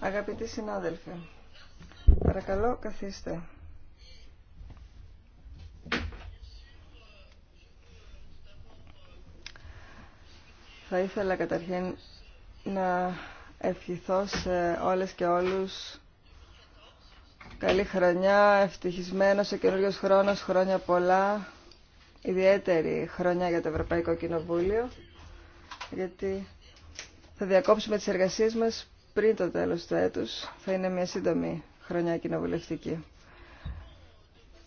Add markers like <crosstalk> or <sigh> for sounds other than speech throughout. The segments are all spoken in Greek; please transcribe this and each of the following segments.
Αγαπητοί συνάδελφοι, παρακαλώ καθίστε. Θα ήθελα καταρχήν να ευχηθώ σε όλες και όλους καλή χρονιά, ευτυχισμένος ο καινούριος χρόνος, χρόνια πολλά, ιδιαίτερη χρονιά για το Ευρωπαϊκό Κοινοβούλιο, γιατί θα διακόψουμε τις εργασίες μας πριν το τέλος του έτους. Θα είναι μια σύντομη χρονιά κοινοβουλευτική.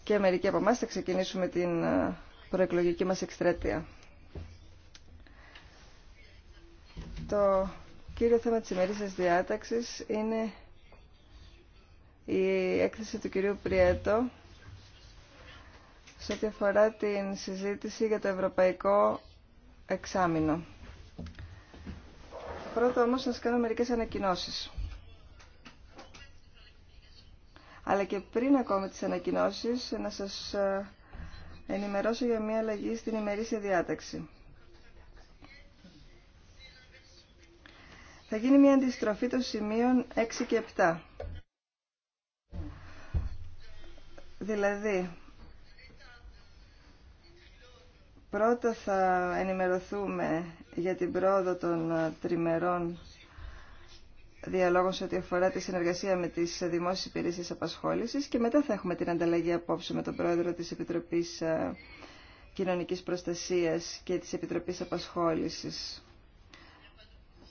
Και μερικοί από εμάς θα ξεκινήσουμε την ε, προεκλογική μας εκστρέτεια. Το κύριο θέμα της ημερήσιας διάταξης είναι η έκθεση του κυρίου Πριέτο σε ό,τι αφορά την συζήτηση για το ευρωπαϊκό εξάμεινο. Πρώτα όμως να σας κάνω μερικές ανακοινώσεις. Αλλά και πριν ακόμα τις ανακοινώσεις να σας ε, ενημερώσω για μια αλλαγή στην ημερήσια διάταξη. Θα γίνει μια αντιστροφή των σημείων 6 και 7. Δηλαδή, Πρώτα θα ενημερωθούμε για την πρόοδο των ε, τριμερών διαλόγων σε ό,τι αφορά τη συνεργασία με τις δημόσιες υπηρεσίες απασχόλησης και μετά θα έχουμε την ανταλλαγή απόψε με τον πρόεδρο της Επιτροπής ε, Κοινωνικής Προστασίας και της Επιτροπής Απασχόλησης,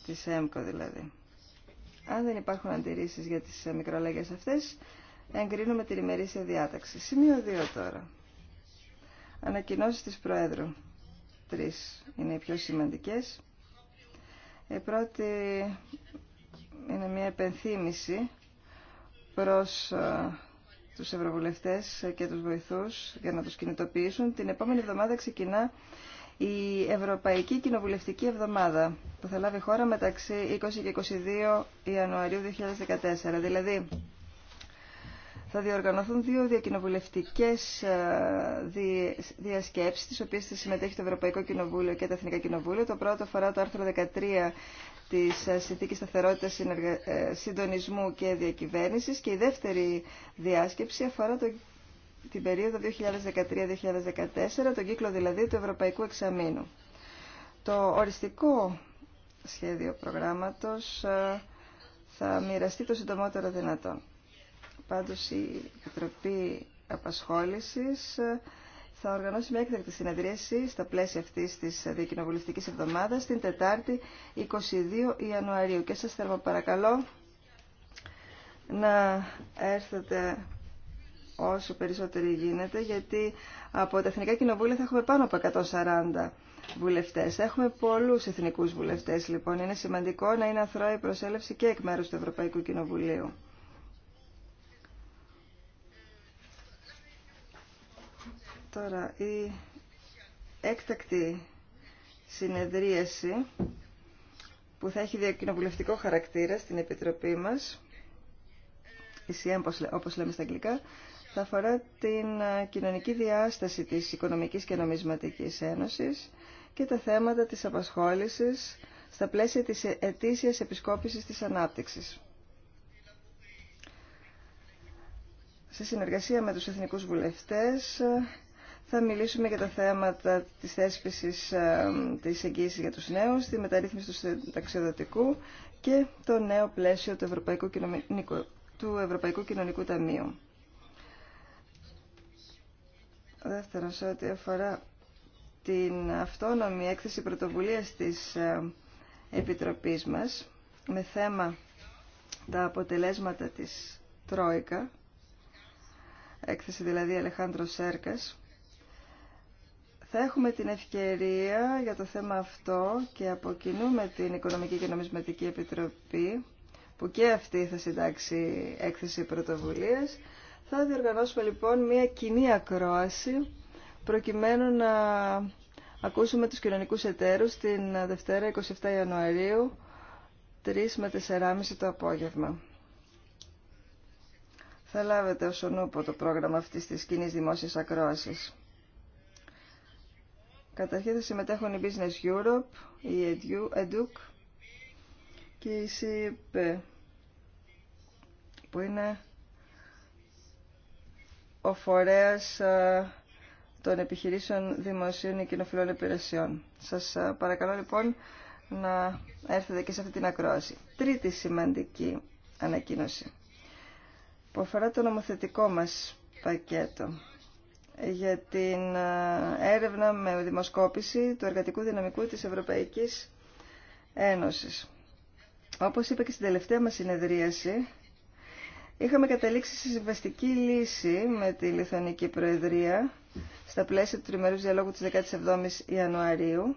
της ΕΜΚΟ δηλαδή. Αν δεν υπάρχουν αντιρρήσεις για τις ε, μικρολέγες αυτές, εγκρίνουμε την ημερήσια διάταξη. Σημείο 2 τώρα. Ανακοινώσεις της Προέδρου. Τρεις είναι οι πιο σημαντικές. Η πρώτη είναι μια επενθύμηση προς ε, τους ευρωβουλευτές και τους βοηθούς για να τους κινητοποιήσουν. Την επόμενη εβδομάδα ξεκινά η Ευρωπαϊκή Κοινοβουλευτική Εβδομάδα που θα λάβει χώρα μεταξύ 20 και 22 Ιανουαρίου 2014. Δηλαδή θα διοργανωθούν δύο διακοινοβουλευτικές ε, διασκέψεις, τις οποίες θα συμμετέχει το Ευρωπαϊκό Κοινοβούλιο και το Εθνικά Κοινοβούλιο. Το πρώτο αφορά το άρθρο 13 της ε, Συνθήκης Σταθερότητας ε, Συντονισμού και Διακυβέρνησης και η δεύτερη διάσκεψη αφορά το, την περίοδο 2013-2014, τον κύκλο δηλαδή του Ευρωπαϊκού Εξαμήνου. Το οριστικό σχέδιο προγράμματος θα μοιραστεί το συντομότερο δυνατόν. Πάντως η Επιτροπή Απασχόλησης ε, θα οργανώσει μια έκτακτη συνεδρίαση στα πλαίσια αυτής της διακοινοβουλευτικής εβδομάδας την Τετάρτη 22 Ιανουαρίου και σας θέλω, παρακαλώ να έρθετε όσο περισσότεροι γίνεται, γιατί από τα Εθνικά Κοινοβούλια θα έχουμε πάνω από 140 βουλευτές. Έχουμε πολλούς εθνικούς βουλευτές, λοιπόν. Είναι σημαντικό να είναι αθρώα η προσέλευση και εκ μέρους του Ευρωπαϊκού Κοινοβουλίου. Τώρα, η έκτακτη συνεδρίαση που θα έχει διακοινοβουλευτικό χαρακτήρα στην Επιτροπή μας, η ΣΥΕΜ όπως λέμε στα αγγλικά, θα αφορά την ε, κοινωνική διάσταση της Οικονομικής και Νομισματικής Ένωσης και τα θέματα της απασχόλησης στα πλαίσια της ε, ετήσιας επισκόπησης της ανάπτυξης. Σε συνεργασία με τους εθνικούς βουλευτές θα μιλήσουμε για τα θέματα της θέσπισης ε, της εγγύησης για τους νέους, τη μεταρρύθμιση του συνταξιοδοτικού και το νέο πλαίσιο του Ευρωπαϊκού Κοινωνικού, του Ευρωπαϊκού Κοινωνικού Ταμείου. Δεύτερον, σε ό,τι αφορά την αυτόνομη έκθεση πρωτοβουλίας της ε, Επιτροπής μας με θέμα τα αποτελέσματα της Τρόικα, έκθεση δηλαδή Αλεχάνδρο Σέρκας, θα έχουμε την ευκαιρία για το θέμα αυτό και από την Οικονομική και Νομισματική Επιτροπή, που και αυτή θα συντάξει έκθεση πρωτοβουλίας. Θα διοργανώσουμε λοιπόν μια κοινή ακρόαση, προκειμένου να ακούσουμε τους κοινωνικούς εταίρους την Δευτέρα 27 Ιανουαρίου, 3 με 4.30 το απόγευμα. Θα λάβετε ως ονούπο το πρόγραμμα αυτής της κοινή δημόσιας ακρόασης. Καταρχήν θα συμμετέχουν η Business Europe, η EDUC και η CIP που είναι ο φορέας ε, των επιχειρήσεων δημοσίων και κοινοφιλών υπηρεσιών. Σας ε, παρακαλώ λοιπόν να έρθετε και σε αυτή την ακρόαση. Τρίτη σημαντική ανακοίνωση που αφορά το νομοθετικό μας πακέτο για την ε, έρευνα με δημοσκόπηση του εργατικού δυναμικού της Ευρωπαϊκής Ένωσης. Όπως είπα και στην τελευταία μας συνεδρίαση, είχαμε καταλήξει σε συμβαστική λύση με τη Λιθωνική Προεδρία στα πλαίσια του τριμερούς διαλόγου της 17ης Ιανουαρίου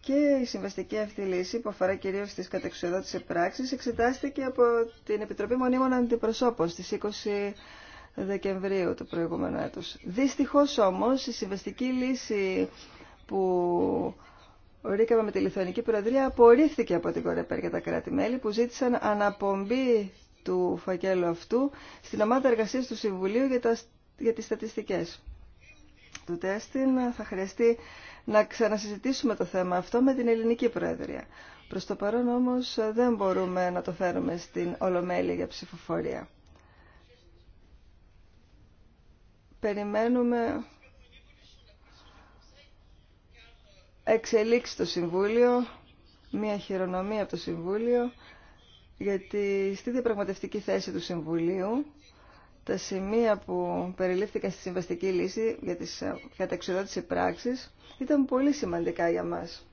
και η συμβαστική αυτή λύση που αφορά κυρίως τις κατεξοδότησες πράξεις εξετάστηκε από την Επιτροπή Μονίμων Αντιπροσώπων στις 20 Δεκεμβρίου του προηγούμενου έτους. Δυστυχώς όμως η συμβαστική λύση που βρήκαμε με τη Λιθουανική Προεδρία απορρίφθηκε από την Κορεπέρ για τα κράτη-μέλη που ζήτησαν αναπομπή του φακέλου αυτού στην ομάδα εργασία του Συμβουλίου για, τα, για τις στατιστικές. Του τέστην θα χρειαστεί να ξανασυζητήσουμε το θέμα αυτό με την Ελληνική Προεδρία. Προς το παρόν όμως δεν μπορούμε να το φέρουμε στην Ολομέλεια για ψηφοφορία. περιμένουμε εξελίξει το Συμβούλιο, μία χειρονομία από το Συμβούλιο, γιατί στη διαπραγματευτική θέση του Συμβουλίου τα σημεία που περιλήφθηκαν στη συμβαστική λύση για τις καταξιδότηση πράξης ήταν πολύ σημαντικά για μας.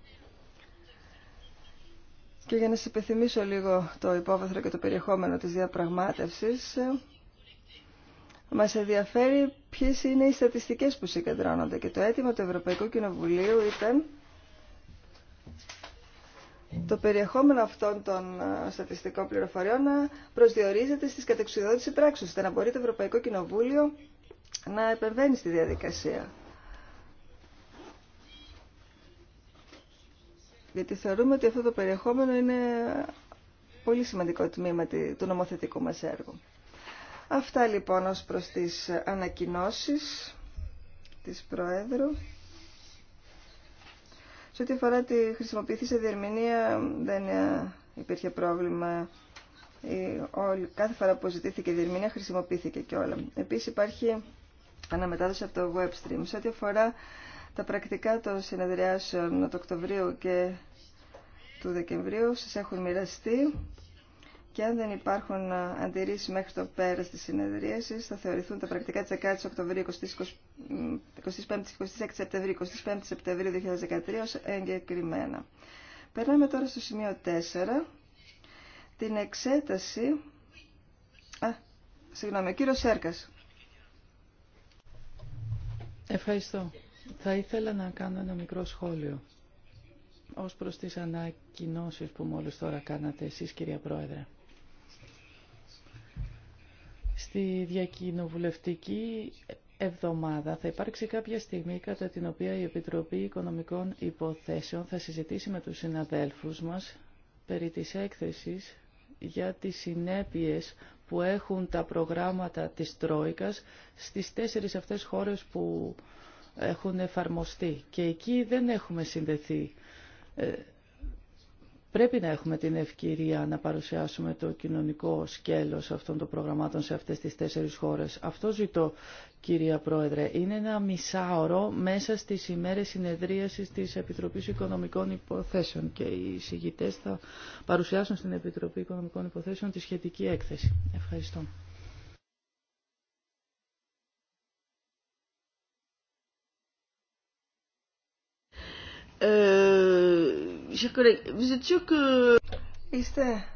Και για να σας λίγο το υπόβαθρο και το περιεχόμενο της διαπραγμάτευσης, Μα ενδιαφέρει ποιε είναι οι στατιστικέ που συγκεντρώνονται και το αίτημα του Ευρωπαϊκού Κοινοβουλίου ήταν το περιεχόμενο αυτών των ε, στατιστικών πληροφοριών να προσδιορίζεται στι κατεξουδότητε πράξει, ώστε να μπορεί το Ευρωπαϊκό Κοινοβούλιο να επεμβαίνει στη διαδικασία. Γιατί θεωρούμε ότι αυτό το περιεχόμενο είναι πολύ σημαντικό τμήμα του νομοθετικού μας έργου. Αυτά λοιπόν ως προς τις ανακοινώσεις της Προέδρου. Σε ό,τι αφορά τη σε διερμηνία δεν ε, υπήρχε πρόβλημα. Κάθε φορά που ζητήθηκε η διερμηνία χρησιμοποιήθηκε και όλα. Επίσης υπάρχει αναμετάδοση από το web stream. Σε ό,τι αφορά τα πρακτικά των συνεδριάσεων του Οκτωβρίου και του Δεκεμβρίου σας έχουν μοιραστεί. Και αν δεν υπάρχουν ε, αντιρρήσει μέχρι το πέρα τη συνεδρίαση, θα θεωρηθούν τα πρακτικά τη 10η Οκτωβρίου 25η-26 Σεπτεμβρίου 25 Σεπτεμβρίου 2013 ω εγκεκριμένα. Περνάμε τώρα στο σημείο 4, την εξέταση. Α, συγγνώμη, ο κύριο Σέρκα. Ευχαριστώ. Θα ήθελα να κάνω ένα μικρό σχόλιο ως προς τις ανακοινώσεις που μόλις τώρα κάνατε εσείς κυρία Πρόεδρε. Στη διακοινοβουλευτική εβδομάδα θα υπάρξει κάποια στιγμή κατά την οποία η Επιτροπή Οικονομικών Υποθέσεων θα συζητήσει με τους συναδέλφους μας περί της έκθεσης για τις συνέπειες που έχουν τα προγράμματα της Τρόικας στις τέσσερις αυτές χώρες που έχουν εφαρμοστεί. Και εκεί δεν έχουμε συνδεθεί ε, Πρέπει να έχουμε την ευκαιρία να παρουσιάσουμε το κοινωνικό σκέλος αυτών των προγραμμάτων σε αυτές τις τέσσερις χώρες. Αυτό ζητώ, κυρία Πρόεδρε. Είναι ένα μισάωρο μέσα στις ημέρες συνεδρίασης της Επιτροπής Οικονομικών Υποθέσεων και οι συγητές θα παρουσιάσουν στην Επιτροπή Οικονομικών Υποθέσεων τη σχετική έκθεση. Ευχαριστώ. Ε, Είστε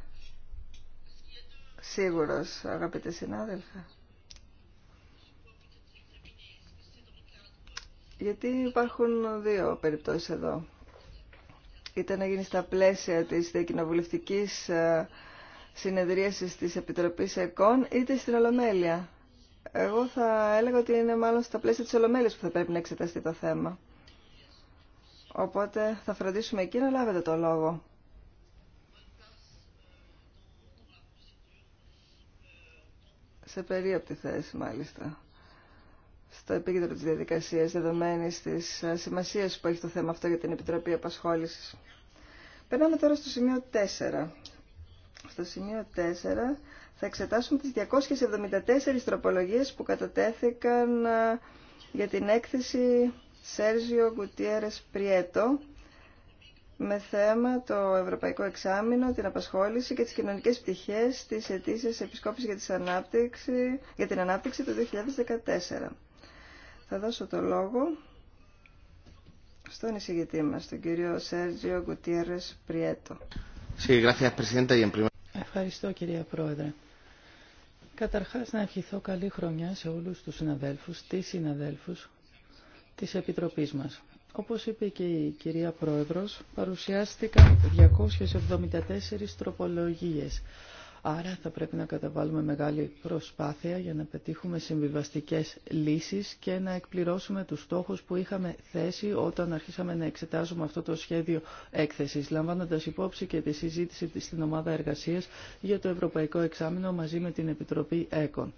σίγουρος, αγαπητέ συνάδελφα, Γιατί υπάρχουν δύο περιπτώσεις εδώ. Είτε να γίνει στα πλαίσια της διακοινοβουλευτικής ε, συνεδρίασης της Επιτροπής ΕΚΟΝ, είτε στην Ολομέλεια. Εγώ θα έλεγα ότι είναι μάλλον στα πλαίσια της Ολομέλειας που θα πρέπει να εξεταστεί το θέμα. Οπότε θα φροντίσουμε εκεί να λάβετε το λόγο. Σε περίοπτη θέση μάλιστα. Στο επίκεντρο της διαδικασίας δεδομένη της ε, σημασίας που έχει το θέμα αυτό για την Επιτροπή Απασχόλησης. Περνάμε τώρα στο σημείο 4. Στο σημείο 4 θα εξετάσουμε τις 274 τροπολογίες που κατατέθηκαν ε, για την έκθεση Σέρζιο Γκουτιέρες Πριέτο με θέμα το Ευρωπαϊκό Εξάμεινο, την απασχόληση και τις κοινωνικές πτυχές τη ετήσιας επισκόπησης για, για την ανάπτυξη του 2014. Θα δώσω το λόγο στον εισηγητή μας, τον κύριο Σέρζιο Γκουτιέρες Πριέτο. Ευχαριστώ κυρία Πρόεδρε. Καταρχάς να ευχηθώ καλή χρονιά σε όλους τους συναδέλφους, τις συναδέλφους της Επιτροπής μας. Όπως είπε και η κυρία Πρόεδρος, παρουσιάστηκαν 274 τροπολογίες. Άρα θα πρέπει να καταβάλουμε μεγάλη προσπάθεια για να πετύχουμε συμβιβαστικές λύσεις και να εκπληρώσουμε τους στόχους που είχαμε θέσει όταν αρχίσαμε να εξετάζουμε αυτό το σχέδιο έκθεσης, λαμβάνοντας υπόψη και τη συζήτηση στην ομάδα εργασίας για το Ευρωπαϊκό Εξάμεινο μαζί με την Επιτροπή ΕΚΟΝ.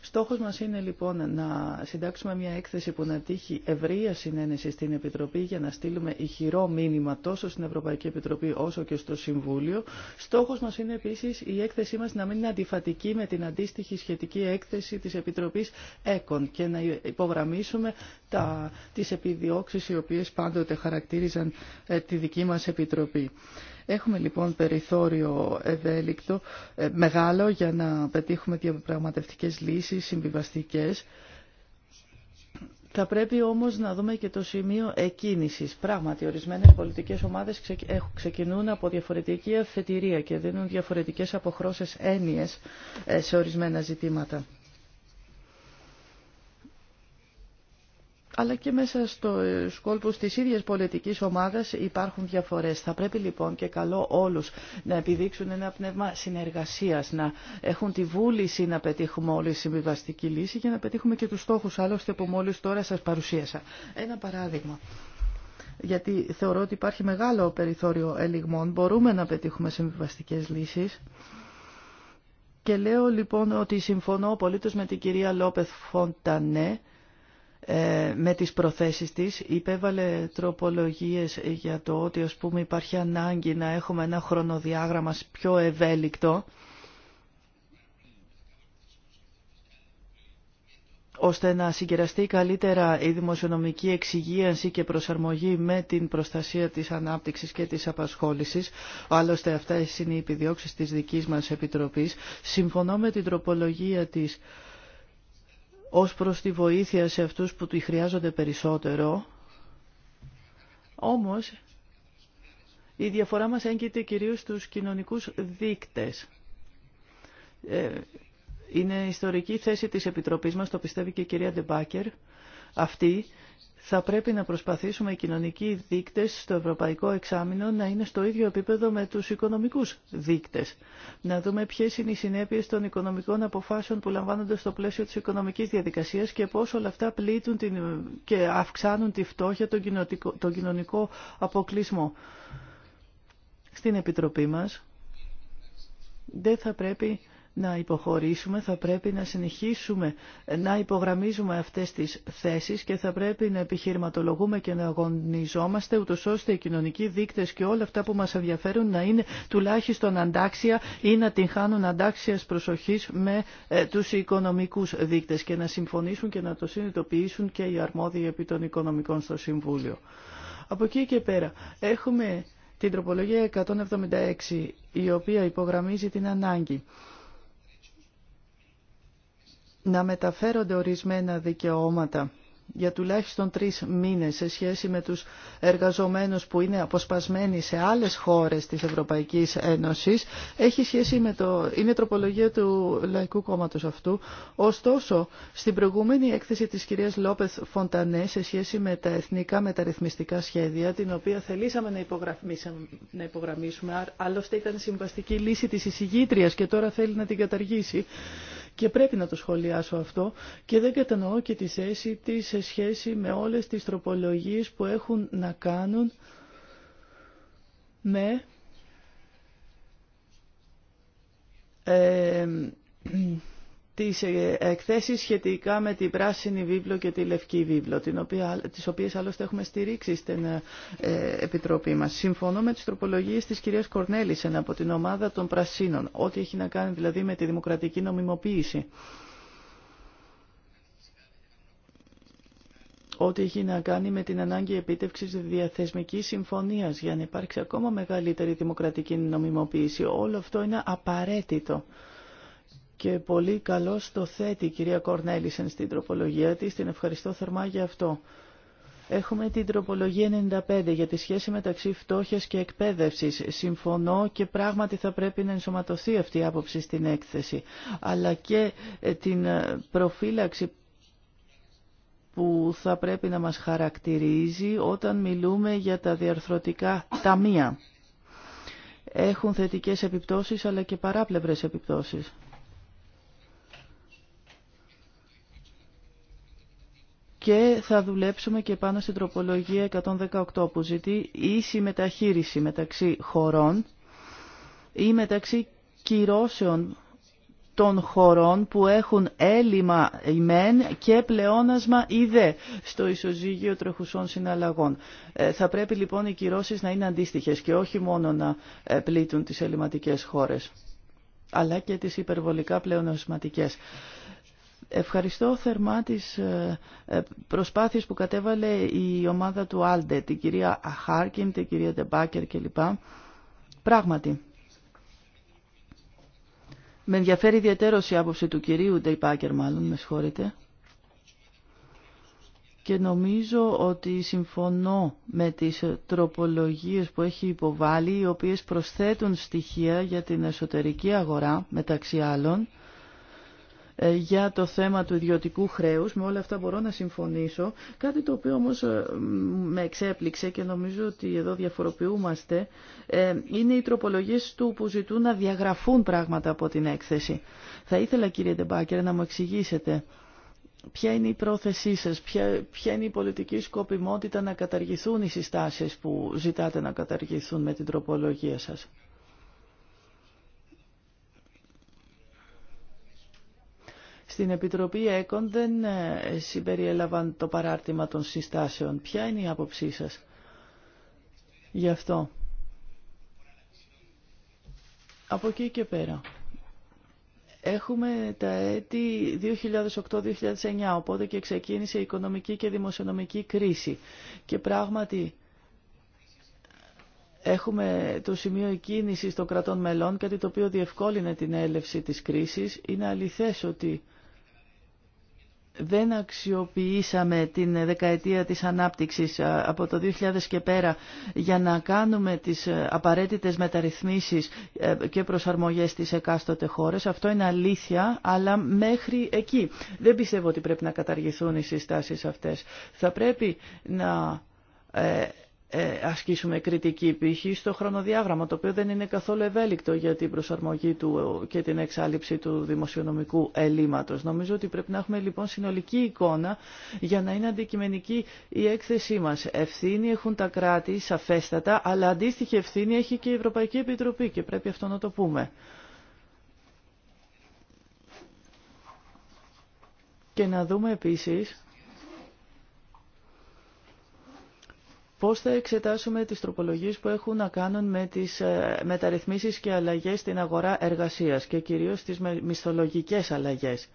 Στόχος μας είναι λοιπόν να συντάξουμε μια έκθεση που να τύχει ευρεία συνένεση στην Επιτροπή για να στείλουμε ηχηρό μήνυμα τόσο στην Ευρωπαϊκή Επιτροπή όσο και στο Συμβούλιο. Στόχος μας είναι επίσης η έκθεση έκθεσή μας να μην είναι αντιφατική με την αντίστοιχη σχετική έκθεση της Επιτροπής ΕΚΟΝ και να υπογραμμίσουμε τα, τις επιδιώξεις οι οποίες πάντοτε χαρακτήριζαν ε, τη δική μας Επιτροπή. Έχουμε λοιπόν περιθώριο ευέλικτο, ε, μεγάλο, για να πετύχουμε διαπραγματευτικέ λύσεις, συμβιβαστικέ. Θα πρέπει όμως να δούμε και το σημείο εκκίνησης. Πράγματι, ορισμένες πολιτικές ομάδες ξεκινούν από διαφορετική αφετηρία και δίνουν διαφορετικές αποχρώσεις έννοιες ε, σε ορισμένα ζητήματα. αλλά και μέσα στο ε, κόλπους της ίδιας πολιτικής ομάδας υπάρχουν διαφορές. Θα πρέπει λοιπόν και καλό όλους να επιδείξουν ένα πνεύμα συνεργασίας, να έχουν τη βούληση να πετύχουμε όλη συμβιβαστική λύση και να πετύχουμε και τους στόχους άλλωστε που μόλις τώρα σας παρουσίασα. Ένα παράδειγμα γιατί θεωρώ ότι υπάρχει μεγάλο περιθώριο ελιγμών, μπορούμε να πετύχουμε συμβιβαστικές λύσεις. Και λέω λοιπόν ότι συμφωνώ απολύτως με την κυρία Λόπεθ Φοντανέ, ε, με τις προθέσεις της υπέβαλε τροπολογίες για το ότι ας πούμε υπάρχει ανάγκη να έχουμε ένα χρονοδιάγραμμα πιο ευέλικτο ώστε να συγκεραστεί καλύτερα η δημοσιονομική εξυγίανση και προσαρμογή με την προστασία της ανάπτυξης και της απασχόλησης. Άλλωστε αυτά είναι οι επιδιώξεις της δικής μας Επιτροπής. Συμφωνώ με την τροπολογία της ως προς τη βοήθεια σε αυτούς που τη χρειάζονται περισσότερο. Όμως, η διαφορά μας έγκυται κυρίως στους κοινωνικούς δείκτες. Ε, είναι ιστορική θέση της Επιτροπής μας, το πιστεύει και η κυρία Ντεμπάκερ, αυτή θα πρέπει να προσπαθήσουμε οι κοινωνικοί δείκτες στο ευρωπαϊκό εξάμεινο να είναι στο ίδιο επίπεδο με τους οικονομικούς δείκτες. Να δούμε ποιες είναι οι συνέπειες των οικονομικών αποφάσεων που λαμβάνονται στο πλαίσιο της οικονομικής διαδικασίας και πώς όλα αυτά πλήττουν την... και αυξάνουν τη φτώχεια, τον, κοινωνικό... τον κοινωνικό αποκλεισμό. Στην Επιτροπή μας δεν θα πρέπει να υποχωρήσουμε, θα πρέπει να συνεχίσουμε να υπογραμμίζουμε αυτές τις θέσεις και θα πρέπει να επιχειρηματολογούμε και να αγωνιζόμαστε ούτως ώστε οι κοινωνικοί δείκτες και όλα αυτά που μας ενδιαφέρουν να είναι τουλάχιστον αντάξια ή να την χάνουν αντάξιας προσοχής με ε, τους οικονομικούς δείκτες και να συμφωνήσουν και να το συνειδητοποιήσουν και οι αρμόδιοι επί των οικονομικών στο Συμβούλιο. Από εκεί και πέρα έχουμε την τροπολογία 176 η οποία υπογραμμίζει την ανάγκη να μεταφέρονται ορισμένα δικαιώματα για τουλάχιστον τρεις μήνες σε σχέση με τους εργαζομένους που είναι αποσπασμένοι σε άλλες χώρες της Ευρωπαϊκής Ένωσης έχει σχέση με το... είναι τροπολογία του Λαϊκού Κόμματος αυτού. Ωστόσο, στην προηγούμενη έκθεση της κυρίας Λόπεθ Φοντανέ σε σχέση με τα εθνικά μεταρρυθμιστικά σχέδια την οποία θελήσαμε να, να υπογραμμίσουμε άλλωστε ήταν συμβαστική λύση της εισηγήτριας και τώρα θέλει να την καταργήσει και πρέπει να το σχολιάσω αυτό και δεν κατανοώ και τη θέση τη σε σχέση με όλες τις τροπολογίες που έχουν να κάνουν με ε, τις ε, εκθέσεις σχετικά με την Πράσινη Βίβλο και τη Λευκή Βίβλο, την οποία, τις οποίες άλλωστε έχουμε στηρίξει στην ε, ε, Επιτροπή μας. Συμφωνώ με τις τροπολογίες της κυρίας Κορνέλησεν από την ομάδα των Πρασίνων, ό,τι έχει να κάνει δηλαδή με τη δημοκρατική νομιμοποίηση. ό,τι έχει να κάνει με την ανάγκη επίτευξης διαθεσμικής συμφωνίας για να υπάρξει ακόμα μεγαλύτερη δημοκρατική νομιμοποίηση. Όλο αυτό είναι απαραίτητο και πολύ καλώς το θέτει η κυρία Κορνέλισεν στην τροπολογία της. Την ευχαριστώ θερμά για αυτό. Έχουμε την τροπολογία 95 για τη σχέση μεταξύ φτώχειας και εκπαίδευσης. Συμφωνώ και πράγματι θα πρέπει να ενσωματωθεί αυτή η άποψη στην έκθεση. Αλλά και ε, την ε, προφύλαξη που θα πρέπει να μας χαρακτηρίζει όταν μιλούμε για τα διαρθρωτικά ταμεία. Έχουν θετικές επιπτώσεις αλλά και παράπλευρες επιπτώσεις. και θα δουλέψουμε και πάνω στην τροπολογία 118 που ζητεί ίση μεταχείριση μεταξύ χωρών ή μεταξύ κυρώσεων των χωρών που έχουν έλλειμμα ημέν και πλεόνασμα ιδέ στο ισοζύγιο τρεχουσών συναλλαγών. Ε, θα πρέπει λοιπόν οι κυρώσεις να είναι αντίστοιχες και όχι μόνο να ε, πλήττουν τις ελληματικές χώρες αλλά και τις υπερβολικά πλεονασματικές. Ευχαριστώ θερμά τις ε, ε, προσπάθειες που κατέβαλε η ομάδα του Άλντε, την κυρία Χάρκιν, την κυρία Ντεμπάκερ κλπ. Πράγματι, με ενδιαφέρει ιδιαίτερο η άποψη του κυρίου Ντεμπάκερ μάλλον, με συγχωρείτε. Και νομίζω ότι συμφωνώ με τις τροπολογίες που έχει υποβάλει, οι οποίες προσθέτουν στοιχεία για την εσωτερική αγορά, μεταξύ άλλων, ε, για το θέμα του ιδιωτικού χρέους. Με όλα αυτά μπορώ να συμφωνήσω. Κάτι το οποίο όμως ε, με εξέπληξε και νομίζω ότι εδώ διαφοροποιούμαστε ε, είναι οι τροπολογίες του που ζητούν να διαγραφούν πράγματα από την έκθεση. Θα ήθελα κύριε Ντεμπάκερ να μου εξηγήσετε ποια είναι η πρόθεσή σας, ποια, ποια είναι η πολιτική σκοπιμότητα να καταργηθούν οι συστάσεις που ζητάτε να καταργηθούν με την τροπολογία σας. Στην Επιτροπή ΕΚΟΝ δεν ε, συμπεριέλαβαν το παράρτημα των συστάσεων. Ποια είναι η άποψή σας γι' αυτό. Από εκεί και πέρα. Έχουμε τα έτη 2008-2009, οπότε και ξεκίνησε η οικονομική και δημοσιονομική κρίση. Και πράγματι έχουμε το σημείο κίνησης των κρατών μελών, κάτι το οποίο διευκόλυνε την έλευση της κρίσης. Είναι αληθές ότι δεν αξιοποιήσαμε την δεκαετία της ανάπτυξης από το 2000 και πέρα για να κάνουμε τις ε, απαραίτητες μεταρρυθμίσεις ε, και προσαρμογές στις εκάστοτε χώρες. Αυτό είναι αλήθεια, αλλά μέχρι εκεί. Δεν πιστεύω ότι πρέπει να καταργηθούν οι συστάσεις αυτές. Θα πρέπει να ε, ε, ασκήσουμε κριτική π.χ. στο χρονοδιάγραμμα, το οποίο δεν είναι καθόλου ευέλικτο για την προσαρμογή του και την εξάλληψη του δημοσιονομικού ελλείμματος. Νομίζω ότι πρέπει να έχουμε λοιπόν συνολική εικόνα για να είναι αντικειμενική η έκθεσή μας. Ευθύνη έχουν τα κράτη, σαφέστατα, αλλά αντίστοιχη ευθύνη έχει και η Ευρωπαϊκή Επιτροπή και πρέπει αυτό να το πούμε. Και να δούμε επίσης πώς θα εξετάσουμε τις τροπολογίες που έχουν να κάνουν με τις ε, μεταρρυθμίσεις και αλλαγές στην αγορά εργασίας και κυρίως τις μισθολογικές αλλαγές.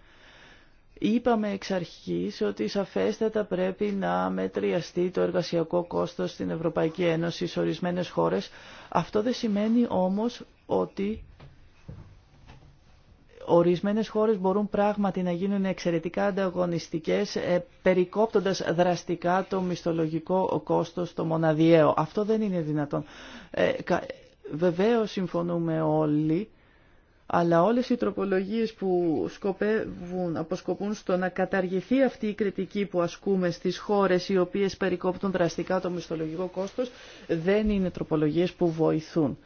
Είπαμε εξ αρχής ότι σαφέστατα πρέπει να μετριαστεί το εργασιακό κόστος στην Ευρωπαϊκή Ένωση σε ορισμένες χώρες. Αυτό δεν σημαίνει όμως ότι Ορισμένες χώρες μπορούν πράγματι να γίνουν εξαιρετικά ανταγωνιστικές, ε, περικόπτοντας δραστικά το μισθολογικό κόστος, το μοναδιαίο. Αυτό δεν είναι δυνατόν. Ε, βεβαίως συμφωνούμε όλοι αλλά όλες οι τροπολογίες που σκοπεύουν, αποσκοπούν στο να καταργηθεί αυτή η κριτική που ασκούμε στις χώρες οι οποίες περικόπτουν δραστικά το μισθολογικό κόστος, δεν είναι τροπολογίες που βοηθούν.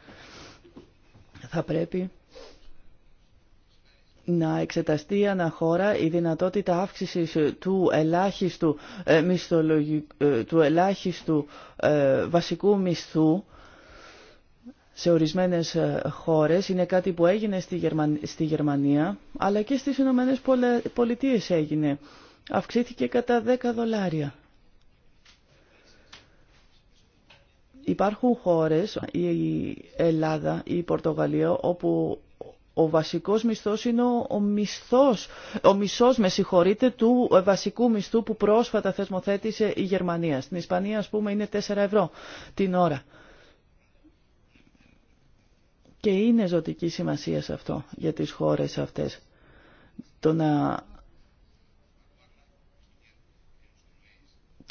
Θα πρέπει να εξεταστεί αναχώρα η δυνατότητα αύξησης του ελάχιστου, ε, ε, του ελάχιστου ε, βασικού μισθού σε ορισμένες χώρες. Είναι κάτι που έγινε στη Γερμανία, αλλά και στις Ηνωμένες Πολιτείες έγινε. Αυξήθηκε κατά 10 δολάρια. Υπάρχουν χώρες, η Ελλάδα, η Πορτογαλία, όπου ο βασικός μισθός είναι ο μισθός, ο μισός με συγχωρείτε, του βασικού μισθού που πρόσφατα θεσμοθέτησε η Γερμανία. Στην Ισπανία ας πούμε είναι 4 ευρώ την ώρα. Και είναι ζωτική σημασία σε αυτό για τις χώρες αυτές. Το να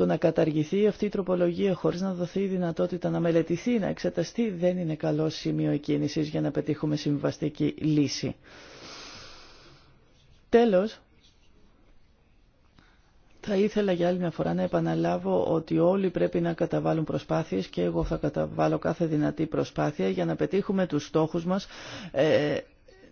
Το να καταργηθεί αυτή η τροπολογία χωρίς να δοθεί η δυνατότητα να μελετηθεί, να εξεταστεί, δεν είναι καλό σημείο κίνησης για να πετύχουμε συμβαστική λύση. Τέλος, θα ήθελα για άλλη μια φορά να επαναλάβω ότι όλοι πρέπει να καταβάλουν προσπάθειες και εγώ θα καταβάλω κάθε δυνατή προσπάθεια για να πετύχουμε τους στόχους μας ε,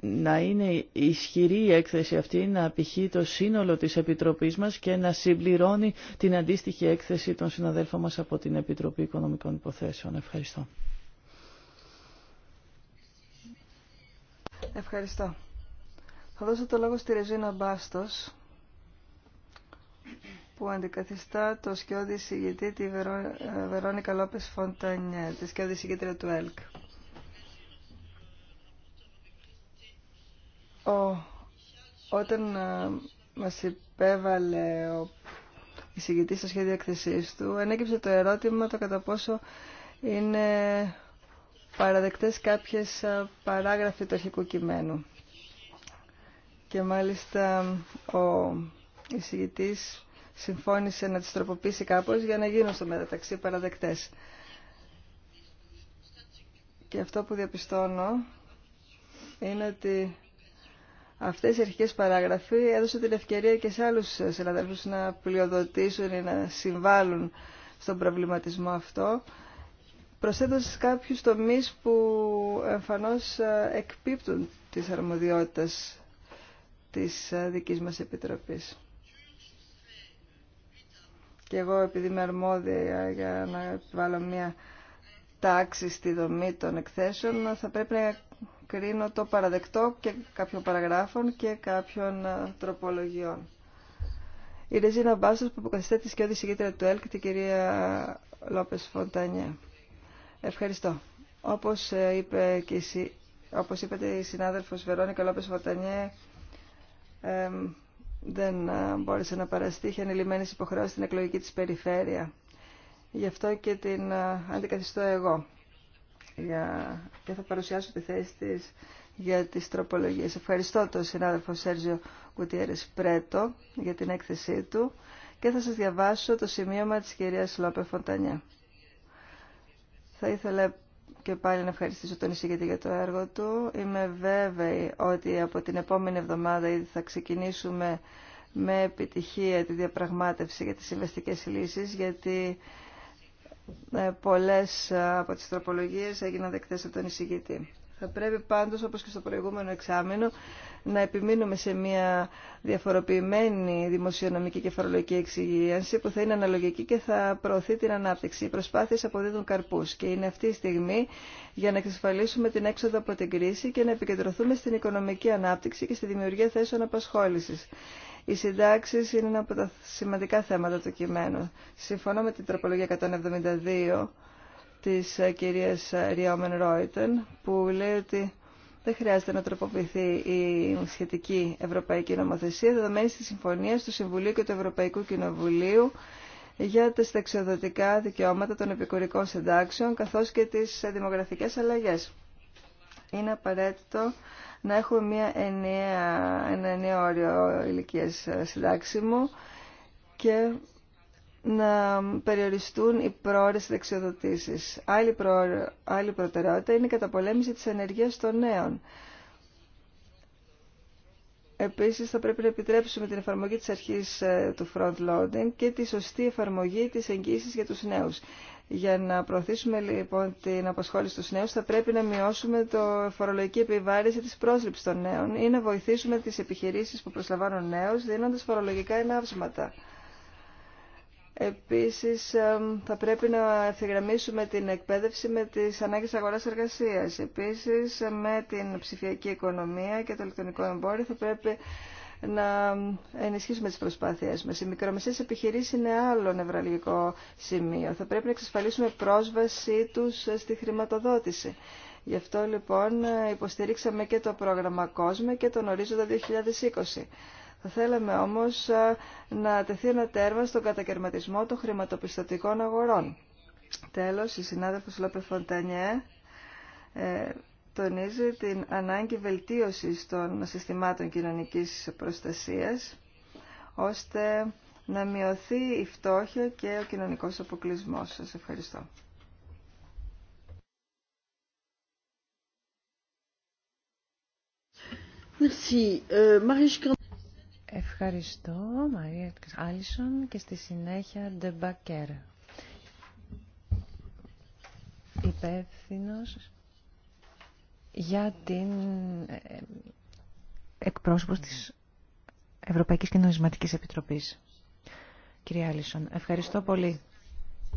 να είναι ισχυρή η έκθεση αυτή, να απηχεί το σύνολο της Επιτροπής μας και να συμπληρώνει την αντίστοιχη έκθεση των συναδέλφων μας από την Επιτροπή Οικονομικών Υποθέσεων. Ευχαριστώ. Ευχαριστώ. Θα δώσω το λόγο στη Ρεζίνα Μπάστος που αντικαθιστά το σκιώδη συγγετή τη ε, Βερόνικα Λόπες Φοντανιέ, τη σκιώδη συγγετρία του ΕΛΚ. Ο, όταν α, ε, μας υπέβαλε ο εισηγητής στο σχέδιο εκθεσής του, ανέκυψε το ερώτημα το κατά πόσο είναι παραδεκτές κάποιες ε, παράγραφοι του αρχικού κειμένου. Και μάλιστα ε, ο εισηγητής συμφώνησε να τις τροποποιήσει κάπως για να γίνουν στο μεταξύ παραδεκτές. Και αυτό που διαπιστώνω είναι ότι αυτές οι αρχικές παράγραφοι έδωσαν την ευκαιρία και σε άλλους συναδέλφους να πλειοδοτήσουν ή να συμβάλλουν στον προβληματισμό αυτό, προσθέτοντα κάποιους τομείς που εμφανώς ε, εκπίπτουν της αρμοδιότητας ε, της δικής μας Επιτροπής. Και εγώ επειδή είμαι αρμόδια για να βάλω μια τάξη στη δομή των εκθέσεων, θα πρέπει να κρίνω το παραδεκτό και κάποιων παραγράφων και κάποιων ε, τροπολογιών. Η Ρεζίνα Μπάστος που αποκαθιστά τη σκιώδη συγκέντρια του ΕΛΚ, την κυρία Λόπες Φοντανιέ. Ευχαριστώ. Όπως, ε, είπε και η, όπως είπατε η συνάδελφος Βερόνικα Λόπες Φοντανιέ, δεν ε, μπόρεσε να παραστεί, είχε ανελημμένες υποχρεώσεις στην εκλογική της περιφέρεια. Γι' αυτό και την αντικαθιστώ εγώ για... και θα παρουσιάσω τη θέση της για τις τροπολογίες. Ευχαριστώ τον συνάδελφο Σέρζιο Κουτιέρης Πρέτο για την έκθεσή του και θα σας διαβάσω το σημείωμα της κυρίας Λόπε Φοντανιά. Θα ήθελα και πάλι να ευχαριστήσω τον εισηγητή για το έργο του. Είμαι βέβαιη ότι από την επόμενη εβδομάδα ήδη θα ξεκινήσουμε με επιτυχία τη διαπραγμάτευση για τις συμβαστικές λύσεις, γιατί ε, πολλές ε, από τις τροπολογίες έγιναν δεκτές από τον εισηγητή. Θα πρέπει πάντως, όπως και στο προηγούμενο εξάμεινο, να επιμείνουμε σε μια διαφοροποιημένη δημοσιονομική και φορολογική εξηγίαση που θα είναι αναλογική και θα προωθεί την ανάπτυξη. Οι προσπάθειες αποδίδουν καρπούς και είναι αυτή η στιγμή για να εξασφαλίσουμε την έξοδο από την κρίση και να επικεντρωθούμε στην οικονομική ανάπτυξη και στη δημιουργία θέσεων απασχόλησης. Οι συντάξει είναι ένα από τα σημαντικά θέματα του κειμένου. Συμφωνώ με την τροπολογία 172 της ε, κυρίας ε, Ριόμεν Ρόιτεν που λέει ότι δεν χρειάζεται να τροποποιηθεί η σχετική ευρωπαϊκή νομοθεσία δεδομένη τη συμφωνία του Συμβουλίου και του Ευρωπαϊκού Κοινοβουλίου για τα σταξιοδοτικά δικαιώματα των επικουρικών συντάξεων καθώς και τις ε, δημογραφικές αλλαγές. Είναι απαραίτητο να έχουμε μια ενιαία, ένα ενιαίο όριο ηλικία ε, συντάξιμου και να περιοριστούν οι πρόορες δεξιοδοτήσεις. Άλλη, προτεραιότητα είναι η καταπολέμηση της ενεργείας των νέων. Επίσης θα πρέπει να επιτρέψουμε την εφαρμογή της αρχής ε, του front-loading και τη σωστή εφαρμογή της εγγύησης για τους νέους. Για να προωθήσουμε λοιπόν την απασχόληση στους νέους θα πρέπει να μειώσουμε το φορολογική επιβάρηση της πρόσληψης των νέων ή να βοηθήσουμε τις επιχειρήσεις που προσλαμβάνουν νέους δίνοντας φορολογικά ενάψματα. Επίσης θα πρέπει να ευθυγραμμίσουμε την εκπαίδευση με τις ανάγκες αγοράς εργασίας. Επίσης με την ψηφιακή οικονομία και το ηλεκτρονικό εμπόριο θα πρέπει να ενισχύσουμε τις προσπάθειές μας. Οι μικρομεσαίες επιχειρήσεις είναι άλλο νευραλγικό σημείο. Θα πρέπει να εξασφαλίσουμε πρόσβασή τους στη χρηματοδότηση. Γι' αυτό λοιπόν υποστηρίξαμε και το πρόγραμμα COSME και τον ορίζοντα 2020. Θα θέλαμε όμως να τεθεί ένα τέρμα στον κατακαιρματισμό των χρηματοπιστωτικών αγορών. Τέλος, η συνάδελφος Λόπε Φοντανιέ ε, τονίζει την ανάγκη βελτίωσης των συστημάτων κοινωνικής προστασίας, ώστε να μειωθεί η φτώχεια και ο κοινωνικός αποκλεισμός. Σας ευχαριστώ. Euh, ευχαριστώ, Μαρία Άλισον και στη συνέχεια Ντεμπακέρ. Υπεύθυνος για την ε, ε, εκπρόσωπος της Ευρωπαϊκής και Νομισματικής Επιτροπής. Κυρία Άλισον, ευχαριστώ πολύ.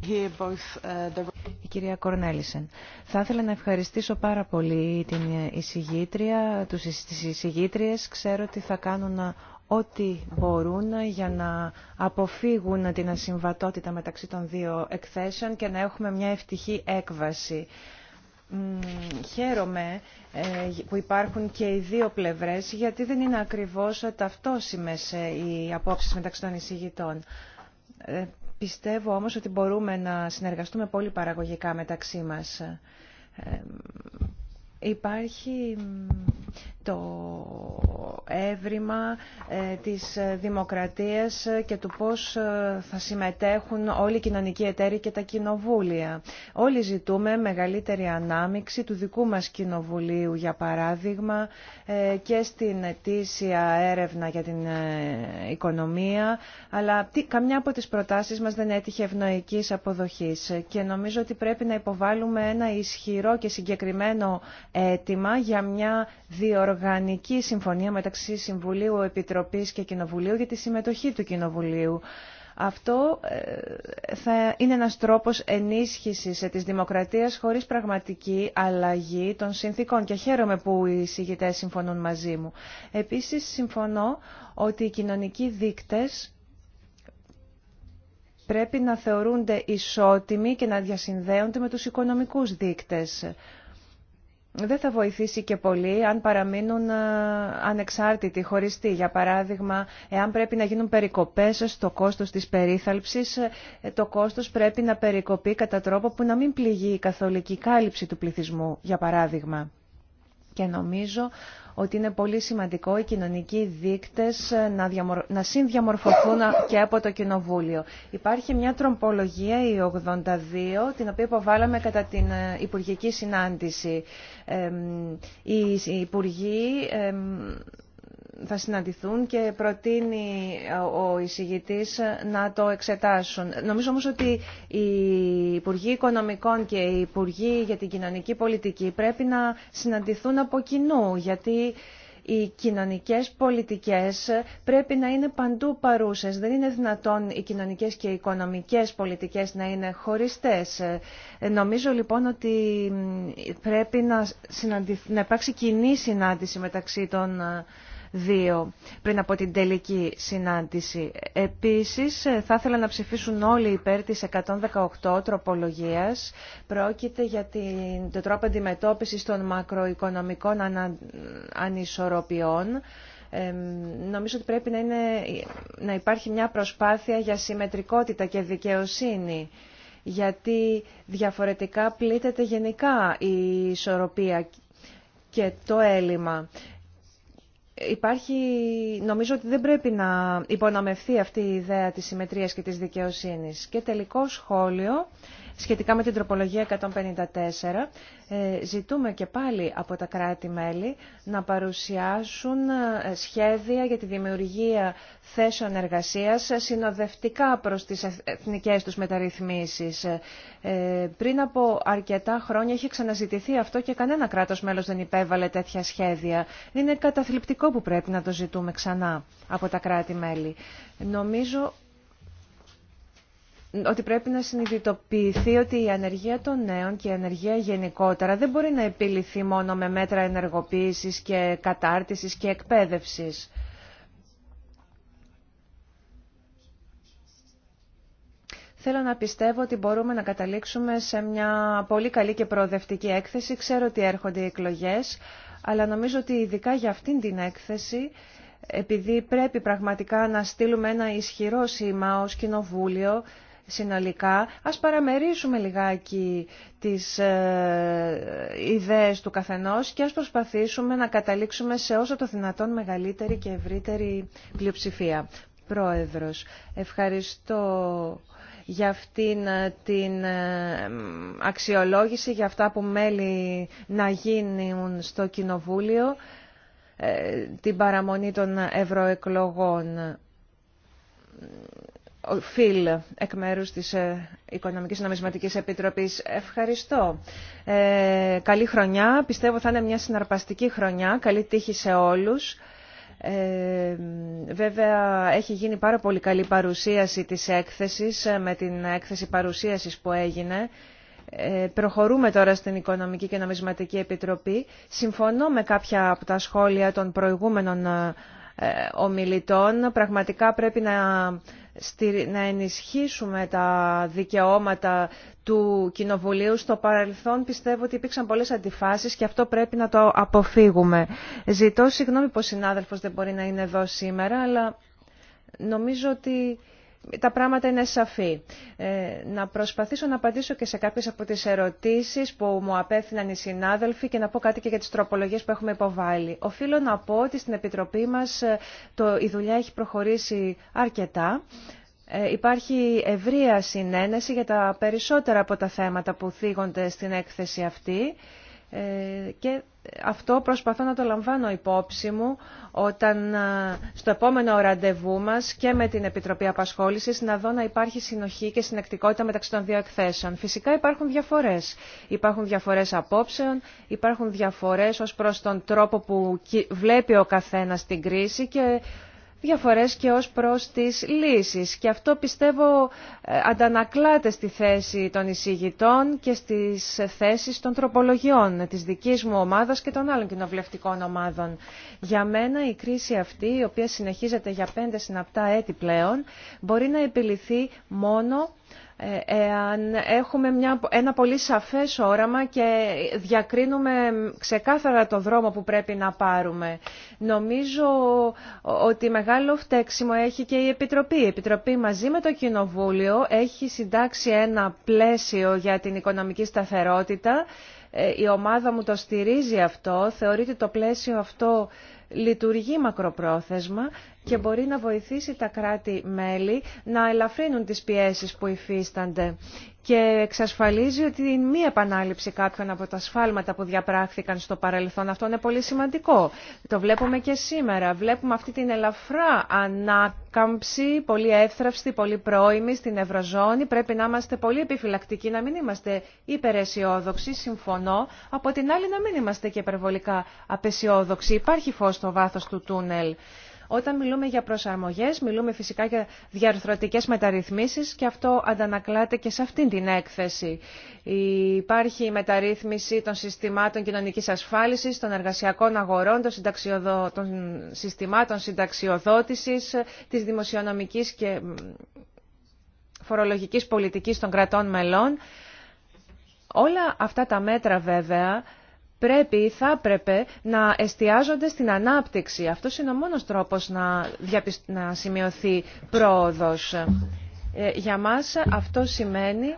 Uh, κυρία Κορνέλισεν. Θα ήθελα να ευχαριστήσω πάρα πολύ την εισηγήτρια, τους, τις εισηγήτριες. Ξέρω ότι θα κάνουν ό,τι μπορούν για να αποφύγουν την ασυμβατότητα μεταξύ των δύο εκθέσεων και να έχουμε μια ευτυχή έκβαση χαίρομαι ε, που υπάρχουν και οι δύο πλευρές γιατί δεν είναι ακριβώς ταυτόσιμες ε, οι απόψεις μεταξύ των εισηγητών. Ε, πιστεύω όμως ότι μπορούμε να συνεργαστούμε πολύ παραγωγικά μεταξύ μας. Υπάρχει το έβριμα ε, της δημοκρατίας και του πώς ε, θα συμμετέχουν όλοι οι κοινωνικοί εταίροι και τα κοινοβούλια. Όλοι ζητούμε μεγαλύτερη ανάμειξη του δικού μας κοινοβουλίου, για παράδειγμα, ε, και στην ετήσια έρευνα για την οικονομία, αλλά καμιά από τις προτάσεις μας δεν έτυχε ευνοϊκής αποδοχής και νομίζω ότι πρέπει να υποβάλουμε ένα ισχυρό και συγκεκριμένο για μια διοργανική συμφωνία μεταξύ Συμβουλίου, Επιτροπής και Κοινοβουλίου για τη συμμετοχή του Κοινοβουλίου. Αυτό ε, θα είναι ένας τρόπος ενίσχυσης ε, της δημοκρατίας χωρίς πραγματική αλλαγή των συνθήκων και χαίρομαι που οι συγητές συμφωνούν μαζί μου. Επίσης συμφωνώ ότι οι κοινωνικοί δείκτες πρέπει να θεωρούνται ισότιμοι και να διασυνδέονται με τους οικονομικούς δείκτες δεν θα βοηθήσει και πολύ αν παραμείνουν ε, ανεξάρτητοι, χωριστοί. Για παράδειγμα, εάν πρέπει να γίνουν περικοπές στο κόστος της περίθαλψης, ε, το κόστος πρέπει να περικοπεί κατά τρόπο που να μην πληγεί η καθολική κάλυψη του πληθυσμού, για παράδειγμα. Και νομίζω ότι είναι πολύ σημαντικό οι κοινωνικοί δείκτες να, διαμορ... να συνδιαμορφωθούν και από το Κοινοβούλιο. Υπάρχει μια τρομπολογία, η 82, την οποία υποβάλαμε κατά την ε, Υπουργική Συνάντηση. οι Υπουργοί θα συναντηθούν και προτείνει ε, ο εισηγητής να το εξετάσουν. Νομίζω όμως ότι οι Υπουργοί Οικονομικών και οι Υπουργοί για την Κοινωνική Πολιτική πρέπει να συναντηθούν από κοινού, γιατί οι κοινωνικές πολιτικές πρέπει να είναι παντού παρούσες. Δεν είναι δυνατόν οι κοινωνικές και οι οικονομικές πολιτικές να είναι χωριστές. Ε, νομίζω λοιπόν ότι πρέπει να, να υπάρξει κοινή συνάντηση μεταξύ των ε, δύο πριν από την τελική συνάντηση. Επίσης, ε, θα ήθελα να ψηφίσουν όλοι υπέρ της 118 τροπολογίας. Πρόκειται για την, το τρόπο αντιμετώπισης των μακροοικονομικών ανα, ανισορροπιών. νομίζω ότι πρέπει να, είναι, να υπάρχει μια προσπάθεια για συμμετρικότητα και δικαιοσύνη γιατί διαφορετικά πλήττεται γενικά η ισορροπία και το έλλειμμα. Υπάρχει, νομίζω ότι δεν πρέπει να υπονομευθεί αυτή η ιδέα της συμμετρίας και της δικαιοσύνης. Και τελικό σχόλιο, σχετικά με την τροπολογία 154. Ε, ζητούμε και πάλι από τα κράτη-μέλη να παρουσιάσουν ε, σχέδια για τη δημιουργία θέσεων εργασίας ε, συνοδευτικά προς τις εθνικές τους μεταρρυθμίσεις. Πριν από αρκετά χρόνια είχε ξαναζητηθεί αυτό και κανένα κράτος μέλος δεν υπέβαλε τέτοια σχέδια. Είναι καταθλιπτικό που πρέπει να το ζητούμε ξανά από τα κράτη-μέλη. Νομίζω ότι πρέπει να συνειδητοποιηθεί ότι η ανεργία των νέων και η ανεργία γενικότερα δεν μπορεί να επιληθεί μόνο με μέτρα ενεργοποίησης και κατάρτισης και εκπαίδευσης. Θέλω να πιστεύω ότι μπορούμε να καταλήξουμε σε μια πολύ καλή και προοδευτική έκθεση. Ξέρω ότι έρχονται οι εκλογές, αλλά νομίζω ότι ειδικά για αυτήν την έκθεση επειδή πρέπει πραγματικά να στείλουμε ένα ισχυρό σήμα ως κοινοβούλιο συνολικά, ας παραμερίσουμε λιγάκι τις ε, ιδέες του καθενός και ας προσπαθήσουμε να καταλήξουμε σε όσο το δυνατόν μεγαλύτερη και ευρύτερη πλειοψηφία. Πρόεδρος, ευχαριστώ για αυτήν ε, την ε, αξιολόγηση, για αυτά που μέλη να γίνουν στο Κοινοβούλιο, ε, την παραμονή των ευρωεκλογών. Φιλ, εκ μέρους της ε, Οικονομικής Νομισματικής Επιτροπής. Ευχαριστώ. Ε, καλή χρονιά. Πιστεύω θα είναι μια συναρπαστική χρονιά. Καλή τύχη σε όλους. Ε, βέβαια έχει γίνει πάρα πολύ καλή παρουσίαση της έκθεσης με την έκθεση παρουσίασης που έγινε. προχωρούμε τώρα στην Οικονομική και Νομισματική Επιτροπή. Συμφωνώ με κάποια από τα σχόλια των προηγούμενων ομιλητών. Πραγματικά πρέπει να να ενισχύσουμε τα δικαιώματα του Κοινοβουλίου. Στο παρελθόν πιστεύω ότι υπήρξαν πολλές αντιφάσεις και αυτό πρέπει να το αποφύγουμε. Ζητώ συγγνώμη που ο συνάδελφος δεν μπορεί να είναι εδώ σήμερα, αλλά νομίζω ότι τα πράγματα είναι σαφή. Ε, να προσπαθήσω να απαντήσω και σε κάποιες από τις ερωτήσεις που μου απέθυναν οι συνάδελφοι και να πω κάτι και για τις τροπολογίες που έχουμε υποβάλει. Οφείλω να πω ότι στην Επιτροπή μας ε, το, η δουλειά έχει προχωρήσει αρκετά. Ε, υπάρχει ευρεία συνένεση για τα περισσότερα από τα θέματα που θίγονται στην έκθεση αυτή. Ε, και αυτό προσπαθώ να το λαμβάνω υπόψη μου όταν ε, στο επόμενο ραντεβού μας και με την Επιτροπή Απασχόλησης να δω να υπάρχει συνοχή και συνεκτικότητα μεταξύ των δύο εκθέσεων. Φυσικά υπάρχουν διαφορές. Υπάρχουν διαφορές απόψεων, υπάρχουν διαφορές ως προς τον τρόπο που βλέπει ο καθένας την κρίση και διαφορές και ως προς τις λύσεις. Και αυτό πιστεύω ε, αντανακλάται στη θέση των εισηγητών και στις θέσεις των τροπολογιών της δικής μου ομάδας και των άλλων κοινοβουλευτικών ομάδων. Για μένα η κρίση αυτή, η οποία συνεχίζεται για πέντε συναπτά έτη πλέον, μπορεί να επιληθεί μόνο εάν έχουμε μια, ένα πολύ σαφές όραμα και διακρίνουμε ξεκάθαρα το δρόμο που πρέπει να πάρουμε. Νομίζω ότι μεγάλο φταίξιμο έχει και η Επιτροπή. Η Επιτροπή μαζί με το Κοινοβούλιο έχει συντάξει ένα πλαίσιο για την οικονομική σταθερότητα. Ε, η ομάδα μου το στηρίζει αυτό, θεωρείται το πλαίσιο αυτό λειτουργεί μακροπρόθεσμα και μπορεί να βοηθήσει τα κράτη-μέλη να ελαφρύνουν τις πιέσεις που υφίστανται και εξασφαλίζει ότι η μη επανάληψη κάποιων από τα σφάλματα που διαπράχθηκαν στο παρελθόν αυτό είναι πολύ σημαντικό. Το βλέπουμε και σήμερα. Βλέπουμε αυτή την ελαφρά ανάκαμψη, πολύ εύθραυστη, πολύ πρόημη στην Ευρωζώνη. Πρέπει να είμαστε πολύ επιφυλακτικοί, να μην είμαστε υπεραισιόδοξοι, συμφωνώ. Από την άλλη να μην είμαστε και υπερβολικά απεσιόδοξοι. Υπάρχει φως στο βάθος του τούνελ. Όταν μιλούμε για προσαρμογές, μιλούμε φυσικά για διαρθρωτικές μεταρρυθμίσεις και αυτό αντανακλάται και σε αυτήν την έκθεση. Υπάρχει η μεταρρύθμιση των συστημάτων κοινωνικής ασφάλισης, των εργασιακών αγορών, των, συνταξιοδο... των συστημάτων συνταξιοδότησης, της δημοσιονομικής και φορολογικής πολιτικής των κρατών μελών. Όλα αυτά τα μέτρα βέβαια πρέπει ή θα έπρεπε να εστιάζονται στην ανάπτυξη. Αυτό είναι ο μόνος τρόπος να, να σημειωθεί πρόοδος. Ε, για μας αυτό σημαίνει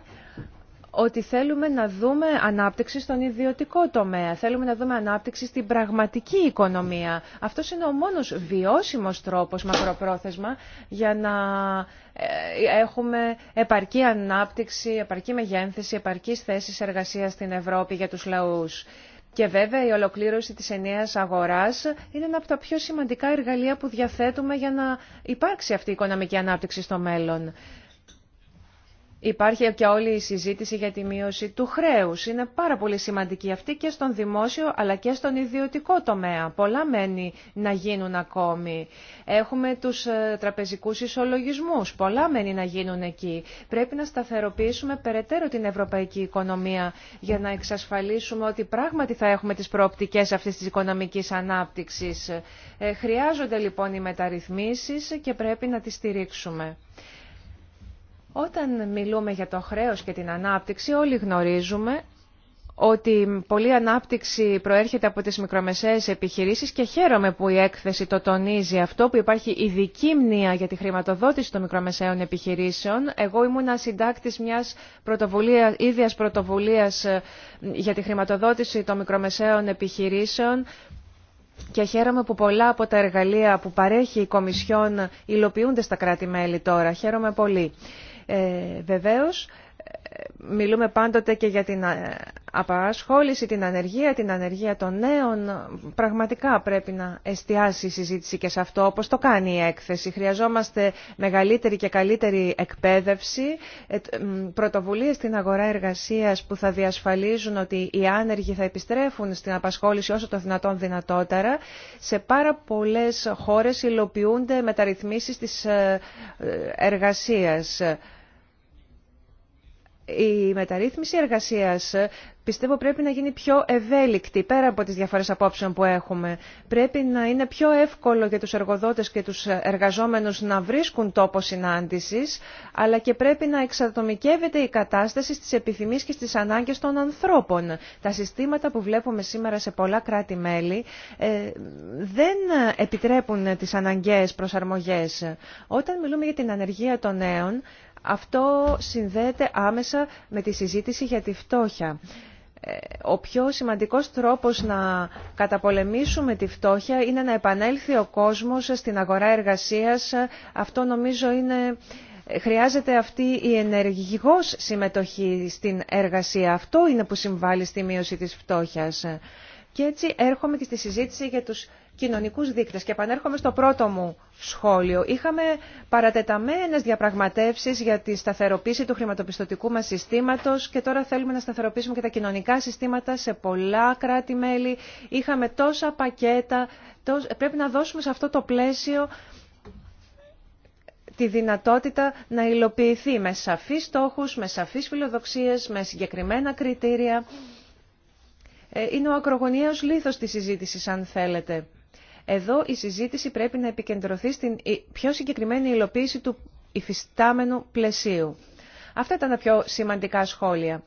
ότι θέλουμε να δούμε ανάπτυξη στον ιδιωτικό τομέα, θέλουμε να δούμε ανάπτυξη στην πραγματική οικονομία. Αυτό είναι ο μόνος βιώσιμος τρόπος μακροπρόθεσμα για να ε, έχουμε επαρκή ανάπτυξη, επαρκή μεγένθεση, επαρκή θέσεις εργασίας στην Ευρώπη για τους λαούς. Και βέβαια η ολοκλήρωση της ενιαίας αγοράς είναι ένα από τα πιο σημαντικά εργαλεία που διαθέτουμε για να υπάρξει αυτή η οικονομική ανάπτυξη στο μέλλον. Υπάρχει και όλη η συζήτηση για τη μείωση του χρέους. Είναι πάρα πολύ σημαντική αυτή και στον δημόσιο αλλά και στον ιδιωτικό τομέα. Πολλά μένει να γίνουν ακόμη. Έχουμε τους ε, τραπεζικούς ισολογισμούς. Πολλά μένει να γίνουν εκεί. Πρέπει να σταθεροποιήσουμε περαιτέρω την ευρωπαϊκή οικονομία για να εξασφαλίσουμε ότι πράγματι θα έχουμε τις προοπτικές αυτής της οικονομικής ανάπτυξης. Ε, χρειάζονται λοιπόν οι μεταρρυθμίσεις και πρέπει να τις στηρίξουμε. Όταν μιλούμε για το χρέος και την ανάπτυξη, όλοι γνωρίζουμε ότι πολλή ανάπτυξη προέρχεται από τις μικρομεσαίες επιχειρήσεις και χαίρομαι που η έκθεση το τονίζει αυτό, που υπάρχει ειδική μνήα για τη χρηματοδότηση των μικρομεσαίων επιχειρήσεων. Εγώ ήμουν συντάκτης μιας πρωτοβουλία, ίδιας πρωτοβουλίας ε, για τη χρηματοδότηση των μικρομεσαίων επιχειρήσεων και χαίρομαι που πολλά από τα εργαλεία που παρέχει η Κομισιόν υλοποιούνται στα κράτη-μέλη τώρα. Χαίρομαι πολύ. Ε, βεβαίως, ε, μιλούμε πάντοτε και για την ε, απασχόληση, την ανεργία, την ανεργία των νέων. Πραγματικά πρέπει να εστιάσει η συζήτηση και σε αυτό, όπως το κάνει η έκθεση. Χρειαζόμαστε μεγαλύτερη και καλύτερη εκπαίδευση, ε, πρωτοβουλίες στην αγορά εργασίας που θα διασφαλίζουν ότι οι άνεργοι θα επιστρέφουν στην απασχόληση όσο το δυνατόν δυνατότερα. Σε πάρα πολλές χώρες υλοποιούνται μεταρρυθμίσεις της εργασίας η μεταρρύθμιση εργασίας πιστεύω πρέπει να γίνει πιο ευέλικτη πέρα από τις διαφορές απόψεων που έχουμε. Πρέπει να είναι πιο εύκολο για τους εργοδότες και τους εργαζόμενους να βρίσκουν τόπο συνάντησης, αλλά και πρέπει να εξατομικεύεται η κατάσταση στις επιθυμίες και στις ανάγκες των ανθρώπων. Τα συστήματα που βλέπουμε σήμερα σε πολλά κράτη-μέλη ε, δεν επιτρέπουν τις αναγκαίες προσαρμογές. Όταν μιλούμε για την ανεργία των νέων, αυτό συνδέεται άμεσα με τη συζήτηση για τη φτώχεια. Ε, ο πιο σημαντικός τρόπος να καταπολεμήσουμε τη φτώχεια είναι να επανέλθει ο κόσμος στην αγορά εργασίας. Αυτό νομίζω είναι χρειάζεται αυτή η ενεργηγός συμμετοχή στην εργασία. Αυτό είναι που συμβάλλει στη μείωση της φτώχειας. Και έτσι έρχομαι και στη συζήτηση για τους Κοινωνικού δείκτες. Και επανέρχομαι στο πρώτο μου σχόλιο. Είχαμε παρατεταμένες διαπραγματεύσεις για τη σταθεροποίηση του χρηματοπιστωτικού μας συστήματος και τώρα θέλουμε να σταθεροποιήσουμε και τα κοινωνικά συστήματα σε πολλά κράτη-μέλη. Είχαμε τόσα πακέτα. Πρέπει να δώσουμε σε αυτό το πλαίσιο τη δυνατότητα να υλοποιηθεί με σαφείς στόχους, με σαφείς φιλοδοξίες, με συγκεκριμένα κριτήρια. Ε, είναι ο ακρογωνιαίος λίθος της συζήτησης, αν θέλετε. Εδώ η συζήτηση πρέπει να επικεντρωθεί στην πιο συγκεκριμένη υλοποίηση του υφιστάμενου πλαισίου. Αυτά ήταν τα πιο σημαντικά σχόλια.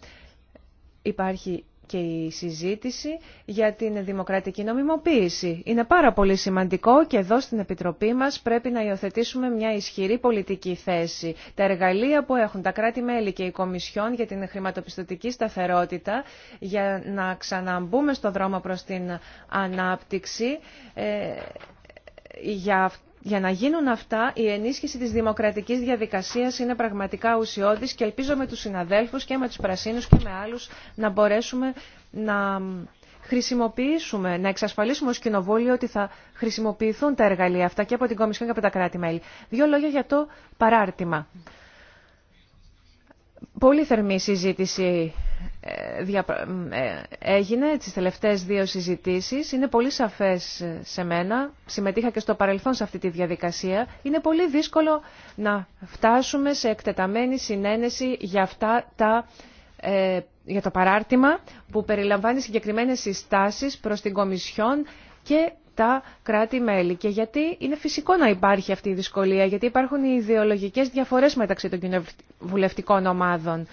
Υπάρχει και η συζήτηση για την δημοκρατική νομιμοποίηση. Είναι πάρα πολύ σημαντικό και εδώ στην Επιτροπή μας πρέπει να υιοθετήσουμε μια ισχυρή πολιτική θέση. Τα εργαλεία που έχουν τα κράτη-μέλη και οι Κομισιόν για την χρηματοπιστωτική σταθερότητα για να ξαναμπούμε στο δρόμο προς την ανάπτυξη ε, για αυτό για να γίνουν αυτά, η ενίσχυση της δημοκρατικής διαδικασίας είναι πραγματικά ουσιώδης και ελπίζω με τους συναδέλφους και με τους πρασίνους και με άλλους να μπορέσουμε να χρησιμοποιήσουμε, να εξασφαλίσουμε ως κοινοβούλιο ότι θα χρησιμοποιηθούν τα εργαλεία αυτά και από την Κομισιόν και από τα κράτη-μέλη. Δύο λόγια για το παράρτημα. Πολύ θερμή συζήτηση ε, ε, έγινε τις τελευταίες δύο συζητήσεις είναι πολύ σαφές σε μένα. Συμμετείχα και στο παρελθόν σε αυτή τη διαδικασία. Είναι πολύ δύσκολο να φτάσουμε σε εκτεταμένη συνένεση για αυτά τα ε, για το παράρτημα που περιλαμβάνει συγκεκριμένες συστάσεις προς την Κομισιόν και τα κράτη-μέλη. Και γιατί είναι φυσικό να υπάρχει αυτή η δυσκολία, γιατί υπάρχουν οι ιδεολογικές διαφορές μεταξύ των κοινοβουλευτικών ομάδων.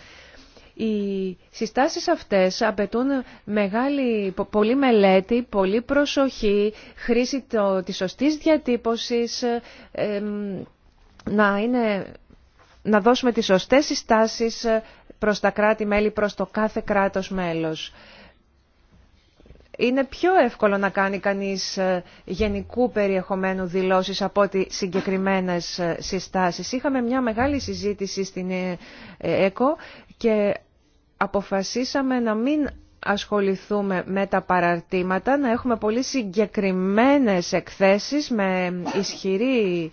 Οι συστάσεις αυτές απαιτούν μεγάλη, πολύ μελέτη, πολύ προσοχή, χρήση το, της σωστής διατύπωσης, να, είναι, να δώσουμε τις σωστές συστάσεις προς τα κράτη-μέλη, προς το κάθε κράτος μέλος. Είναι πιο εύκολο να κάνει κανείς ε, γενικού περιεχομένου δηλώσεις από ότι συγκεκριμένες ε, συστάσεις. Είχαμε μια μεγάλη συζήτηση στην ε, ΕΚΟ και αποφασίσαμε να μην ασχοληθούμε με τα παραρτήματα, να έχουμε πολύ συγκεκριμένες εκθέσεις με ισχυρή,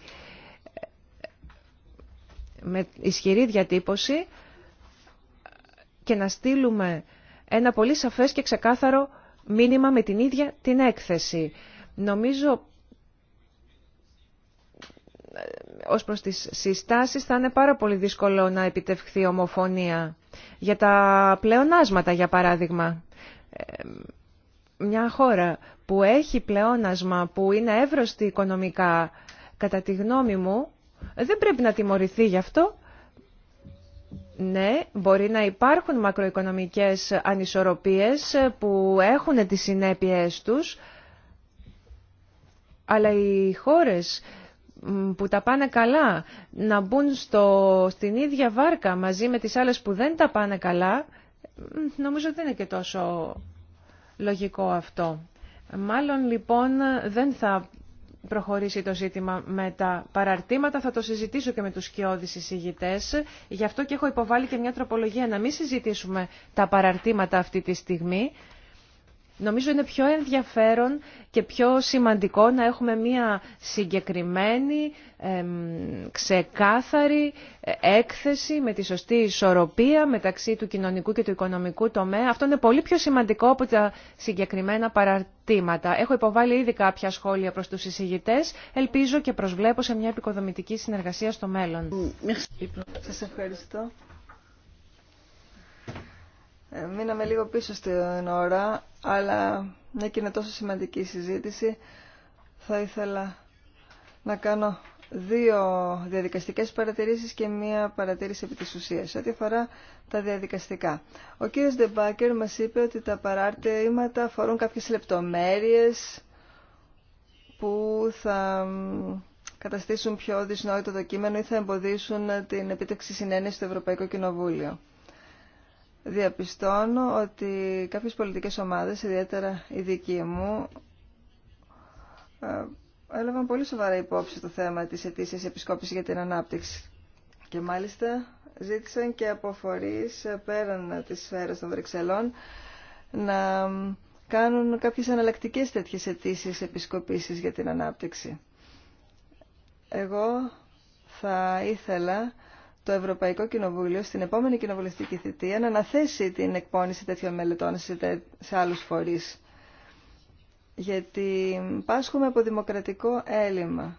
με ισχυρή διατύπωση και να στείλουμε ένα πολύ σαφές και ξεκάθαρο μήνυμα με την ίδια την έκθεση. Νομίζω ε, ως προς τις συστάσεις θα είναι πάρα πολύ δύσκολο να επιτευχθεί ομοφωνία. Για τα πλεονάσματα, για παράδειγμα. Ε, μια χώρα που έχει πλεόνασμα, που είναι εύρωστη οικονομικά, κατά τη γνώμη μου, δεν πρέπει να τιμωρηθεί γι' αυτό. Ναι, μπορεί να υπάρχουν μακροοικονομικές ανισορροπίες που έχουν τις συνέπειες τους, αλλά οι χώρες που τα πάνε καλά να μπουν στο, στην ίδια βάρκα μαζί με τις άλλες που δεν τα πάνε καλά, νομίζω δεν είναι και τόσο λογικό αυτό. Μάλλον λοιπόν δεν θα προχωρήσει το ζήτημα με τα παραρτήματα. Θα το συζητήσω και με τους σκιώδεις εισηγητές. Γι' αυτό και έχω υποβάλει και μια τροπολογία να μην συζητήσουμε τα παραρτήματα αυτή τη στιγμή, Νομίζω είναι πιο ενδιαφέρον και πιο σημαντικό να έχουμε μία συγκεκριμένη, ξεκάθαρη ε, έκθεση με τη σωστή ισορροπία μεταξύ του κοινωνικού και του οικονομικού τομέα. Αυτό είναι πολύ πιο σημαντικό από τα συγκεκριμένα παραρτήματα. Έχω υποβάλει ήδη κάποια σχόλια προς τους συζητητές. Ελπίζω και προσβλέπω σε μια επικοδομητική συνεργασία στο μέλλον. Σας ευχαριστώ. Ε, μείναμε λίγο πίσω στην ώρα, αλλά μια και είναι τόσο σημαντική η συζήτηση, θα ήθελα να κάνω δύο διαδικαστικές παρατηρήσεις και μία παρατήρηση επί της ουσίας, ό,τι αφορά τα διαδικαστικά. Ο κύριος Ντεμπάκερ μας είπε ότι τα παράρτηματα αφορούν κάποιες λεπτομέρειες που θα καταστήσουν πιο δυσνόητο το κείμενο ή θα εμποδίσουν την επίτευξη συνένεση στο Ευρωπαϊκό Κοινοβούλιο διαπιστώνω ότι κάποιες πολιτικές ομάδες, ιδιαίτερα η δική μου, ε, έλαβαν πολύ σοβαρά υπόψη το θέμα της ετήσιας επισκόπηση για την ανάπτυξη. Και μάλιστα ζήτησαν και από φορείς πέραν της σφαίρας των Βρυξελών να κάνουν κάποιες αναλλακτικές τέτοιες αιτήσει επισκοπήσεις για την ανάπτυξη. Εγώ θα ήθελα το Ευρωπαϊκό Κοινοβούλιο στην επόμενη κοινοβουλευτική θητεία να αναθέσει την εκπόνηση τέτοιων μελετών σε, άλλους φορείς. Γιατί πάσχουμε από δημοκρατικό έλλειμμα.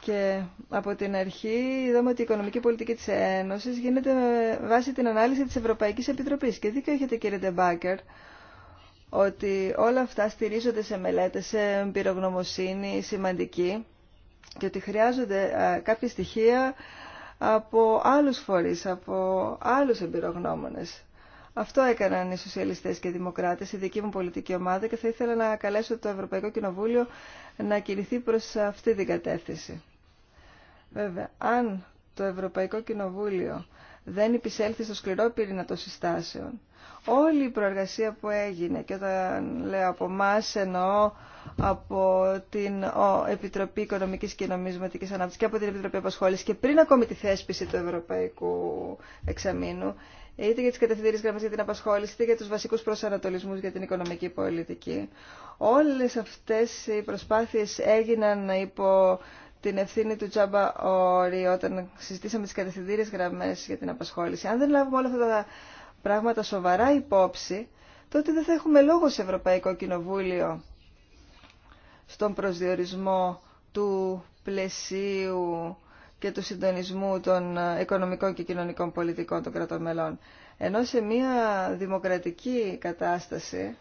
Και από την αρχή είδαμε ότι η οικονομική πολιτική της Ένωσης γίνεται με βάση την ανάλυση της Ευρωπαϊκής Επιτροπής. Και δίκιο έχετε κύριε Ντεμπάκερ, ότι όλα αυτά στηρίζονται σε μελέτες, σε πυρογνωμοσύνη σημαντική και ότι χρειάζονται κάποια στοιχεία από άλλους φορείς, από άλλους εμπειρογνώμονες. Αυτό έκαναν οι σοσιαλιστές και οι δημοκράτες, η δική μου πολιτική ομάδα και θα ήθελα να καλέσω το Ευρωπαϊκό Κοινοβούλιο να κινηθεί προς αυτή την κατεύθυνση. Βέβαια, αν το Ευρωπαϊκό Κοινοβούλιο δεν υπησέλθει στο σκληρό πυρήνα των συστάσεων Όλη η προεργασία που έγινε και όταν λέω από εμά εννοώ από την Επιτροπή Οικονομικής και Νομισματικής Ανάπτυξης και από την Επιτροπή Απασχόλησης και πριν ακόμη τη θέσπιση του Ευρωπαϊκού Εξαμήνου είτε για τις κατευθυντήριες γραμμές για την απασχόληση, είτε για τους βασικούς προσανατολισμούς για την οικονομική πολιτική. Όλες αυτές οι προσπάθειες έγιναν υπό την ευθύνη του Τζάμπα Όρη όταν συζητήσαμε τι κατευθυντήριε γραμμέ για την απασχόληση. Αν δεν λάβουμε όλα αυτά τα πράγματα σοβαρά υπόψη, τότε δεν θα έχουμε λόγο σε Ευρωπαϊκό Κοινοβούλιο στον προσδιορισμό του πλαισίου και του συντονισμού των οικονομικών και κοινωνικών πολιτικών των κρατών μελών. Ενώ σε μια δημοκρατική κατάσταση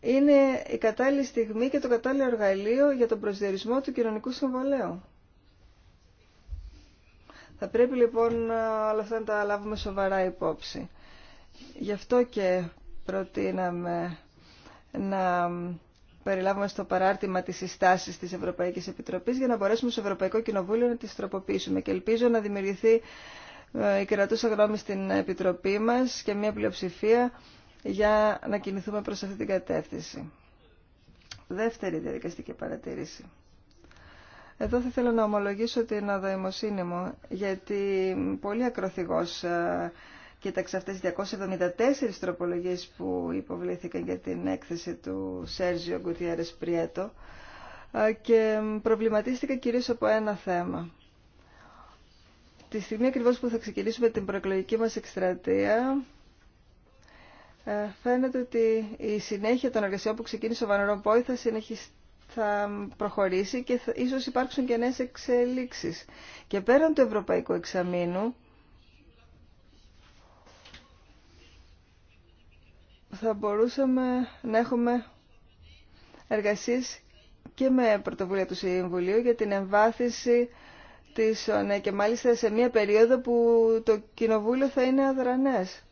είναι η κατάλληλη στιγμή και το κατάλληλο εργαλείο για τον προσδιορισμό του κοινωνικού συμβολέου. Θα πρέπει λοιπόν όλα αυτά να τα λάβουμε σοβαρά υπόψη. Γι' αυτό και προτείναμε να περιλάβουμε στο παράρτημα τις συστάσεις της Ευρωπαϊκής Επιτροπής για να μπορέσουμε στο Ευρωπαϊκό Κοινοβούλιο να τις τροποποιήσουμε και ελπίζω να δημιουργηθεί ε, η κρατούσα γνώμη στην Επιτροπή μας και μια πλειοψηφία για να κινηθούμε προς αυτή την κατεύθυνση. Δεύτερη διαδικαστική παρατήρηση. Εδώ θα ήθελα να ομολογήσω την αδοημοσύνη μου, γιατί πολύ ακροθυγός ε, κοίταξα αυτές τις 274 τροπολογίες που υποβλήθηκαν για την έκθεση του Σέρζιο Γκουτιέρες Πριέτο ε, και προβληματίστηκα κυρίως από ένα θέμα. Τη στιγμή ακριβώς που θα ξεκινήσουμε την προεκλογική μας εκστρατεία, ε, φαίνεται ότι η συνέχεια των εργασιών που ξεκίνησε ο Βανερόν Πόη θα συνεχιστεί θα προχωρήσει και θα, ίσως υπάρξουν και νέες εξελίξεις. Και πέραν του Ευρωπαϊκού Εξαμήνου θα μπορούσαμε να έχουμε εργασίες και με πρωτοβουλία του Συμβουλίου για την εμβάθυνση της ΩΝΕ και μάλιστα σε μια περίοδο που το Κοινοβούλιο θα είναι αδρανές.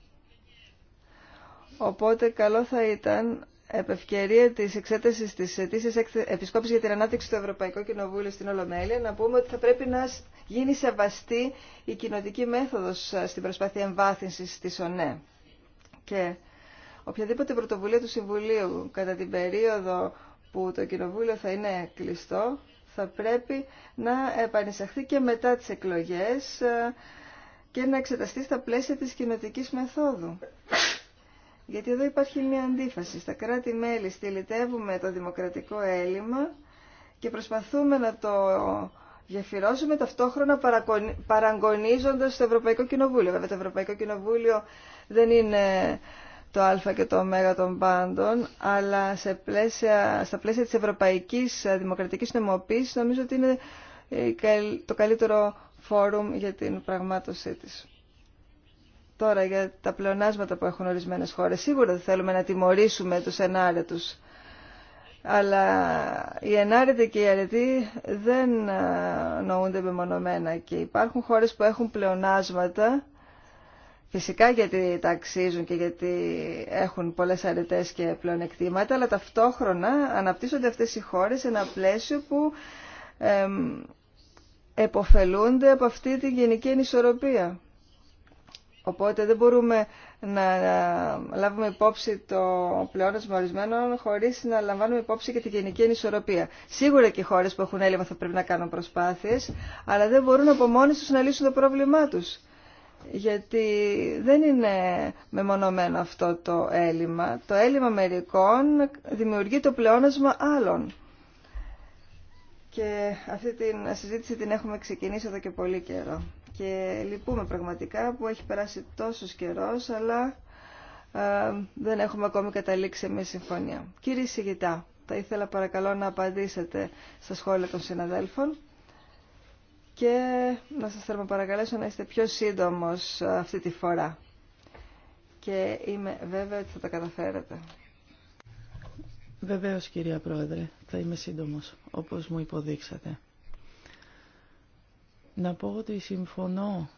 Οπότε καλό θα ήταν επ' ευκαιρία τη εξέταση τη αιτήσια επισκόπηση για την ανάπτυξη του Ευρωπαϊκού Κοινοβούλου στην Ολομέλεια να πούμε ότι θα πρέπει να γίνει σεβαστή η κοινοτική μέθοδο ε, στην προσπάθεια εμβάθυνση τη ΟΝΕ. Και οποιαδήποτε πρωτοβουλία του Συμβουλίου κατά την περίοδο που το Κοινοβούλιο θα είναι κλειστό θα πρέπει να επανεισαχθεί και μετά τις εκλογές ε, και να εξεταστεί στα πλαίσια της κοινοτικής μεθόδου. Γιατί εδώ υπάρχει μια αντίφαση. Στα κράτη-μέλη στυλιτεύουμε το δημοκρατικό έλλειμμα και προσπαθούμε να το γεφυρώσουμε ταυτόχρονα παραγωνίζοντας το Ευρωπαϊκό Κοινοβούλιο. Βέβαια το Ευρωπαϊκό Κοινοβούλιο δεν είναι το α και το ω των πάντων, αλλά σε πλαίσια, στα πλαίσια της ευρωπαϊκής δημοκρατικής νομοποίησης νομίζω ότι είναι το καλύτερο φόρουμ για την πραγμάτωσή της. Τώρα για τα πλεονάσματα που έχουν ορισμένε. χώρες. Σίγουρα δεν θέλουμε να τιμωρήσουμε τους ενάρετους. Αλλά οι ενάρετοι και οι αρετοί δεν νοούνται μεμονωμένα και υπάρχουν χώρες που έχουν πλεονάσματα Φυσικά γιατί τα αξίζουν και γιατί έχουν πολλές αρετές και πλεονεκτήματα, αλλά ταυτόχρονα αναπτύσσονται αυτές οι χώρες σε ένα πλαίσιο που εμ, εποφελούνται από αυτή τη γενική ενισορροπία. Οπότε δεν μπορούμε να λάβουμε υπόψη το πλεόνασμα ορισμένων χωρί να λαμβάνουμε υπόψη και τη γενική ενισορροπία. Σίγουρα και οι χώρε που έχουν έλλειμμα θα πρέπει να κάνουν προσπάθειε, αλλά δεν μπορούν από μόνε του να λύσουν το πρόβλημά του. Γιατί δεν είναι μεμονωμένο αυτό το έλλειμμα. Το έλλειμμα μερικών δημιουργεί το πλεόνασμα άλλων. Και αυτή τη συζήτηση την έχουμε ξεκινήσει εδώ και πολύ καιρό. Και λυπούμε πραγματικά που έχει περάσει τόσο καιρό, αλλά ε, δεν έχουμε ακόμη καταλήξει μια συμφωνία. Κύριε Σιγητά, θα ήθελα παρακαλώ να απαντήσετε στα σχόλια των συναδέλφων και να σας θέλω παρακαλέσω να είστε πιο σύντομος ε, αυτή τη φορά. Και είμαι βέβαια ότι θα τα καταφέρετε. Βεβαίως κυρία Πρόεδρε, θα είμαι σύντομος, όπως μου υποδείξατε. Να πω ότι συμφωνώ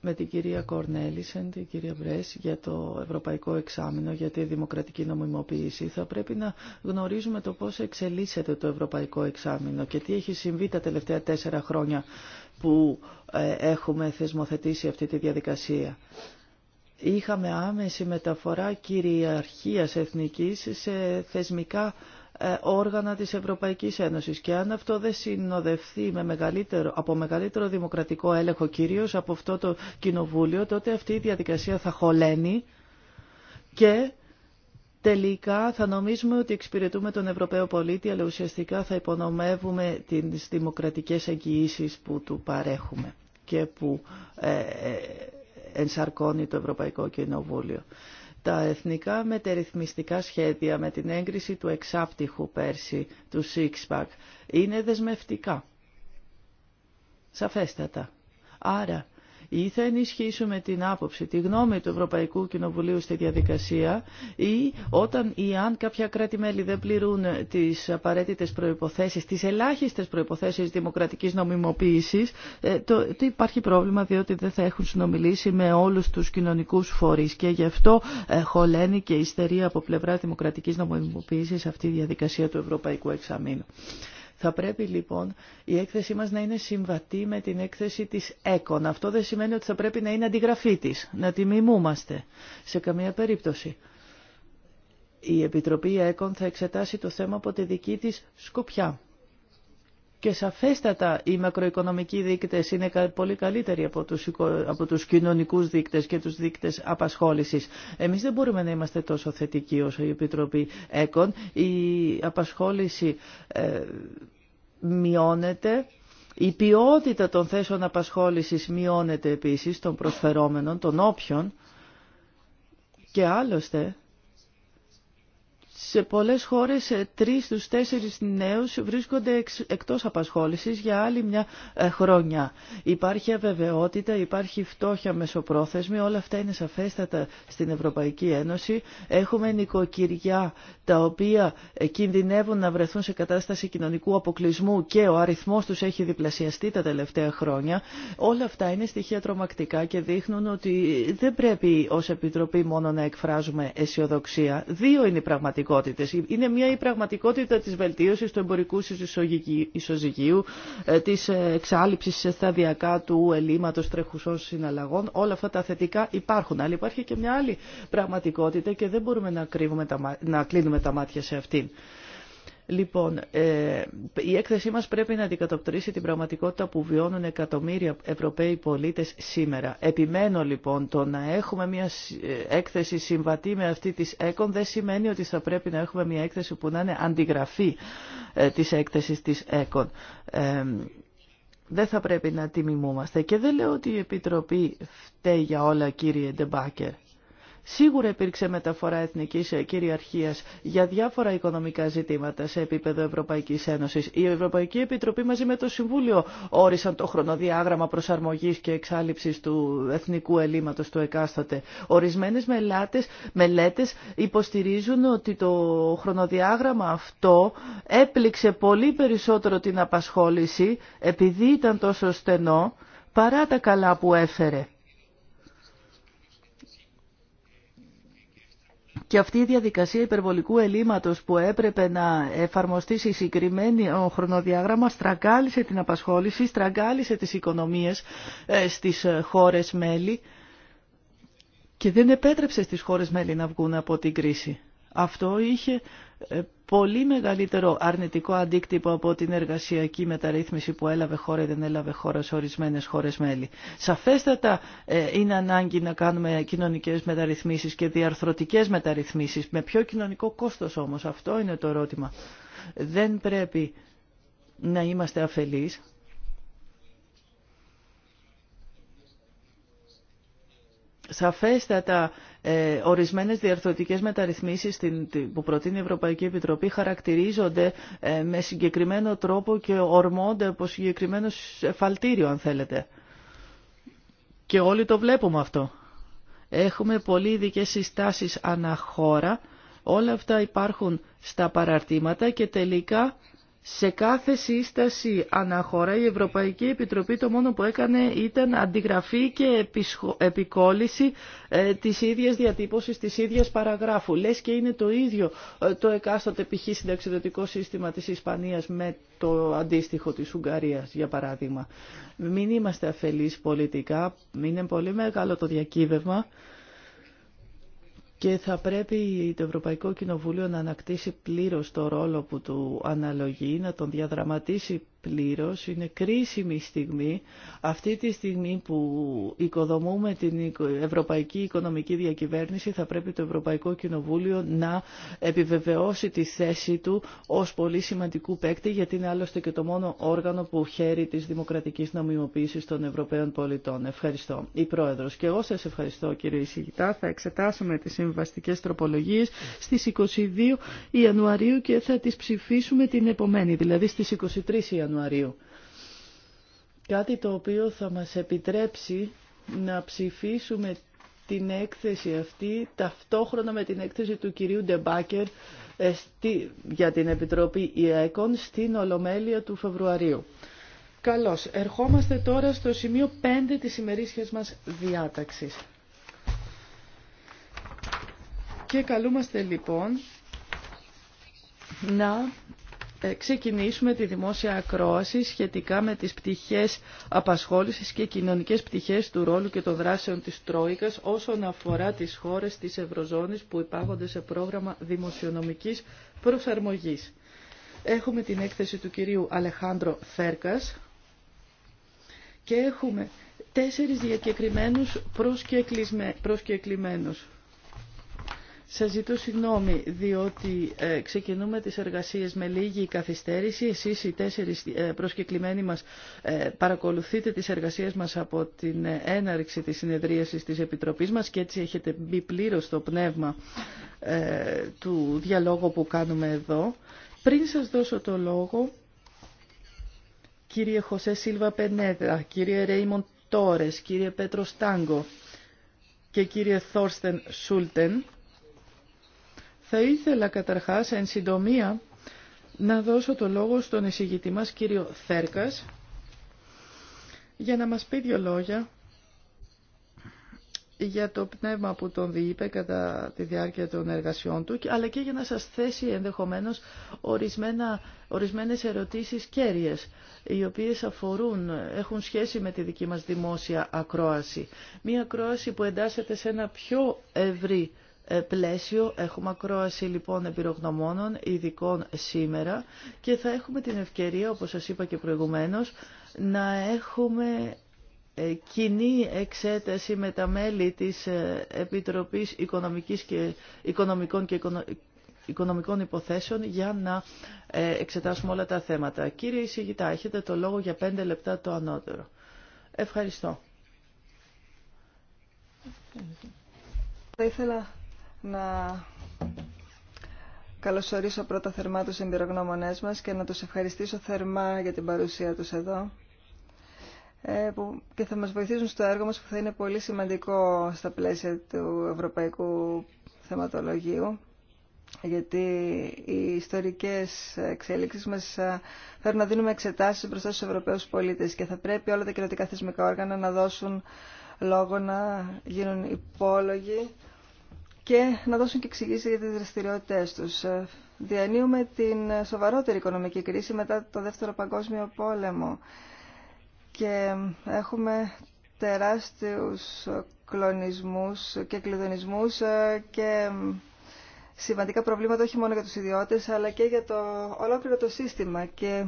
με την κυρία Κορνέλισεν, την κυρία Μπρές, για το Ευρωπαϊκό Εξάμεινο, για τη Δημοκρατική Νομιμοποίηση. Θα πρέπει να γνωρίζουμε το πώς εξελίσσεται το Ευρωπαϊκό Εξάμεινο και τι έχει συμβεί τα τελευταία τέσσερα χρόνια που ε, έχουμε θεσμοθετήσει αυτή τη διαδικασία. Είχαμε άμεση μεταφορά κυριαρχίας εθνικής σε θεσμικά ε, όργανα της Ευρωπαϊκής Ένωσης. Και αν αυτό δεν συνοδευτεί με μεγαλύτερο, από μεγαλύτερο δημοκρατικό έλεγχο κυρίως από αυτό το κοινοβούλιο, τότε αυτή η διαδικασία θα χωλαίνει και τελικά θα νομίζουμε ότι εξυπηρετούμε τον Ευρωπαίο πολίτη, αλλά ουσιαστικά θα υπονομεύουμε τις δημοκρατικές εγγυήσει που του παρέχουμε και που ε, ε, ενσαρκώνει το Ευρωπαϊκό Κοινοβούλιο τα εθνικά μετερρυθμιστικά σχέδια με την έγκριση του εξάπτυχου πέρσι του Sixpack είναι δεσμευτικά. Σαφέστατα. Άρα ή θα ενισχύσουμε την άποψη, τη γνώμη του Ευρωπαϊκού Κοινοβουλίου στη διαδικασία ή όταν ή αν κάποια κράτη-μέλη δεν πληρούν τις απαραίτητες προϋποθέσεις, τις ελάχιστες προϋποθέσεις δημοκρατικής νομιμοποίησης, ε, το, υπάρχει πρόβλημα διότι δεν θα έχουν συνομιλήσει με όλους τους κοινωνικούς φορείς και γι' αυτό ε, χωλαίνει και ιστερεί από πλευρά δημοκρατικής νομιμοποίησης αυτή η διαδικασία του Ευρωπαϊκού Εξαμήνου. Θα πρέπει λοιπόν η έκθεσή μας να είναι συμβατή με την έκθεση της ΕΚΟΝ. Αυτό δεν σημαίνει ότι θα πρέπει να είναι αντιγραφή της, να τη μιμούμαστε σε καμία περίπτωση. Η Επιτροπή ΕΚΟΝ θα εξετάσει το θέμα από τη δική της σκοπιά. Και σαφέστατα οι μακροοικονομικοί δείκτες είναι πολύ καλύτεροι από τους, από τους κοινωνικούς δείκτες και τους δείκτες απασχόλησης. Εμείς δεν μπορούμε να είμαστε τόσο θετικοί όσο η Επιτροπή ΕΚΟΝ. Η απασχόληση ε, μειώνεται. Η ποιότητα των θέσεων απασχόλησης μειώνεται επίσης των προσφερόμενων, των όποιων. Και άλλωστε σε πολλές χώρες ε, τρεις στους τέσσερις νέους βρίσκονται εκτός απασχόλησης για άλλη μια ε, χρόνια. Υπάρχει αβεβαιότητα, υπάρχει φτώχεια μεσοπρόθεσμη, όλα αυτά είναι σαφέστατα στην Ευρωπαϊκή Ένωση. Έχουμε νοικοκυριά τα οποία ε, κινδυνεύουν να βρεθούν σε κατάσταση κοινωνικού αποκλεισμού και ο αριθμός τους έχει διπλασιαστεί τα τελευταία χρόνια. Όλα αυτά είναι στοιχεία τρομακτικά και δείχνουν ότι δεν πρέπει ως Επιτροπή μόνο να εκφράζουμε αισιοδοξία. Δύο είναι οι πραγματικότητα. Είναι μια η πραγματικότητα της βελτίωσης του εμπορικού ισοζυγίου, ε, της εξάλληψης σταδιακά του ελλείμματος τρεχουσών συναλλαγών. Όλα αυτά τα θετικά υπάρχουν. Αλλά υπάρχει και μια άλλη πραγματικότητα και δεν μπορούμε να, να κλείνουμε τα μάτια σε αυτήν. Λοιπόν, ε, η έκθεσή μας πρέπει να αντικατοπτρίσει την πραγματικότητα που βιώνουν εκατομμύρια Ευρωπαίοι πολίτες σήμερα. Επιμένω λοιπόν το να έχουμε μια ε, έκθεση συμβατή με αυτή της ΕΚΟΝ δεν σημαίνει ότι θα πρέπει να έχουμε μια έκθεση που να είναι αντιγραφή ε, της έκθεσης της ΕΚΟΝ. Δεν θα πρέπει να τιμιμούμαστε. Και δεν λέω ότι η Επιτροπή φταίει για όλα κύριε Ντεμπάκερ. Σίγουρα υπήρξε μεταφορά εθνικής ε, κυριαρχίας για διάφορα οικονομικά ζητήματα σε επίπεδο Ευρωπαϊκής Ένωσης. Η Ευρωπαϊκή Επιτροπή μαζί με το Συμβούλιο όρισαν το χρονοδιάγραμμα προσαρμογής και εξάλληψης του εθνικού ελλείμματος του εκάστοτε. Ορισμένες μελέτε μελέτες υποστηρίζουν ότι το χρονοδιάγραμμα αυτό έπληξε πολύ περισσότερο την απασχόληση επειδή ήταν τόσο στενό παρά τα καλά που έφερε. Και αυτή η διαδικασία υπερβολικού ελλείμματος που έπρεπε να εφαρμοστεί σε συγκεκριμένο χρονοδιάγραμμα στραγγάλισε την απασχόληση, στραγγάλισε τις οικονομίες ε, στις ε, χώρες μέλη και δεν επέτρεψε στις χώρες μέλη να βγουν από την κρίση. Αυτό είχε ε, πολύ μεγαλύτερο αρνητικό αντίκτυπο από την εργασιακή μεταρρύθμιση που έλαβε χώρα ή δεν έλαβε χώρα σε ορισμένε χώρε μέλη. Σαφέστατα ε, είναι ανάγκη να κάνουμε κοινωνικέ μεταρρυθμίσει και διαρθρωτικέ μεταρρυθμίσει. Με ποιο κοινωνικό κόστο όμω, αυτό είναι το ερώτημα. Δεν πρέπει να είμαστε αφελείς Σαφέστατα, ε, ορισμένες διαρθρωτικές μεταρρυθμίσεις που προτείνει η Ευρωπαϊκή Επιτροπή χαρακτηρίζονται ε, με συγκεκριμένο τρόπο και ορμώνται από συγκεκριμένο εφαλτήριο, αν θέλετε. Και όλοι το βλέπουμε αυτό. Έχουμε πολύ ειδικέ συστάσεις αναχώρα. Όλα αυτά υπάρχουν στα παραρτήματα και τελικά σε κάθε σύσταση αναχώρα η Ευρωπαϊκή Επιτροπή το μόνο που έκανε ήταν αντιγραφή και επικόλυση ε, της ίδιας διατύπωσης, της ίδιας παραγράφου. Λες και είναι το ίδιο ε, το εκάστοτε π.χ. συνταξιδοτικό σύστημα της Ισπανίας με το αντίστοιχο της Ουγγαρίας, για παράδειγμα. Μην είμαστε αφελείς πολιτικά, είναι πολύ μεγάλο το διακύβευμα και θα πρέπει το Ευρωπαϊκό Κοινοβούλιο να ανακτήσει πλήρως το ρόλο που του αναλογεί, να τον διαδραματίσει πλήρως. Είναι κρίσιμη στιγμή αυτή τη στιγμή που οικοδομούμε την ευρωπαϊκή οικονομική διακυβέρνηση θα πρέπει το Ευρωπαϊκό Κοινοβούλιο να επιβεβαιώσει τη θέση του ως πολύ σημαντικού παίκτη γιατί είναι άλλωστε και το μόνο όργανο που χαίρει της δημοκρατικής νομιμοποίησης των Ευρωπαίων πολιτών. Ευχαριστώ. Η Πρόεδρος και εγώ σας ευχαριστώ κύριε Ισηγητά. Θα εξετάσουμε τις συμβαστικές τροπολογίες στις 22 Ιανουαρίου και θα τις ψηφίσουμε την επομένη, δηλαδή στις 23 Ιανουαρίου. Ιανουαρίου. Κάτι το οποίο θα μας επιτρέψει να ψηφίσουμε την έκθεση αυτή ταυτόχρονα με την έκθεση του κυρίου Ντεμπάκερ ε, για την Επιτροπή ΙΑΕΚΟΝ στην Ολομέλεια του Φεβρουαρίου. Καλώς. Ερχόμαστε τώρα στο σημείο 5 της ημερήσιας μας διάταξης. Και καλούμαστε λοιπόν να ε, ξεκινήσουμε τη δημόσια ακρόαση σχετικά με τις πτυχές απασχόλησης και κοινωνικές πτυχές του ρόλου και των δράσεων της Τρόικας όσον αφορά τις χώρες της Ευρωζώνης που υπάγονται σε πρόγραμμα δημοσιονομικής προσαρμογής. Έχουμε την έκθεση του κυρίου Αλεχάνδρο Θέρκας και έχουμε τέσσερις διακεκριμένους προσκεκλημένους. Σας ζητώ συγγνώμη, διότι ε, ξεκινούμε τις εργασίες με λίγη καθυστέρηση. Εσείς οι τέσσερις ε, προσκεκλημένοι μας ε, παρακολουθείτε τις εργασίες μας από την έναρξη της συνεδρίασης της Επιτροπής μας και έτσι έχετε μπει πλήρω στο πνεύμα ε, του διαλόγου που κάνουμε εδώ. Πριν σας δώσω το λόγο, κύριε Χωσέ Σίλβα Πενέδρα, κύριε Ρέιμον Τόρες, κύριε Πέτρο Στάγκο και κύριε Θόρστεν Σούλτεν, θα ήθελα καταρχάς εν συντομία να δώσω το λόγο στον εισηγητή μας κύριο Θέρκας για να μας πει δύο λόγια για το πνεύμα που τον διείπε κατά τη διάρκεια των εργασιών του, αλλά και για να σας θέσει ενδεχομένως ορισμένα, ορισμένες ερωτήσεις κέρυες, οι οποίες αφορούν, έχουν σχέση με τη δική μας δημόσια ακρόαση. Μία ακρόαση που εντάσσεται σε ένα πιο ευρύ ε, πλαίσιο. Έχουμε ακρόαση λοιπόν επιρογνωμόνων, ειδικών σήμερα και θα έχουμε την ευκαιρία, όπως σας είπα και προηγουμένως, να έχουμε ε, κοινή εξέταση με τα μέλη της ε, Επιτροπής Οικονομικής και, Οικονομικών και Οικονομικών Υποθέσεων για να εξετάσουμε όλα τα θέματα. Κύριε Ισηγητά, έχετε το λόγο για πέντε λεπτά το ανώτερο. Ευχαριστώ να καλωσορίσω πρώτα θερμά τους εμπειρογνώμονές μας και να τους ευχαριστήσω θερμά για την παρουσία τους εδώ ε, και θα μας βοηθήσουν στο έργο μας που θα είναι πολύ σημαντικό στα πλαίσια του Ευρωπαϊκού Θεματολογίου γιατί οι ιστορικές εξέλιξεις μας ε, φέρνουν να δίνουμε εξετάσεις μπροστά στους Ευρωπαίους πολίτες και θα πρέπει όλα τα κοινωτικά θεσμικά όργανα να δώσουν λόγο να γίνουν υπόλογοι και να δώσουν και εξηγήσει για τι δραστηριότητε του. Διανύουμε την σοβαρότερη οικονομική κρίση μετά το Δεύτερο Παγκόσμιο Πόλεμο και έχουμε τεράστιους κλονισμούς και κλειδονισμούς και σημαντικά προβλήματα όχι μόνο για τους ιδιώτες αλλά και για το ολόκληρο το σύστημα και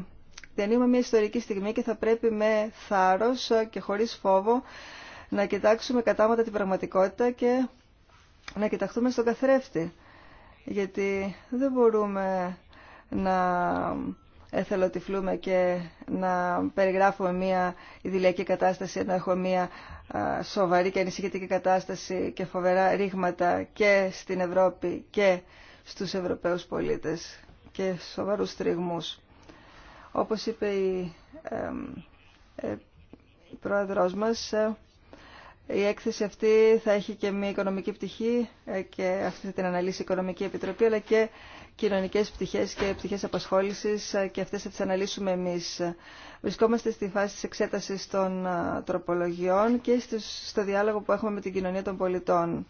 διανύουμε μια ιστορική στιγμή και θα πρέπει με θάρρος και χωρίς φόβο να κοιτάξουμε κατάματα την πραγματικότητα και να κοιταχτούμε στον καθρέφτη. Γιατί δεν μπορούμε να εθελοτυφλούμε και να περιγράφουμε μια ιδηλιακή κατάσταση, να έχουμε μια σοβαρή και ανησυχητική κατάσταση και φοβερά ρήγματα και στην Ευρώπη και στους Ευρωπαίους πολίτες και σοβαρούς τριγμούς. Όπως είπε η, ε, πρόεδρός μας, ε, η έκθεση αυτή θα έχει και μια οικονομική πτυχή ε, και αυτή θα την αναλύσει η Οικονομική Επιτροπή, αλλά και κοινωνικές πτυχές και πτυχές απασχόλησης ε, και αυτές θα τις αναλύσουμε εμείς. Βρισκόμαστε στη φάση της εξέτασης των ε, τροπολογιών και στο διάλογο που έχουμε με την κοινωνία των πολιτών.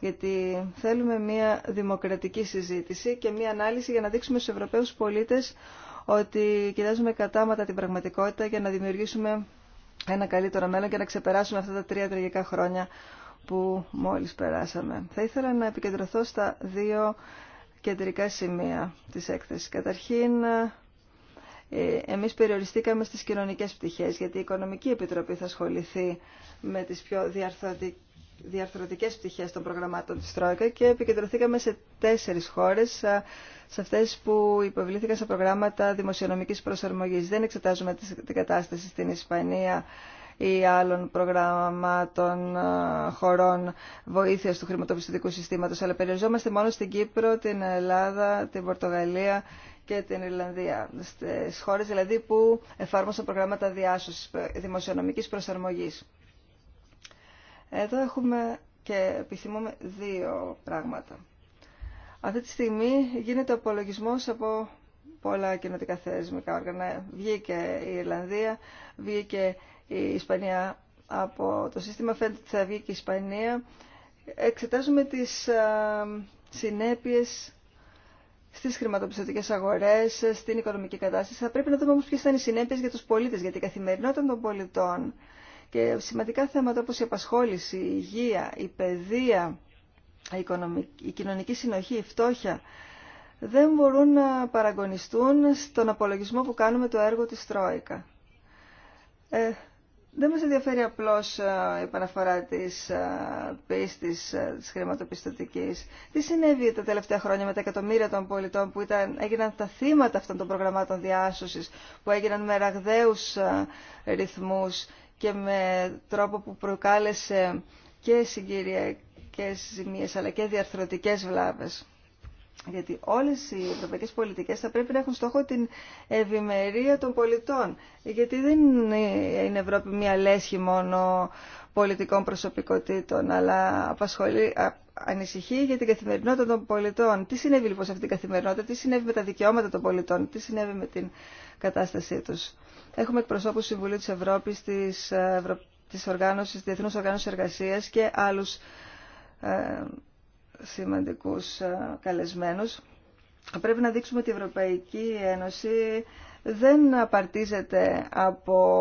Γιατί θέλουμε μια δημοκρατική συζήτηση και μια ανάλυση για να δείξουμε στους Ευρωπαίους πολίτες ότι κοιτάζουμε κατάματα την πραγματικότητα για να δημιουργήσουμε ένα καλύτερο μέλλον και να ξεπεράσουμε αυτά τα τρία τραγικά χρόνια που μόλις περάσαμε. Θα ήθελα να επικεντρωθώ στα δύο κεντρικά σημεία της έκθεσης. Καταρχήν, ε, εμείς περιοριστήκαμε στις κοινωνικές πτυχές, γιατί η Οικονομική Επιτροπή θα ασχοληθεί με τις πιο διαρθρωτικές διαρθρωτικές πτυχές των προγραμμάτων της Τρόικα και επικεντρωθήκαμε σε τέσσερις χώρες, σε αυτές που υποβλήθηκαν σε προγράμματα δημοσιονομικής προσαρμογής. Δεν εξετάζουμε την κατάσταση στην Ισπανία ή άλλων προγραμμάτων χωρών βοήθειας του χρηματοπιστωτικού συστήματος, αλλά περιοριζόμαστε μόνο στην Κύπρο, την Ελλάδα, την Πορτογαλία και την Ιρλανδία. Στις χώρες δηλαδή που εφάρμοσαν προγράμματα διάσωσης δημοσιονομικής προσαρμογής. Εδώ έχουμε και επιθυμούμε δύο πράγματα. Αυτή τη στιγμή γίνεται ο απολογισμός από πολλά κοινωτικά θεσμικά όργανα. Βγήκε η Ιρλανδία, βγήκε η Ισπανία από το σύστημα, φαίνεται ότι θα βγει και η Ισπανία. Εξετάζουμε τις συνέπειες στις χρηματοπιστωτικές αγορές, στην οικονομική κατάσταση. Θα πρέπει να δούμε όμως ποιες θα είναι οι συνέπειες για τους πολίτες, για την καθημερινότητα των πολιτών και σημαντικά θέματα όπως η απασχόληση, η υγεία, η παιδεία, η, κοινωνική συνοχή, η φτώχεια δεν μπορούν να παραγωνιστούν στον απολογισμό που κάνουμε το έργο της Τρόικα. Ε, δεν μας ενδιαφέρει απλώς ε, η επαναφορά της ε, πίστης ε, της χρηματοπιστωτικής. Τι συνέβη τα τελευταία χρόνια με τα εκατομμύρια των πολιτών που ήταν, έγιναν τα θύματα αυτών των προγραμμάτων διάσωσης, που έγιναν με ραγδαίους ρυθμούς και με τρόπο που προκάλεσε και συγκυριακές ζημίες αλλά και διαρθρωτικές βλάβες. Γιατί όλες οι ευρωπαϊκές πολιτικές θα πρέπει να έχουν στόχο την ευημερία των πολιτών. Γιατί δεν είναι η Ευρώπη μία λέσχη μόνο πολιτικών προσωπικότητων, αλλά απασχολεί, ανησυχεί για την καθημερινότητα των πολιτών. Τι συνέβη λοιπόν σε αυτήν την καθημερινότητα, τι συνέβη με τα δικαιώματα των πολιτών, τι συνέβη με την κατάστασή του. Έχουμε εκπροσώπου Συμβουλίου τη Ευρώπη, τη ε, Ευρω... της, οργάνωσης, Εργασίας και άλλου ε, σημαντικούς ε, καλεσμένους. Πρέπει να δείξουμε ότι η Ευρωπαϊκή Ένωση δεν απαρτίζεται από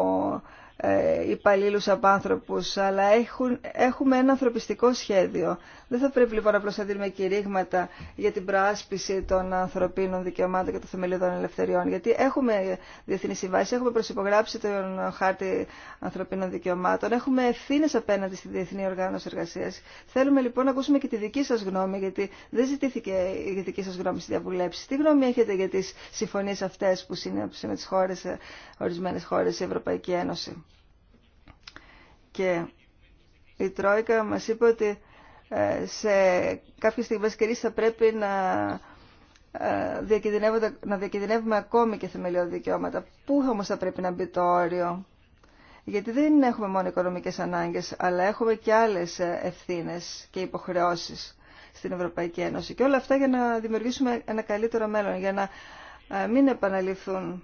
ε, υπαλλήλους από άνθρωπους, αλλά έχουν, έχουμε ένα ανθρωπιστικό σχέδιο. Δεν θα πρέπει λοιπόν να προστατεύουμε κηρύγματα για την προάσπιση των ανθρωπίνων δικαιωμάτων και των θεμελιωδών ελευθεριών, γιατί έχουμε διεθνή συμβάσει, έχουμε προσυπογράψει τον χάρτη ανθρωπίνων δικαιωμάτων, έχουμε ευθύνε απέναντι στη Διεθνή Οργάνωση Εργασία. Θέλουμε λοιπόν να ακούσουμε και τη δική σα γνώμη, γιατί δεν ζητήθηκε η δική σα γνώμη στη διαβουλεύση. Τι γνώμη έχετε για τι συμφωνίε αυτέ που σύναψε με τι χώρε, ορισμένε χώρε η Ευρωπαϊκή Ένωση και η Τρόικα μας είπε ότι ε, σε κάποιες στιγμές κρίση θα πρέπει να, ε, να διακινδυνεύουμε ακόμη και θεμελιώδη δικαιώματα. Πού όμως θα πρέπει να μπει το όριο. Γιατί δεν έχουμε μόνο οικονομικές ανάγκες, αλλά έχουμε και άλλες ε, ευθύνες και υποχρεώσεις στην Ευρωπαϊκή Ένωση. Και όλα αυτά για να δημιουργήσουμε ένα καλύτερο μέλλον, για να μην επαναληφθούν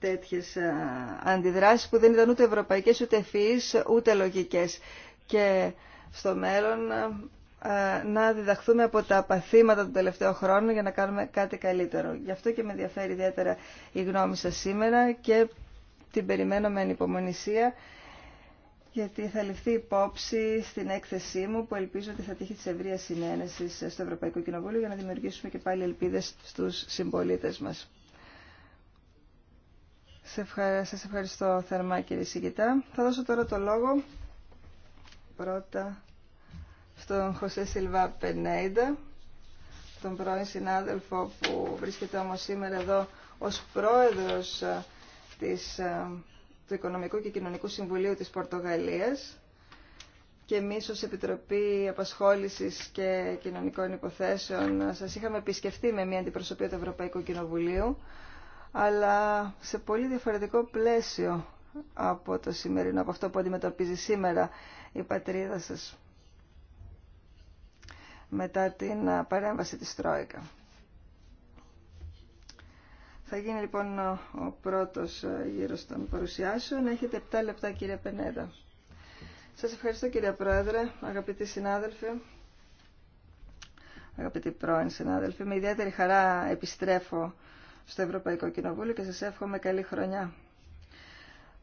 τέτοιες ε, αντιδράσεις που δεν ήταν ούτε ευρωπαϊκές, ούτε ευφυείς, ούτε λογικές. Και στο μέλλον ε, ε, να διδαχθούμε από τα παθήματα των τελευταίων χρόνων για να κάνουμε κάτι καλύτερο. Γι' αυτό και με ενδιαφέρει ιδιαίτερα η γνώμη σας σήμερα και την περιμένω με ανυπομονησία γιατί θα ληφθεί υπόψη στην έκθεσή μου που ελπίζω ότι θα τύχει τη ευρεία συνένεση στο Ευρωπαϊκό Κοινοβούλιο για να δημιουργήσουμε και πάλι ελπίδες στους συμπολίτες μας. Σε Σας ευχαριστώ θερμά κύριε Σιγητά. Θα δώσω τώρα το λόγο πρώτα στον Χωσέ Σιλβά Πενέιντα, τον πρώην συνάδελφο που βρίσκεται όμως σήμερα εδώ ως πρόεδρος ε, ε, του Οικονομικού και Κοινωνικού Συμβουλίου της Πορτογαλίας και εμείς ως Επιτροπή Απασχόλησης και Κοινωνικών Υποθέσεων ε, σας είχαμε επισκεφτεί με μια αντιπροσωπεία του Ευρωπαϊκού Κοινοβουλίου αλλά σε πολύ διαφορετικό πλαίσιο από το σημερινό, από αυτό που αντιμετωπίζει σήμερα η πατρίδα σας μετά την παρέμβαση της Τρόικα. Θα γίνει λοιπόν ο πρώτος γύρος των παρουσιάσεων. Έχετε 7 λεπτά κύριε Πενέδα. Σας ευχαριστώ κύριε Πρόεδρε, αγαπητοί συνάδελφοι, αγαπητοί πρώην συνάδελφοι. Με ιδιαίτερη χαρά επιστρέφω στο Ευρωπαϊκό Κοινοβούλιο και σας εύχομαι καλή χρονιά.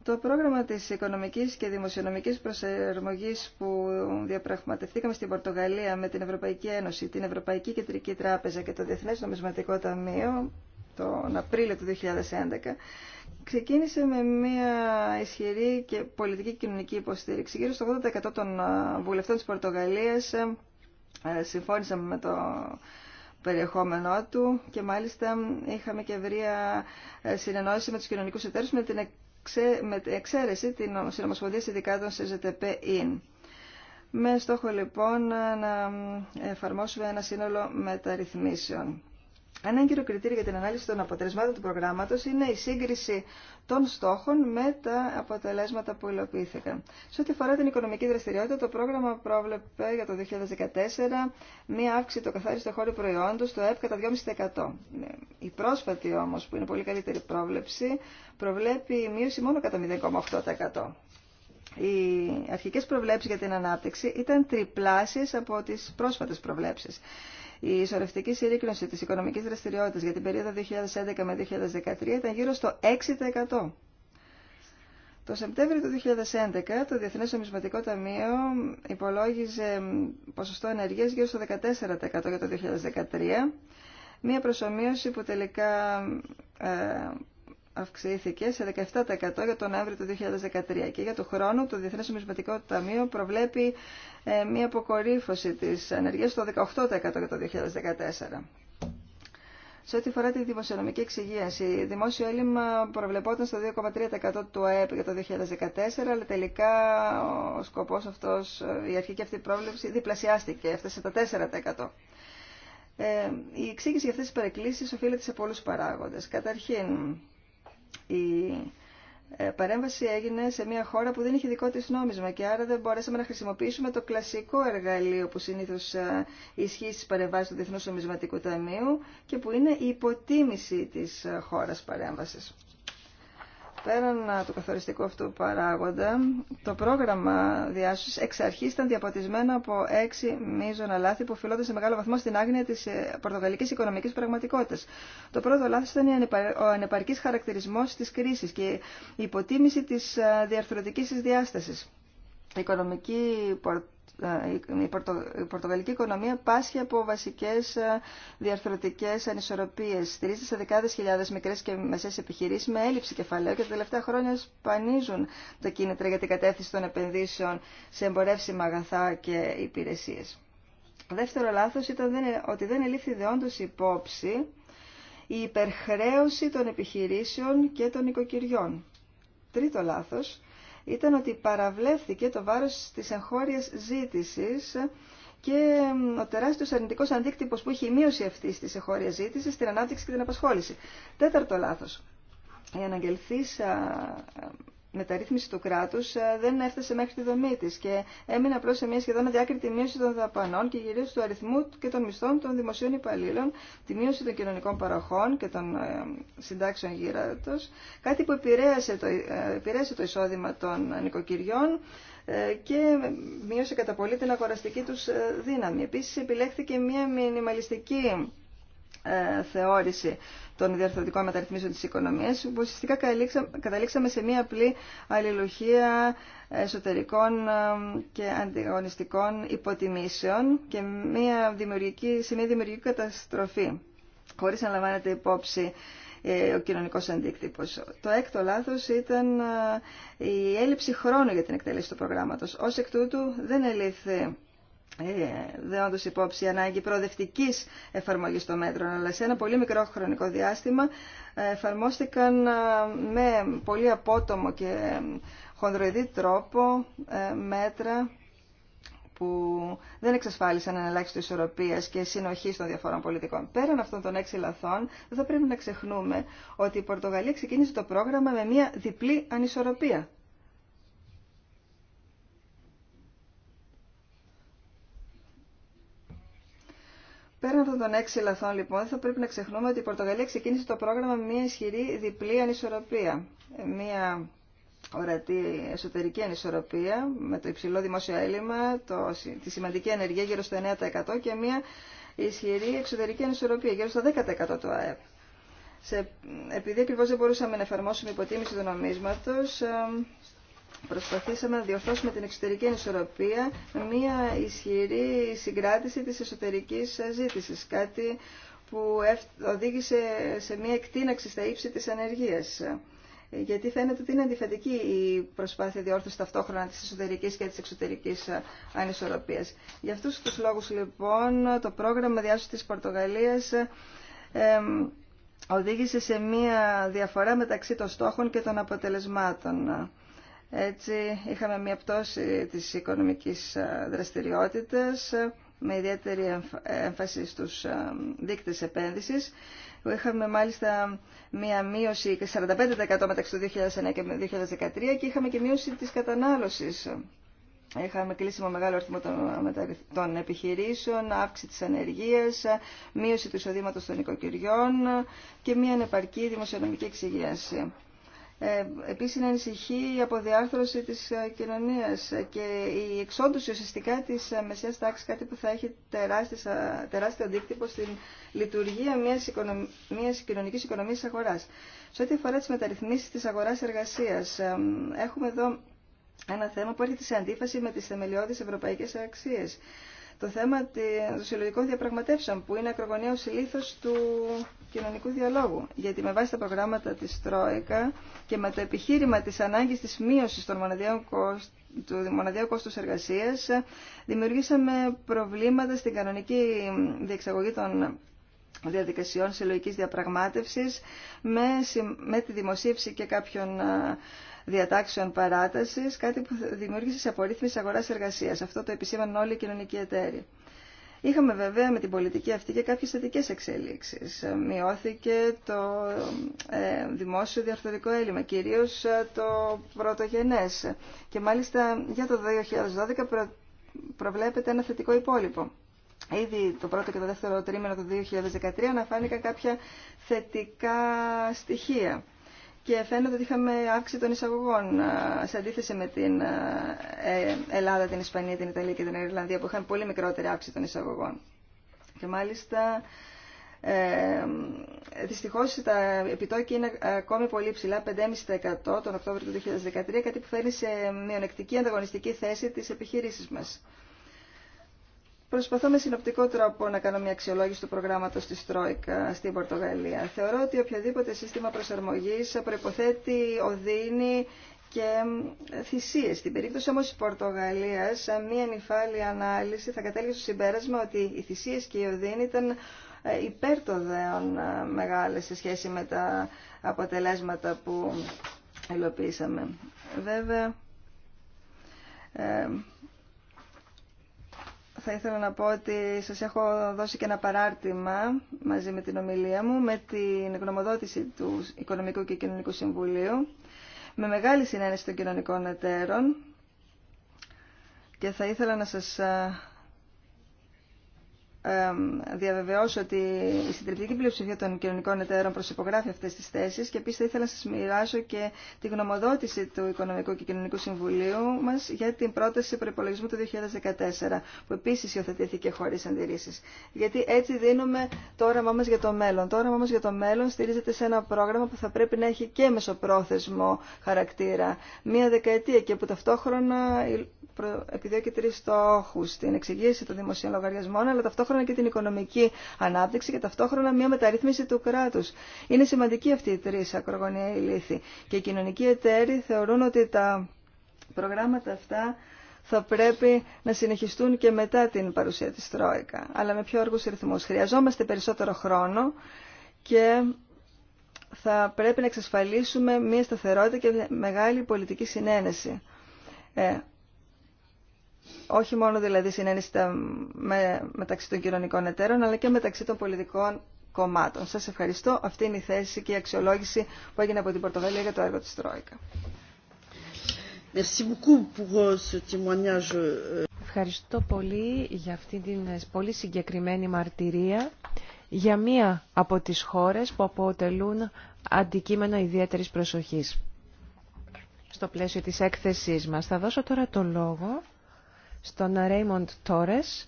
Το πρόγραμμα της οικονομικής και δημοσιονομικής προσαρμογής που διαπραγματευτήκαμε στην Πορτογαλία με την Ευρωπαϊκή Ένωση, την Ευρωπαϊκή Κεντρική Τράπεζα και το Διεθνές Νομισματικό Ταμείο τον Απρίλιο του 2011, ξεκίνησε με μια ισχυρή και πολιτική και κοινωνική υποστήριξη. Γύρω στο 80% των βουλευτών της Πορτογαλίας ε, συμφώνησαν με το περιεχόμενό του και μάλιστα είχαμε και ευρεία ε, συνεννόηση με τους κοινωνικούς εταίρους με την εξαίρεση την Συνομοσπονδία Συνδικάτων σε ZTP-IN. Με στόχο λοιπόν να ε, ε, εφαρμόσουμε ένα σύνολο μεταρρυθμίσεων. Ένα έγκυρο κριτήριο για την ανάλυση των αποτελεσμάτων του προγράμματο είναι η σύγκριση των στόχων με τα αποτελέσματα που υλοποιήθηκαν. Σε ό,τι αφορά την οικονομική δραστηριότητα, το πρόγραμμα πρόβλεπε για το 2014 μία αύξηση του καθάριστου χώρο προϊόντο στο ΕΠ κατά 2,5%. Η πρόσφατη όμω, που είναι πολύ καλύτερη πρόβλεψη, προβλέπει μείωση μόνο κατά 0,8%. Οι αρχικές προβλέψεις για την ανάπτυξη ήταν τριπλάσιες από τις πρόσφατες προβλέψεις. Η ισορρευτική συρρήκνωση της οικονομικής δραστηριότητας για την περίοδο 2011 με 2013 ήταν γύρω στο 6%. Το Σεπτέμβριο του 2011 το Διεθνές Ομισματικό Ταμείο υπολόγιζε ποσοστό ενεργείας γύρω στο 14% για το 2013, μία προσωμείωση που τελικά ε, αυξήθηκε σε 17% για τον Νοέμβριο του 2013 και για τον χρόνο το Διεθνές Νομισματικό Ταμείο προβλέπει ε, μια αποκορύφωση της ανεργίας στο 18% για το 2014. Σε ό,τι αφορά τη δημοσιονομική εξυγίαση, δημόσιο έλλειμμα προβλεπόταν στο 2,3% του ΑΕΠ για το 2014, αλλά τελικά ο σκοπός αυτός, η αρχική αυτή πρόβλεψη διπλασιάστηκε, έφτασε τα 4%. Ε, η εξήγηση για αυτές τις παρεκκλήσεις οφείλεται σε πολλούς παράγοντες. Καταρχήν, η ε, παρέμβαση έγινε σε μια χώρα που δεν είχε δικό της νόμισμα και άρα δεν μπορέσαμε να χρησιμοποιήσουμε το κλασικό εργαλείο που συνήθως ε, ισχύει στις παρεμβάσεις του Διεθνούς Νομισματικού Ταμείου και που είναι η υποτίμηση της ε, χώρας παρέμβασης. Πέραν του καθοριστικού αυτού παράγοντα, το πρόγραμμα διάσωση εξ αρχή ήταν διαποτισμένο από έξι μείζωνα λάθη που οφειλόνται σε μεγάλο βαθμό στην άγνοια τη ε, πορτογαλικής οικονομικής πραγματικότητας. Το πρώτο λάθος ήταν ο ανεπαρκής χαρακτηρισμός της κρίσης και η υποτίμηση της ε, διαρθρωτικής τη διάσταση. Η οικονομική ε, η πορτογαλική οικονομία πάσχει από βασικές ε, διαρθρωτικές ανισορροπίες. Στηρίζεται σε δεκάδες χιλιάδες μικρές και μεσαίες επιχειρήσεις με έλλειψη κεφαλαίου και τα τελευταία χρόνια σπανίζουν τα κίνητρα για την κατεύθυνση των επενδύσεων σε εμπορεύσιμα αγαθά και υπηρεσίες. Δεύτερο λάθος ήταν ε- ότι δεν ελήφθη δεόντως υπόψη η υπερχρέωση των επιχειρήσεων και των οικοκυριών. Τρίτο λάθος, ήταν ότι παραβλέφθηκε το βάρος της εγχώριας ζήτησης και ο τεράστιος αρνητικός αντίκτυπος που είχε η μείωση αυτή της εγχώριας ζήτησης στην ανάπτυξη και την απασχόληση. Τέταρτο λάθος. Η αναγγελθήσα μεταρρύθμιση του κράτου ε, δεν έφτασε μέχρι τη δομή τη και έμεινε απλώ σε μια σχεδόν αδιάκριτη μείωση των δαπανών και κυρίω του αριθμού και των μισθών των δημοσίων υπαλλήλων, τη μείωση των κοινωνικών παροχών και των ε, συντάξεων του, κάτι που επηρέασε το, ε, επηρέασε το εισόδημα των νοικοκυριών και μείωσε κατά πολύ την αγοραστική τους δύναμη. Επίση επιλέχθηκε μια μινιμαλιστική ε, θεώρηση των διαρθρωτικών μεταρρυθμίσεων της οικονομίας, που ουσιαστικά καταλήξαμε σε μία απλή αλληλουχία εσωτερικών και αντιγωνιστικών υποτιμήσεων και μια δημιουργική, σε μία δημιουργική καταστροφή, χωρίς να λαμβάνεται υπόψη ε, ο κοινωνικός αντίκτυπος. Το έκτο λάθος ήταν ε, η έλλειψη χρόνου για την εκτέλεση του προγράμματος. Ως εκ τούτου δεν ελήφθη ε, δεόντως υπόψη ανάγκη προοδευτικής εφαρμογής των μέτρων, αλλά σε ένα πολύ μικρό χρονικό διάστημα ε, εφαρμόστηκαν ε, με πολύ απότομο και χονδροειδή τρόπο μέτρα που δεν εξασφάλισαν ελάχιστο ισορροπία και συνοχή των διαφόρων πολιτικών. Πέραν αυτών των έξι λαθών, δεν θα πρέπει να ξεχνούμε ότι η Πορτογαλία ξεκίνησε το πρόγραμμα με μια διπλή ανισορροπία. Πέραν αυτών των έξι λαθών, λοιπόν, θα πρέπει να ξεχνούμε ότι η Πορτογαλία ξεκίνησε το πρόγραμμα με μια ισχυρή διπλή ανισορροπία. Ε, μια ορατή εσωτερική ανισορροπία με το υψηλό δημόσιο έλλειμμα, το, τη σημαντική ανεργία γύρω στο 9% και μια ισχυρή εξωτερική ανισορροπία γύρω στο 10% του ΑΕΠ. Σε, επειδή ακριβώ δεν μπορούσαμε να εφαρμόσουμε υποτίμηση του νομίσματος, προσπαθήσαμε να διορθώσουμε την εξωτερική ανισορροπία με μια ισχυρή συγκράτηση της εσωτερικής ζήτησης, κάτι που οδήγησε σε μια εκτείναξη στα ύψη της ανεργίας. Γιατί φαίνεται ότι είναι αντιφατική η προσπάθεια διόρθωση ταυτόχρονα της εσωτερική και της εξωτερικής ανισορροπία. Για αυτούς του λόγου, λοιπόν το πρόγραμμα διάσωση τη Πορτογαλίας οδήγησε σε μια διαφορά μεταξύ των στόχων και των αποτελεσμάτων έτσι είχαμε μια πτώση της οικονομικής ε, δραστηριότητας ε, με ιδιαίτερη έμφαση στους ε, δείκτες επένδυσης. Είχαμε μάλιστα μία μείωση 45% μεταξύ του 2009 και 2013 και είχαμε και μείωση της κατανάλωσης. Είχαμε κλείσιμο μεγάλο αριθμό των, επιχειρήσεων, αύξηση της ανεργίας, μείωση του εισοδήματος των οικοκυριών και μία ανεπαρκή δημοσιονομική εξυγίαση. Ε, επίσης είναι ανησυχή η αποδιάρθρωση της ε, κοινωνίας και η εξόντωση ουσιαστικά της ε, μεσαίας τάξης, κάτι που θα έχει τεράστιο αντίκτυπο στην λειτουργία μιας, οικονομ... μιας κοινωνικής οικονομίας αγοράς. Σε ό,τι αφορά τις μεταρρυθμίσεις της αγοράς εργασίας, έχουμε εδώ ένα θέμα που έρχεται σε αντίφαση με τις θεμελιώδεις ευρωπαϊκές αξίες. Το θέμα των συλλογικών διαπραγματεύσεων, που είναι ακρογωνιαίο του κοινωνικού διαλόγου. Γιατί με βάση τα προγράμματα της Τρόικα και με το επιχείρημα της ανάγκης της μείωσης των του μοναδιαίου κόστους εργασίας, δημιουργήσαμε προβλήματα στην κανονική διεξαγωγή των διαδικασιών συλλογικής διαπραγμάτευσης με, τη δημοσίευση και κάποιων διατάξεων παράτασης, κάτι που δημιούργησε σε απορρίθμιση αγοράς εργασίας. Αυτό το επισήμανε όλοι οι κοινωνικοί εταίροι. Είχαμε βέβαια με την πολιτική αυτή και κάποιες θετικέ εξέλιξεις. Μειώθηκε το ε, δημόσιο διαρθωτικό έλλειμμα, κυρίως ε, το πρωτογενές. Και μάλιστα για το 2012 προβλέπεται ένα θετικό υπόλοιπο. Ήδη το πρώτο και το δεύτερο τρίμηνο του 2013 αναφάνηκαν κάποια θετικά στοιχεία και φαίνεται ότι είχαμε αύξηση των εισαγωγών σε αντίθεση με την ε, Ελλάδα, την Ισπανία, την Ιταλία και την Ιρλανδία που είχαν πολύ μικρότερη αύξηση των εισαγωγών. Και μάλιστα ε, δυστυχώς τα επιτόκια είναι ακόμη πολύ ψηλά, 5,5% τον Οκτώβριο του 2013, κάτι που φέρνει σε μειονεκτική ανταγωνιστική θέση τις επιχειρήσεις μας. Προσπαθώ με συνοπτικό τρόπο να κάνω μια αξιολόγηση του προγράμματος της Τρόικα στην Πορτογαλία. Θεωρώ ότι οποιοδήποτε σύστημα προσαρμογής προϋποθέτει οδύνη και θυσίες. Στην περίπτωση όμως της Πορτογαλίας, μια νυφάλια ανάλυση θα κατέληξε στο συμπέρασμα ότι οι θυσίες και η οδύνη ήταν ε, υπέρ των ε, μεγάλες σε σχέση με τα αποτελέσματα που υλοποίησαμε. Βέβαια, ε, θα ήθελα να πω ότι σας έχω δώσει και ένα παράρτημα μαζί με την ομιλία μου με την γνωμοδότηση του Οικονομικού και Κοινωνικού Συμβουλίου με μεγάλη συνένεση των κοινωνικών εταίρων και θα ήθελα να σας ε, διαβεβαιώσω ότι η συντριπτική πλειοψηφία των κοινωνικών εταίρων προσυπογράφει αυτές τις θέσεις και επίσης θα ήθελα να σας μοιράσω και τη γνωμοδότηση του Οικονομικού και Κοινωνικού Συμβουλίου μας για την πρόταση προπολογισμού του 2014 που επίσης υιοθετήθηκε χωρίς αντιρρήσεις. Γιατί έτσι δίνουμε το όραμά μας για το μέλλον. Το όραμά μας για το μέλλον στηρίζεται σε ένα πρόγραμμα που θα πρέπει να έχει και μεσοπρόθεσμο χαρακτήρα. Μία δεκαετία και που ταυτόχρονα επιδιώκει τρεις στόχου Την εξηγήση των δημοσίων λογαριασμών αλλά ταυτόχρονα και την οικονομική ανάπτυξη και ταυτόχρονα μια μεταρρύθμιση του κράτου. Είναι σημαντική αυτή η τρει ακρογωνιαίοι λύθοι. Και οι κοινωνικοί εταίροι θεωρούν ότι τα προγράμματα αυτά θα πρέπει να συνεχιστούν και μετά την παρουσία της Τρόικα, αλλά με πιο αργούς ρυθμούς. Χρειαζόμαστε περισσότερο χρόνο και θα πρέπει να εξασφαλίσουμε μια σταθερότητα και μεγάλη πολιτική συνένεση. Ε, όχι μόνο δηλαδή συνένεση με, μεταξύ των κοινωνικών εταίρων, αλλά και μεταξύ των πολιτικών κομμάτων. Σας ευχαριστώ. Αυτή είναι η θέση και η αξιολόγηση που έγινε από την Πορτογαλία για το έργο της Τρόικα. Euh, euh, ευχαριστώ πολύ για αυτή την ε, πολύ συγκεκριμένη μαρτυρία για μία από τις χώρες που αποτελούν αντικείμενο ιδιαίτερης προσοχής. Στο πλαίσιο της έκθεσής μας θα δώσω τώρα το λόγο στον Ρέιμοντ Τόρες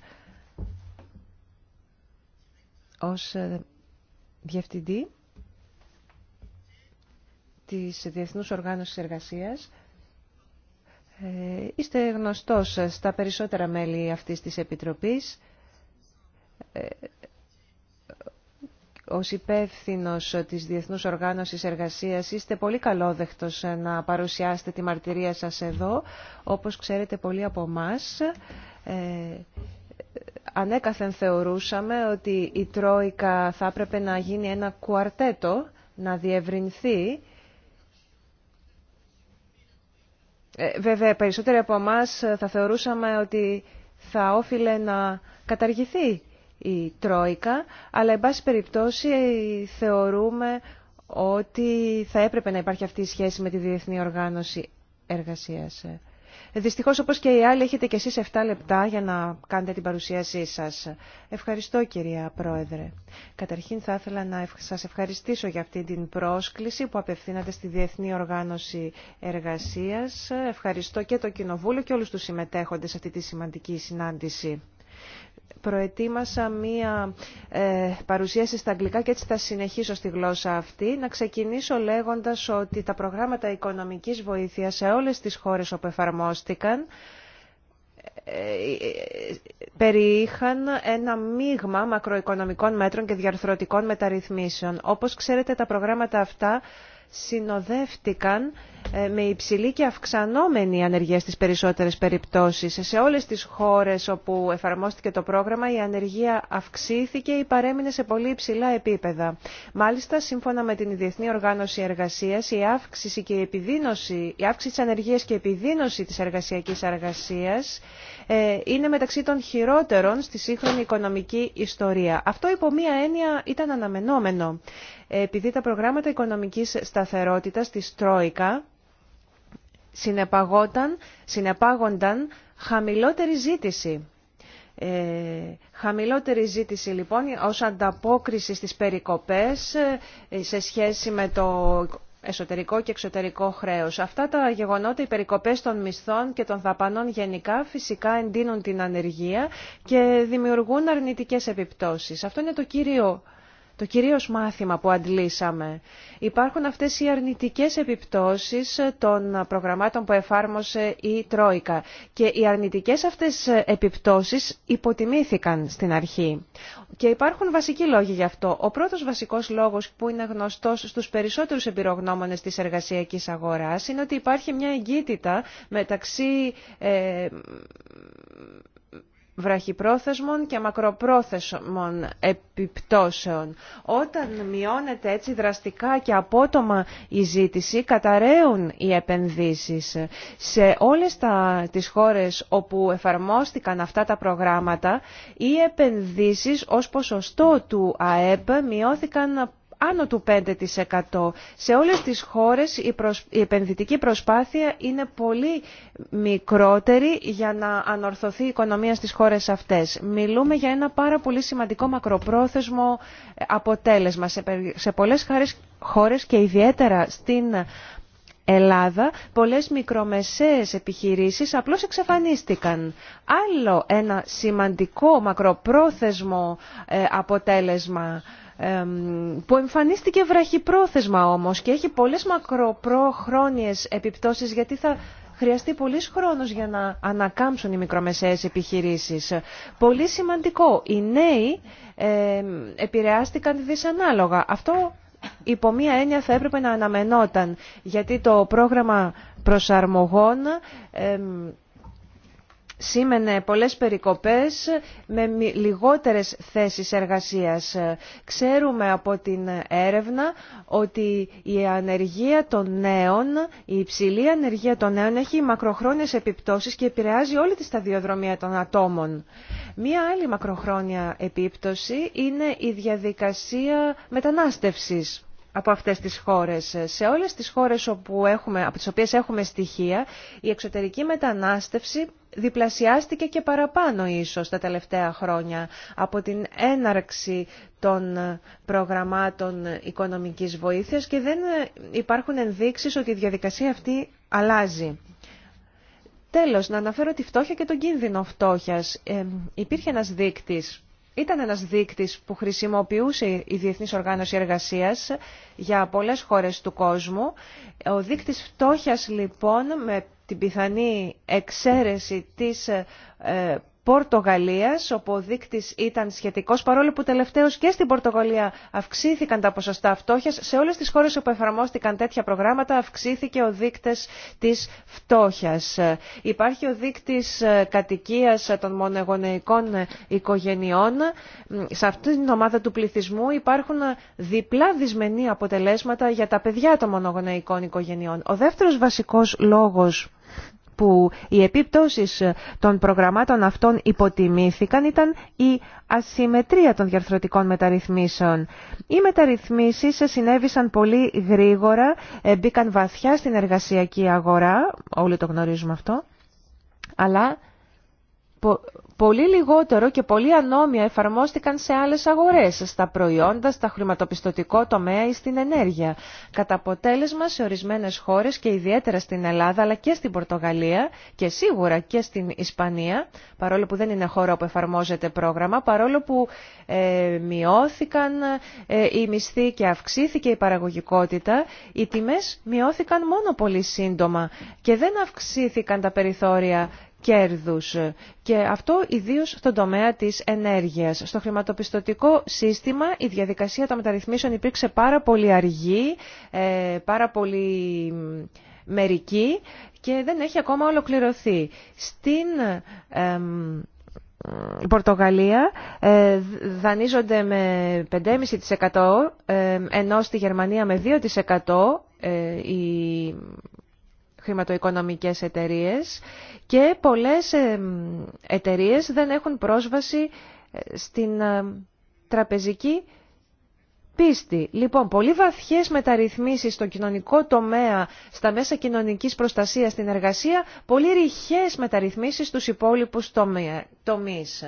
ως ε, διευθυντή της Διεθνούς Οργάνωσης Εργασίας. Ε, είστε γνωστός στα περισσότερα μέλη αυτής της Επιτροπής. Ε, ως υπεύθυνο της Διεθνούς Οργάνωσης Εργασίας είστε πολύ καλόδεχτος να παρουσιάσετε τη μαρτυρία σας εδώ. Όπως ξέρετε πολλοί από εμά. ανέκαθεν θεωρούσαμε ότι η Τρόικα θα έπρεπε να γίνει ένα κουαρτέτο, να διευρυνθεί ε, Βέβαια, περισσότεροι από εμά θα θεωρούσαμε ότι θα όφιλε να καταργηθεί η Τρόικα, αλλά εν πάση περιπτώσει θεωρούμε ότι θα έπρεπε να υπάρχει αυτή η σχέση με τη Διεθνή Οργάνωση Εργασίας. Δυστυχώς, όπως και οι άλλοι, έχετε και εσείς 7 λεπτά για να κάνετε την παρουσίασή σας. Ευχαριστώ, κυρία Πρόεδρε. Καταρχήν, θα ήθελα να σας ευχαριστήσω για αυτή την πρόσκληση που απευθύνατε στη Διεθνή Οργάνωση Εργασίας. Ευχαριστώ και το Κοινοβούλιο και όλους τους συμμετέχοντες σε αυτή τη σημαντική συνάντηση προετοίμασα μία ε, παρουσίαση στα αγγλικά και έτσι θα συνεχίσω στη γλώσσα αυτή. Να ξεκινήσω λέγοντας ότι τα προγράμματα οικονομικής βοήθειας σε όλες τις χώρες όπου εφαρμόστηκαν ε, περιείχαν ένα μείγμα μακροοικονομικών μέτρων και διαρθρωτικών μεταρρυθμίσεων. Όπως ξέρετε, τα προγράμματα αυτά συνοδεύτηκαν ε, με υψηλή και αυξανόμενη ανεργία στις περισσότερες περιπτώσεις. Σε όλες τις χώρες όπου εφαρμόστηκε το πρόγραμμα η ανεργία αυξήθηκε ή παρέμεινε σε πολύ υψηλά επίπεδα. Μάλιστα, σύμφωνα με την Διεθνή Οργάνωση Εργασίας, η αύξηση, και η η αύξηση της ανεργίας και η επιδίνωση της εργασιακής εργασίας ε, είναι μεταξύ των χειρότερων στη σύγχρονη οικονομική ιστορία. Αυτό υπό μία έννοια ήταν αναμενόμενο. Ε, επειδή τα προγράμματα οικονομικής σταθερότητας της Τρόικα συνεπαγόταν, συνεπάγονταν χαμηλότερη ζήτηση. Ε, χαμηλότερη ζήτηση λοιπόν ως ανταπόκριση στις περικοπές ε, σε σχέση με το εσωτερικό και εξωτερικό χρέος. Αυτά τα γεγονότα, οι περικοπές των μισθών και των δαπανών γενικά φυσικά εντείνουν την ανεργία και δημιουργούν αρνητικές επιπτώσεις. Αυτό είναι το κύριο το κυρίως μάθημα που αντλήσαμε. Υπάρχουν αυτές οι αρνητικές επιπτώσεις των προγραμμάτων που εφάρμοσε η Τρόικα και οι αρνητικές αυτές επιπτώσεις υποτιμήθηκαν στην αρχή. Και υπάρχουν βασικοί λόγοι γι' αυτό. Ο πρώτος βασικός λόγος που είναι γνωστός στους περισσότερους εμπειρογνώμονες της εργασιακής αγοράς είναι ότι υπάρχει μια εγκύτητα μεταξύ... Ε, βραχυπρόθεσμων και μακροπρόθεσμων επιπτώσεων. Όταν μειώνεται έτσι δραστικά και απότομα η ζήτηση, καταραίουν οι επενδύσεις. Σε όλες τα, τις χώρες όπου εφαρμόστηκαν αυτά τα προγράμματα, οι επενδύσεις ως ποσοστό του ΑΕΠ μειώθηκαν άνω του 5%. Σε όλες τις χώρες η, προσ... επενδυτική προσπάθεια είναι πολύ μικρότερη για να ανορθωθεί η οικονομία στις χώρες αυτές. Μιλούμε για ένα πάρα πολύ σημαντικό μακροπρόθεσμο ε, αποτέλεσμα. Σε πολλές χώρες και ιδιαίτερα στην Ελλάδα, πολλές μικρομεσαίες επιχειρήσεις απλώς εξαφανίστηκαν. Άλλο ένα σημαντικό μακροπρόθεσμο ε, αποτέλεσμα που εμφανίστηκε βραχυπρόθεσμα όμως και έχει πολλές μακροπροχρόνιες επιπτώσεις γιατί θα χρειαστεί πολύς χρόνος για να ανακάμψουν οι μικρομεσαίες επιχειρήσεις. Πολύ σημαντικό. Οι νέοι ε, επηρεάστηκαν δυσανάλογα. Αυτό υπό μία έννοια θα έπρεπε να αναμενόταν γιατί το πρόγραμμα προσαρμογών σήμαινε πολλές περικοπές με λιγότερες θέσεις εργασίας. Ξέρουμε από την έρευνα ότι η ανεργία των νέων, η υψηλή ανεργία των νέων έχει μακροχρόνιες επιπτώσεις και επηρεάζει όλη τη σταδιοδρομία των ατόμων. Μία άλλη μακροχρόνια επίπτωση είναι η διαδικασία μετανάστευσης από αυτές τις χώρες. Σε όλες τις χώρες όπου έχουμε, από τις οποίες έχουμε στοιχεία, η εξωτερική μετανάστευση διπλασιάστηκε και παραπάνω ίσως τα τελευταία χρόνια από την έναρξη των προγραμμάτων οικονομικής βοήθειας και δεν υπάρχουν ενδείξεις ότι η διαδικασία αυτή αλλάζει. Τέλος, να αναφέρω τη φτώχεια και τον κίνδυνο φτώχειας. Ε, υπήρχε ένας δείκτης ήταν ένας δείκτης που χρησιμοποιούσε η Διεθνής Οργάνωση Εργασίας για πολλές χώρες του κόσμου. Ο δείκτης φτώχειας λοιπόν με την πιθανή εξαίρεση της ε, Πορτογαλίας, όπου ο δείκτης ήταν σχετικός, παρόλο που τελευταίως και στην Πορτογαλία αυξήθηκαν τα ποσοστά φτώχειας. Σε όλες τις χώρες όπου εφαρμόστηκαν τέτοια προγράμματα αυξήθηκε ο δείκτης της φτώχειας. Υπάρχει ο δείκτης ε, κατοικίας ε, των μονογονεϊκών ε, οικογενειών. Σε αυτήν την ομάδα του πληθυσμού υπάρχουν διπλά δυσμενή αποτελέσματα για τα παιδιά των μονογονεϊκών οικογενειών. Ο δεύτερος βασικός λόγος που οι επίπτωσεις ε, των προγραμμάτων αυτών υποτιμήθηκαν ήταν η ασυμμετρία των διαρθρωτικών μεταρρυθμίσεων. Οι μεταρρυθμίσεις συνέβησαν πολύ γρήγορα, ε, μπήκαν βαθιά στην εργασιακή αγορά, όλοι το γνωρίζουμε αυτό, αλλά πολύ λιγότερο και πολύ ανώμια εφαρμόστηκαν σε άλλες αγορές, στα προϊόντα, στα χρηματοπιστωτικό τομέα ή στην ενέργεια. Κατά αποτέλεσμα σε ορισμένες χώρες και ιδιαίτερα στην Ελλάδα αλλά και στην Πορτογαλία και σίγουρα και στην Ισπανία, παρόλο που δεν είναι χώρα που εφαρμόζεται πρόγραμμα, παρόλο που ε, μειώθηκαν ε, οι μισθοί και αυξήθηκε η παραγωγικότητα, οι τιμές μειώθηκαν μόνο πολύ σύντομα και δεν αυξήθηκαν τα περιθώρια κέρδους και αυτό ιδίως στον τομέα της ενέργειας. Στο χρηματοπιστωτικό σύστημα η διαδικασία των μεταρρυθμίσεων υπήρξε πάρα πολύ αργή, ε, πάρα πολύ μερική και δεν έχει ακόμα ολοκληρωθεί. Στην Πορτογαλία ε, δανείζονται με 5,5% ε, ενώ στη Γερμανία με 2% οι χρηματοοικονομικές εταιρείες και πολλές ε, εταιρείες δεν έχουν πρόσβαση ε, στην ε, τραπεζική πίστη. Λοιπόν, πολύ βαθιές μεταρρυθμίσεις στο κοινωνικό τομέα, στα μέσα κοινωνικής προστασίας, στην εργασία, πολύ ρηχές μεταρρυθμίσεις στους υπόλοιπους τομείς.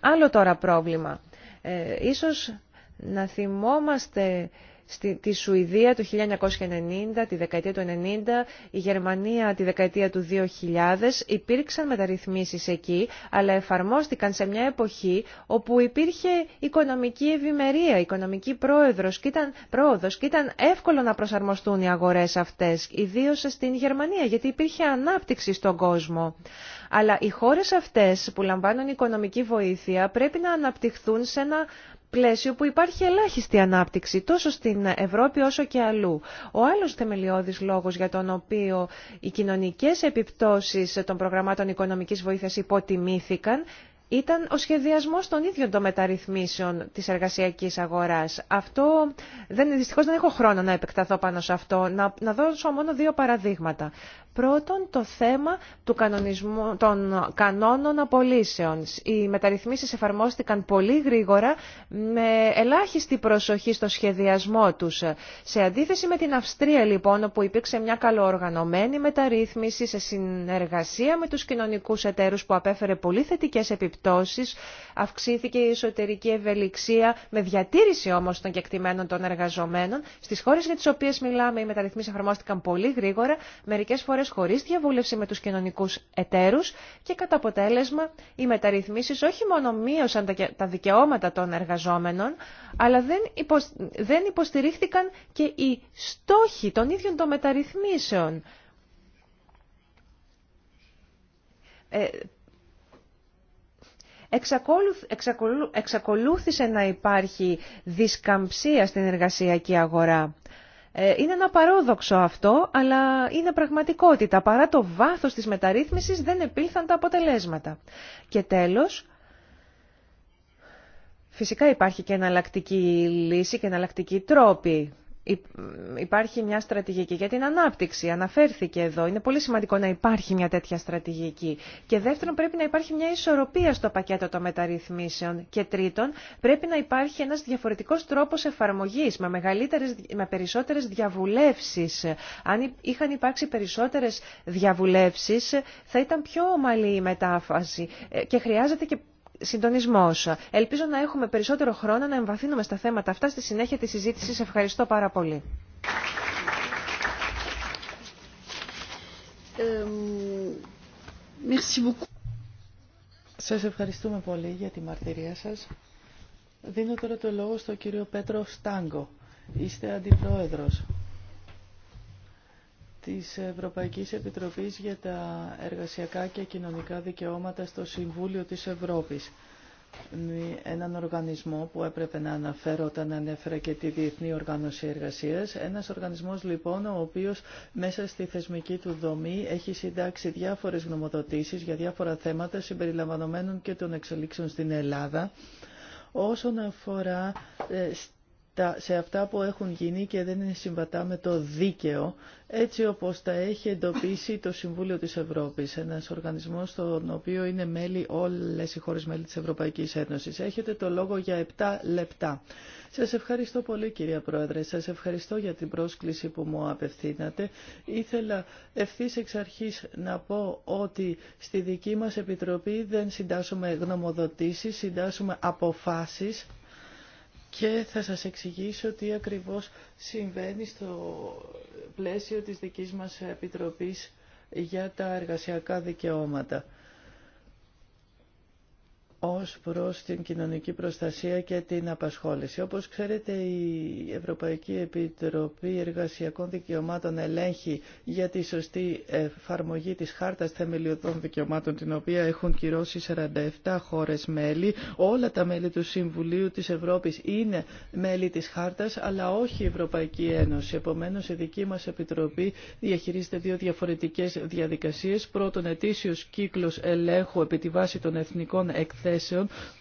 άλλο τώρα πρόβλημα. Ε, ίσως να θυμόμαστε στη, τη Σουηδία το 1990, τη δεκαετία του 90, η Γερμανία τη δεκαετία του 2000. Υπήρξαν μεταρρυθμίσεις εκεί, αλλά εφαρμόστηκαν σε μια εποχή όπου υπήρχε οικονομική ευημερία, οικονομική πρόεδρος και ήταν, πρόοδος και ήταν εύκολο να προσαρμοστούν οι αγορές αυτές, ιδίως στην Γερμανία, γιατί υπήρχε ανάπτυξη στον κόσμο. Αλλά οι χώρες αυτές που λαμβάνουν οικονομική βοήθεια πρέπει να αναπτυχθούν σε ένα πλαίσιο που υπάρχει ελάχιστη ανάπτυξη τόσο στην Ευρώπη όσο και αλλού. Ο άλλος θεμελιώδης λόγος για τον οποίο οι κοινωνικές επιπτώσεις των προγραμμάτων οικονομικής βοήθειας υποτιμήθηκαν ήταν ο σχεδιασμός των ίδιων των μεταρρυθμίσεων της εργασιακής αγοράς. Αυτό, δεν, δυστυχώς δεν έχω χρόνο να επεκταθώ πάνω σε αυτό, να, να δώσω μόνο δύο παραδείγματα. Πρώτον, το θέμα του κανονισμού, των κανόνων απολύσεων. Οι μεταρρυθμίσεις εφαρμόστηκαν πολύ γρήγορα με ελάχιστη προσοχή στο σχεδιασμό τους. Σε αντίθεση με την Αυστρία λοιπόν, όπου υπήρξε μια καλοοργανωμένη μεταρρύθμιση σε συνεργασία με τους κοινωνικούς εταίρους που απέφερε πολύ θετικές επιπτώσεις, αυξήθηκε η εσωτερική ευελιξία με διατήρηση όμως των κεκτημένων των εργαζομένων. Στις χώρες για τις οποίες μιλάμε οι μεταρρυθμίσεις εφαρμόστηκαν πολύ γρήγορα, μερικές Χωρί χωρίς διαβούλευση με τους κοινωνικούς εταίρους και κατά αποτέλεσμα οι μεταρρυθμίσεις όχι μόνο μείωσαν τα δικαιώματα των εργαζόμενων, αλλά δεν υποστηρίχθηκαν και οι στόχοι των ίδιων των μεταρρυθμίσεων. Ε, εξακολούθησε να υπάρχει δισκαμψία στην εργασιακή αγορά. Ε, είναι ένα παρόδοξο αυτό, αλλά είναι πραγματικότητα. Παρά το βάθος της μεταρρύθμισης δεν επήλθαν τα αποτελέσματα. Και τέλος, φυσικά υπάρχει και εναλλακτική λύση και εναλλακτική τρόπη υπάρχει μια στρατηγική για την ανάπτυξη. Αναφέρθηκε εδώ. Είναι πολύ σημαντικό να υπάρχει μια τέτοια στρατηγική. Και δεύτερον, πρέπει να υπάρχει μια ισορροπία στο πακέτο των μεταρρυθμίσεων. Και τρίτον, πρέπει να υπάρχει ένας διαφορετικός τρόπος εφαρμογής με, μεγαλύτερες, με περισσότερες διαβουλεύσεις. Αν είχαν υπάρξει περισσότερε διαβουλεύσεις, θα ήταν πιο ομαλή η μετάφαση. Ε, και χρειάζεται και συντονισμός. Ελπίζω να έχουμε περισσότερο χρόνο να εμβαθύνουμε στα θέματα αυτά στη συνέχεια τη συζήτηση. Ευχαριστώ πάρα πολύ. Ε, σα ευχαριστούμε πολύ για τη μαρτυρία σα. Δίνω τώρα το λόγο στον κύριο Πέτρο Στάγκο. Είστε αντιπρόεδρος της Ευρωπαϊκής Επιτροπής για τα εργασιακά και κοινωνικά δικαιώματα στο Συμβούλιο της Ευρώπης. Έναν οργανισμό που έπρεπε να αναφέρω όταν ανέφερα και τη Διεθνή Οργάνωση Εργασίας. Ένας οργανισμός λοιπόν ο οποίος μέσα στη θεσμική του δομή έχει συντάξει διάφορες γνωμοδοτήσεις για διάφορα θέματα συμπεριλαμβανομένων και των εξελίξεων στην Ελλάδα όσον αφορά ε, σε αυτά που έχουν γίνει και δεν είναι συμβατά με το δίκαιο, έτσι όπως τα έχει εντοπίσει το Συμβούλιο της Ευρώπης, ένας οργανισμός στον οποίο είναι μέλη όλες οι χώρες μέλη της Ευρωπαϊκής Ένωσης. Έχετε το λόγο για 7 λεπτά. Σας ευχαριστώ πολύ κυρία Πρόεδρε, σας ευχαριστώ για την πρόσκληση που μου απευθύνατε. Ήθελα ευθύ εξ αρχής να πω ότι στη δική μας Επιτροπή δεν συντάσσουμε γνωμοδοτήσεις, συντάσσουμε αποφάσεις και θα σας εξηγήσω τι ακριβώς συμβαίνει στο πλαίσιο της δικής μας Επιτροπής για τα εργασιακά δικαιώματα ως προς την κοινωνική προστασία και την απασχόληση. Όπως ξέρετε, η Ευρωπαϊκή Επιτροπή Εργασιακών Δικαιωμάτων ελέγχει για τη σωστή εφαρμογή της Χάρτας Θεμελιωτών Δικαιωμάτων, την οποία έχουν κυρώσει 47 χώρες μέλη. Όλα τα μέλη του Συμβουλίου της Ευρώπης είναι μέλη της Χάρτας, αλλά όχι η Ευρωπαϊκή Ένωση. Επομένως, η δική μας Επιτροπή διαχειρίζεται δύο διαφορετικές διαδικασίες. Πρώτον, ετήσιος κύκλος ελέγχου επί τη βάση των εθνικών εκθέσεων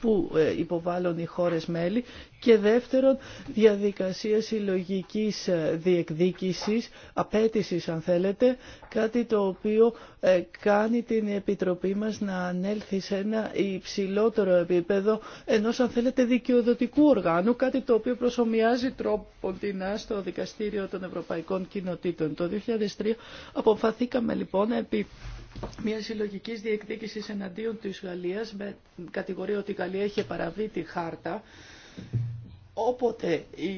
που ε, υποβάλλουν οι χώρες μέλη και δεύτερον διαδικασία συλλογική ε, διεκδίκησης, απέτησης αν θέλετε, κάτι το οποίο ε, κάνει την Επιτροπή μας να ανέλθει σε ένα υψηλότερο επίπεδο ενός αν θέλετε δικαιοδοτικού οργάνου, κάτι το οποίο προσωμιάζει την στο Δικαστήριο των Ευρωπαϊκών Κοινοτήτων. Το 2003 αποφαθήκαμε λοιπόν επί μια συλλογική διεκδίκηση εναντίον τη Γαλλία με κατηγορία ότι η Γαλλία είχε παραβεί τη χάρτα όποτε η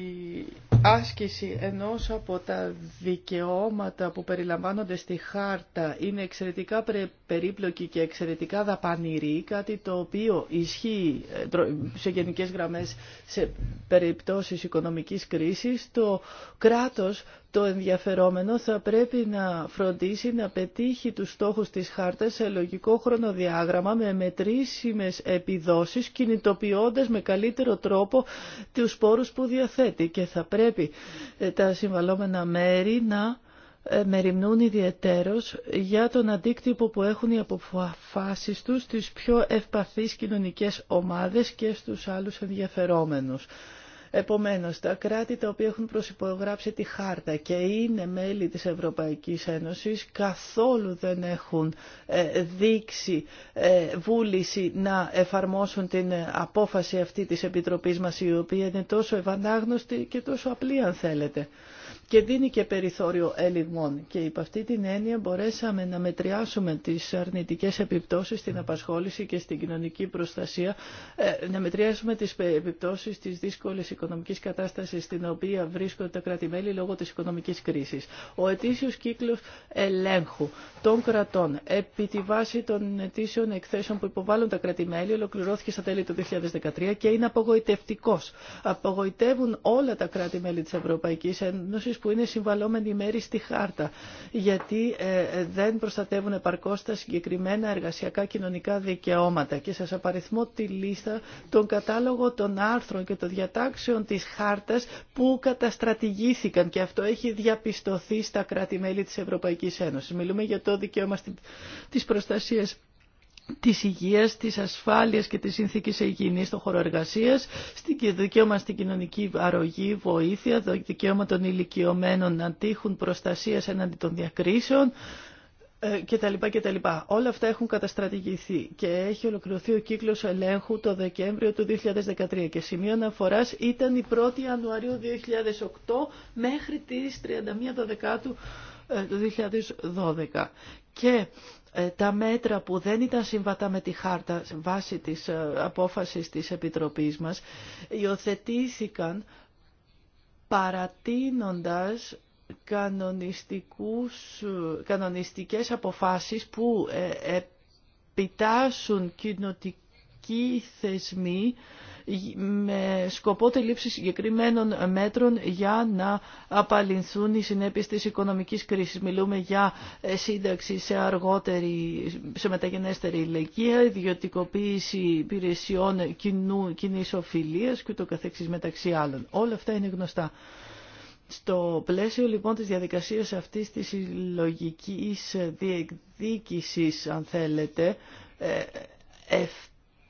άσκηση ενός από τα δικαιώματα που περιλαμβάνονται στη χάρτα είναι εξαιρετικά περίπλοκη και εξαιρετικά δαπανηρή, κάτι το οποίο ισχύει ε, σε γενικές γραμμές σε περιπτώσεις οικονομικής κρίσης, το κράτος το ενδιαφερόμενο θα πρέπει να φροντίσει να πετύχει τους στόχους της χάρτας σε λογικό χρονοδιάγραμμα με μετρήσιμες επιδόσεις κινητοποιώντας με καλύτερο τρόπο τους σπόρους που διαθέτει και θα πρέπει ε, τα συμβαλόμενα μέρη να ε, μεριμνούν ιδιαιτέρως για τον αντίκτυπο που έχουν οι αποφάσεις τους στις πιο ευπαθείς κοινωνικές ομάδες και στους άλλους ενδιαφερόμενους. Επομένως, τα κράτη τα οποία έχουν προσυπογράψει τη χάρτα και είναι μέλη της Ευρωπαϊκής Ένωσης καθόλου δεν έχουν ε, δείξει ε, βούληση να εφαρμόσουν την απόφαση αυτή της Επιτροπής μας η οποία είναι τόσο ευανάγνωστη και τόσο απλή αν θέλετε και δίνει και περιθώριο ελιγμών. Και υπ' αυτή την έννοια μπορέσαμε να μετριάσουμε τις αρνητικές επιπτώσεις στην απασχόληση και στην κοινωνική προστασία, ε, να μετριάσουμε τις επιπτώσεις της δύσκολης οικονομικής κατάστασης στην οποία βρίσκονται τα κρατη λόγω της οικονομικής κρίσης. Ο ετήσιος κύκλος ελέγχου των κρατών επί τη βάση των ετήσιων εκθέσεων που υποβάλλουν τα κράτη-μέλη ολοκληρώθηκε στα τέλη του 2013 και είναι απογοητευτικός. Απογοητεύουν όλα τα κράτη-μέλη της Ευρωπαϊκής που είναι συμβαλόμενοι μέρη στη χάρτα, γιατί ε, ε, δεν προστατεύουν επαρκώς τα συγκεκριμένα εργασιακά κοινωνικά δικαιώματα. Και σας απαριθμώ τη λίστα, τον κατάλογο των άρθρων και των διατάξεων της χάρτας που καταστρατηγήθηκαν και αυτό έχει διαπιστωθεί στα κράτη-μέλη της Ευρωπαϊκής Ένωσης. Μιλούμε για το δικαίωμα της προστασίας της υγείας, της ασφάλειας και της συνθήκης υγιεινής στον χώρο εργασίας, δικαίωμα στην κοινωνική αρρωγή, βοήθεια, δικαίωμα των ηλικιωμένων να τύχουν προστασίας έναντι των διακρίσεων, ε, κτλ. λοιπά. Όλα αυτά έχουν καταστρατηγηθεί και έχει ολοκληρωθεί ο κύκλος ελέγχου το Δεκέμβριο του 2013 και σημείο αναφορά ήταν η 1η Ιανουαρίου 2008 μέχρι τις 31 Δεκάτου του 2012. Και ε, τα μέτρα που δεν ήταν συμβατά με τη χάρτα βάσει της ε, απόφασης της Επιτροπής μας υιοθετήθηκαν παρατείνοντας κανονιστικούς, ε, κανονιστικές αποφάσεις που επιτάσσουν κοινοτικοί θεσμοί με σκοπό τη λήψη συγκεκριμένων μέτρων για να απαλληλθούν οι συνέπειες της οικονομικής κρίσης. Μιλούμε για ε, σύνταξη σε αργότερη, σε μεταγενέστερη ηλικία, ιδιωτικοποίηση υπηρεσιών κοινού, κοινής οφειλίας και το μεταξύ άλλων. Όλα αυτά είναι γνωστά. Στο πλαίσιο λοιπόν της διαδικασίας αυτής της συλλογική διεκδίκησης, αν θέλετε, ε,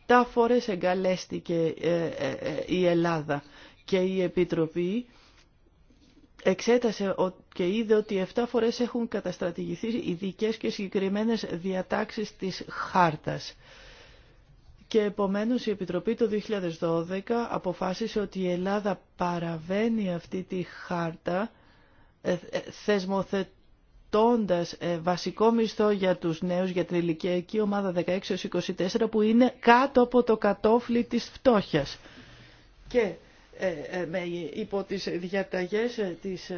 Επτά φορές εγκαλέστηκε ε, ε, ε, η Ελλάδα και η Επιτροπή εξέτασε και είδε ότι 7 φορές έχουν καταστρατηγηθεί ειδικέ και συγκεκριμένες διατάξεις της χάρτας. Και επομένως η Επιτροπή το 2012 αποφάσισε ότι η Ελλάδα παραβαίνει αυτή τη χάρτα θεσμοθετή ζητώντας ε, βασικό μισθό για τους νέους για την ηλικιακή ομάδα 16-24 που είναι κάτω από το κατόφλι της φτώχειας. Και ε, ε, υπό τις διαταγές της,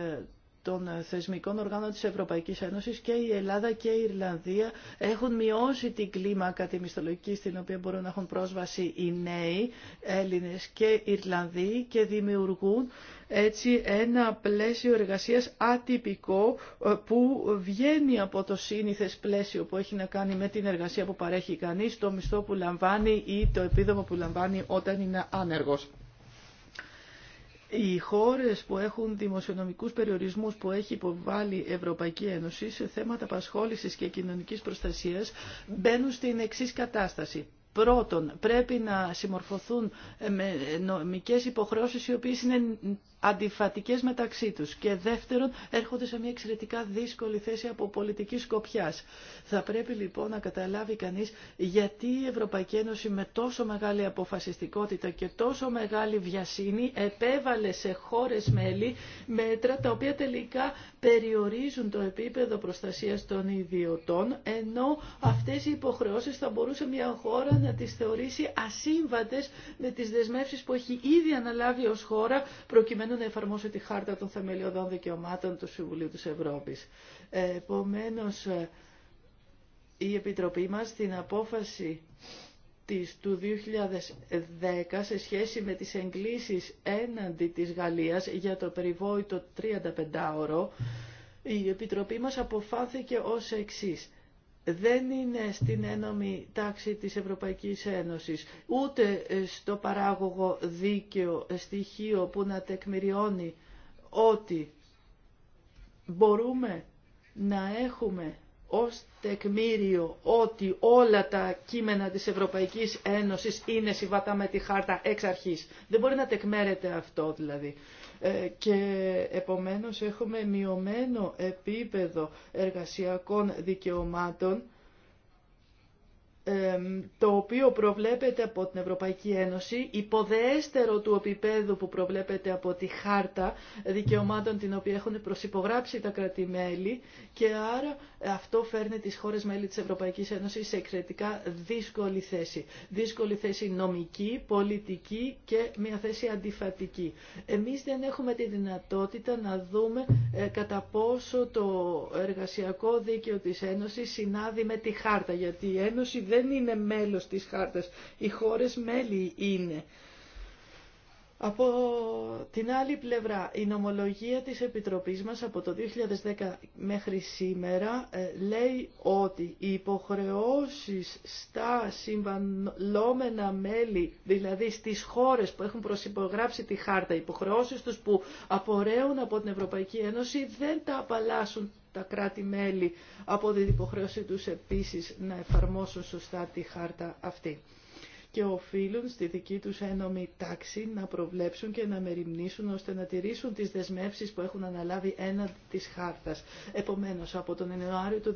των θεσμικών οργάνων της Ευρωπαϊκής Ένωσης και η Ελλάδα και η Ιρλανδία έχουν μειώσει την κλίμακα τη μισθολογική στην οποία μπορούν να έχουν πρόσβαση οι νέοι Έλληνες και Ιρλανδοί και δημιουργούν έτσι ένα πλαίσιο εργασίας ατυπικό ε, που βγαίνει από το σύνηθες πλαίσιο που έχει να κάνει με την εργασία που παρέχει κανείς, το μισθό που λαμβάνει ή το επίδομα που λαμβάνει όταν είναι άνεργος. Οι χώρες που έχουν δημοσιονομικούς περιορισμούς που έχει υποβάλει η Ευρωπαϊκή Ένωση σε θέματα απασχόλησης και κοινωνικής προστασίας μπαίνουν στην εξής κατάσταση. Πρώτον, πρέπει να συμμορφωθούν με νομικές υποχρεώσεις οι οποίες προστασιας μπαινουν στην εξή κατασταση πρωτον πρεπει να συμμορφωθουν με νομικες υποχρεωσεις οι οποιες ειναι αντιφατικές μεταξύ τους και δεύτερον έρχονται σε μια εξαιρετικά δύσκολη θέση από πολιτική σκοπιάς. Θα πρέπει λοιπόν να καταλάβει κανείς γιατί η Ευρωπαϊκή Ένωση με τόσο μεγάλη αποφασιστικότητα και τόσο μεγάλη βιασύνη επέβαλε σε χώρες μέλη μέτρα τα οποία τελικά περιορίζουν το επίπεδο προστασίας των ιδιωτών ενώ αυτές οι υποχρεώσεις θα μπορούσε μια χώρα να τις θεωρήσει ασύμβατες με τις δεσμεύσεις που έχει ήδη αναλάβει ω χώρα προκειμένου να εφαρμόσει τη Χάρτα των Θεμελιωδών Δικαιωμάτων του Συμβουλίου της Ευρώπης. Ε, επομένως, ε, η Επιτροπή μας στην απόφαση του 2010 σε σχέση με τις εγκλήσεις έναντι της Γαλλίας για το περιβόητο 35 ώρο, η Επιτροπή μας αποφάθηκε ως εξής δεν είναι στην ένωμη τάξη της Ευρωπαϊκής Ένωσης, ούτε στο παράγωγο δίκαιο στοιχείο που να τεκμηριώνει ότι μπορούμε να έχουμε ως τεκμήριο ότι όλα τα κείμενα της Ευρωπαϊκής Ένωσης είναι συμβατά με τη χάρτα εξ αρχής. Δεν μπορεί να τεκμέρεται αυτό δηλαδή. Ε, και επομένως έχουμε μειωμένο επίπεδο εργασιακών δικαιωμάτων το οποίο προβλέπεται από την Ευρωπαϊκή Ένωση, υποδεέστερο του επίπεδου που προβλέπεται από τη χάρτα δικαιωμάτων την οποία έχουν προσυπογράψει τα κρατημέλη και άρα αυτό φέρνει τις χώρες μέλη της Ευρωπαϊκής Ένωσης σε εξαιρετικά δύσκολη θέση. Δύσκολη θέση νομική, πολιτική και μια θέση αντιφατική. Εμείς δεν έχουμε τη δυνατότητα να δούμε ε, κατά πόσο το εργασιακό δίκαιο της Ένωσης συνάδει με τη χάρτα, γιατί η Ένωση δεν είναι μέλος της χάρτας. Οι χώρες μέλη είναι. Από την άλλη πλευρά, η νομολογία της Επιτροπής μας από το 2010 μέχρι σήμερα ε, λέει ότι οι υποχρεώσεις στα συμβαλόμενα μέλη, δηλαδή στις χώρες που έχουν προσυπογράψει τη χάρτα, οι υποχρεώσεις τους που απορρέουν από την Ευρωπαϊκή Ένωση δεν τα απαλλάσσουν τα κράτη-μέλη από την υποχρέωση τους επίσης να εφαρμόσουν σωστά τη χάρτα αυτή και οφείλουν στη δική τους ένωμη τάξη να προβλέψουν και να μεριμνήσουν ώστε να τηρήσουν τις δεσμεύσεις που έχουν αναλάβει έναντι της χάρτας. Επομένως, από τον Ιανουάριο του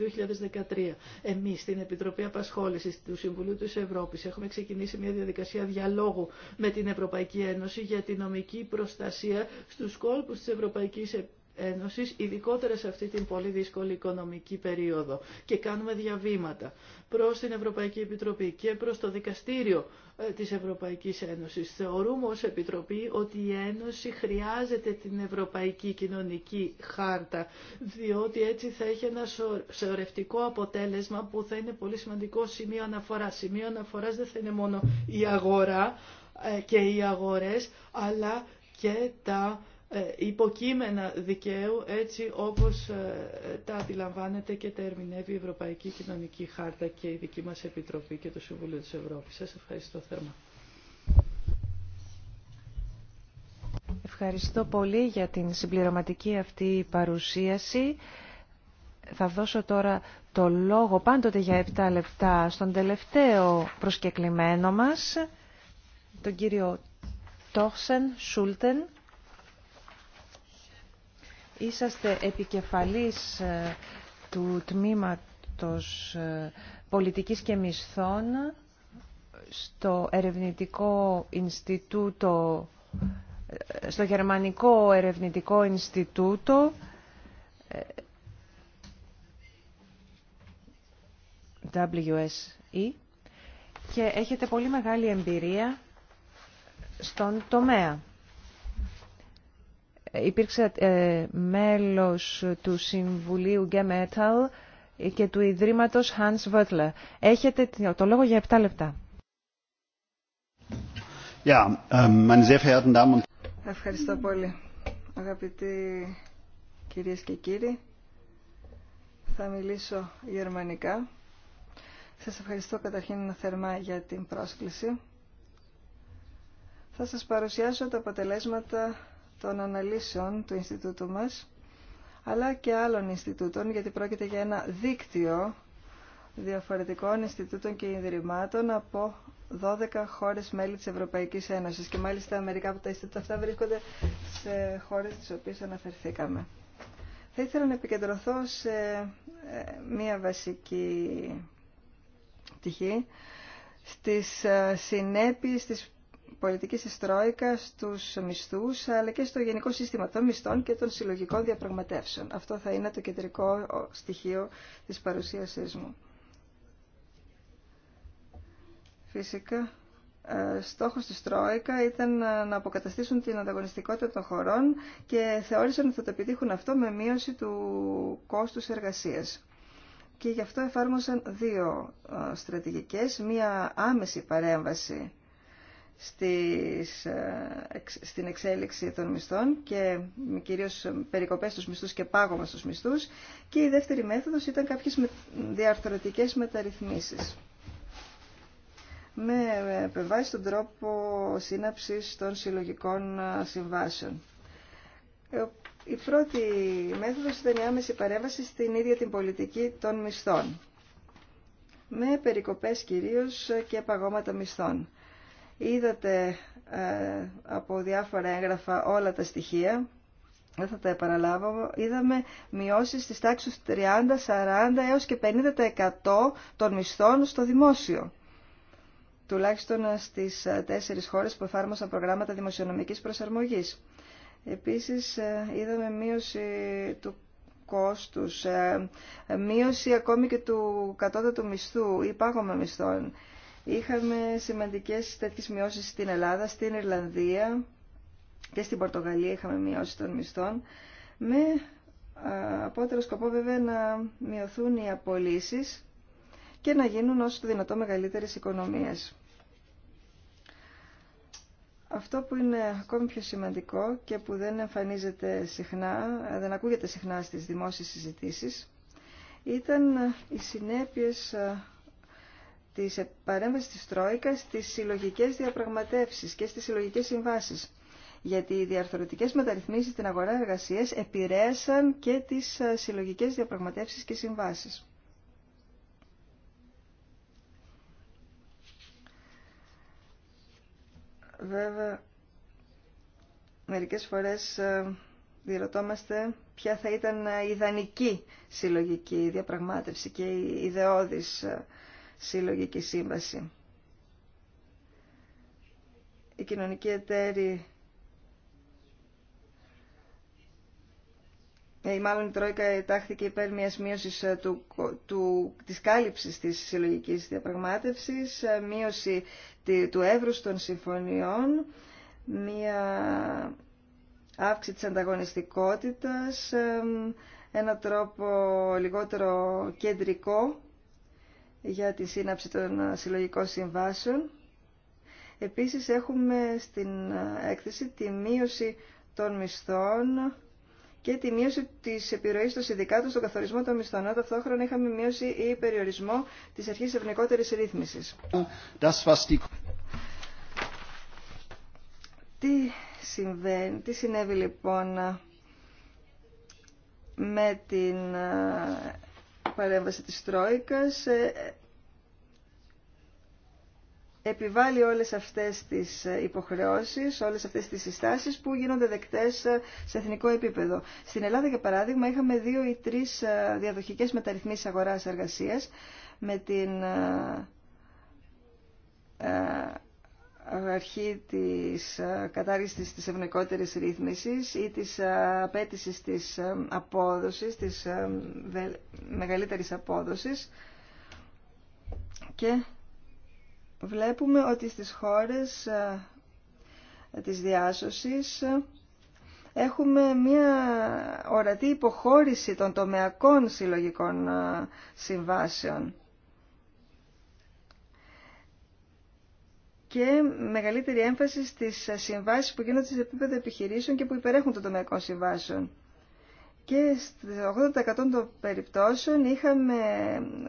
2013, εμείς στην Επιτροπή Απασχόλησης του Συμβουλίου της Ευρώπης έχουμε ξεκινήσει μια διαδικασία διαλόγου με την Ευρωπαϊκή Ένωση για τη νομική προστασία στους κόλπους της Ευρωπαϊκής Επιτροπής Ένωσης, ειδικότερα σε αυτή την πολύ δύσκολη οικονομική περίοδο. Και κάνουμε διαβήματα προς την Ευρωπαϊκή Επιτροπή και προς το Δικαστήριο ε, της Ευρωπαϊκής Ένωσης. Θεωρούμε ως Επιτροπή ότι η Ένωση χρειάζεται την Ευρωπαϊκή Κοινωνική Χάρτα, διότι έτσι θα έχει ένα σεωρευτικό αποτέλεσμα που θα είναι πολύ σημαντικό σημείο αναφοράς. Σημείο αναφοράς δεν θα είναι μόνο η αγορά ε, και οι αγορές, αλλά και τα ε, υποκείμενα δικαίου έτσι όπως ε, τα αντιλαμβάνεται και τα ερμηνεύει η Ευρωπαϊκή Κοινωνική Χάρτα και η δική μας Επιτροπή και το Συμβούλιο της Ευρώπης. Σας ευχαριστώ θερμά. Ευχαριστώ πολύ για την συμπληρωματική αυτή παρουσίαση. Θα δώσω τώρα το λόγο πάντοτε για 7 λεπτά στον τελευταίο προσκεκλημένο μας, τον κύριο Τόχσεν Σούλτεν είσαστε επικεφαλής ε, του τμήματος ε, πολιτικής και μισθών ε, στο Ερευνητικό Ινστιτούτο, στο Γερμανικό Ερευνητικό Ινστιτούτο WSE και έχετε πολύ μεγάλη εμπειρία στον τομέα. Υπήρξε ε, μέλος του Συμβουλίου G και του Ιδρύματος Hans Wöttler. Έχετε το λόγο για 7 λεπτά. Ähm, ευχαριστώ πολύ. Αγαπητοί κυρίες και κύριοι, θα μιλήσω γερμανικά. Σας ευχαριστώ καταρχήν θερμά για την πρόσκληση. Θα σας παρουσιάσω τα αποτελέσματα των αναλύσεων του Ινστιτούτου μας, αλλά και άλλων Ινστιτούτων, γιατί πρόκειται για ένα δίκτυο διαφορετικών Ινστιτούτων και Ιδρυμάτων από 12 χώρες μέλη της Ευρωπαϊκής Ένωσης και μάλιστα μερικά από τα Ινστιτούτα αυτά βρίσκονται σε χώρες τις οποίες αναφερθήκαμε. Θα ήθελα να επικεντρωθώ σε ε, μία βασική πτυχή, στις ε, συνέπειες της πολιτική τη Τρόικα στους μισθούς, αλλά και στο γενικό σύστημα των μισθών και των συλλογικών διαπραγματεύσεων. Αυτό θα είναι το κεντρικό στοιχείο της παρουσίασής μου. Φυσικά, ε, στόχος της Τρόικα ήταν ε, να αποκαταστήσουν την ανταγωνιστικότητα των χωρών και θεώρησαν ότι θα το επιτύχουν αυτό με μείωση του κόστους εργασίας. Και γι' αυτό εφάρμοσαν δύο ε, στρατηγικές, μία άμεση παρέμβαση στις, ε, στην εξέλιξη των μισθών και κυρίως περικοπές στους μισθούς και πάγωμα στους μισθούς και η δεύτερη μέθοδος ήταν κάποιες διαρθρωτικές μεταρρυθμίσεις με επεμβάση τον τρόπο σύναψης των συλλογικών ε, συμβάσεων. Ε, η πρώτη μέθοδος ήταν η άμεση παρέμβαση στην ίδια την πολιτική των μισθών με περικοπές κυρίως και παγώματα μισθών. Είδατε ε, από διάφορα έγγραφα όλα τα στοιχεία, δεν θα τα επαναλάβω, είδαμε μειώσεις στις τάξεις 30, 40 έως και 50% των μισθών στο δημόσιο. Τουλάχιστον ε, στις ε, τέσσερις χώρες που εφάρμοσαν προγράμματα δημοσιονομικής προσαρμογής. Επίσης είδαμε μείωση του κόστους, μείωση ακόμη και του κατώτατου μισθού ή πάγωμα μισθών. Είχαμε σημαντικές τέτοιες μειώσεις στην Ελλάδα, στην Ιρλανδία και στην Πορτογαλία είχαμε μειώσεις των μισθών με απότερο σκοπό βέβαια να μειωθούν οι απολύσεις και να γίνουν όσο το δυνατό μεγαλύτερες οικονομίες. Αυτό που είναι ακόμη πιο σημαντικό και που δεν εμφανίζεται συχνά, δεν ακούγεται συχνά στις δημόσιες συζητήσεις, ήταν οι συνέπειες της παρέμβαση της Τρόικας στις συλλογικές διαπραγματεύσεις και στις συλλογικέ συμβάσεις. Γιατί οι διαρθρωτικές μεταρρυθμίσεις στην αγορά εργασίας επηρέασαν και τις ε, συλλογικέ διαπραγματεύσεις και συμβάσεις. Βέβαια, μερικές φορές ε, διερωτόμαστε ποια θα ήταν η ε, ιδανική συλλογική διαπραγμάτευση και η ιδεώδης συλλογική σύμβαση. Οι κοινωνικοί εταίροι, ε, ή μάλλον η Τρόικα τροικα τάχθηκε υπέρ μιας μείωσης ε, του, του, της κάλυψης της συλλογικής διαπραγμάτευσης, ε, μείωση του εύρους των συμφωνιών, μία αύξηση της ανταγωνιστικότητας, ένα τρόπο λιγότερο κεντρικό για τη σύναψη των συλλογικών συμβάσεων. Επίσης έχουμε στην έκθεση τη μείωση των μισθών και τη μείωση της επιρροής των συνδικάτων στον καθορισμό των μισθών. Ενώ ταυτόχρονα είχαμε μείωση ή περιορισμό της αρχής ευνικότερης ρύθμισης. Τι τι συνέβη λοιπόν με την παρέμβαση της Τρόικας ε, επιβάλλει όλες αυτές τις ε, υποχρεώσεις, όλες αυτές τις συστάσεις που γίνονται δεκτές ε, σε εθνικό επίπεδο. Στην Ελλάδα, για παράδειγμα, είχαμε δύο ή τρεις διαδοχικές μεταρρυθμίσεις αγοράς εργασίας με την αρχή της ε, κατάργησης της ευνοϊκότερης ρύθμισης ή της ε, απέτησης της ε, απόδοσης, της μεγαλύτερης απόδοσης και βλέπουμε ότι στις χώρες της διάσωσης έχουμε μια ορατή υποχώρηση των τομεακών συλλογικών συμβάσεων και μεγαλύτερη έμφαση στις συμβάσεις που γίνονται σε επίπεδο επιχειρήσεων και που υπερέχουν των τομεακών συμβάσεων. Και στο 80% των περιπτώσεων είχαμε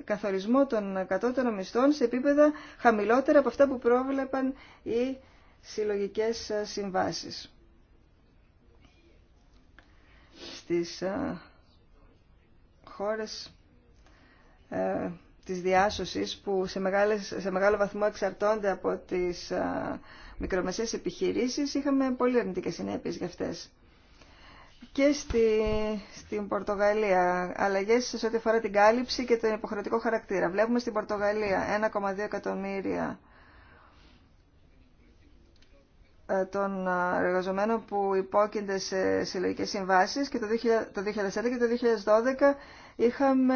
καθορισμό των κατώτερων μισθών σε επίπεδα χαμηλότερα από αυτά που πρόβλεπαν οι συλλογικές συμβάσεις. Στις ε, χώρες ε, της διάσωσης που σε, μεγάλες, σε μεγάλο βαθμό εξαρτώνται από τις α, μικρομεσαίες επιχειρήσεις είχαμε πολύ αρνητικές συνέπειες για αυτές. Και στη, στην Πορτογαλία αλλαγές σε ό,τι αφορά την κάλυψη και τον υποχρεωτικό χαρακτήρα. Βλέπουμε στην Πορτογαλία 1,2 εκατομμύρια ε, των εργαζομένων που υπόκεινται σε συλλογικές συμβάσεις και το 2011 και το 2012 είχαμε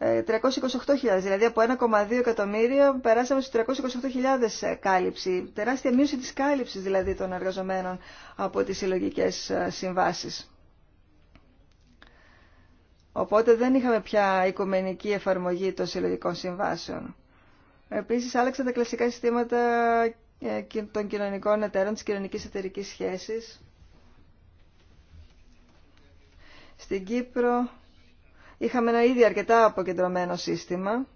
328.000, δηλαδή από 1,2 εκατομμύρια περάσαμε στους 328.000 ε, κάλυψη. Τεράστια μείωση της κάλυψης δηλαδή των εργαζομένων από τις συλλογικέ ε, συμβάσεις. Οπότε δεν είχαμε πια οικουμενική εφαρμογή των συλλογικών συμβάσεων. Επίσης άλλαξαν τα κλασικά συστήματα ε, των κοινωνικών εταίρων, της κοινωνικής εταιρικής σχέσης. Στην Κύπρο Είχαμε ένα ήδη αρκετά αποκεντρωμένο σύστημα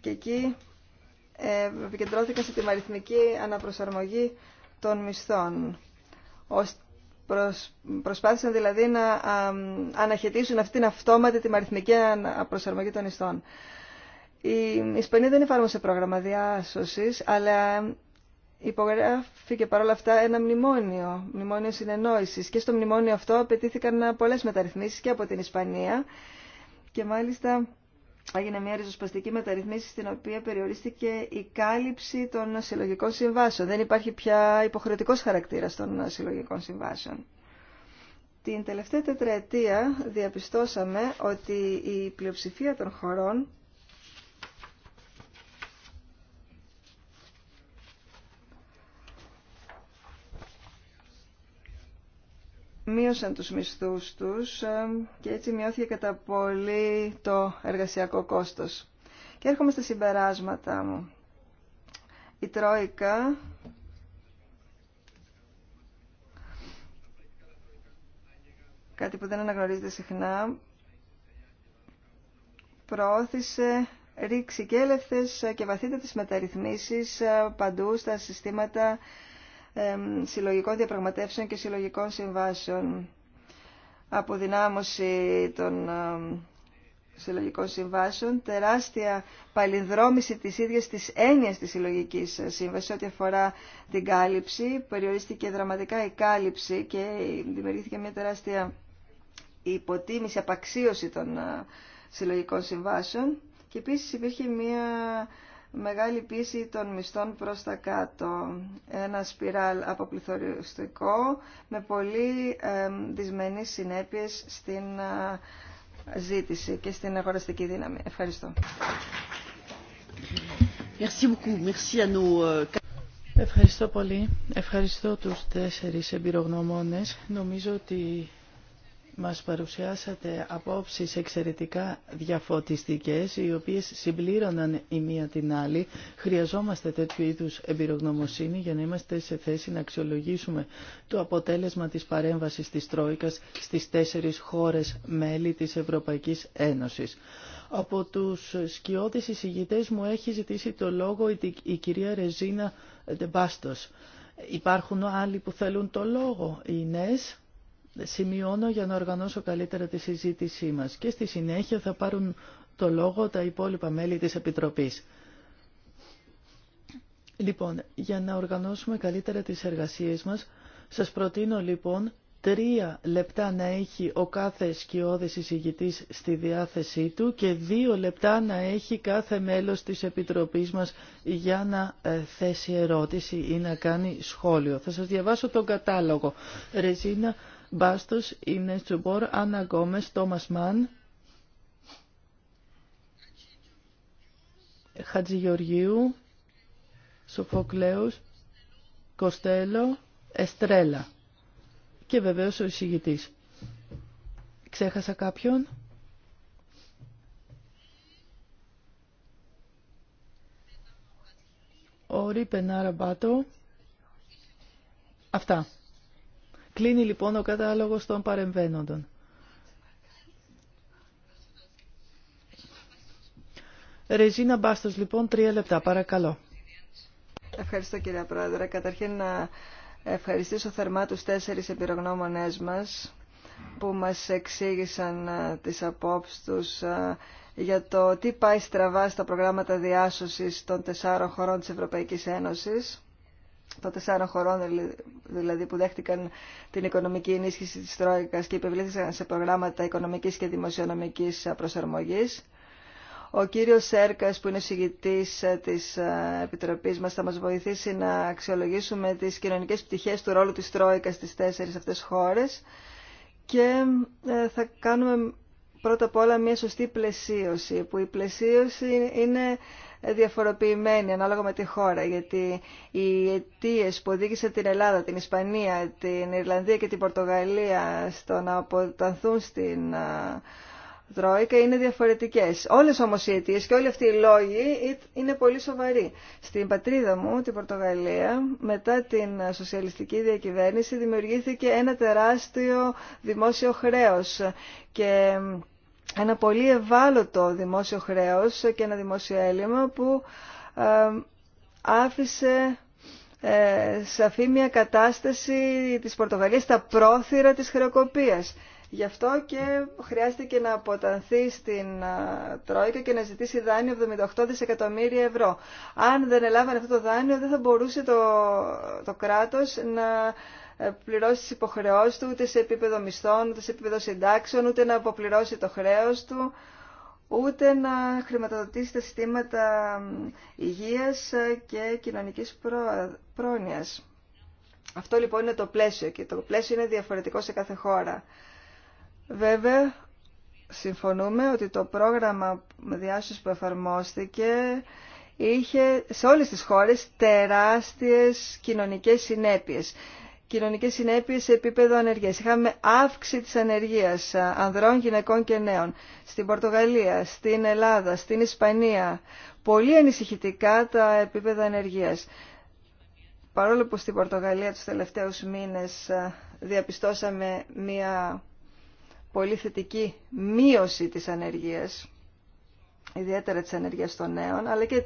και εκεί ε, επικεντρώθηκα σε τη μαριθμική αναπροσαρμογή των μισθών. Προσπάθησαν δηλαδή να αναχαιτήσουν αυτήν την αυτόματη τη μαριθμική αναπροσαρμογή των μισθών. Η Ισπανία δεν εφάρμοσε πρόγραμμα διάσωσης, αλλά υπογράφηκε παρόλα αυτά ένα μνημόνιο, μνημόνιο συνεννόησης και στο μνημόνιο αυτό απαιτήθηκαν πολλές μεταρρυθμίσεις και από την Ισπανία και μάλιστα έγινε μια ριζοσπαστική μεταρρυθμίση στην οποία περιορίστηκε η κάλυψη των συλλογικών συμβάσεων. Δεν υπάρχει πια υποχρεωτικός χαρακτήρας των συλλογικών συμβάσεων. Την τελευταία τετραετία διαπιστώσαμε ότι η πλειοψηφία των χωρών μείωσαν τους μισθούς τους ε, και έτσι μειώθηκε κατά πολύ το εργασιακό κόστος. Και έρχομαι στα συμπεράσματα μου. Η Τρόικα κάτι που δεν αναγνωρίζεται συχνά, προώθησε ρήξη και έλευθες και βαθύτερες μεταρρυθμίσεις ε, παντού στα συστήματα συλλογικών διαπραγματεύσεων και συλλογικών συμβάσεων. Αποδυνάμωση των συλλογικών συμβάσεων, τεράστια παλινδρόμηση της ίδιας της έννοιας της συλλογική σύμβασης ό,τι αφορά την κάλυψη. Περιορίστηκε δραματικά η κάλυψη και δημιουργήθηκε μια τεράστια υποτίμηση, απαξίωση των ε, συλλογικών συμβάσεων. Και επίσης υπήρχε μια μεγάλη πίεση των μισθών προς τα κάτω. Ένα σπιράλ αποπληθωριστικό με πολύ ε, δυσμενείς συνέπειες στην ζήτηση και στην αγοραστική δύναμη. Ευχαριστώ. Ε, Ευχαριστώ πολύ. Ευχαριστώ τους τέσσερις εμπειρογνώμονες. Νομίζω ότι μας παρουσιάσατε απόψεις εξαιρετικά διαφωτιστικές, οι οποίες συμπλήρωναν η μία την άλλη. Χρειαζόμαστε τέτοιου είδους εμπειρογνωμοσύνη για να είμαστε σε θέση να αξιολογήσουμε το αποτέλεσμα της παρέμβασης της Τρόικας στις τέσσερις χώρες μέλη της Ευρωπαϊκής Ένωσης. Από τους σκιώτες εισηγητές μου έχει ζητήσει το λόγο η κυρία Ρεζίνα Ντεμπάστος. Υπάρχουν άλλοι που θέλουν το λόγο. οι νέες σημειώνω για να οργανώσω καλύτερα τη συζήτησή μας και στη συνέχεια θα πάρουν το λόγο τα υπόλοιπα μέλη της Επιτροπής. Λοιπόν, για να οργανώσουμε καλύτερα τις εργασίες μας, σας προτείνω λοιπόν τρία λεπτά να έχει ο κάθε σκιώδης εισηγητής στη διάθεσή του και δύο λεπτά να έχει κάθε μέλος της Επιτροπής μας για να ε, θέσει ερώτηση ή να κάνει σχόλιο. Θα σας διαβάσω τον κατάλογο. Ρεζίνα Μπάστος, είναι Τσουμπόρ, Άννα Γκόμες, Τόμας Μαν, Χατζηγεωργίου, Σοφοκλέους, Κοστέλο, Εστρέλα και βεβαίως ο εισηγητής. Ξέχασα κάποιον. όρι Πενάρα, Μπάτο. Αυτά. Κλείνει λοιπόν ο κατάλογος των παρεμβαίνοντων. Ρεζίνα Μπάστος, λοιπόν, τρία λεπτά, παρακαλώ. Ευχαριστώ κύριε Πρόεδρε. Καταρχήν να ευχαριστήσω θερμά τους τέσσερις εμπειρογνώμονές μας που μας εξήγησαν ε, τις απόψεις τους ε, για το τι πάει στραβά στα προγράμματα διάσωσης των τεσσάρων χωρών της Ευρωπαϊκής Ένωσης των τεσσάρων χωρών δηλαδή που δέχτηκαν την οικονομική ενίσχυση της Τρόικας και υπευλήθησαν σε προγράμματα οικονομικής και δημοσιονομικής προσαρμογής. Ο κύριος Σέρκας που είναι συγητής ε, της ε, Επιτροπής μας θα μας βοηθήσει να αξιολογήσουμε τις κοινωνικές πτυχές του ρόλου της Τρόικας στις τέσσερις αυτές χώρες και ε, θα κάνουμε πρώτα απ' όλα μια σωστή πλαισίωση, που η πλαισίωση είναι διαφοροποιημένη ανάλογα με τη χώρα, γιατί οι αιτίε που οδήγησαν την Ελλάδα, την Ισπανία, την Ιρλανδία και την Πορτογαλία στο να αποτανθούν στην Τρόικα είναι διαφορετικέ. Όλε όμω οι αιτίε και όλοι αυτοί οι λόγοι είναι πολύ σοβαροί. Στην πατρίδα μου, την Πορτογαλία, μετά την σοσιαλιστική διακυβέρνηση δημιουργήθηκε ένα τεράστιο δημόσιο χρέο ένα πολύ ευάλωτο δημόσιο χρέος και ένα δημόσιο έλλειμμα που ε, άφησε ε, σαφή μια κατάσταση της Πορτογαλίας στα πρόθυρα της χρεοκοπίας. Γι' αυτό και χρειάστηκε να αποτανθεί στην ε, Τρόικα και να ζητήσει δάνειο 78 δισεκατομμύρια ευρώ. Αν δεν ελάβανε αυτό το δάνειο δεν θα μπορούσε το, το κράτος να πληρώσει τι υποχρεώσει του ούτε σε επίπεδο μισθών, ούτε σε επίπεδο συντάξεων, ούτε να αποπληρώσει το χρέος του, ούτε να χρηματοδοτήσει τα συστήματα υγείας και κοινωνικής πρόνοιας. Αυτό λοιπόν είναι το πλαίσιο και το πλαίσιο είναι διαφορετικό σε κάθε χώρα. Βέβαια, συμφωνούμε ότι το πρόγραμμα διάσωσης που εφαρμόστηκε είχε σε όλες τις χώρες τεράστιες κοινωνικές συνέπειες κοινωνικές συνέπειες σε επίπεδο ανεργίας. Είχαμε αύξηση της ανεργίας ανδρών, γυναικών και νέων στην Πορτογαλία, στην Ελλάδα, στην Ισπανία. Πολύ ανησυχητικά τα επίπεδα ανεργίας. Παρόλο που στην Πορτογαλία τους τελευταίους μήνες διαπιστώσαμε μια πολύ θετική μείωση της ανεργίας, ιδιαίτερα της ανεργίας των νέων, αλλά και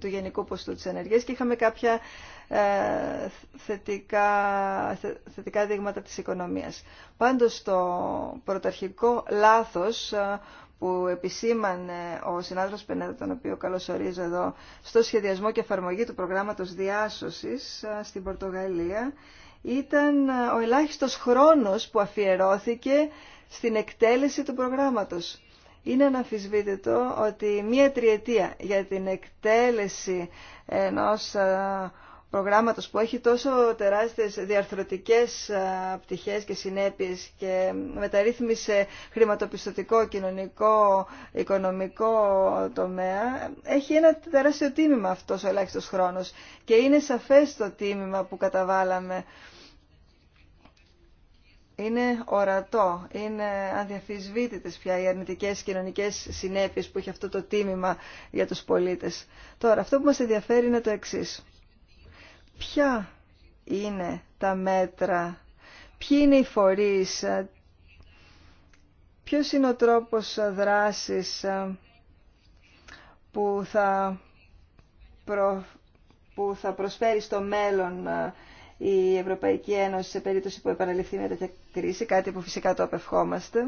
του γενικού ποστού της ενέργειας και είχαμε κάποια ε, θετικά, θετικά δείγματα της οικονομίας. Πάντως το πρωταρχικό λάθος ε, που επισήμανε ο συνάδελφος Πενέδα, τον οποίο καλωσορίζω εδώ, στο σχεδιασμό και εφαρμογή του προγράμματος διάσωσης ε, στην Πορτογαλία, ήταν ο ελάχιστος χρόνος που αφιερώθηκε στην εκτέλεση του προγράμματος. Είναι αναφισβήτητο ότι μία τριετία για την εκτέλεση ενός προγράμματος που έχει τόσο τεράστιες διαρθρωτικές ε, πτυχές και συνέπειες και μεταρρύθμισε χρηματοπιστωτικό, κοινωνικό, οικονομικό τομέα, έχει ένα τεράστιο τίμημα αυτός ο ελάχιστος χρόνος και είναι σαφές το τίμημα που καταβάλαμε. Είναι ορατό, είναι αδιαφυσβήτητες πια οι αρνητικές κοινωνικές συνέπειες που έχει αυτό το τίμημα για τους πολίτες. Τώρα, αυτό που μας ενδιαφέρει είναι το εξής ποια είναι τα μέτρα, ποιοι είναι οι φορείς, ποιος είναι ο τρόπος δράσης ε, που θα, που θα προσφέρει στο μέλλον ε, η Ευρωπαϊκή Ένωση σε περίπτωση που επαναληφθεί μια τέτοια κρίση, κάτι που φυσικά το απευχόμαστε.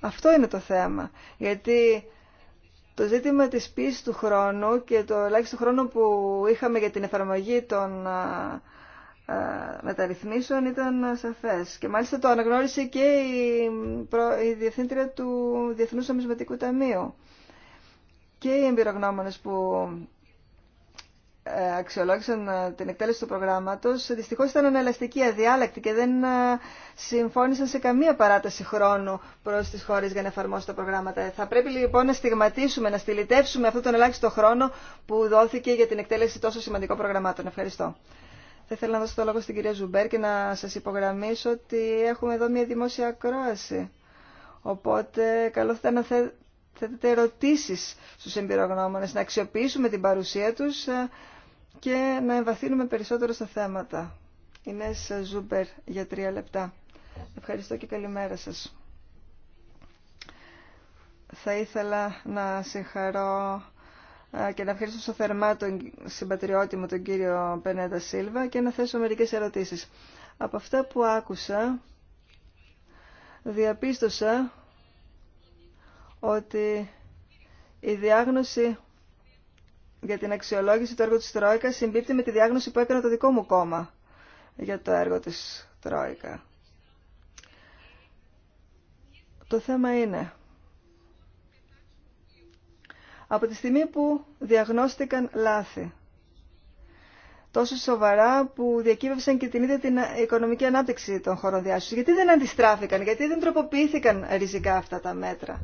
Αυτό είναι το θέμα, γιατί το ζήτημα της πίσης του χρόνου και το ελάχιστο χρόνο που είχαμε για την εφαρμογή των μεταρρυθμίσεων ήταν σαφές. Και μάλιστα το αναγνώρισε και η, Διευθύντρια του Διεθνούς Ομισματικού Ταμείου. Και οι εμπειρογνώμονες που ε, αξιολόγησαν ε, την εκτέλεση του προγράμματος δυστυχώς ήταν ανελαστική, αδιάλακτη και δεν ε, συμφώνησαν σε καμία παράταση χρόνου προς τις χώρες για να εφαρμόσουν τα προγράμματα. Θα πρέπει λοιπόν να στιγματίσουμε, να στυλιτεύσουμε αυτόν τον ελάχιστο χρόνο που δόθηκε για την εκτέλεση τόσο σημαντικών προγραμμάτων. Ευχαριστώ. Θα ήθελα να δώσω το λόγο στην κυρία Ζουμπέρ και να σας υπογραμμίσω ότι έχουμε εδώ μια δημόσια ακρόαση. Οπότε καλό θα ήταν να θέτετε ερωτήσεις στους εμπειρογνώμονες, να αξιοποιήσουμε την παρουσία τους και να εμβαθύνουμε περισσότερο στα θέματα. Είναι σε Ζούμπερ για τρία λεπτά. Ευχαριστώ και καλημέρα σας. Θα ήθελα να συγχαρώ και να στο θερμά τον συμπατριώτη μου, τον κύριο Πενέτα Σίλβα και να θέσω μερικές ερωτήσεις. Από αυτά που άκουσα, διαπίστωσα ότι η διάγνωση για την αξιολόγηση του έργου της Τρόικα συμπίπτει με τη διάγνωση που έκανε το δικό μου κόμμα για το έργο της Τρόικα. Το θέμα είναι, από τη στιγμή που διαγνώστηκαν λάθη, τόσο σοβαρά που διακύβευσαν και την ίδια την οικονομική ανάπτυξη των χωρών διάσωσης. Γιατί δεν αντιστράφηκαν, γιατί δεν τροποποιήθηκαν ριζικά αυτά τα μέτρα.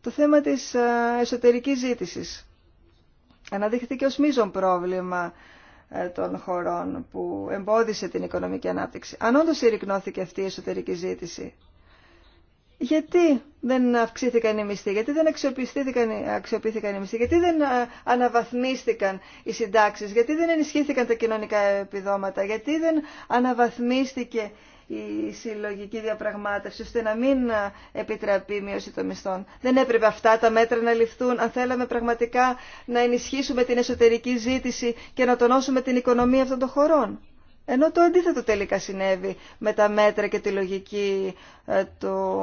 Το θέμα της ε, εσωτερικής ζήτησης αναδειχθήκε ως μείζον πρόβλημα ε, των χωρών που εμπόδισε την οικονομική ανάπτυξη. Αν όντως συρρυκνώθηκε αυτή η εσωτερική ζήτηση, γιατί δεν αυξήθηκαν οι μισθοί, γιατί δεν αξιοποιήθηκαν οι μισθοί, γιατί δεν ε, αναβαθμίστηκαν οι συντάξεις, γιατί δεν ενισχύθηκαν τα κοινωνικά επιδόματα, γιατί δεν αναβαθμίστηκε η συλλογική διαπραγμάτευση, ώστε να μην επιτραπεί η μείωση των μισθών. Δεν έπρεπε αυτά τα μέτρα να ληφθούν αν θέλαμε πραγματικά να ενισχύσουμε την εσωτερική ζήτηση και να τονώσουμε την οικονομία αυτών των χωρών. Ενώ το αντίθετο τελικά συνέβη με τα μέτρα και τη λογική ε, του,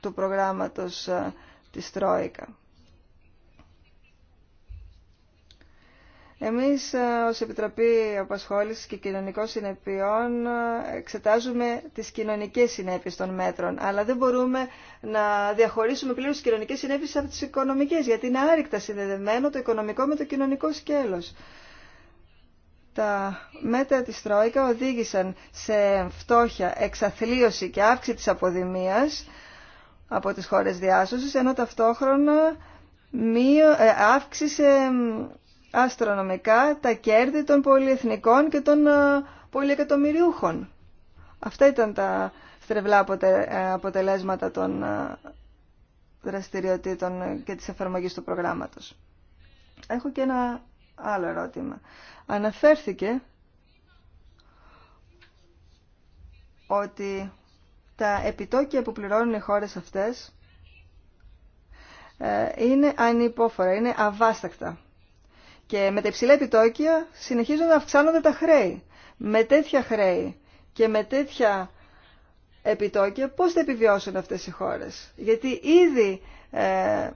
του προγράμματος ε, της Τρόικα. Εμείς ε, ως Επιτροπή Απασχόλησης και Κοινωνικών Συνεπειών ε, εξετάζουμε τις κοινωνικές συνέπειες των μέτρων, αλλά δεν μπορούμε να διαχωρίσουμε πλήρως τις κοινωνικές συνέπειες από τις οικονομικές, γιατί είναι άρρηκτα συνδεδεμένο το οικονομικό με το κοινωνικό σκέλος. Τα μέτρα της Τρόικα οδήγησαν σε φτώχεια, εξαθλίωση και αύξηση της αποδημίας από τις χώρες διάσωσης, ενώ ταυτόχρονα ε, αύξησε αστρονομικά τα κέρδη των πολυεθνικών και των ε, πολυεκατομμυριούχων. Αυτά ήταν τα στρεβλά ε, αποτελέσματα των ε, δραστηριοτήτων και της εφαρμογής του προγράμματος. Έχω και ένα άλλο ερώτημα. Αναφέρθηκε ότι τα επιτόκια που πληρώνουν οι χώρες αυτές είναι ανυπόφορα, είναι αβάστακτα. Και με τα υψηλά επιτόκια συνεχίζουν να αυξάνονται τα χρέη. Με τέτοια χρέη και με τέτοια επιτόκια πώς θα επιβιώσουν αυτές οι χώρες. Γιατί ήδη ε,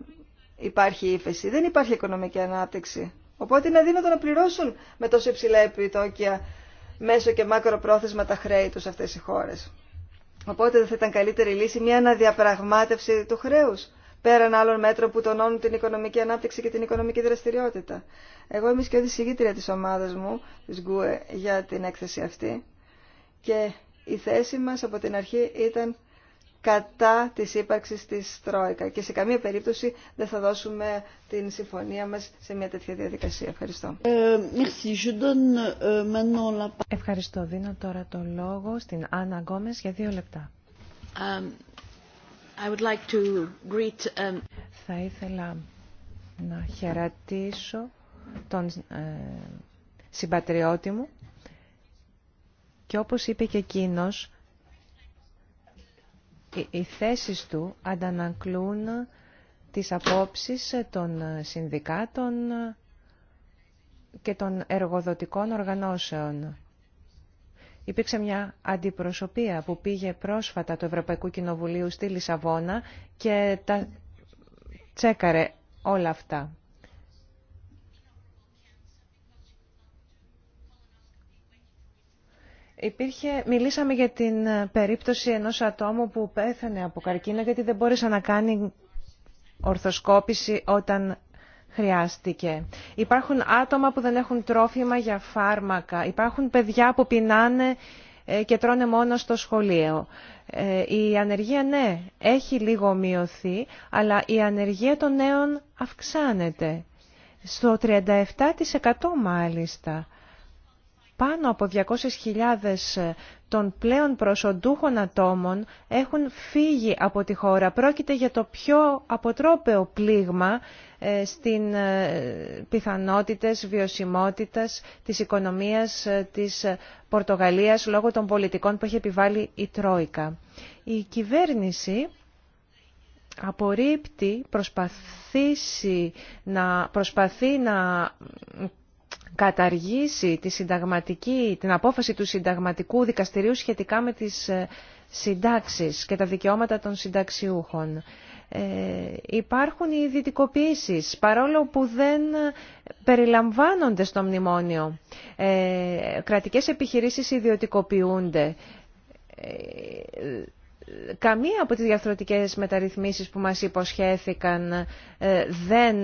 υπάρχει ύφεση, δεν υπάρχει οικονομική ανάπτυξη. Οπότε είναι αδύνατο να πληρώσουν με τόσο υψηλά επιτόκια μέσω και πρόθεσμα τα χρέη τους αυτές οι χώρες. Οπότε δεν θα ήταν καλύτερη λύση μια αναδιαπραγμάτευση του χρέους πέραν άλλων μέτρων που τονώνουν την οικονομική ανάπτυξη και την οικονομική δραστηριότητα. Εγώ είμαι και οδησηγήτρια της ομάδας μου, της ΓΚΟΕ, για την έκθεση αυτή και η θέση μας από την αρχή ήταν κατά της ύπαρξης της Τρόικα και σε καμία περίπτωση δεν θα δώσουμε την συμφωνία μας σε μια τέτοια διαδικασία. Ευχαριστώ. Ε, ε, Ευχαριστώ. Δίνω τώρα το λόγο στην Άννα Γκόμες για δύο λεπτά. Um, Um, Θα ήθελα να χαιρετήσω τον ε, συμπατριώτη μου και όπως είπε και εκείνος, οι, οι θέσεις του αντανακλούν τις απόψεις των συνδικάτων και των εργοδοτικών οργανώσεων. Υπήρξε μια αντιπροσωπεία που πήγε πρόσφατα του Ευρωπαϊκού Κοινοβουλίου στη Λισαβόνα και τα τσέκαρε όλα αυτά. Υπήρχε, μιλήσαμε για την περίπτωση ενός ατόμου που πέθανε από καρκίνο γιατί δεν μπόρεσε να κάνει ορθοσκόπηση όταν χρειάστηκε. Υπάρχουν άτομα που δεν έχουν τρόφιμα για φάρμακα. Υπάρχουν παιδιά που πεινάνε ε, και τρώνε μόνο στο σχολείο. Ε, η ανεργία, ναι, έχει λίγο μειωθεί, αλλά η ανεργία των νέων αυξάνεται. Στο 37% μάλιστα πάνω από 200.000 ε, των πλέον προσοντούχων ατόμων έχουν φύγει από τη χώρα. Πρόκειται για το πιο αποτρόπαιο πλήγμα ε, στην ε, πιθανότητες βιωσιμότητας της οικονομίας της Πορτογαλίας λόγω των πολιτικών που έχει επιβάλει η Τρόικα. Η κυβέρνηση απορρίπτει, προσπαθήσει να, προσπαθεί να καταργήσει τη συνταγματική, την απόφαση του συνταγματικού δικαστηρίου σχετικά με τις ε, συντάξεις και τα δικαιώματα των συνταξιούχων. Ε, υπάρχουν οι δυτικοποίησεις, παρόλο που δεν ε, περιλαμβάνονται στο μνημόνιο. κρατικές επιχειρήσεις ιδιωτικοποιούνται. καμία από τις διαρθρωτικές μεταρρυθμίσεις που μας υποσχέθηκαν δεν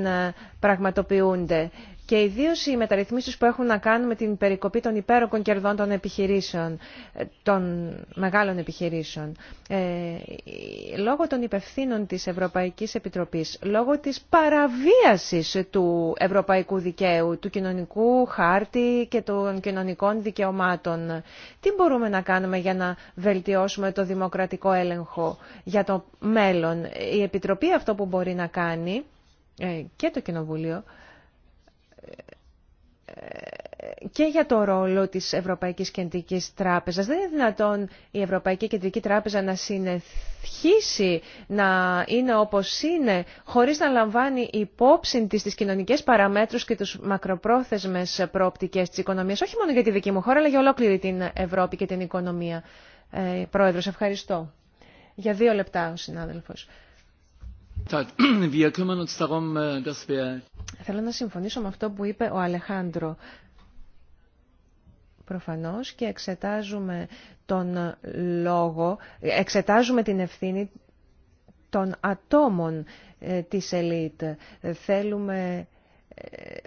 πραγματοποιούνται και ιδίω οι μεταρρυθμίσει που έχουν να κάνουν με την περικοπή των υπέροχων κερδών των επιχειρήσεων, ε, των μεγάλων επιχειρήσεων. Ε, λόγω των υπευθύνων της Ευρωπαϊκής Επιτροπής, λόγω της παραβίασης του ευρωπαϊκού δικαίου, του κοινωνικού χάρτη και των κοινωνικών δικαιωμάτων, τι μπορούμε να κάνουμε για να βελτιώσουμε το δημοκρατικό έλεγχο για το μέλλον. Η Επιτροπή αυτό που μπορεί να κάνει ε, και το Κοινοβούλιο και για το ρόλο της Ευρωπαϊκής Κεντρικής Τράπεζας. Δεν είναι δυνατόν η Ευρωπαϊκή Κεντρική Τράπεζα να συνεχίσει να είναι όπως είναι, χωρίς να λαμβάνει υπόψη της τις κοινωνικές παραμέτρους και τους μακροπρόθεσμες προοπτικές της οικονομίας, όχι μόνο για τη δική μου χώρα, αλλά για ολόκληρη την Ευρώπη και την οικονομία. Ε, πρόεδρος, ευχαριστώ. Για δύο λεπτά ο συνάδελφος. <clears throat> Äh, Θέλω να συμφωνήσω με αυτό που είπε ο Αλεχάνδρο. Προφανώς και εξετάζουμε τον λόγο, εξετάζουμε την ευθύνη των ατόμων ε, της ελίτ. Ε, θέλουμε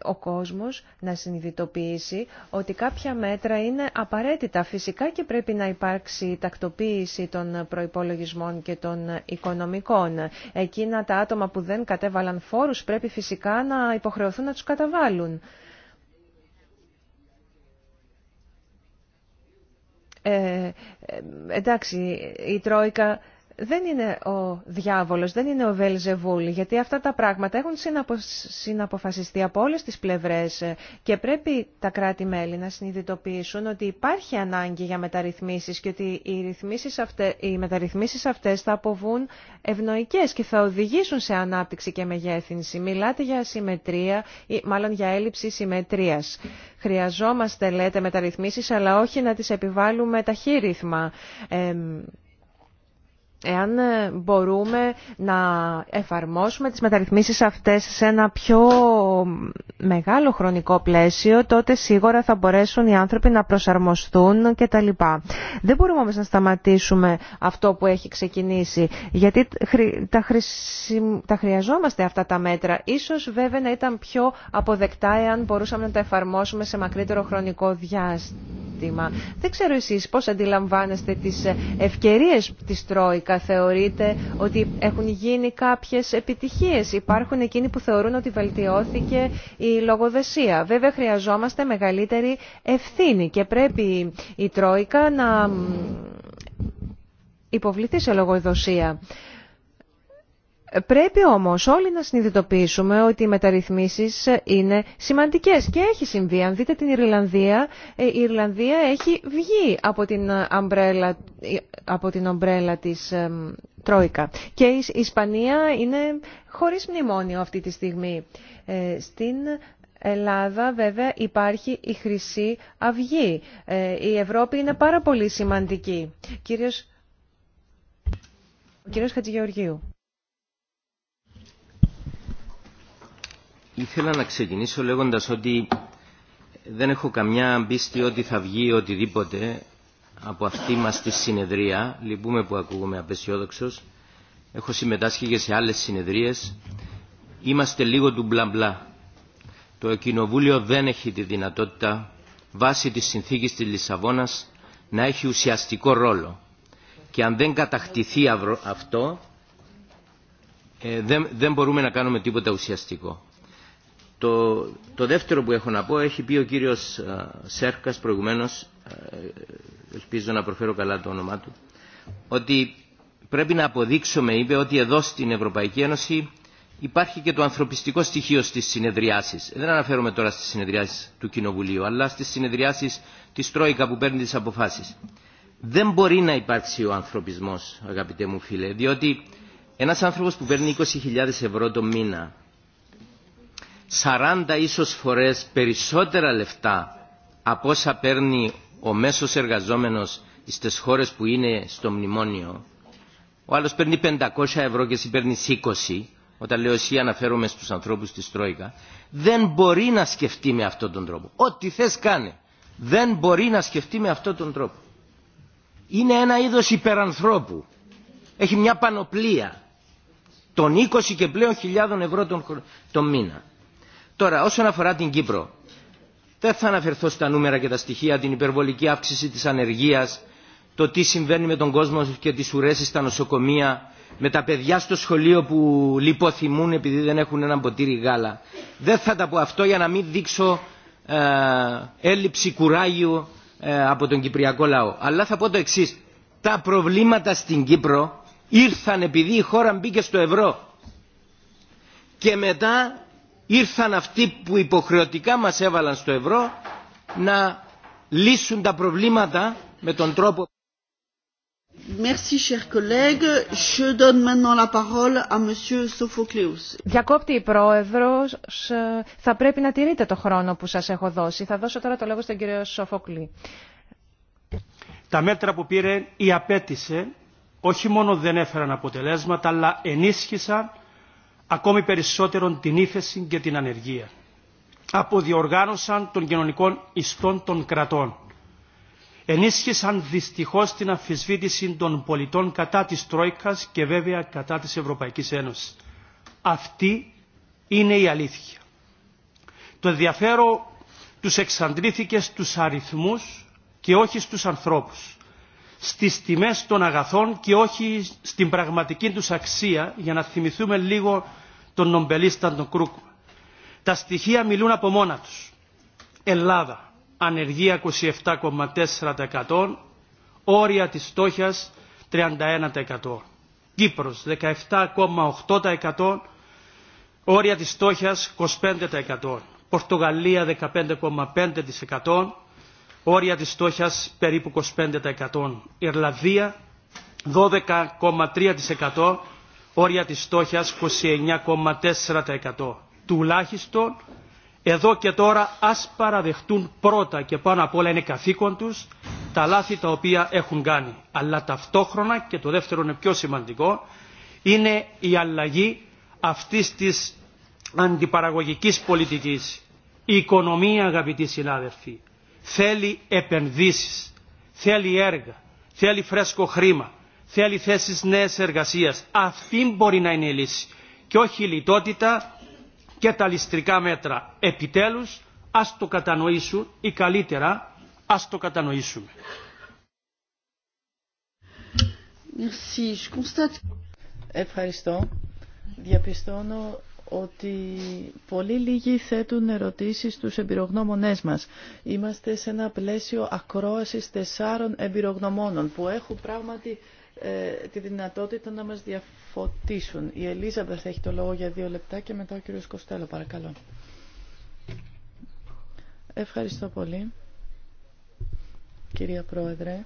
ο κόσμος να συνειδητοποιήσει ότι κάποια μέτρα είναι απαραίτητα. Φυσικά και πρέπει να υπάρξει τακτοποίηση των προϋπολογισμών και των οικονομικών. Εκείνα τα άτομα που δεν κατέβαλαν φόρους πρέπει φυσικά να υποχρεωθούν να τους καταβάλουν. Ε, ε εντάξει, η Τρόικα δεν είναι ο διάβολος, δεν είναι ο Βελζεβούλ, γιατί αυτά τα πράγματα έχουν συναποφασιστεί από όλες τις πλευρές ε, και πρέπει τα κράτη-μέλη να συνειδητοποιήσουν ότι υπάρχει ανάγκη για μεταρρυθμίσεις και ότι οι, ρυθμίσεις αυτέ οι μεταρρυθμίσεις αυτές θα αποβούν ευνοϊκές και θα οδηγήσουν σε ανάπτυξη και μεγέθυνση. Μιλάτε για συμμετρία ή μάλλον για έλλειψη συμμετρίας. Χρειαζόμαστε, λέτε, μεταρρυθμίσεις, αλλά όχι να τις επιβάλλουμε ταχύρυθμα. Ε, εάν ε, μπορούμε να εφαρμόσουμε τις μεταρρυθμίσεις αυτές σε ένα πιο μεγάλο χρονικό πλαίσιο, τότε σίγουρα θα μπορέσουν οι άνθρωποι να προσαρμοστούν κτλ. Δεν μπορούμε όμως να σταματήσουμε αυτό που έχει ξεκινήσει, γιατί τα, χρειαζόμαστε αυτά τα μέτρα. Ίσως βέβαια να ήταν πιο αποδεκτά εάν μπορούσαμε να τα εφαρμόσουμε σε μακρύτερο χρονικό διάστημα. Δεν ξέρω εσείς πώς αντιλαμβάνεστε τις ε, ευκαιρίες της Τρόικα ότι έχουν γίνει κάποιες επιτυχίες. Υπάρχουν εκείνοι που θεωρούν ότι βελτιώθηκε η λογοδεσία. Βέβαια χρειαζόμαστε μεγαλύτερη ευθύνη και πρέπει η Τρόικα να υποβληθεί σε λογοδοσία. Πρέπει όμως όλοι να συνειδητοποιήσουμε ότι οι μεταρρυθμίσεις είναι σημαντικές και έχει συμβεί. Αν δείτε την Ιρλανδία, ε, η Ιρλανδία έχει βγει από την ομπρέλα, ε, ε, από την της Τρόικα. Και η Ισπανία είναι χωρίς μνημόνιο αυτή τη στιγμή. Στην Ελλάδα βέβαια υπάρχει η Χρυσή Αυγή. Η Ευρώπη είναι πάρα πολύ σημαντική. Κύριος, ο κύριος Χατζηγεωργίου. Ήθελα να ξεκινήσω λέγοντας ότι δεν έχω καμιά πίστη ότι θα βγει οτιδήποτε από αυτή μας τη συνεδρία. Λυπούμε που ακούγουμε απεσιόδοξος. Έχω συμμετάσχει και σε άλλες συνεδρίες. Είμαστε λίγο του μπλα μπλα. Το Κοινοβούλιο δεν έχει τη δυνατότητα βάσει της συνθήκης της Λισαβόνας να έχει ουσιαστικό ρόλο. Και αν δεν κατακτηθεί αυτό, ε, δεν μπορούμε να κάνουμε τίποτα ουσιαστικό. Το, το δεύτερο που έχω να πω έχει πει ο κύριος ε, Σέρκας προηγουμένως, ε, ελπίζω να προφέρω καλά το όνομά του, ότι πρέπει να αποδείξουμε, είπε, ότι εδώ στην Ευρωπαϊκή Ένωση υπάρχει και το ανθρωπιστικό στοιχείο στις συνεδριάσεις. Δεν αναφέρομαι τώρα στις συνεδριάσεις του Κοινοβουλίου, αλλά στις συνεδριάσεις της Τρόικα που παίρνει τις αποφάσεις. Δεν μπορεί να υπάρξει ο ανθρωπισμός, αγαπητέ μου φίλε, διότι ένας άνθρωπος που παίρνει 20.000 ευρώ το μήνα 40 ίσως φορές περισσότερα λεφτά από όσα παίρνει ο μέσος εργαζόμενος στις χώρες που είναι στο μνημόνιο. Ο άλλος παίρνει 500 ευρώ και εσύ παίρνει 20, όταν λέω εσύ αναφέρομαι στους ανθρώπους της Τρόικα, δεν μπορεί να σκεφτεί με αυτόν τον τρόπο. Ό,τι θες κάνει. Δεν μπορεί να σκεφτεί με αυτόν τον τρόπο. Είναι ένα είδος υπερανθρώπου. Έχει μια πανοπλία των 20 και πλέον χιλιάδων ευρώ τον, τον μήνα. Τώρα, όσον αφορά την Κύπρο, δεν θα αναφερθώ στα νούμερα και τα στοιχεία, την υπερβολική αύξηση της ανεργίας, το τι συμβαίνει με τον κόσμο και τις ουρέσεις στα νοσοκομεία, με τα παιδιά στο σχολείο που λιποθυμούν επειδή δεν έχουν ένα ποτήρι γάλα. Δεν θα τα πω αυτό για να μην δείξω ε, έλλειψη κουράγιου ε, από τον κυπριακό λαό. Αλλά θα πω το εξή. Τα προβλήματα στην Κύπρο ήρθαν επειδή η χώρα μπήκε στο ευρώ. Και μετά ήρθαν αυτοί που υποχρεωτικά μας έβαλαν στο ευρώ να λύσουν τα προβλήματα με τον τρόπο Merci, cher collègue. Je donne maintenant la parole à Monsieur Sophocleus. Διακόπτη η πρόεδρος. Ε, θα πρέπει να τηρείτε το χρόνο που σας έχω δώσει. Θα δώσω τώρα το λόγο στον κύριο Σοφοκλή. Τα μέτρα που πήρε ή απέτησε όχι μόνο δεν έφεραν αποτελέσματα, αλλά ενίσχυσαν ακόμη περισσότερον την ύφεση και την ανεργία. Αποδιοργάνωσαν των κοινωνικών ιστών των κρατών. Ενίσχυσαν δυστυχώς την αφισβήτηση των πολιτών κατά της Τρόικας και βέβαια κατά της Ευρωπαϊκής Ένωσης. Αυτή είναι η αλήθεια. Το ενδιαφέρον τους εξαντλήθηκε στους αριθμούς και όχι στους ανθρώπους στις τιμές των αγαθών και όχι στην πραγματική τους αξία για να θυμηθούμε λίγο τον νομπελίστα τον Κρούκο. Τα στοιχεία μιλούν από μόνα τους. Ελλάδα, ανεργία 27,4%, όρια της στόχιας 31%. Κύπρος 17,8%, όρια της στόχιας 25%. Πορτογαλία 15,5%, όρια της στόχιας περίπου 25%. Ιρλανδία 12,3%, όρια της στόχιας 29,4%. Τουλάχιστον εδώ και τώρα ας παραδεχτούν πρώτα και πάνω απ' όλα είναι καθήκον τους τα λάθη τα οποία έχουν κάνει. Αλλά ταυτόχρονα και το δεύτερο είναι πιο σημαντικό είναι η αλλαγή αυτής της αντιπαραγωγικής πολιτικής. Η οικονομία αγαπητοί συνάδελφοι θέλει επενδύσεις, θέλει έργα, θέλει φρέσκο χρήμα θέλει θέσεις νέες εργασίας. Αυτή μπορεί να είναι η λύση. Και όχι η λιτότητα και τα ληστρικά μέτρα. Επιτέλους, ας το κατανοήσουν ή καλύτερα, ας το κατανοήσουμε. Ευχαριστώ. Διαπιστώνω ότι πολύ λίγοι θέτουν ερωτήσεις στους εμπειρογνώμονές μας. Είμαστε σε ένα πλαίσιο ακρόασης τεσσάρων εμπειρογνωμόνων που έχουν πράγματι ε, τη δυνατότητα να μας διαφωτίσουν. Η Ελίζα θα έχει το λόγο για δύο λεπτά και μετά ο κύριος Κοστέλο, παρακαλώ. Ευχαριστώ πολύ, κυρία Πρόεδρε.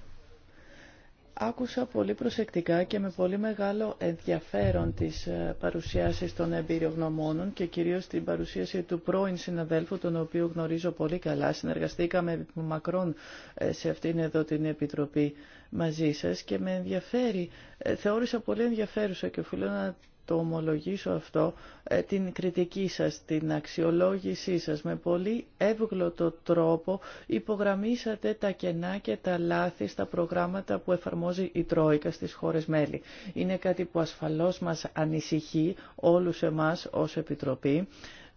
Άκουσα πολύ προσεκτικά και με πολύ μεγάλο ενδιαφέρον τις ε, παρουσιάσεις των εμπειρογνωμόνων και κυρίως την παρουσίαση του πρώην συναδέλφου, τον οποίο γνωρίζω πολύ καλά. Συνεργαστήκαμε μακρόν ε, σε αυτήν εδώ την Επιτροπή μαζί σας και με ενδιαφέρει, ε, θεώρησα πολύ ενδιαφέρουσα και οφείλω να το ομολογήσω αυτό, ε, την κριτική σας, την αξιολόγησή σας. Με πολύ εύγλωτο τρόπο υπογραμμίσατε τα κενά και τα λάθη στα προγράμματα που εφαρμόζει η Τρόικα στις χώρες μέλη. Είναι κάτι που ασφαλώς μας ανησυχεί όλους εμάς ως Επιτροπή.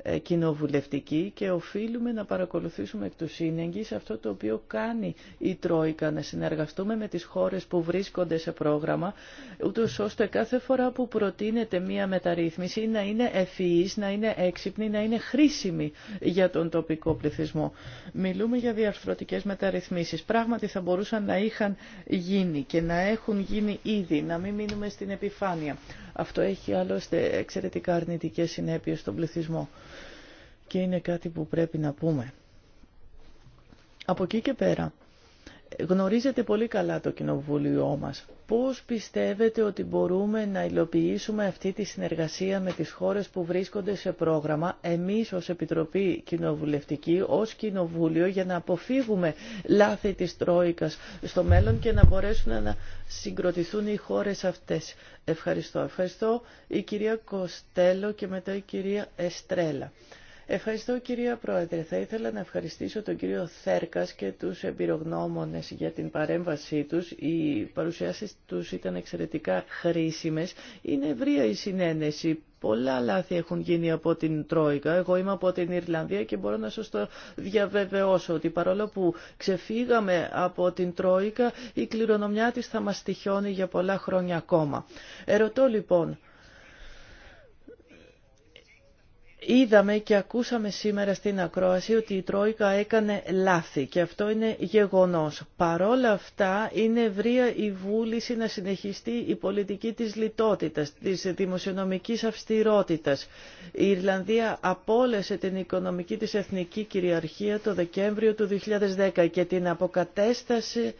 Ε, κοινοβουλευτική και οφείλουμε να παρακολουθήσουμε εκ του σύνεγγυς αυτό το οποίο κάνει η Τρόικα, να συνεργαστούμε με τις χώρες που βρίσκονται σε πρόγραμμα, ούτως ώστε κάθε φορά που προτείνεται μία μεταρρύθμιση να είναι ευφυής, να είναι έξυπνη, να είναι χρήσιμη για τον τοπικό πληθυσμό. Μιλούμε για διαρθρωτικές μεταρρυθμίσεις. Πράγματι θα μπορούσαν να είχαν γίνει και να έχουν γίνει ήδη, να μην μείνουμε στην επιφάνεια. Αυτό έχει άλλωστε εξαιρετικά αρνητικές συνέπειες στον πληθυσμό και είναι κάτι που πρέπει να πούμε. Από εκεί και πέρα, γνωρίζετε πολύ καλά το κοινοβούλιο μας. Πώς πιστεύετε ότι μπορούμε να υλοποιήσουμε αυτή τη συνεργασία με τις χώρες που βρίσκονται σε πρόγραμμα, εμείς ως Επιτροπή Κοινοβουλευτική, ως Κοινοβούλιο, για να αποφύγουμε λάθη της Τρόικας στο μέλλον και να μπορέσουν να συγκροτηθούν οι χώρες αυτές. Ευχαριστώ. Ευχαριστώ η κυρία Κοστέλο και μετά η κυρία Εστρέλα. Ευχαριστώ κυρία Πρόεδρε. Θα ήθελα να ευχαριστήσω τον κύριο Θέρκας και τους εμπειρογνώμονες για την παρέμβασή τους. Οι παρουσιάσεις τους ήταν εξαιρετικά χρήσιμες. Είναι ευρία η συνένεση. Πολλά λάθη έχουν γίνει από την Τρόικα. Εγώ είμαι από την Ιρλανδία και μπορώ να σας το διαβεβαιώσω ότι παρόλο που ξεφύγαμε από την Τρόικα, η κληρονομιά της θα μας τυχιώνει για πολλά χρόνια ακόμα. Ερωτώ λοιπόν, Είδαμε και ακούσαμε σήμερα στην ακρόαση ότι η Τρόικα έκανε λάθη και αυτό είναι γεγονός. Παρόλα αυτά είναι ευρεία η βούληση να συνεχιστεί η πολιτική της λιτότητας, της δημοσιονομικής αυστηρότητας. Η Ιρλανδία απόλεσε την οικονομική της εθνική κυριαρχία το Δεκέμβριο του 2010 και την αποκατέστασε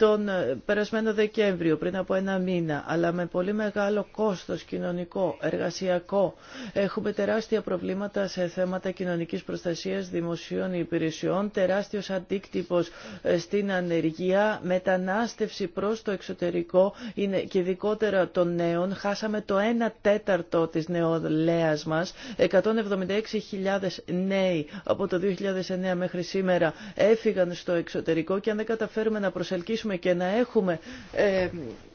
τον ε, περασμένο Δεκέμβριο, πριν από ένα μήνα, αλλά με πολύ μεγάλο κόστος κοινωνικό, εργασιακό. Έχουμε τεράστια προβλήματα σε θέματα κοινωνικής προστασίας, δημοσίων υπηρεσιών, τεράστιος αντίκτυπος ε, στην ανεργία, μετανάστευση προς το εξωτερικό είναι και ειδικότερα των νέων. Χάσαμε το 1 τέταρτο της νεολαίας μας. 176.000 νέοι από το 2009 μέχρι σήμερα έφυγαν στο εξωτερικό και αν δεν καταφέρουμε να προσελκύσουμε και να έχουμε ε,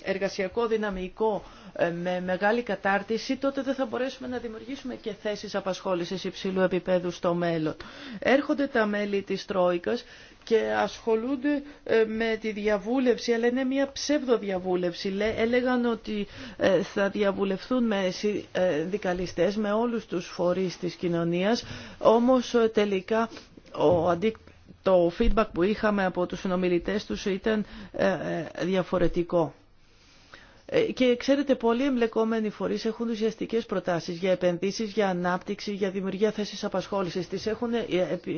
εργασιακό δυναμικό ε, με μεγάλη κατάρτιση, τότε δεν θα μπορέσουμε να δημιουργήσουμε και θέσεις απασχόλησης υψηλού επίπεδου στο μέλλον. Έρχονται τα μέλη της Τρόικας και ασχολούνται ε, με τη διαβούλευση, αλλά είναι μια ψεύδοδιαβούλευση. διαβούλευση. Έλεγαν ότι θα διαβουλευθούν με δικαλιστές, με όλους τους φορείς της κοινωνίας, όμως τελικά ο αντίκτυπος το feedback που είχαμε από τους συνομιλητές τους ήταν ε, ε, διαφορετικό. Ε, και ξέρετε, πολλοί εμπλεκόμενοι φορείς έχουν ουσιαστικέ προτάσεις για επενδύσεις, για ανάπτυξη, για δημιουργία θέσης απασχόλησης. Τις έχουν ε,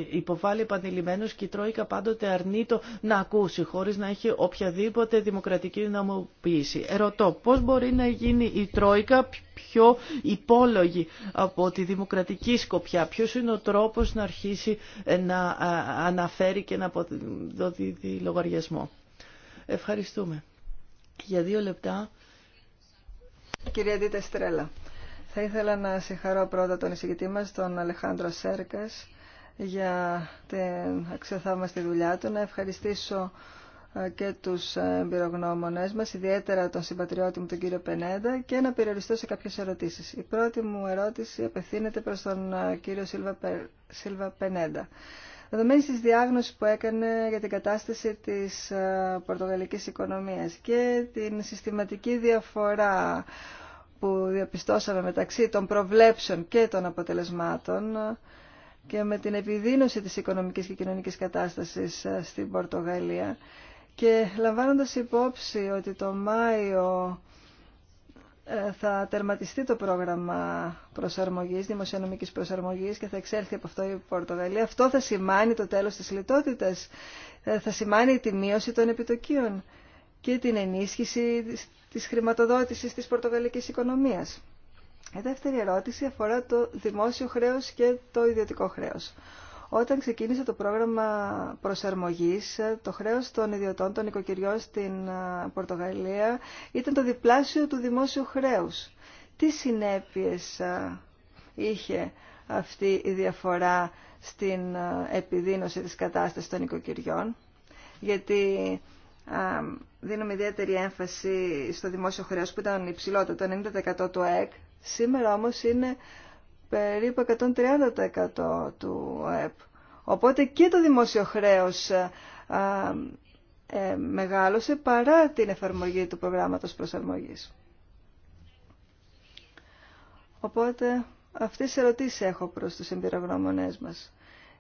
υποβάλει επανειλημμένως και η Τρόικα πάντοτε το να ακούσει, χωρίς να έχει οποιαδήποτε δημοκρατική νομοποίηση. Ερωτώ, πώς μπορεί να γίνει η Τρόικα πιο υπόλογη από τη δημοκρατική σκοπιά. Ποιος είναι ο τρόπος να αρχίσει ε, να αναφέρει και να αποδοθεί λογαριασμό. Ευχαριστούμε. Για δύο λεπτά Κυρία Δίτα Στρέλα, θα ήθελα να συγχαρώ πρώτα τον εισηγητή μας, τον Αλεχάνδρο Σέρκας, για την αξιοθαύμαστη δουλειά του. Να ευχαριστήσω ε, και τους ε, εμπειρογνώμονές μας, ιδιαίτερα τον συμπατριώτη μου τον κύριο Πενέντα και να περιοριστώ σε κάποιες ερωτήσεις. Η πρώτη μου ερώτηση απευθύνεται προς τον ε, κύριο Σίλβα Πενέντα δεδομένη της διάγνωση που έκανε για την κατάσταση της ε, πορτογαλικής οικονομίας και την συστηματική διαφορά που διαπιστώσαμε μεταξύ των προβλέψεων και των αποτελεσμάτων ε, και με την επιδείνωση της οικονομικής και κοινωνικής κατάστασης ε, στην Πορτογαλία και λαμβάνοντας υπόψη ότι το Μάιο θα τερματιστεί το πρόγραμμα προσαρμογής, δημοσιονομικής προσαρμογής και θα εξέλθει από αυτό η Πορτογαλία. Αυτό θα σημάνει το τέλος της λιτότητας, ε, θα σημάνει τη μείωση των επιτοκίων και την ενίσχυση της χρηματοδότησης της πορτογαλικής οικονομίας. Η δεύτερη ερώτηση αφορά το δημόσιο χρέος και το ιδιωτικό χρέος. Όταν ξεκίνησε το πρόγραμμα προσαρμογής, το χρέος των ιδιωτών, των οικοκυριών στην ε, Πορτογαλία ήταν το διπλάσιο του δημόσιου χρέους. Τι συνέπειες ε, είχε αυτή η διαφορά στην ε, επιδείνωση της κατάστασης των οικοκυριών, γιατί δίνουμε ιδιαίτερη έμφαση στο δημόσιο χρέος που ήταν υψηλότερο, το 90% του ΕΚ, σήμερα όμως είναι περίπου 130% του ΕΠ. Οπότε και το δημόσιο χρέος ε, ε, μεγάλωσε παρά την εφαρμογή του προγράμματος προσαρμογής. Οπότε αυτές τις ερωτήσεις έχω προς τους εμπειρογνώμονές μας.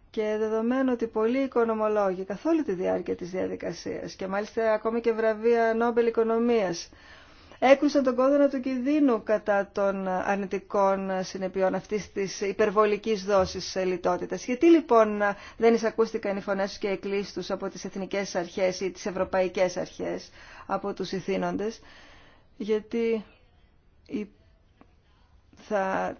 Και δεδομένου ότι πολλοί οικονομολόγοι καθ' όλη τη διάρκεια της διαδικασίας και μάλιστα ακόμη και βραβεία Νόμπελ Οικονομίας έκρουσαν τον κόδωνα του κινδύνου κατά των αρνητικών συνεπειών αυτής της υπερβολικής δόσης λιτότητας. Γιατί λοιπόν δεν εισακούστηκαν οι φωνές και οι τους από τις εθνικές αρχές ή τις ευρωπαϊκές αρχές, από τους ηθήνοντες, γιατί θα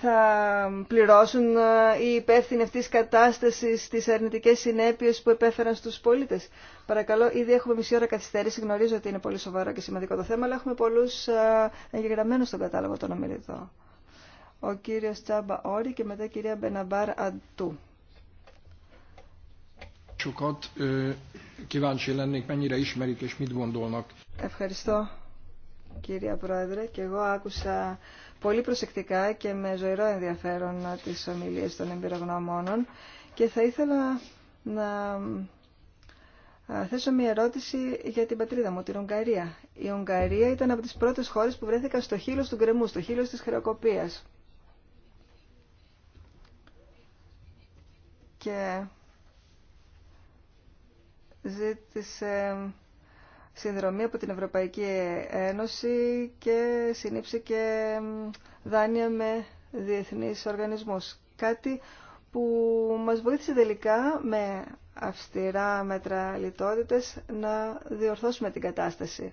θα πληρώσουν ε, οι υπεύθυνοι αυτής της κατάστασης τις αρνητικές συνέπειες που επέφεραν στους πολίτες. Παρακαλώ, ήδη έχουμε μισή ώρα καθυστέρηση, γνωρίζω ότι είναι πολύ σοβαρό και σημαντικό το θέμα, αλλά έχουμε πολλούς ε, εγγεγραμμένους στον κατάλογο των ομιλητών. Ο κύριος Τσάμπα Όρη και μετά η κυρία Μπεναμπάρ Αντού. Ευχαριστώ κύριε Πρόεδρε και εγώ άκουσα πολύ προσεκτικά και με ζωηρό ενδιαφέρον τις ομιλίες των εμπειρογνωμόνων και θα ήθελα να θέσω μια ερώτηση για την πατρίδα μου, την Ουγγαρία. Η Ουγγαρία ήταν από τις πρώτες χώρες που βρέθηκαν στο χείλο του γκρεμού, στο χείλο της χρεοκοπίας. Και ζήτησε συνδρομή από την Ευρωπαϊκή Ένωση και συνήψε και δάνεια με διεθνείς οργανισμούς. Κάτι που μας βοήθησε τελικά με αυστηρά μέτρα λιτότητες να διορθώσουμε την κατάσταση.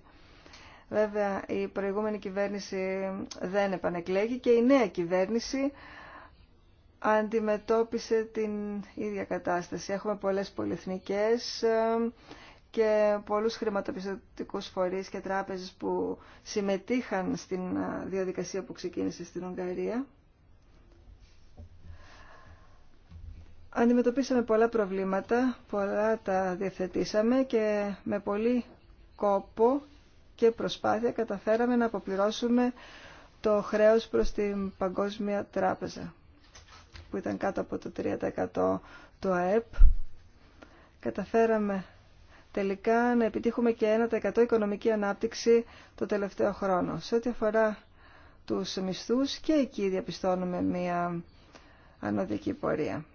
Βέβαια, η προηγούμενη κυβέρνηση δεν επανεκλέγει και η νέα κυβέρνηση αντιμετώπισε την ίδια κατάσταση. Έχουμε πολλές πολυεθνικές και πολλούς χρηματοπιστωτικούς φορείς και τράπεζες που συμμετείχαν στην διαδικασία που ξεκίνησε στην Ουγγαρία. Αντιμετωπίσαμε πολλά προβλήματα, πολλά τα διευθετήσαμε και με πολύ κόπο και προσπάθεια καταφέραμε να αποπληρώσουμε το χρέος προς την Παγκόσμια Τράπεζα που ήταν κάτω από το 3% του ΑΕΠ. Καταφέραμε τελικά να επιτύχουμε και 1% οικονομική ανάπτυξη το τελευταίο χρόνο. Σε ό,τι αφορά τους μισθούς και εκεί διαπιστώνουμε μία ανωδική πορεία.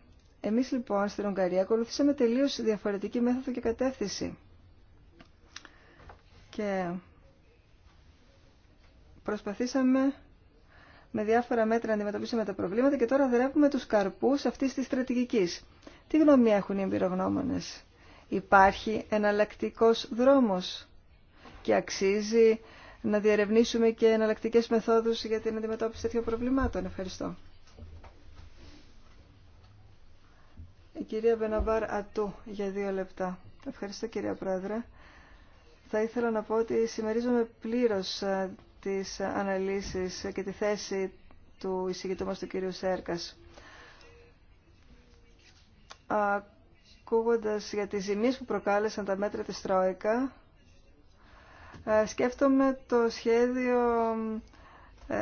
Εμείς λοιπόν στην Ουγγαρία ακολουθήσαμε τελείως διαφορετική μέθοδο και κατεύθυνση. Και προσπαθήσαμε με διάφορα μέτρα να αντιμετωπίσουμε τα προβλήματα και τώρα δρεύουμε τους καρπούς αυτής της στρατηγικής. Τι γνώμη έχουν οι εμπειρογνώμονες. Υπάρχει εναλλακτικός δρόμος και αξίζει να διερευνήσουμε και εναλλακτικές μεθόδους για την αντιμετώπιση τέτοιων προβλημάτων. Ευχαριστώ. Η κυρία Μπεναμπάρ Ατού για δύο λεπτά. Ευχαριστώ κυρία Πρόεδρε. Θα ήθελα να πω ότι συμμερίζομαι πλήρως ε, τις αναλύσεις και τη θέση του εισηγητού μας του κύριου Σέρκας ακούγοντας για τις ζημίες που προκάλεσαν τα μέτρα της Τρόικα, ε, σκέφτομαι το σχέδιο ε,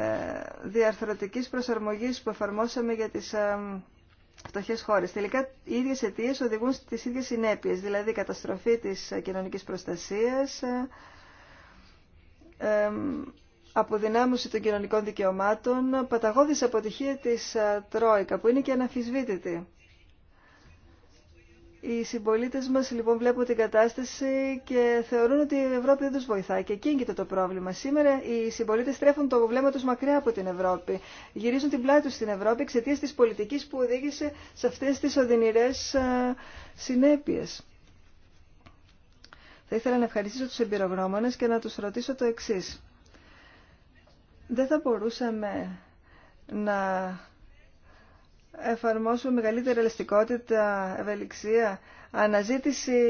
διαρθρωτικής προσαρμογής που εφαρμόσαμε για τις ε, φτωχέ χώρες. Τελικά, οι ίδιε αιτίε οδηγούν στις ίδιες συνέπειες, δηλαδή καταστροφή της κοινωνικής προστασίας, αποδυνάμωση των κοινωνικών δικαιωμάτων, παταγώδης αποτυχία της Τρόικα, που είναι και αναφυσβήτητη. Οι συμπολίτε μας λοιπόν βλέπουν την κατάσταση και θεωρούν ότι η Ευρώπη δεν τους βοηθάει και εκεί το πρόβλημα. Σήμερα οι συμπολίτε στρέφουν το βλέμμα του μακριά από την Ευρώπη. Γυρίζουν την πλάτη τους στην Ευρώπη εξαιτία τη πολιτική που οδήγησε σε αυτές τις οδυνηρές ε, συνέπειες. Θα ήθελα να ευχαριστήσω του εμπειρογνώμονε και να του ρωτήσω το εξή. Δεν θα μπορούσαμε να εφαρμόσουμε μεγαλύτερη ελαστικότητα, ευελιξία. Αναζήτηση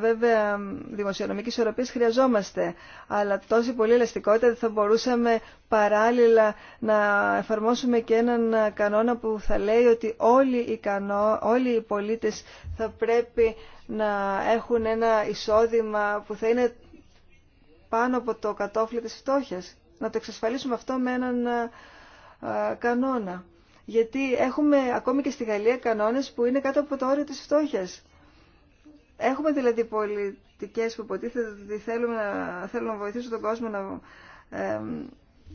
βέβαια δημοσιονομικής ισορροπίας χρειαζόμαστε, αλλά τόση πολύ ελαστικότητα θα μπορούσαμε παράλληλα να εφαρμόσουμε και έναν κανόνα που θα λέει ότι όλοι οι, κανό, όλοι οι πολίτες θα πρέπει να έχουν ένα εισόδημα που θα είναι πάνω από το κατόφλι της φτώχειας. Να το εξασφαλίσουμε αυτό με έναν κανόνα γιατί έχουμε ακόμη και στη Γαλλία κανόνες που είναι κάτω από το όριο της φτώχειας. Έχουμε δηλαδή πολιτικές που υποτίθεται ότι θέλουν να, να βοηθήσουν τον κόσμο να ε,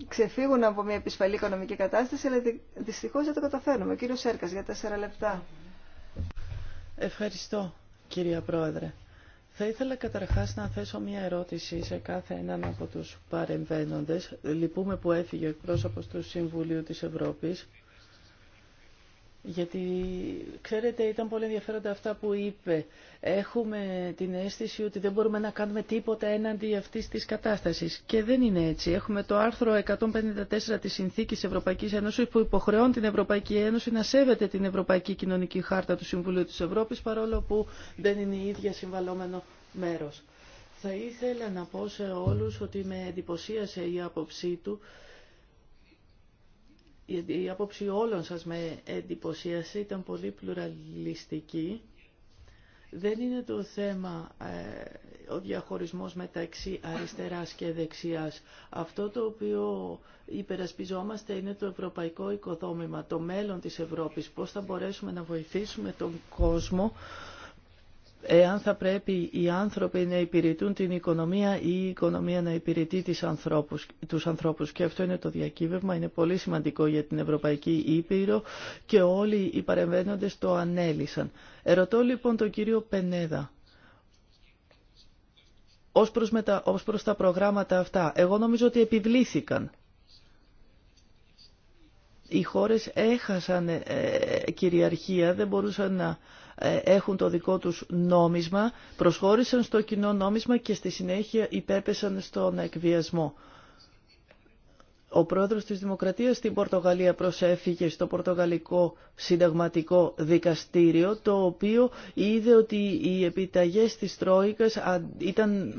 ξεφύγουν από μια επισφαλή οικονομική κατάσταση, αλλά δυστυχώς δεν το καταφέρνουμε. Ο κύριος Σέρκας για τέσσερα λεπτά. Ευχαριστώ κυρία Πρόεδρε. Θα ήθελα καταρχάς να θέσω μια ερώτηση σε κάθε έναν από τους παρεμβαίνοντες. Λυπούμε που έφυγε ο εκπρόσωπος του Συμβουλίου της Ευρώπης. Γιατί, ξέρετε, ήταν πολύ ενδιαφέροντα αυτά που είπε. Έχουμε την αίσθηση ότι δεν μπορούμε να κάνουμε τίποτα έναντι αυτής της κατάστασης. Και δεν είναι έτσι. Έχουμε το άρθρο 154 της Συνθήκης Ευρωπαϊκής Ένωσης που υποχρεώνει την Ευρωπαϊκή Ένωση να σέβεται την Ευρωπαϊκή Κοινωνική Χάρτα του Συμβουλίου τη Ευρώπη, παρόλο που δεν είναι η ίδια συμβαλόμενο μέρο. Θα ήθελα να πω σε όλου ότι με εντυπωσίασε η άποψή του η άποψη όλων σας με εντυπωσίασε, ήταν πολύ πλουραλιστική. Δεν είναι το θέμα ε, ο διαχωρισμός μεταξύ αριστεράς και δεξιάς. Αυτό το οποίο υπερασπιζόμαστε είναι το ευρωπαϊκό οικοδόμημα, το μέλλον της Ευρώπης, πώς θα μπορέσουμε να βοηθήσουμε τον κόσμο εάν θα πρέπει οι άνθρωποι να υπηρετούν την οικονομία ή η οικονομία να υπηρετεί τις ανθρώπους, τους ανθρώπους. Και αυτό είναι το διακύβευμα, είναι πολύ σημαντικό για την Ευρωπαϊκή Ήπειρο και όλοι οι παρεμβαίνοντες το ανέλησαν. Ερωτώ λοιπόν τον κύριο Πενέδα. Ως προς, ως προς τα προγράμματα αυτά, εγώ νομίζω ότι επιβλήθηκαν οι χώρες έχασαν ε, ε κυριαρχία, δεν μπορούσαν να ε, έχουν το δικό τους νόμισμα, προσχώρησαν στο κοινό νόμισμα και στη συνέχεια υπέπεσαν στον εκβιασμό. Ο πρόεδρος της Δημοκρατίας στην Πορτογαλία προσέφηκε στο Πορτογαλικό Συνταγματικό Δικαστήριο, το οποίο είδε ότι οι επιταγές της Τρόικας ήταν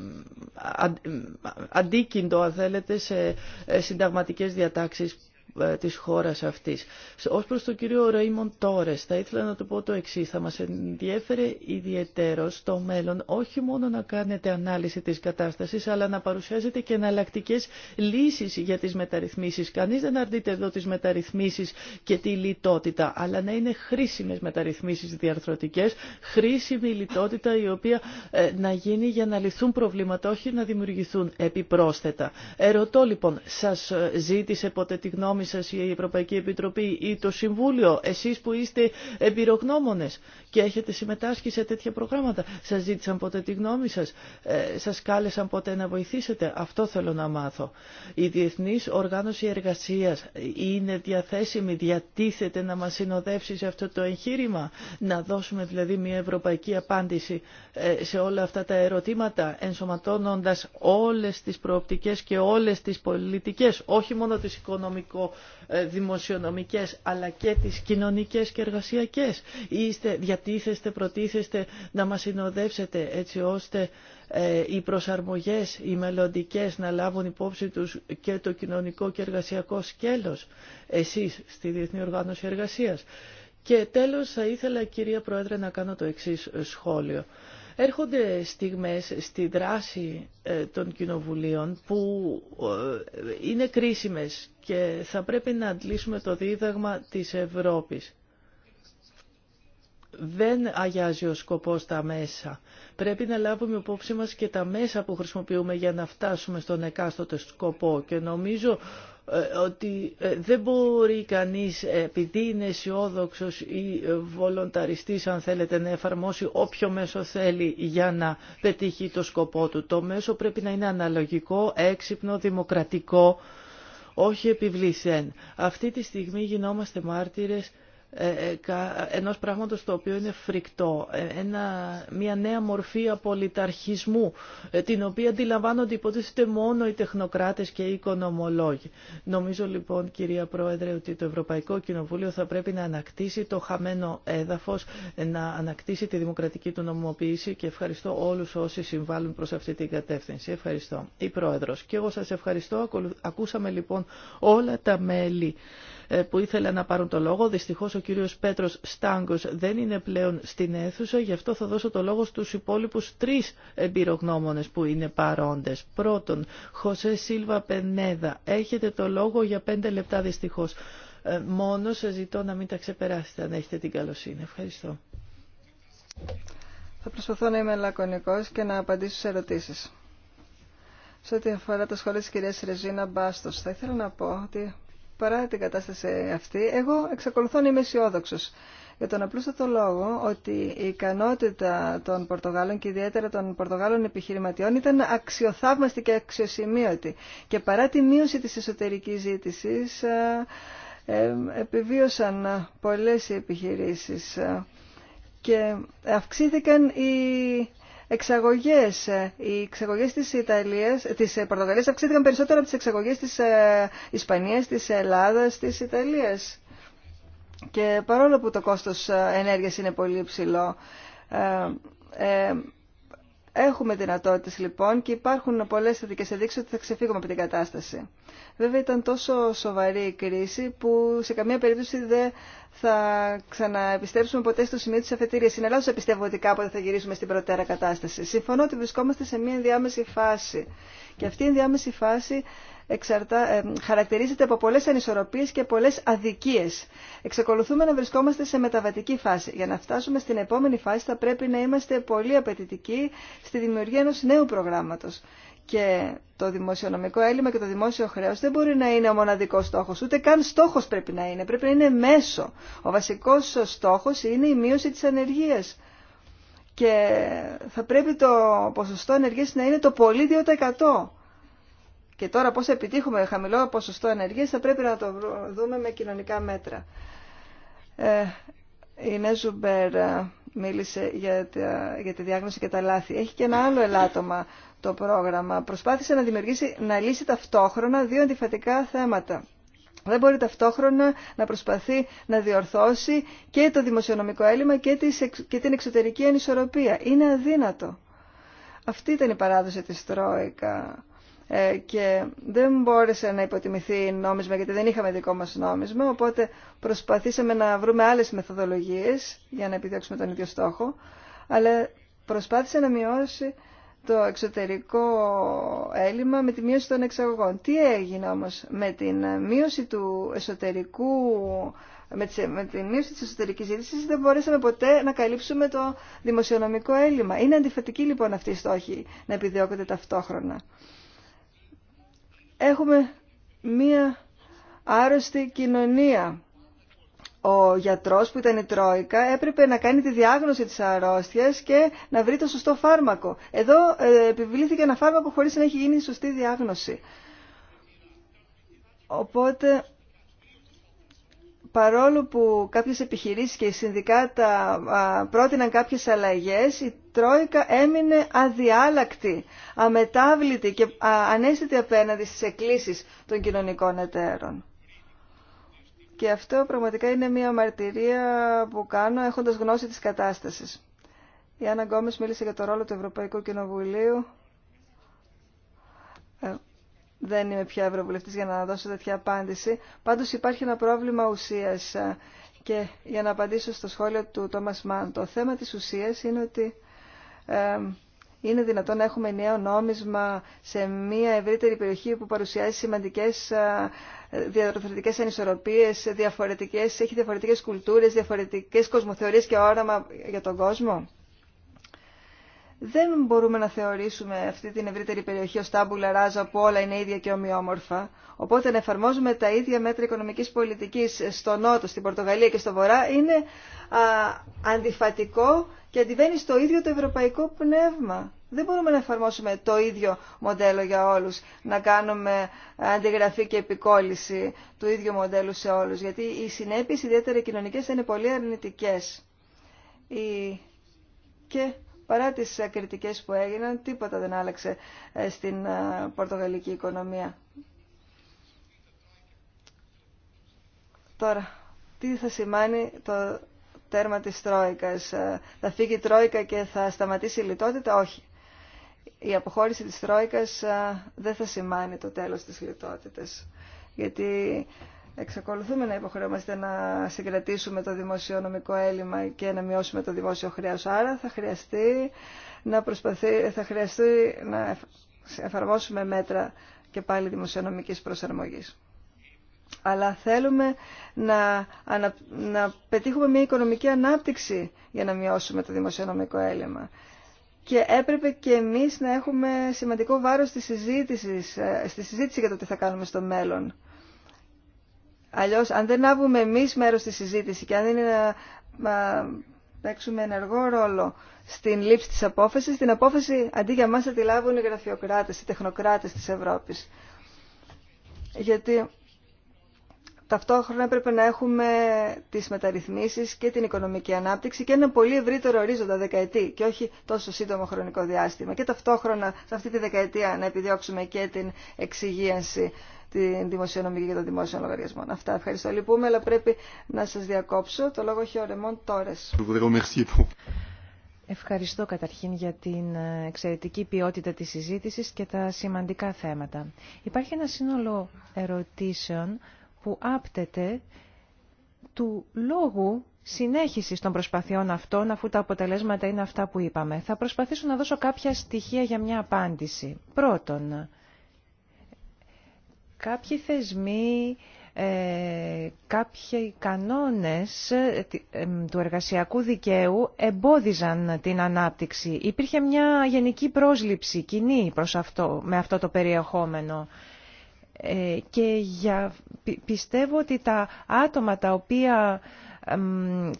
αντίκυντο, αν θέλετε, σε ε, συνταγματικές διατάξεις ε, της χώρας αυτής. Ως προς τον κύριο Ρέιμον Τόρες, θα ήθελα να του πω το εξή. Θα μας ενδιέφερε ιδιαίτερο στο μέλλον όχι μόνο να κάνετε ανάλυση της κατάστασης, αλλά να παρουσιάζετε και εναλλακτικέ λύσεις για τις μεταρρυθμίσεις. Κανείς δεν αρνείται εδώ τις μεταρρυθμίσεις και τη λιτότητα, αλλά να είναι χρήσιμες μεταρρυθμίσεις διαρθρωτικές, χρήσιμη λιτότητα η οποία ε, να γίνει για να λυθούν προβλήματα, όχι να δημιουργηθούν επιπρόσθετα. Ερωτώ λοιπόν, σας ε, ζήτησε ποτέ τη γνώμη σας η Ευρωπαϊκή Επιτροπή ή το Συμβούλιο, εσείς που είστε εμπειρογνώμονες και έχετε συμμετάσχει σε τέτοια προγράμματα. Σας ζήτησαν ποτέ τη γνώμη σας, ε, σας κάλεσαν ποτέ να βοηθήσετε. Αυτό θέλω να μάθω. Η Διεθνής Οργάνωση Εργασίας είναι διαθέσιμη, διατίθεται να μας συνοδεύσει σε αυτό το εγχείρημα, να δώσουμε δηλαδή μια ευρωπαϊκή απάντηση ε, σε όλα αυτά τα ερωτήματα, ενσωματώνοντας όλες τις προοπτικές και όλες τις πολιτικές, όχι μόνο τις οικονομικό ε, δημοσιονομικές αλλά και τις κοινωνικές και εργασιακές. Είστε, διατίθεστε, προτίθεστε να μας συνοδεύσετε έτσι ώστε ε, οι προσαρμογές, οι μελλοντικέ να λάβουν υπόψη τους και το κοινωνικό και εργασιακό σκέλος εσείς στη Διεθνή Οργάνωση Εργασίας. Και τέλος θα ήθελα κυρία Πρόεδρε να κάνω το εξής σχόλιο. Έρχονται στιγμές στη δράση ε, των κοινοβουλίων που ε, είναι κρίσιμες και θα πρέπει να αντλήσουμε το δίδαγμα της Ευρώπης δεν αγιάζει ο σκοπός τα μέσα. Πρέπει να λάβουμε υπόψη μας και τα μέσα που χρησιμοποιούμε για να φτάσουμε στον εκάστοτε σκοπό και νομίζω ε, ότι ε, δεν μπορεί κανείς ε, επειδή είναι αισιόδοξο ή βολονταριστής αν θέλετε να εφαρμόσει όποιο μέσο θέλει για να πετύχει το σκοπό του. Το μέσο πρέπει να είναι αναλογικό, έξυπνο, δημοκρατικό, όχι επιβλησέν. Αυτή τη στιγμή γινόμαστε μάρτυρες ε, ε, ενός πράγματος το οποίο είναι φρικτό, ε, ένα, μια νέα μορφή απολυταρχισμού, την οποία αντιλαμβάνονται υποτίθεται μόνο οι τεχνοκράτες και οι οικονομολόγοι. Νομίζω λοιπόν κυρία Πρόεδρε ότι το Ευρωπαϊκό Κοινοβούλιο θα πρέπει να ανακτήσει το χαμένο έδαφος, να ανακτήσει τη δημοκρατική του νομοποίηση και ευχαριστώ όλους όσοι συμβάλλουν προς αυτή την κατεύθυνση. Ευχαριστώ. Η Πρόεδρος. Και εγώ σας ευχαριστώ. Ακούσαμε λοιπόν όλα τα μέλη ε, που ήθελα να πάρουν το λόγο. Δυστυχώς ο κύριος Πέτρος Στάγκος δεν είναι πλέον στην αίθουσα, γι' αυτό θα δώσω το λόγο στους υπόλοιπους τρεις εμπειρογνώμονες που είναι παρόντες. Πρώτον, Χωσέ Σίλβα Πενέδα. Έχετε το λόγο για πέντε λεπτά δυστυχώς. Ε, Μόνο σας ζητώ να μην τα ξεπεράσετε αν έχετε την καλοσύνη. Ευχαριστώ. Θα προσπαθώ να είμαι λακωνικός και να απαντήσω σε ερωτήσεις. Σε ό,τι αφορά τα σχόλια της κυρίας Ρεζίνα Μπάστος, θα ήθελα να πω ότι παρά την κατάσταση αυτή, εγώ εξακολουθώ να είμαι αισιόδοξο. Για τον απλούστατο λόγο ότι η ικανότητα των Πορτογάλων και ιδιαίτερα των Πορτογάλων επιχειρηματιών ήταν αξιοθαύμαστη και αξιοσημείωτη. Και παρά τη μείωση της εσωτερικής ζήτησης, ε, ε, επιβίωσαν πολλές οι επιχειρήσεις ε, και αυξήθηκαν οι εξαγωγές. Ε, οι εξαγωγές της, Ιταλίας, της ε, Πορτογαλίας αυξήθηκαν περισσότερο από τις εξαγωγές της ε, Ισπανίας, της Ελλάδας, της Ιταλίας. Και παρόλο που το κόστος ενέργειας είναι πολύ υψηλό, Έχουμε δυνατότητε λοιπόν και υπάρχουν πολλέ θετικέ ενδείξει ότι θα ξεφύγουμε από την κατάσταση. Βέβαια ήταν τόσο σοβαρή η κρίση που σε καμία περίπτωση δεν θα ξαναεπιστρέψουμε ποτέ στο σημείο τη αφετηρία. Είναι λάθο πιστεύω ότι κάποτε θα γυρίσουμε στην προτέρα κατάσταση. Συμφωνώ ότι βρισκόμαστε σε μια ενδιάμεση φάση. Και αυτή η ενδιάμεση φάση ε, χαρακτηρίζεται από πολλές ανισορροπίες και πολλές αδικίες. Εξακολουθούμε να βρισκόμαστε σε μεταβατική φάση. Για να φτάσουμε στην επόμενη φάση θα πρέπει να είμαστε πολύ απαιτητικοί στη δημιουργία ενός νέου προγράμματος. Και το δημοσιονομικό έλλειμμα και το δημόσιο χρέο δεν μπορεί να είναι ο μοναδικό στόχο, ούτε καν στόχο πρέπει να είναι. Πρέπει να είναι μέσο. Ο βασικό στόχο είναι η μείωση τη ανεργία. Και θα πρέπει το ποσοστό ανεργία να είναι το πολύ 2%. Και τώρα πώς επιτύχουμε χαμηλό ποσοστό ενεργείας θα πρέπει να το δούμε με κοινωνικά μέτρα. Ε, η Νέζουμπερ ε, μίλησε για, για τη διάγνωση και τα λάθη. Έχει και ένα άλλο ελάττωμα το πρόγραμμα. Προσπάθησε να δημιουργήσει, να λύσει ταυτόχρονα δύο αντιφατικά θέματα. Δεν μπορεί ταυτόχρονα να προσπαθεί να διορθώσει και το δημοσιονομικό έλλειμμα και την εξωτερική ανισορροπία. Είναι αδύνατο. Αυτή ήταν η παράδοση της Τρόικα ε, και δεν μπόρεσε να υποτιμηθεί νόμισμα γιατί δεν είχαμε δικό μας νόμισμα οπότε προσπαθήσαμε να βρούμε άλλες μεθοδολογίες για να επιδιώξουμε τον ίδιο στόχο αλλά προσπάθησε να μειώσει το εξωτερικό έλλειμμα με τη μείωση των εξαγωγών. Τι έγινε όμως με την μείωση του εσωτερικού με τη μείωση της εσωτερικής ζήτησης δεν μπορέσαμε ποτέ να καλύψουμε το δημοσιονομικό έλλειμμα. Είναι αντιφατική λοιπόν αυτή η στόχη να επιδιώκονται ταυτόχρονα έχουμε μία άρρωστη κοινωνία. Ο γιατρός που ήταν η Τρόικα έπρεπε να κάνει τη διάγνωση της αρρώστιας και να βρει το σωστό φάρμακο. Εδώ ε, επιβλήθηκε ένα φάρμακο χωρίς να έχει γίνει η σωστή διάγνωση. Οπότε, παρόλο που κάποιες επιχειρήσεις και οι συνδικάτα πρότειναν κάποιες αλλαγές, Τρόικα έμεινε αδιάλακτη, αμετάβλητη και ανέστητη απέναντι στις εκκλήσεις των κοινωνικών εταίρων. Και αυτό πραγματικά είναι μια μαρτυρία που κάνω έχοντας γνώση της κατάστασης. Η Άννα Γκόμες μίλησε για το ρόλο του Ευρωπαϊκού Κοινοβουλίου. Ε, δεν είμαι πια ευρωβουλευτής για να δώσω τέτοια απάντηση. Πάντως υπάρχει ένα πρόβλημα ουσίας. Ε, και για να απαντήσω στο σχόλιο του Τόμας Μάν, το θέμα της ουσίας είναι ότι είναι δυνατόν να έχουμε νέο νόμισμα σε μια ευρύτερη περιοχή που παρουσιάζει σημαντικές ε, διαδροθετικές ανισορροπίες, έχει διαφορετικές κουλτούρες, διαφορετικές κοσμοθεωρίες και όραμα για τον κόσμο. Δεν μπορούμε να θεωρήσουμε αυτή την ευρύτερη περιοχή ως τάμπουλα ράζα που όλα είναι ίδια και ομοιόμορφα. Οπότε να εφαρμόζουμε τα ίδια μέτρα οικονομικής πολιτικής στο Νότο, στην Πορτογαλία και στο Βορρά είναι α, αντιφατικό και αντιβαίνει στο ίδιο το ευρωπαϊκό πνεύμα. Δεν μπορούμε να εφαρμόσουμε το ίδιο μοντέλο για όλους, να κάνουμε αντιγραφή και επικόλυση του ίδιου μοντέλου σε όλους, γιατί οι συνέπειες, ιδιαίτερα οι κοινωνικές, είναι πολύ αρνητικές. Και παρά τις κριτικές που έγιναν, τίποτα δεν άλλαξε ε, στην ε, πορτογαλική οικονομία. Τώρα, τι θα σημάνει το τέρμα της Τρόικας. Ε, θα φύγει η Τρόικα και θα σταματήσει η λιτότητα. Όχι. Η αποχώρηση της Τρόικας ε, δεν θα σημάνει το τέλος της λιτότητας. Γιατί εξακολουθούμε να υποχρεώμαστε να συγκρατήσουμε το δημοσιονομικό έλλειμμα και να μειώσουμε το δημόσιο χρέος. Άρα θα χρειαστεί να, προσπαθεί, θα χρειαστεί να εφαρμόσουμε μέτρα και πάλι δημοσιονομικής προσαρμογής αλλά θέλουμε να, να πετύχουμε μια οικονομική ανάπτυξη για να μειώσουμε το δημοσιονομικό έλλειμμα. Και έπρεπε και εμείς να έχουμε σημαντικό βάρος στη συζήτηση, ε, στη συζήτηση για το τι θα κάνουμε στο μέλλον. Αλλιώς, αν δεν άβουμε εμείς μέρος στη συζήτηση και αν δεν είναι να παίξουμε ενεργό ρόλο στην λήψη της απόφασης, την απόφαση αντί για μας θα τη λάβουν οι γραφειοκράτες, οι τεχνοκράτες της Ευρώπης. Γιατί ταυτόχρονα έπρεπε να έχουμε τις μεταρρυθμίσεις και την οικονομική ανάπτυξη και ένα πολύ ευρύτερο ορίζοντα δεκαετή και όχι τόσο σύντομο χρονικό διάστημα. Και ταυτόχρονα σε αυτή τη δεκαετία να επιδιώξουμε και την εξυγίανση την δημοσιονομική και των δημόσιων λογαριασμών. Αυτά ευχαριστώ. Λυπούμε, αλλά πρέπει να σας διακόψω. Το λόγο έχει ο Ρεμόν Τόρε. Ευχαριστώ καταρχήν για την ε, εξαιρετική ποιότητα της συζήτησης και τα σημαντικά θέματα. Υπάρχει ένα σύνολο ερωτήσεων που άπτεται του λόγου συνέχισης των προσπαθειών αυτών, αφού τα αποτελέσματα είναι αυτά που είπαμε. Θα προσπαθήσω να δώσω κάποια στοιχεία για μια απάντηση. Πρώτον, κάποιοι θεσμοί, ε, κάποιοι κανόνες ε, ε, του εργασιακού δικαίου εμπόδιζαν την ανάπτυξη. Υπήρχε μια γενική πρόσληψη κοινή προς αυτό, με αυτό το περιεχόμενο. Ε, και για, πιστεύω ότι τα άτομα τα οποία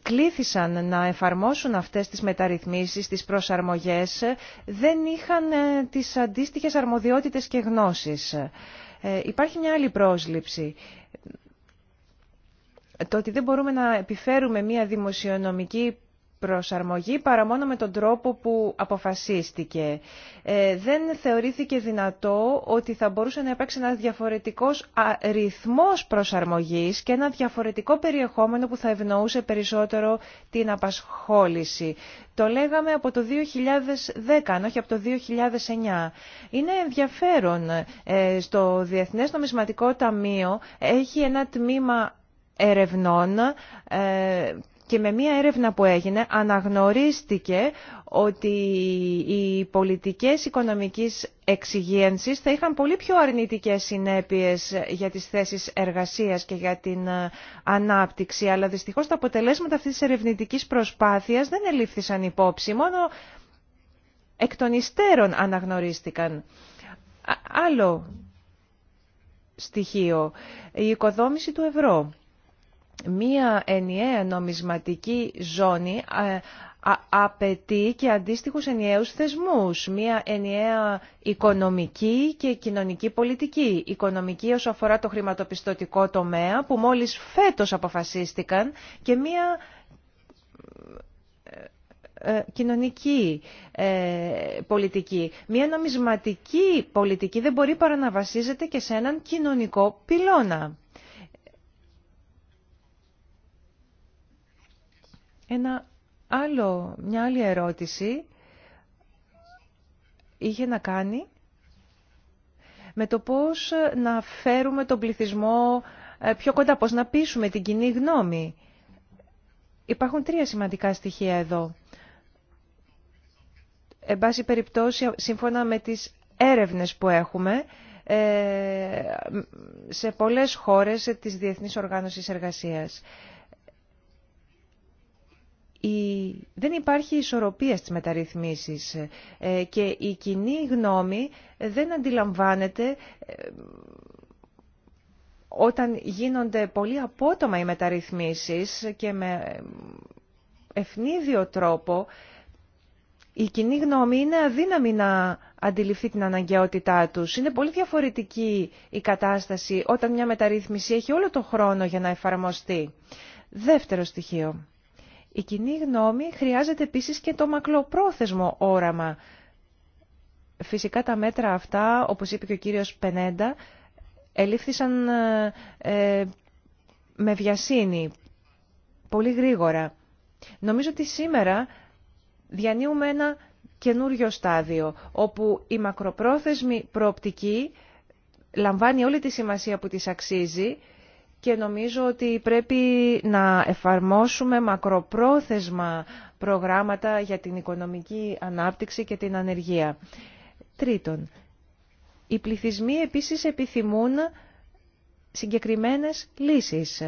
κλήθησαν να εφαρμόσουν αυτές τις μεταρρυθμίσεις, τις προσαρμογές, δεν είχαν ε, τις αντίστοιχες αρμοδιότητες και γνώσεις. Ε, υπάρχει μια άλλη πρόσληψη. Το ότι δεν μπορούμε να επιφέρουμε μια δημοσιονομική προσαρμογή παρά μόνο με τον τρόπο που αποφασίστηκε. Ε, δεν θεωρήθηκε δυνατό ότι θα μπορούσε να υπάρξει ένας διαφορετικός ρυθμός προσαρμογής και ένα διαφορετικό περιεχόμενο που θα ευνοούσε περισσότερο την απασχόληση. Το λέγαμε από το 2010, όχι από το 2009. Είναι ενδιαφέρον. Ε, στο Διεθνές Νομισματικό Ταμείο έχει ένα τμήμα ερευνών ε, και με μία έρευνα που έγινε αναγνωρίστηκε ότι οι πολιτικές οικονομικής εξυγίανσης θα είχαν πολύ πιο αρνητικές συνέπειες για τις θέσεις εργασίας και για την ε, ανάπτυξη, αλλά δυστυχώς τα αποτελέσματα αυτής της ερευνητικής προσπάθειας δεν ελήφθησαν υπόψη, μόνο εκ των υστέρων αναγνωρίστηκαν. Άλλο στοιχείο, η οικοδόμηση του ευρώ μία ενιαία νομισματική ζώνη ε, απαιτεί και αντίστοιχους ενιαίους θεσμούς, μια ενιαία οικονομική και κοινωνική πολιτική. Οικονομική όσο αφορά το χρηματοπιστωτικό τομέα που μόλις φέτος αποφασίστηκαν και μια ε, ε, κοινωνική πολιτική. Μια νομισματική πολιτική δεν μπορεί παρά να βασίζεται και σε έναν κοινωνικό πυλώνα. Ένα άλλο, μια άλλη ερώτηση είχε να κάνει με το πώς να φέρουμε τον πληθυσμό ε, πιο κοντά, πώς να πείσουμε την κοινή γνώμη. Υπάρχουν τρία σημαντικά στοιχεία εδώ. Εν πάση περιπτώσει, σύμφωνα με τις έρευνες που έχουμε, ε, σε πολλές χώρες της Διεθνής Οργάνωσης Εργασίας η... δεν υπάρχει ισορροπία στις μεταρρυθμίσεις ε, και η κοινή γνώμη δεν αντιλαμβάνεται ε, όταν γίνονται πολύ απότομα οι μεταρρυθμίσεις και με ε, ευνίδιο τρόπο η κοινή γνώμη είναι αδύναμη να αντιληφθεί την αναγκαιότητά τους. Είναι πολύ διαφορετική η κατάσταση όταν μια μεταρρύθμιση έχει όλο το χρόνο για να εφαρμοστεί. Δεύτερο στοιχείο. Η κοινή γνώμη χρειάζεται επίσης και το μακροπρόθεσμο όραμα. Φυσικά τα μέτρα αυτά, όπως είπε και ο κύριος Πενέντα, ελήφθησαν ε, ε, με βιασύνη, πολύ γρήγορα. Νομίζω ότι σήμερα διανύουμε ένα καινούριο στάδιο, όπου η μακροπρόθεσμη προοπτική λαμβάνει όλη τη σημασία που της αξίζει και νομίζω ότι πρέπει να εφαρμόσουμε μακροπρόθεσμα προγράμματα για την οικονομική ανάπτυξη και την ανεργία. Τρίτον, οι πληθυσμοί επίσης επιθυμούν συγκεκριμένες λύσεις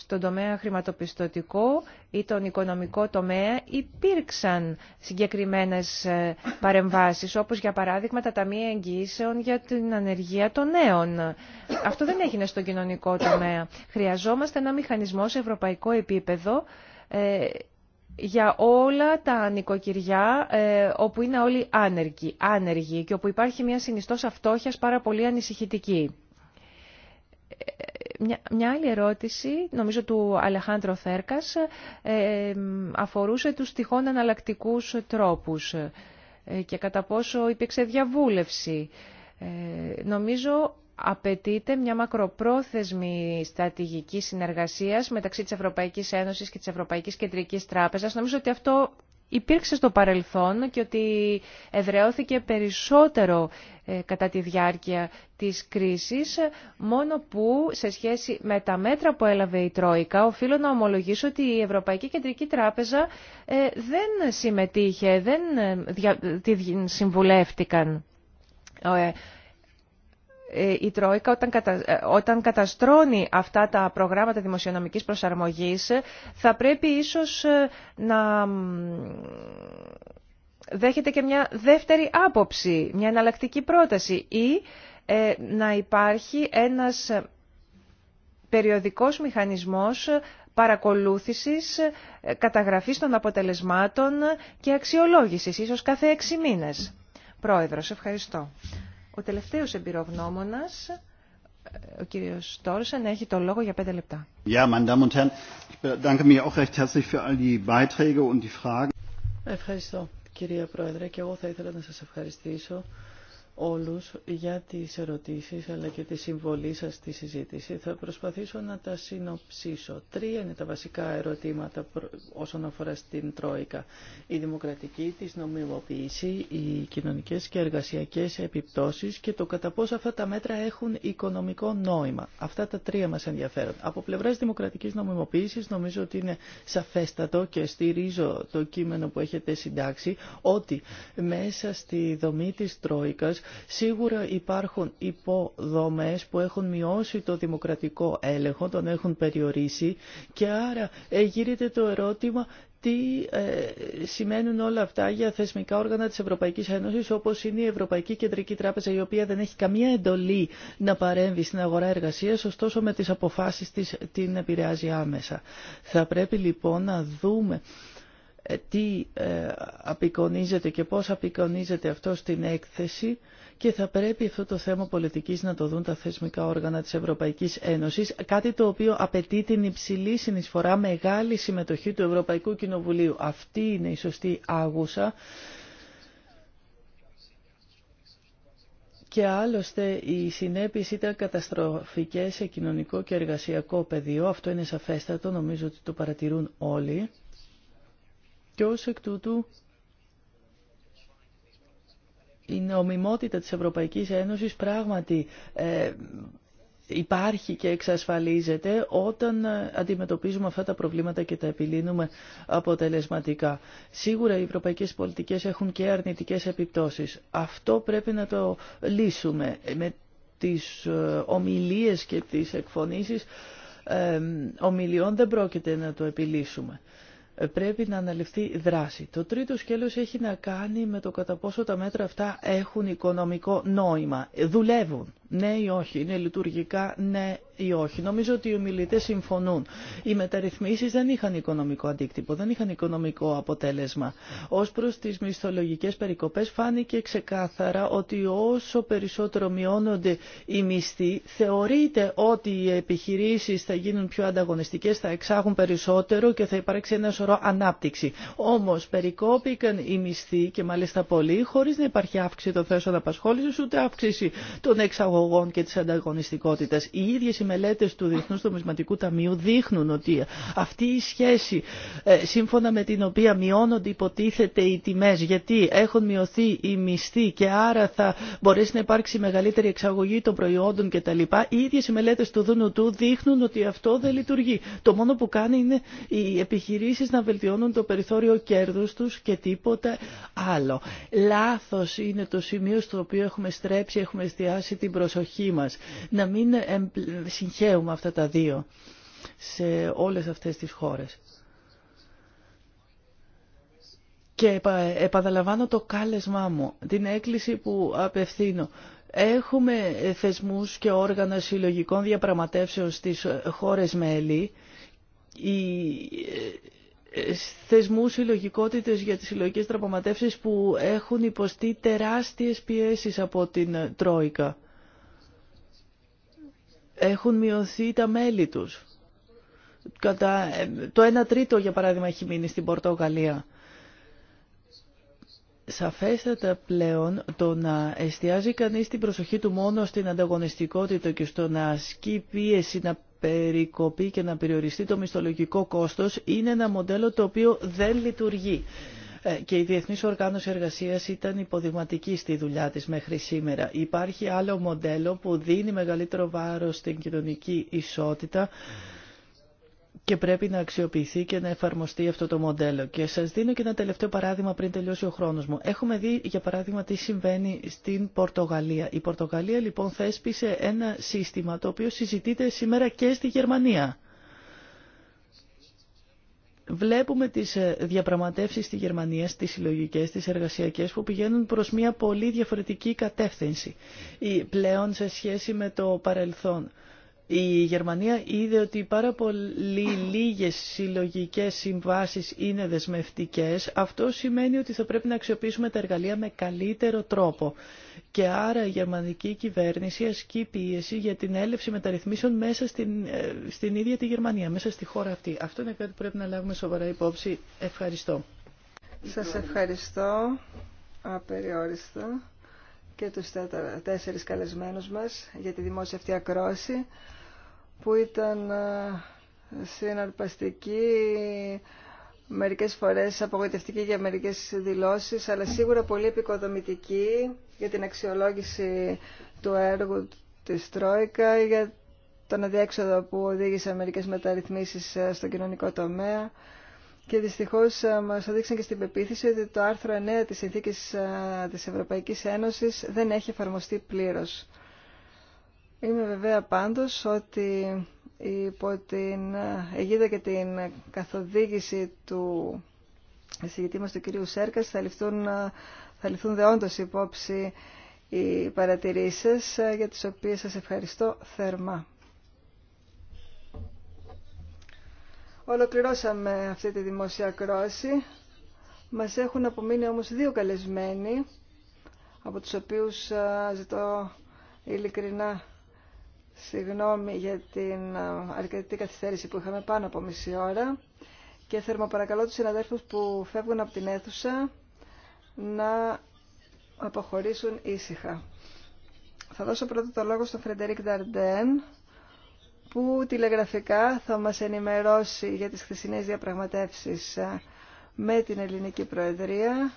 στον τομέα χρηματοπιστωτικό ή τον οικονομικό τομέα υπήρξαν συγκεκριμένες ε, παρεμβάσεις, όπως για παράδειγμα τα ταμεία εγγυήσεων για την ανεργία των νέων. Αυτό δεν έγινε στον κοινωνικό τομέα. Χρειαζόμαστε ένα μηχανισμό σε ευρωπαϊκό επίπεδο ε, για όλα τα νοικοκυριά ε, όπου είναι όλοι άνεργοι, και όπου υπάρχει μια συνιστός φτώχεια πάρα πολύ ανησυχητική μια, άλλη ερώτηση, νομίζω του Αλεχάντρο Θέρκας, ε, αφορούσε τους τυχόν αναλλακτικού τρόπους ε, και κατά πόσο υπήρξε διαβούλευση. Ε, νομίζω απαιτείται μια μακροπρόθεσμη στρατηγική συνεργασίας μεταξύ της Ευρωπαϊκής Ένωσης και της Ευρωπαϊκής Κεντρικής Τράπεζας. Νομίζω ότι αυτό υπήρξε στο παρελθόν και ότι εδραιώθηκε περισσότερο ε, κατά τη διάρκεια της κρίσης, μόνο που σε σχέση με τα μέτρα που έλαβε η Τρόικα, οφείλω να ομολογήσω ότι η Ευρωπαϊκή Κεντρική Τράπεζα ε, δεν συμμετείχε, δεν ε, τη συμβουλεύτηκαν ε, η Τρόικα όταν, κατα... Ε, καταστρώνει αυτά τα προγράμματα δημοσιονομικής προσαρμογής ε, θα πρέπει ίσως να δέχεται και μια δεύτερη άποψη, μια εναλλακτική πρόταση ή να υπάρχει ένας περιοδικός μηχανισμός παρακολούθησης, καταγραφής των αποτελεσμάτων και αξιολόγησης, ίσως κάθε έξι μήνες. Πρόεδρος, ευχαριστώ. Ο τελευταίος εμπειρογνώμονας, ο κύριος Τόρσεν, έχει το λόγο για πέντε λεπτά. Ευχαριστώ κυρία Πρόεδρε και εγώ θα ήθελα να σας ευχαριστήσω όλους για τις ερωτήσεις αλλά και τη συμβολή σας στη συζήτηση. Θα προσπαθήσω να τα συνοψίσω. Τρία είναι τα βασικά ερωτήματα όσον αφορά στην Τρόικα. Η δημοκρατική, της νομιμοποίηση, οι κοινωνικές και εργασιακές επιπτώσεις και το κατά πόσο αυτά τα μέτρα έχουν οικονομικό νόημα. Αυτά τα τρία μας ενδιαφέρουν. Από πλευράς δημοκρατικής νομιμοποίησης νομίζω ότι είναι σαφέστατο και στηρίζω το κείμενο που έχετε συντάξει ότι μέσα στη δομή της Τρόικας Σίγουρα υπάρχουν υποδομές που έχουν μειώσει το δημοκρατικό έλεγχο, τον έχουν περιορίσει και άρα ε, γύρεται το ερώτημα τι ε, σημαίνουν όλα αυτά για θεσμικά όργανα της Ευρωπαϊκής Ένωσης όπως είναι η Ευρωπαϊκή Κεντρική Τράπεζα η οποία δεν έχει καμία εντολή να παρέμβει στην αγορά εργασίας ωστόσο με τις αποφάσεις της την επηρεάζει άμεσα. Θα πρέπει λοιπόν να δούμε τι ε, απεικονίζεται και πώς απεικονίζεται αυτό στην έκθεση και θα πρέπει αυτό το θέμα πολιτικής να το δουν τα θεσμικά όργανα της Ευρωπαϊκής Ένωσης, κάτι το οποίο απαιτεί την υψηλή συνεισφορά, μεγάλη συμμετοχή του Ευρωπαϊκού Κοινοβουλίου. Αυτή είναι η σωστή άγουσα. Και άλλωστε η συνέπειε ήταν καταστροφικές σε κοινωνικό και εργασιακό πεδίο. Αυτό είναι σαφέστατο, νομίζω ότι το παρατηρούν όλοι και ως εκ τούτου η νομιμότητα της Ευρωπαϊκής Ένωσης πράγματι ε, υπάρχει και εξασφαλίζεται όταν ε, αντιμετωπίζουμε αυτά τα προβλήματα και τα επιλύνουμε αποτελεσματικά. Σίγουρα οι ευρωπαϊκές πολιτικές έχουν και αρνητικές επιπτώσεις. Αυτό πρέπει να το λύσουμε με τις ε, ομιλίες και τις εκφωνήσεις ομιλιών δεν πρόκειται να το επιλύσουμε πρέπει να αναλυφθεί δράση. Το τρίτο σκέλος έχει να κάνει με το κατά πόσο τα μέτρα αυτά έχουν οικονομικό νόημα. Δουλεύουν, ναι ή όχι, είναι λειτουργικά, ναι ή όχι. Νομίζω ότι οι ομιλητέ συμφωνούν. Οι μεταρρυθμίσει δεν είχαν οικονομικό αντίκτυπο, δεν είχαν οικονομικό αποτέλεσμα. Ω προ τι μισθολογικέ περικοπέ, φάνηκε ξεκάθαρα ότι όσο περισσότερο μειώνονται οι μισθοί, θεωρείται ότι οι επιχειρήσει θα γίνουν πιο ανταγωνιστικέ, θα εξάγουν περισσότερο και θα υπάρξει ένα σωρό ανάπτυξη. Όμω, περικόπηκαν οι μισθοί και μάλιστα πολύ, χωρί να υπάρχει αύξηση των θέσεων απασχόληση, ούτε αύξηση των εξαγωγών και τη ανταγωνιστικότητα. Οι μελέτε του Διεθνού Νομισματικού Ταμείου δείχνουν ότι αυτή η σχέση ε, σύμφωνα με την οποία μειώνονται υποτίθεται οι τιμέ γιατί έχουν μειωθεί οι μισθοί και άρα θα μπορέσει να υπάρξει μεγαλύτερη εξαγωγή των προϊόντων κτλ. Οι ίδιε οι μελέτε του ΔΝΤ δείχνουν ότι αυτό δεν λειτουργεί. Το μόνο που κάνει είναι οι επιχειρήσει να βελτιώνουν το περιθώριο κέρδου του και τίποτα άλλο. Λάθο είναι το σημείο στο οποίο έχουμε στρέψει, έχουμε εστιάσει την προσοχή μα Να μην συγχαίουμε αυτά τα δύο σε όλες αυτές τις χώρες. Και επαναλαμβάνω το κάλεσμά μου, την έκκληση που απευθύνω. Έχουμε θεσμούς και όργανα συλλογικών διαπραγματεύσεων στις χώρες μέλη. Οι ε, ε, θεσμούς συλλογικότητε για τις συλλογικές διαπραγματεύσεις που έχουν υποστεί τεράστιες πιέσεις από την Τρόικα έχουν μειωθεί τα μέλη τους. Κατά, ε, το 1 τρίτο, για παράδειγμα, έχει μείνει στην Πορτογαλία. Σαφέστατα πλέον το να εστιάζει κανείς την προσοχή του μόνο στην ανταγωνιστικότητα και στο να ασκεί πίεση να περικοπεί και να περιοριστεί το μισθολογικό κόστος είναι ένα μοντέλο το οποίο δεν λειτουργεί. Ε, και η Διεθνής Οργάνωση Εργασίας ήταν υποδειγματική στη δουλειά της μέχρι σήμερα. Υπάρχει άλλο μοντέλο που δίνει μεγαλύτερο βάρος στην κοινωνική ισότητα και πρέπει να αξιοποιηθεί και να εφαρμοστεί αυτό το μοντέλο. Και σας δίνω και ένα τελευταίο παράδειγμα πριν τελειώσει ο χρόνος μου. Έχουμε δει για παράδειγμα τι συμβαίνει στην Πορτογαλία. Η Πορτογαλία λοιπόν θέσπισε ένα σύστημα το οποίο συζητείται σήμερα και στη Γερμανία βλέπουμε τις ε, διαπραγματεύσεις στη Γερμανία, στις συλλογικέ, στις εργασιακές που πηγαίνουν προς μια πολύ διαφορετική κατεύθυνση πλέον σε σχέση με το παρελθόν. Η Γερμανία είδε ότι πάρα πολύ λίγες συλλογικές συμβάσεις είναι δεσμευτικές. Αυτό σημαίνει ότι θα πρέπει να αξιοποιήσουμε τα εργαλεία με καλύτερο τρόπο. Και άρα η γερμανική κυβέρνηση ασκεί πίεση για την έλευση μεταρρυθμίσεων μέσα στην, ε, ίδια τη Γερμανία, μέσα στη χώρα αυτή. Αυτό είναι κάτι που πρέπει να λάβουμε σοβαρά υπόψη. Ευχαριστώ. Σας ευχαριστώ απεριόριστα και τους τέσσερις καλεσμένους μας για τη δημόσια αυτή ακρόση που ήταν ε, συναρπαστική, μερικές φορές απογοητευτική για μερικές δηλώσεις, αλλά σίγουρα πολύ επικοδομητική για την αξιολόγηση του έργου της Τρόικα, για τον αδιέξοδο που οδήγησε μερικές μεταρρυθμίσεις ε, στο κοινωνικό τομέα. Και δυστυχώς ε, μας οδείξαν και στην πεποίθηση ότι το άρθρο 9 της Συνθήκης της Ευρωπαϊκής Ένωσης δεν έχει εφαρμοστεί πλήρως. Είμαι βεβαία πάντως ότι υπό την αιγίδα και την καθοδήγηση του εισηγητή μας του κυρίου Σέρκας θα ληφθούν, θα ληφθούν δεόντως υπόψη οι παρατηρήσεις για τις οποίες σας ευχαριστώ θερμά. Ολοκληρώσαμε αυτή τη δημόσια κρόση. Μας έχουν απομείνει όμως δύο καλεσμένοι, από τους οποίους ζητώ ειλικρινά Συγγνώμη για την ε, αρκετή καθυστέρηση που είχαμε πάνω από μισή ώρα και παρακαλώ τους συναδέλφους που φεύγουν από την αίθουσα να αποχωρήσουν ήσυχα. Θα δώσω πρώτα το λόγο στον Φρεντερίκ Νταρντέν που τηλεγραφικά θα μας ενημερώσει για τις χθεσινές διαπραγματεύσεις ε, με την Ελληνική Προεδρία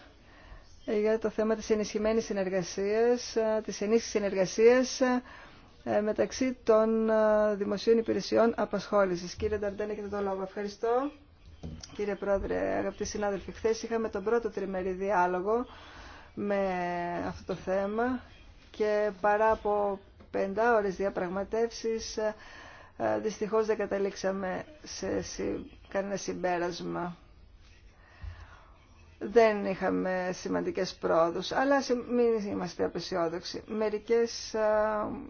ε, για το θέμα της ενισχυμένης συνεργασίας, της ενίσχυσης συνεργασίας ε, μεταξύ των ε, δημοσίων υπηρεσιών απασχόλησης. Κύριε Νταρντέν, έχετε το λόγο. Ευχαριστώ. Κύριε Πρόεδρε, αγαπητοί συνάδελφοι, χθε είχαμε τον πρώτο τριμερή διάλογο με αυτό το θέμα και παρά από πεντά ώρες διαπραγματεύσεις ε, δυστυχώς δεν καταλήξαμε σε κανένα συμπέρασμα δεν είχαμε σημαντικές πρόοδους, αλλά μην είμαστε απεσιόδοξοι. Μερικές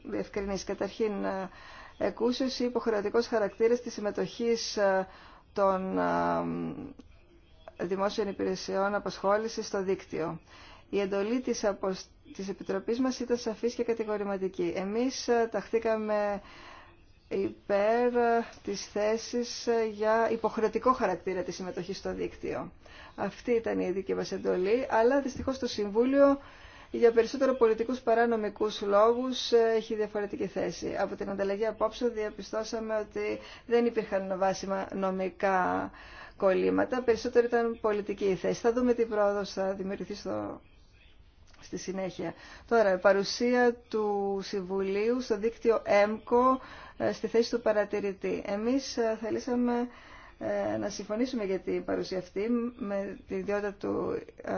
διευκρινήσεις. Καταρχήν, εκούσιος ή υποχρεωτικός χαρακτήρας της συμμετοχής των δημόσιων υπηρεσιών απασχόλησης στο δίκτυο. Η εντολή της, της Επιτροπής μας ήταν σαφής και κατηγορηματική. Εμείς ταχθήκαμε υπέρ της θέσης για υποχρεωτικό χαρακτήρα της συμμετοχής στο δίκτυο. Αυτή ήταν η δική μας εντολή, αλλά δυστυχώς το Συμβούλιο για περισσότερο πολιτικούς παράνομικούς λόγους ε, έχει διαφορετική θέση. Από την ανταλλαγή απόψε διαπιστώσαμε ότι δεν υπήρχαν βάσιμα νομικά κολλήματα, περισσότερο ήταν πολιτική η θέση. Θα δούμε τι πρόοδο θα δημιουργηθεί στο... στη συνέχεια. Τώρα, η παρουσία του Συμβουλίου στο δίκτυο ΕΜΚΟ ε, στη θέση του παρατηρητή. Εμείς ε, θελήσαμε ε, να συμφωνήσουμε για την παρουσία αυτή με την ιδιότητα του ε,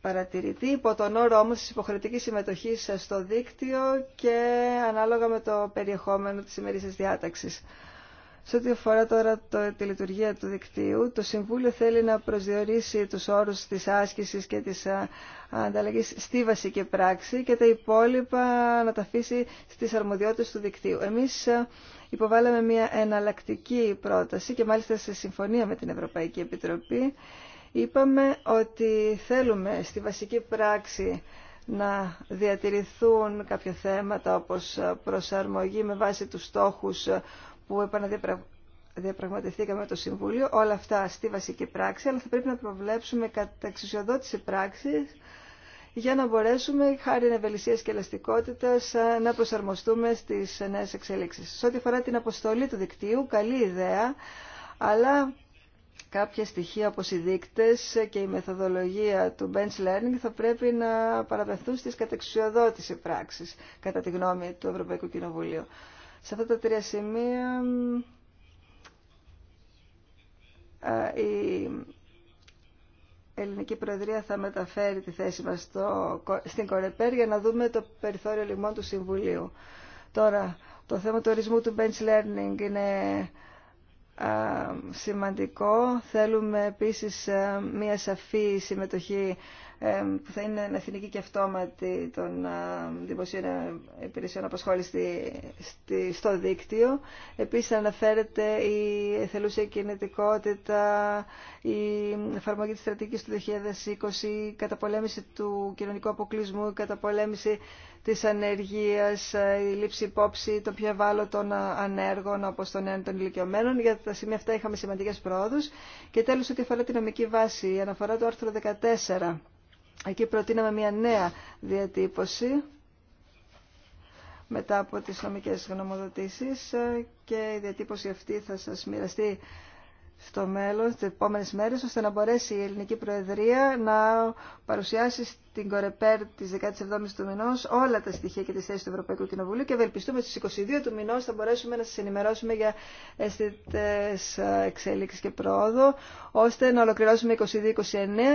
παρατηρητή, υπό τον όρο όμως της υποχρεωτικής συμμετοχής στο δίκτυο και ανάλογα με το περιεχόμενο της ημερήσιας διάταξης. Σε ό,τι αφορά τώρα τη λειτουργία του δικτύου, το Συμβούλιο θέλει να προσδιορίσει τους όρους της άσκησης και της ανταλλαγής στη βασική πράξη και τα υπόλοιπα να τα αφήσει στις αρμοδιότητες του δικτύου. Εμείς υποβάλαμε μια εναλλακτική πρόταση και μάλιστα σε συμφωνία με την Ευρωπαϊκή Επιτροπή είπαμε ότι θέλουμε στη βασική πράξη να διατηρηθούν κάποια θέματα όπως προσαρμογή με βάση τους στόχους που επαναδιαπραγματευτήκαμε με το Συμβούλιο, όλα αυτά στη βασική πράξη, αλλά θα πρέπει να προβλέψουμε κατά εξουσιοδότηση πράξη για να μπορέσουμε, χάρη ευελισία και ελαστικότητα, να προσαρμοστούμε στι νέε εξέλιξει. Σε ό,τι αφορά την αποστολή του δικτύου, καλή ιδέα, αλλά κάποια στοιχεία όπως οι δείκτες και η μεθοδολογία του bench learning θα πρέπει να παραπευθούν στις κατεξουσιοδότηση πράξεις, κατά τη γνώμη του Ευρωπαϊκού Κοινοβουλίου. Σε αυτά τα τρία σημεία η Ελληνική Προεδρία θα μεταφέρει τη θέση μας στο, στην Κορεπέρ για να δούμε το περιθώριο λιμών του Συμβουλίου. Τώρα, το θέμα του ορισμού του bench learning είναι σημαντικό. Θέλουμε επίσης μια σαφή συμμετοχή που θα είναι εθνική και αυτόματη των δημοσίων ε, υπηρεσιών απασχόληση στο δίκτυο. Επίση αναφέρεται η εθελούσια κινητικότητα, η εφαρμογή τη στρατηγική του 2020, η καταπολέμηση του κοινωνικού αποκλεισμού, η καταπολέμηση της ανεργία, ε, η λήψη υπόψη των πιο ευάλωτων ε, ανέργων όπω των νέων των ηλικιωμένων. Για τα σημεία αυτά είχαμε σημαντικέ προόδου. Και τέλο, ό,τι αφορά τη νομική βάση, η αναφορά του άρθρου 14 Εκεί προτείναμε μια νέα διατύπωση μετά από τις νομικές γνωμοδοτήσεις και η διατύπωση αυτή θα σας μοιραστεί στο μέλλον, στις επόμενες μέρες, ώστε να μπορέσει η Ελληνική Προεδρία να παρουσιάσει στην Κορεπέρ της 17ης του μηνός όλα τα στοιχεία και τις θέσεις του Ευρωπαϊκού Κοινοβουλίου και ευελπιστούμε στις 22 του μηνός θα μπορέσουμε να σας ενημερώσουμε για αισθητές ε, εξέλιξεις και πρόοδο, ώστε να ολοκληρώσουμε 22-29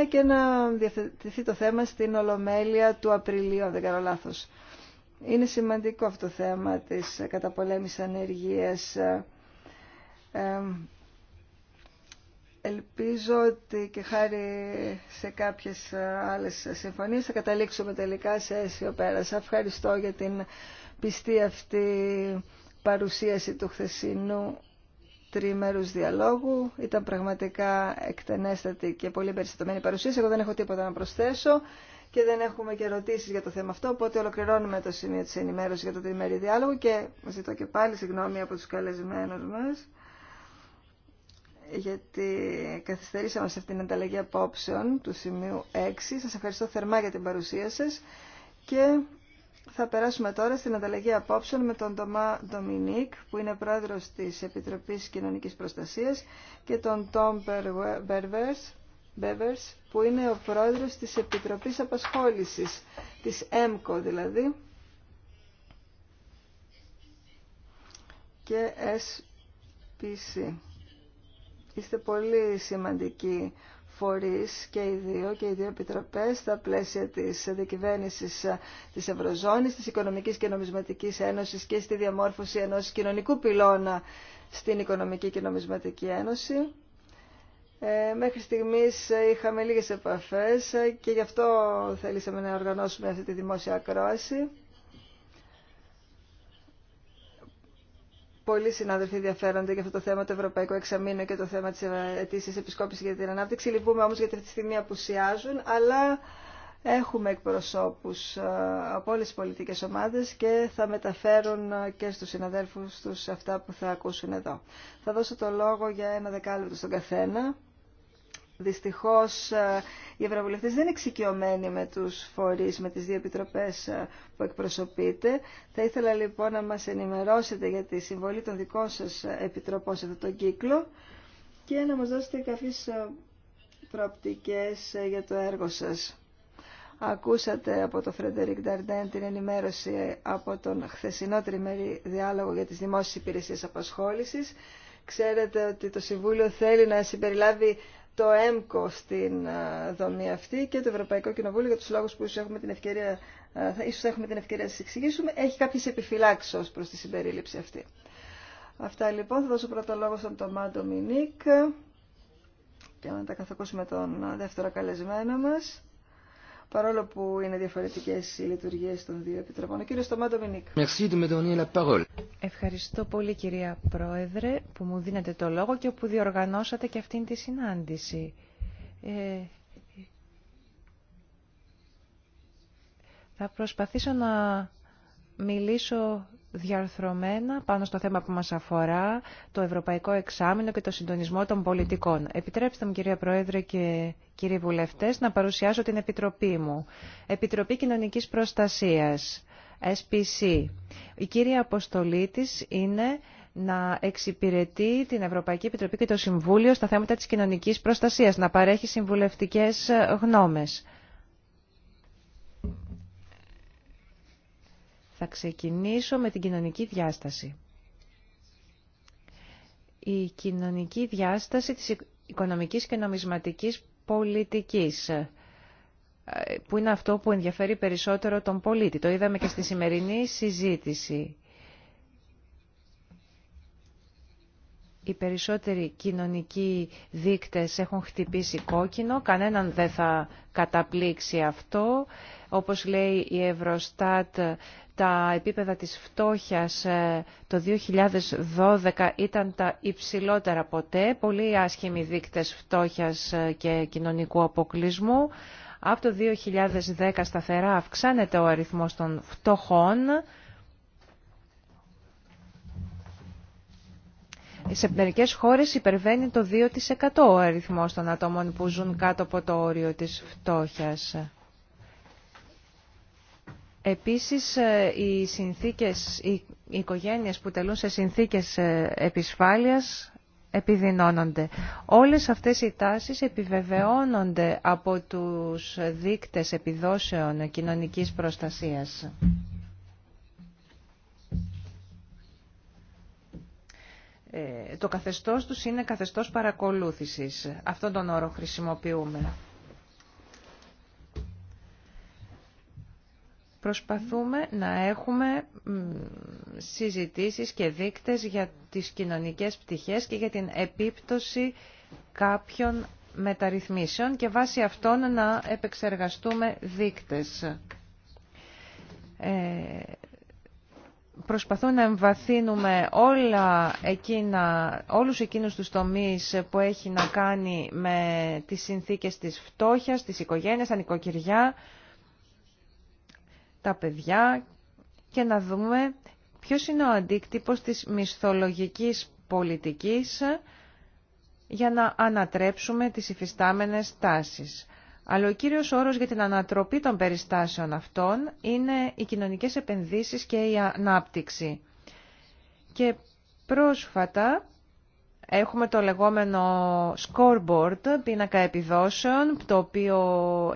και να διαθετηθεί το θέμα στην Ολομέλεια του Απριλίου, αν δεν κάνω λάθος. Είναι σημαντικό αυτό το θέμα της καταπολέμησης ανεργίας ε, ε, Ελπίζω ότι και χάρη σε κάποιες άλλες συμφωνίες θα καταλήξουμε τελικά σε αίσιο πέρα. Σας Ευχαριστώ για την πιστή αυτή παρουσίαση του χθεσινού τριμέρους διαλόγου. Ήταν πραγματικά εκτενέστατη και πολύ περιστατωμένη παρουσίαση. Εγώ δεν έχω τίποτα να προσθέσω και δεν έχουμε και ερωτήσεις για το θέμα αυτό, οπότε ολοκληρώνουμε το σημείο της ενημέρωσης για το τριμερή διάλογο και ζητώ και πάλι συγγνώμη από τους καλεσμένους μας γιατί καθυστερήσαμε σε αυτήν την ανταλλαγή απόψεων του σημείου 6. Σας ευχαριστώ θερμά για την παρουσία σας και θα περάσουμε τώρα στην ανταλλαγή απόψεων με τον Ντομά Ντομινίκ, που είναι πρόεδρος της Επιτροπής Κοινωνικής Προστασίας, και τον Τόμ Μπέβερς, που είναι ο πρόεδρος της Επιτροπής Απασχόλησης, της ΕΜΚΟ δηλαδή, και SPC είστε πολύ σημαντικοί φορείς και οι δύο και οι δύο επιτροπές στα πλαίσια της δικυβέρνησης της Ευρωζώνης, της Οικονομικής και Νομισματικής Ένωσης και στη διαμόρφωση ενός κοινωνικού πυλώνα στην Οικονομική και Νομισματική Ένωση. Ε, μέχρι στιγμής είχαμε λίγες επαφές και γι' αυτό θέλησαμε να οργανώσουμε αυτή τη δημόσια ακρόαση. πολλοί συνάδελφοι ενδιαφέρονται για αυτό το θέμα, το Ευρωπαϊκό Εξαμήνιο και το θέμα τη ετήσια επισκόπηση για την ανάπτυξη. Λυπούμε όμω γιατί αυτή τη στιγμή απουσιάζουν, αλλά έχουμε εκπροσώπου ε, από όλε τι πολιτικέ ομάδε και θα μεταφέρουν ε, και στου συναδέλφου του αυτά που θα ακούσουν εδώ. Θα δώσω το λόγο για ένα δεκάλεπτο στον καθένα Δυστυχώς ε, οι ευρωβουλευτές δεν είναι εξοικειωμένοι με τους φορείς, με τις δύο επιτροπές ε, που εκπροσωπείτε. Θα ήθελα λοιπόν να μας ενημερώσετε για τη συμβολή των δικών σας ε, επιτροπών σε αυτόν τον κύκλο και να μας δώσετε κάποιε προοπτικές για το έργο σας. Ακούσατε από τον Φρεντερικ Νταρντέν την ενημέρωση από τον χθεσινό τριμερή διάλογο για τις δημόσιες υπηρεσίες απασχόλησης. Ξέρετε ότι το Συμβούλιο θέλει να συμπεριλάβει το ΕΜΚΟ στην δομή αυτή και το Ευρωπαϊκό Κοινοβούλιο για τους λόγους που ίσως έχουμε την ευκαιρία, ίσως έχουμε την ευκαιρία να σας εξηγήσουμε, έχει κάποιες επιφυλάξεις ως προς τη συμπερίληψη αυτή. Αυτά λοιπόν, θα δώσω πρώτο λόγο στον Τωμά Ντομινίκ και να τα καθακούσουμε τον δεύτερο καλεσμένο μας παρόλο που είναι διαφορετικέ οι λειτουργίε των δύο επιτροπών. Ο Στομάτο Μινίκ. Ευχαριστώ πολύ κυρία Πρόεδρε που μου δίνετε το λόγο και που διοργανώσατε και αυτήν τη συνάντηση. Ε, θα προσπαθήσω να μιλήσω διαρθρωμένα πάνω στο θέμα που μας αφορά, το Ευρωπαϊκό Εξάμεινο και το συντονισμό των πολιτικών. Επιτρέψτε μου κυρία Πρόεδρε και κύριοι βουλευτές να παρουσιάσω την Επιτροπή μου. Επιτροπή Κοινωνικής Προστασίας, SPC. Η κύρια αποστολή της είναι να εξυπηρετεί την Ευρωπαϊκή Επιτροπή και το Συμβούλιο στα θέματα της κοινωνικής προστασίας, να παρέχει συμβουλευτικές γνώμες. Θα ξεκινήσω με την κοινωνική διάσταση. Η κοινωνική διάσταση της οικονομικής και νομισματικής πολιτικής, ε, που είναι αυτό που ενδιαφέρει περισσότερο τον πολίτη. Το είδαμε και στη σημερινή συζήτηση. οι περισσότεροι κοινωνικοί δείκτες έχουν χτυπήσει κόκκινο, κανέναν δεν θα καταπλήξει αυτό. Όπως λέει η Ευρωστάτ, τα επίπεδα της φτώχειας ε, το 2012 ήταν τα υψηλότερα ποτέ, πολύ άσχημοι δείκτες φτώχειας ε, και κοινωνικού αποκλεισμού. Από το 2010 σταθερά αυξάνεται ο αριθμός των φτωχών. σε μερικές χώρες υπερβαίνει το 2% ο αριθμός των ατόμων που ζουν κάτω από το όριο της φτώχειας. Επίσης, ε, οι, συνθήκες, οι οικογένειες που τελούν σε συνθήκες ε, επισφάλειας επιδεινώνονται. Όλες αυτές οι τάσεις επιβεβαιώνονται από τους δείκτες επιδόσεων κοινωνικής προστασίας. Ε, το καθεστώς τους είναι καθεστώς παρακολούθησης. Αυτόν τον όρο χρησιμοποιούμε. Προσπαθούμε να έχουμε συζητήσεις και δείκτες για τις κοινωνικές πτυχές και για την επίπτωση κάποιων μεταρρυθμίσεων και βάσει αυτών να επεξεργαστούμε δείκτες. Ε, προσπαθούμε να εμβαθύνουμε όλα εκείνα, όλους εκείνους τους τομείς που έχει να κάνει με τις συνθήκες της φτώχειας, της οικογένειας, τα νοικοκυριά, τα παιδιά και να δούμε ποιος είναι ο αντίκτυπος της μισθολογικής πολιτικής για να ανατρέψουμε τις υφιστάμενες τάσεις. Αλλά ο κύριος όρος για την ανατροπή των περιστάσεων αυτών είναι οι κοινωνικές επενδύσεις και η ανάπτυξη. Και πρόσφατα έχουμε το λεγόμενο scoreboard, πίνακα επιδόσεων, το οποίο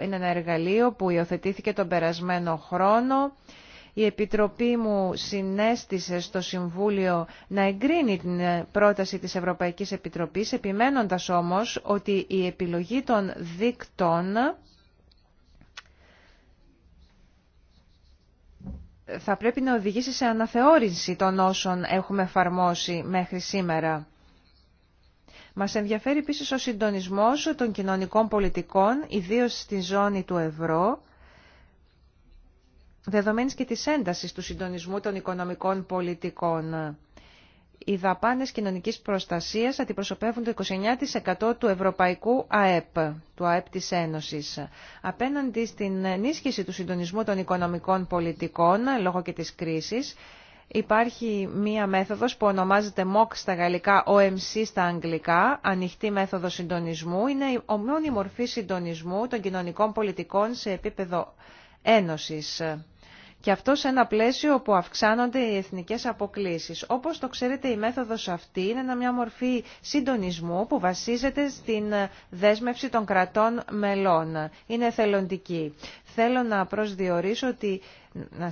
είναι ένα εργαλείο που υιοθετήθηκε τον περασμένο χρόνο η Επιτροπή μου συνέστησε στο Συμβούλιο να εγκρίνει την πρόταση της Ευρωπαϊκής Επιτροπής, επιμένοντας όμως ότι η επιλογή των δίκτων θα πρέπει να οδηγήσει σε αναθεώρηση των όσων έχουμε εφαρμόσει μέχρι σήμερα. Μας ενδιαφέρει επίσης ο συντονισμός των κοινωνικών πολιτικών, ιδίως στη ζώνη του ευρώ, δεδομένης και της έντασης του συντονισμού των οικονομικών πολιτικών. Οι δαπάνες κοινωνικής προστασίας αντιπροσωπεύουν το 29% του ευρωπαϊκού ΑΕΠ, του ΑΕΠ της Ένωσης. Απέναντι στην ενίσχυση του συντονισμού των οικονομικών πολιτικών, λόγω και της κρίσης, υπάρχει μία μέθοδος που ονομάζεται MOC στα γαλλικά, OMC στα αγγλικά, ανοιχτή μέθοδο συντονισμού. Είναι η ομόνη μορφή συντονισμού των κοινωνικών πολιτικών σε επίπεδο ένωσης. Και αυτό σε ένα πλαίσιο όπου αυξάνονται οι εθνικές αποκλήσεις. Όπως το ξέρετε η μέθοδος αυτή είναι μια μορφή συντονισμού που βασίζεται στην ε, δέσμευση των κρατών μελών. Είναι θελοντική. Θέλω να προσδιορίσω ότι να,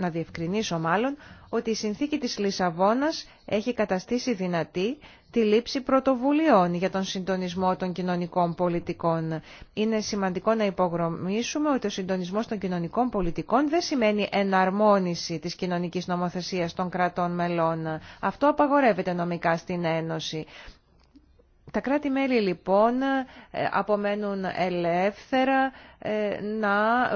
να διευκρινίσω μάλλον, ότι η συνθήκη της Λισαβόνας έχει καταστήσει δυνατή τη λήψη πρωτοβουλειών για τον συντονισμό των κοινωνικών πολιτικών. Είναι σημαντικό να υπογραμμίσουμε ότι ο συντονισμός των κοινωνικών πολιτικών δεν σημαίνει εναρμόνιση της κοινωνικής νομοθεσίας των κρατών μελών. Αυτό απαγορεύεται νομικά στην Ένωση. Τα κράτη-μέλη λοιπόν ε, απομένουν ελεύθερα ε, να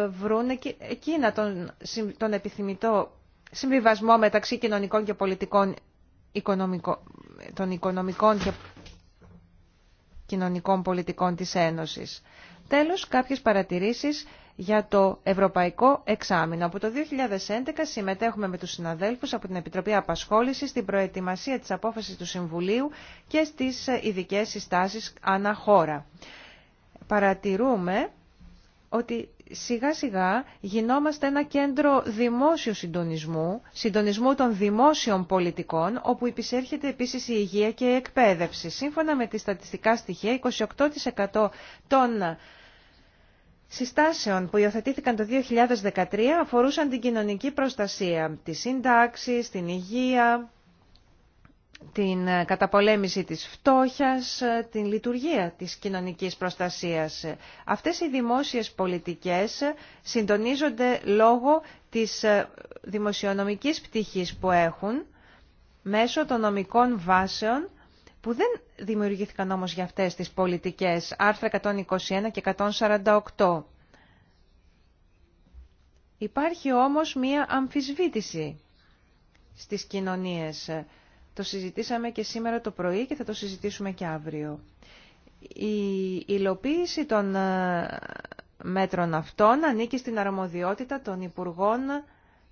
βρουν εκείνα τον, τον επιθυμητό συμβιβασμό μεταξύ κοινωνικών και πολιτικών των οικονομικών και κοινωνικών πολιτικών της Ένωσης. Τέλος, κάποιες παρατηρήσεις για το Ευρωπαϊκό Εξάμεινο. Από το 2011 συμμετέχουμε με τους συναδέλφους από την Επιτροπή Απασχόλησης στην προετοιμασία της απόφασης του Συμβουλίου και στις ειδικέ συστάσεις αναχώρα. Παρατηρούμε ότι σιγά σιγά γινόμαστε ένα κέντρο δημόσιου συντονισμού, συντονισμού των δημόσιων πολιτικών, όπου υπησέρχεται επίσης η υγεία και η εκπαίδευση. Σύμφωνα με τις στατιστικά στοιχεία, 28% των συστάσεων που υιοθετήθηκαν το 2013 αφορούσαν την κοινωνική προστασία, τη σύνταξη, την υγεία, την ε, καταπολέμηση της φτώχειας, ε, την λειτουργία της κοινωνικής προστασίας. Αυτές οι δημόσιες πολιτικές ε, συντονίζονται λόγω της δημοσιονομικής πτυχής που έχουν μέσω των νομικών βάσεων που δεν δημιουργήθηκαν όμως για αυτές τις πολιτικές, άρθρα 121 και 148. Υπάρχει όμως μία αμφισβήτηση στις κοινωνίες. Το συζητήσαμε και σήμερα το πρωί και θα το συζητήσουμε και αύριο. Η υλοποίηση των ε, μέτρων αυτών ανήκει στην αρμοδιότητα των Υπουργών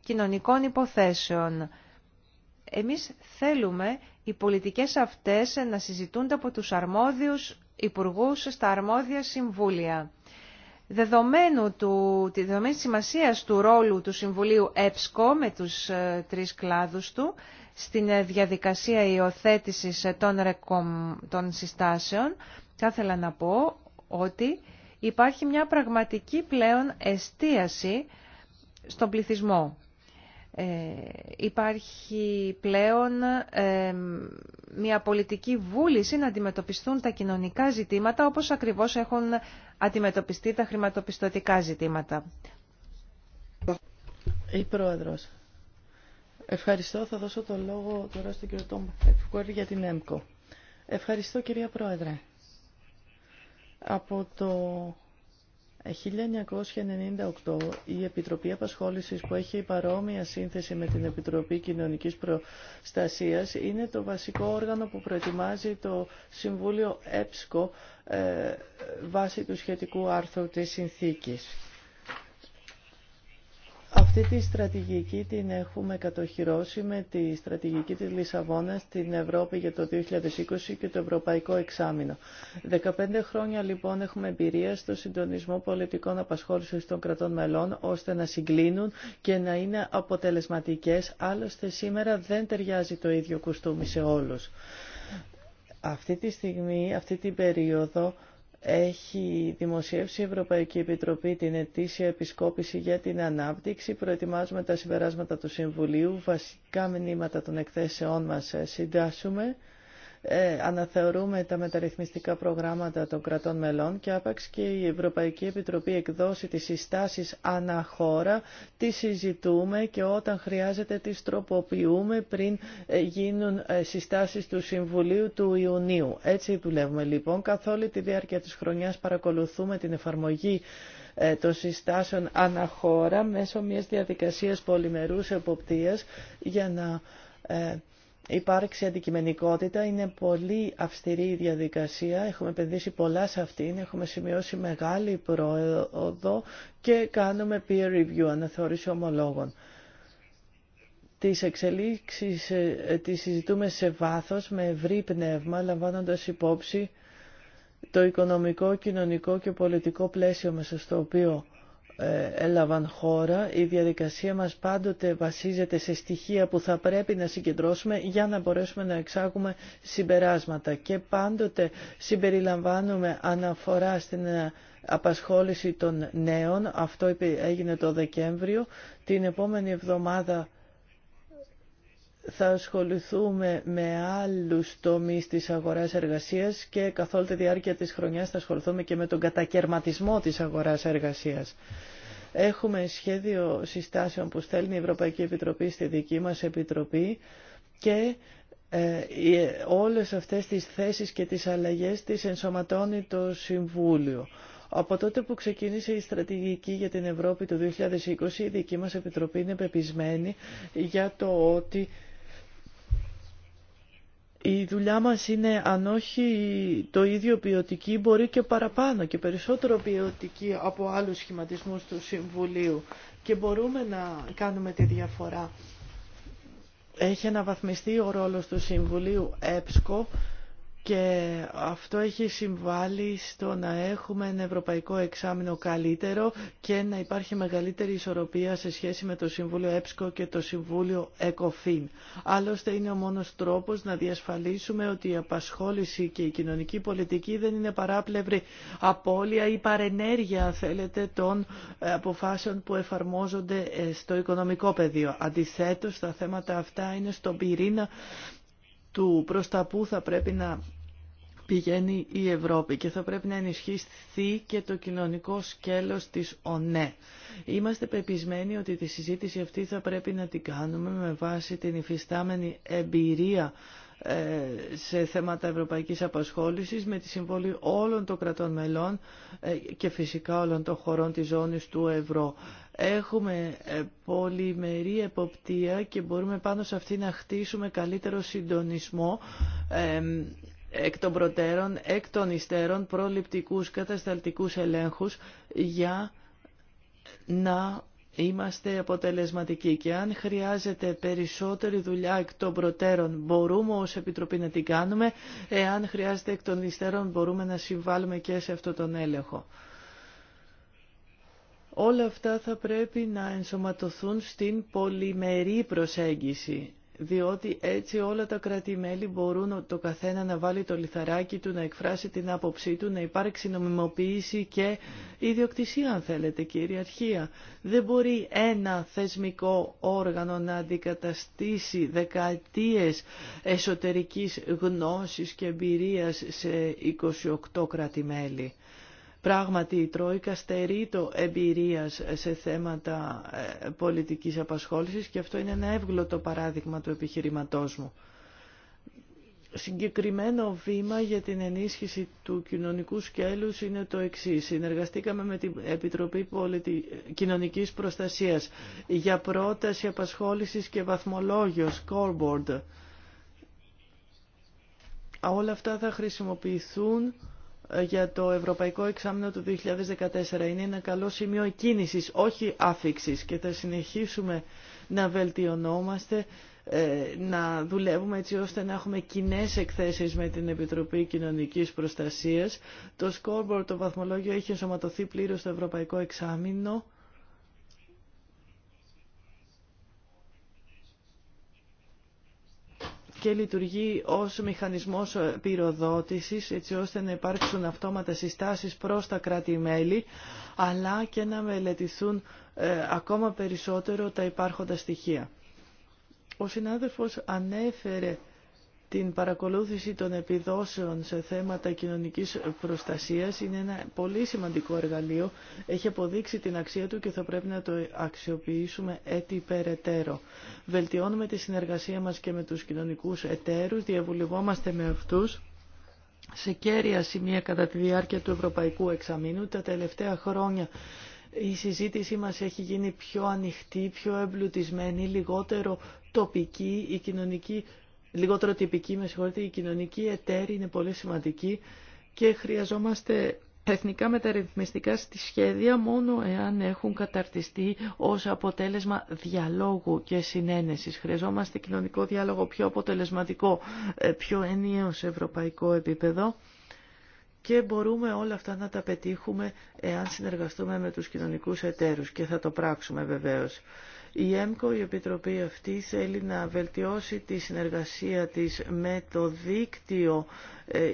Κοινωνικών Υποθέσεων. Εμείς θέλουμε οι πολιτικές αυτές να συζητούνται από τους αρμόδιους υπουργούς στα αρμόδια συμβούλια. Δεδομένου του, τη δεδομένη σημασίας του ρόλου του Συμβουλίου ΕΠΣΚΟ με τους ε, τρεις κλάδους του στην ε, διαδικασία υιοθέτηση ε, των, των συστάσεων, θα ήθελα να πω ότι υπάρχει μια πραγματική πλέον εστίαση στον πληθυσμό. Ε, υπάρχει πλέον ε, μια πολιτική βούληση να αντιμετωπιστούν τα κοινωνικά ζητήματα όπως ακριβώς έχουν αντιμετωπιστεί τα χρηματοπιστωτικά ζητήματα. Η Πρόεδρος. Ευχαριστώ. Θα δώσω το λόγο τώρα στον κύριο Τόμ για την ΕΜΚΟ. Ευχαριστώ κυρία Πρόεδρε. Από το 1998 η Επιτροπή Απασχόλησης που έχει παρόμοια σύνθεση με την Επιτροπή Κοινωνικής Προστασίας είναι το βασικό όργανο που προετοιμάζει το Συμβούλιο ΕΠΣΚΟ ε, βάσει του σχετικού άρθρου της συνθήκης. Αυτή τη στρατηγική την έχουμε κατοχυρώσει με τη στρατηγική της Λισαβόνας στην Ευρώπη για το 2020 και το Ευρωπαϊκό Εξάμεινο. 15 χρόνια λοιπόν έχουμε εμπειρία στο συντονισμό πολιτικών απασχόλησης των κρατών μελών ώστε να συγκλίνουν και να είναι αποτελεσματικές. Άλλωστε σήμερα δεν ταιριάζει το ίδιο κουστούμι σε όλους. Αυτή τη στιγμή, αυτή την περίοδο, έχει δημοσιεύσει η Ευρωπαϊκή Επιτροπή την ετήσια επισκόπηση για την ανάπτυξη. Προετοιμάζουμε τα συμπεράσματα του Συμβουλίου, βασικά μηνύματα των εκθέσεών μας ε, συντάσσουμε. Ε, αναθεωρούμε τα μεταρρυθμιστικά προγράμματα των κρατών μελών και άπαξ και η Ευρωπαϊκή Επιτροπή εκδώσει τις συστάσεις αναχώρα, τι συζητούμε και όταν χρειάζεται τις τροποποιούμε πριν ε, γίνουν ε, συστάσεις του Συμβουλίου του Ιουνίου. Έτσι δουλεύουμε λοιπόν. Καθ' όλη τη διάρκεια της χρονιάς παρακολουθούμε την εφαρμογή των συστάσεων αναχώρα μέσω μιας διαδικασίας πολυμερούς εποπτείας για να υπάρξει αντικειμενικότητα. Είναι πολύ αυστηρή η διαδικασία. Έχουμε επενδύσει πολλά σε αυτήν. Έχουμε σημειώσει μεγάλη πρόοδο και κάνουμε peer review, αναθεώρηση ομολόγων. Τις εξελίξεις ε, τις συζητούμε σε βάθος, με ευρύ πνεύμα, λαμβάνοντας υπόψη το οικονομικό, κοινωνικό και πολιτικό πλαίσιο μέσα στο οποίο ε, έλαβαν χώρα. Η διαδικασία μας πάντοτε βασίζεται σε στοιχεία που θα πρέπει να συγκεντρώσουμε για να μπορέσουμε να εξάγουμε συμπεράσματα και πάντοτε συμπεριλαμβάνουμε αναφορά στην ε, απασχόληση των νέων. Αυτό έγινε το Δεκέμβριο. Την επόμενη εβδομάδα θα ασχοληθούμε με άλλους τομείς της αγοράς εργασίας και καθ' όλη τη διάρκεια της χρονιάς θα ασχοληθούμε και με τον κατακαιρματισμό της αγοράς εργασίας. Έχουμε σχέδιο συστάσεων που στέλνει η Ευρωπαϊκή Επιτροπή στη δική μας Επιτροπή και ε, όλες αυτές τις θέσεις και τις αλλαγές τις ενσωματώνει το Συμβούλιο. Από τότε που ξεκίνησε η στρατηγική για την Ευρώπη το 2020, η δική μας Επιτροπή είναι πεπισμένη για το ότι η δουλειά μας είναι αν όχι το ίδιο ποιοτική μπορεί και παραπάνω και περισσότερο ποιοτική από άλλους σχηματισμούς του Συμβουλίου και μπορούμε να κάνουμε τη διαφορά. Έχει αναβαθμιστεί ο ρόλος του Συμβουλίου ΕΠΣΚΟ και αυτό έχει συμβάλει στο να έχουμε ένα ευρωπαϊκό εξάμεινο καλύτερο και να υπάρχει μεγαλύτερη ισορροπία σε σχέση με το Συμβούλιο ΕΠΣΚΟ και το Συμβούλιο ΕΚΟΦΗΝ. Άλλωστε είναι ο μόνος τρόπος να διασφαλίσουμε ότι η απασχόληση και η κοινωνική πολιτική δεν είναι παράπλευρη απώλεια ή παρενέργεια, θέλετε, των αποφάσεων που εφαρμόζονται στο οικονομικό πεδίο. Αντιθέτως, τα θέματα αυτά είναι στον πυρήνα του προς τα που θα πρέπει να πηγαίνει η Ευρώπη και θα πρέπει να ενισχύσει και το κοινωνικό σκέλος της ΟΝΕ. Είμαστε πεπισμένοι ότι τη συζήτηση αυτή θα πρέπει να την κάνουμε με βάση την υφιστάμενη εμπειρία ε, σε θέματα ευρωπαϊκής απασχόλησης με τη συμβολή όλων των κρατών μελών ε, και φυσικά όλων των χωρών της ζώνης του ευρώ. Έχουμε ε, πολυμερή εποπτεία και μπορούμε πάνω σε αυτή να χτίσουμε καλύτερο συντονισμό εκ των προτέρων, εκ των υστέρων, προληπτικούς, κατασταλτικούς ελέγχους για να είμαστε αποτελεσματικοί και αν χρειάζεται περισσότερη δουλειά εκ των προτέρων μπορούμε ως Επιτροπή να την κάνουμε, εάν χρειάζεται εκ των υστέρων μπορούμε να συμβάλλουμε και σε αυτό τον έλεγχο. Όλα αυτά θα πρέπει να ενσωματωθούν στην πολυμερή προσέγγιση, διότι έτσι όλα τα κρατημέλη μπορούν το καθένα να βάλει το λιθαράκι του, να εκφράσει την άποψή του, να υπάρξει νομιμοποίηση και ιδιοκτησία, αν θέλετε, κυριαρχία. Δεν μπορεί ένα θεσμικό όργανο να αντικαταστήσει δεκαετίες εσωτερικής γνώσης και εμπειρίας σε 28 κρατημέλη. Πράγματι, η Τρόικα στερεί το εμπειρία σε θέματα ε, πολιτικής απασχόλησης και αυτό είναι ένα εύγλωτο παράδειγμα του επιχειρηματός μου. Συγκεκριμένο βήμα για την ενίσχυση του κοινωνικού σκέλους είναι το εξή. Συνεργαστήκαμε με την Επιτροπή Πολιτι... Κοινωνικής Προστασίας για πρόταση απασχόλησης και βαθμολόγιο, scoreboard. Όλα αυτά θα χρησιμοποιηθούν για το Ευρωπαϊκό Εξάμεινο του 2014. Είναι ένα καλό σημείο κίνησης, όχι άφηξης και θα συνεχίσουμε να βελτιωνόμαστε, ε, να δουλεύουμε έτσι ώστε να έχουμε κοινέ εκθέσεις με την Επιτροπή Κοινωνικής Προστασίας. Το scoreboard, το βαθμολόγιο, έχει ενσωματωθεί πλήρως στο Ευρωπαϊκό Εξάμεινο. και λειτουργεί ως μηχανισμός πυροδότησης έτσι ώστε να υπάρξουν αυτόματα συστάσεις προς τα κράτη-μέλη αλλά και να μελετηθούν ε, ακόμα περισσότερο τα υπάρχοντα στοιχεία. Ο συνάδελφος ανέφερε την παρακολούθηση των επιδόσεων σε θέματα κοινωνικής προστασίας είναι ένα πολύ σημαντικό εργαλείο. Έχει αποδείξει την αξία του και θα πρέπει να το αξιοποιήσουμε έτσι περαιτέρω. Βελτιώνουμε τη συνεργασία μας και με τους κοινωνικούς εταίρους, διαβουλευόμαστε με αυτούς σε κέρια σημεία κατά τη διάρκεια του Ευρωπαϊκού Εξαμήνου. Τα τελευταία χρόνια η συζήτησή μας έχει γίνει πιο ανοιχτή, πιο εμπλουτισμένη, λιγότερο τοπική. Η κοινωνική λιγότερο τυπική, με συγχωρείτε, η κοινωνική εταίρη είναι πολύ σημαντική και χρειαζόμαστε εθνικά μεταρρυθμιστικά στη σχέδια μόνο εάν έχουν καταρτιστεί ως αποτέλεσμα διαλόγου και συνένεσης. Χρειαζόμαστε κοινωνικό διάλογο πιο αποτελεσματικό, ε, πιο ενιαίο σε ευρωπαϊκό επίπεδο και μπορούμε όλα αυτά να τα πετύχουμε εάν συνεργαστούμε με τους κοινωνικούς εταίρους και θα το πράξουμε βεβαίως. Η ΕΜΚΟ, η Επιτροπή αυτή, θέλει να βελτιώσει τη συνεργασία της με το δίκτυο ε,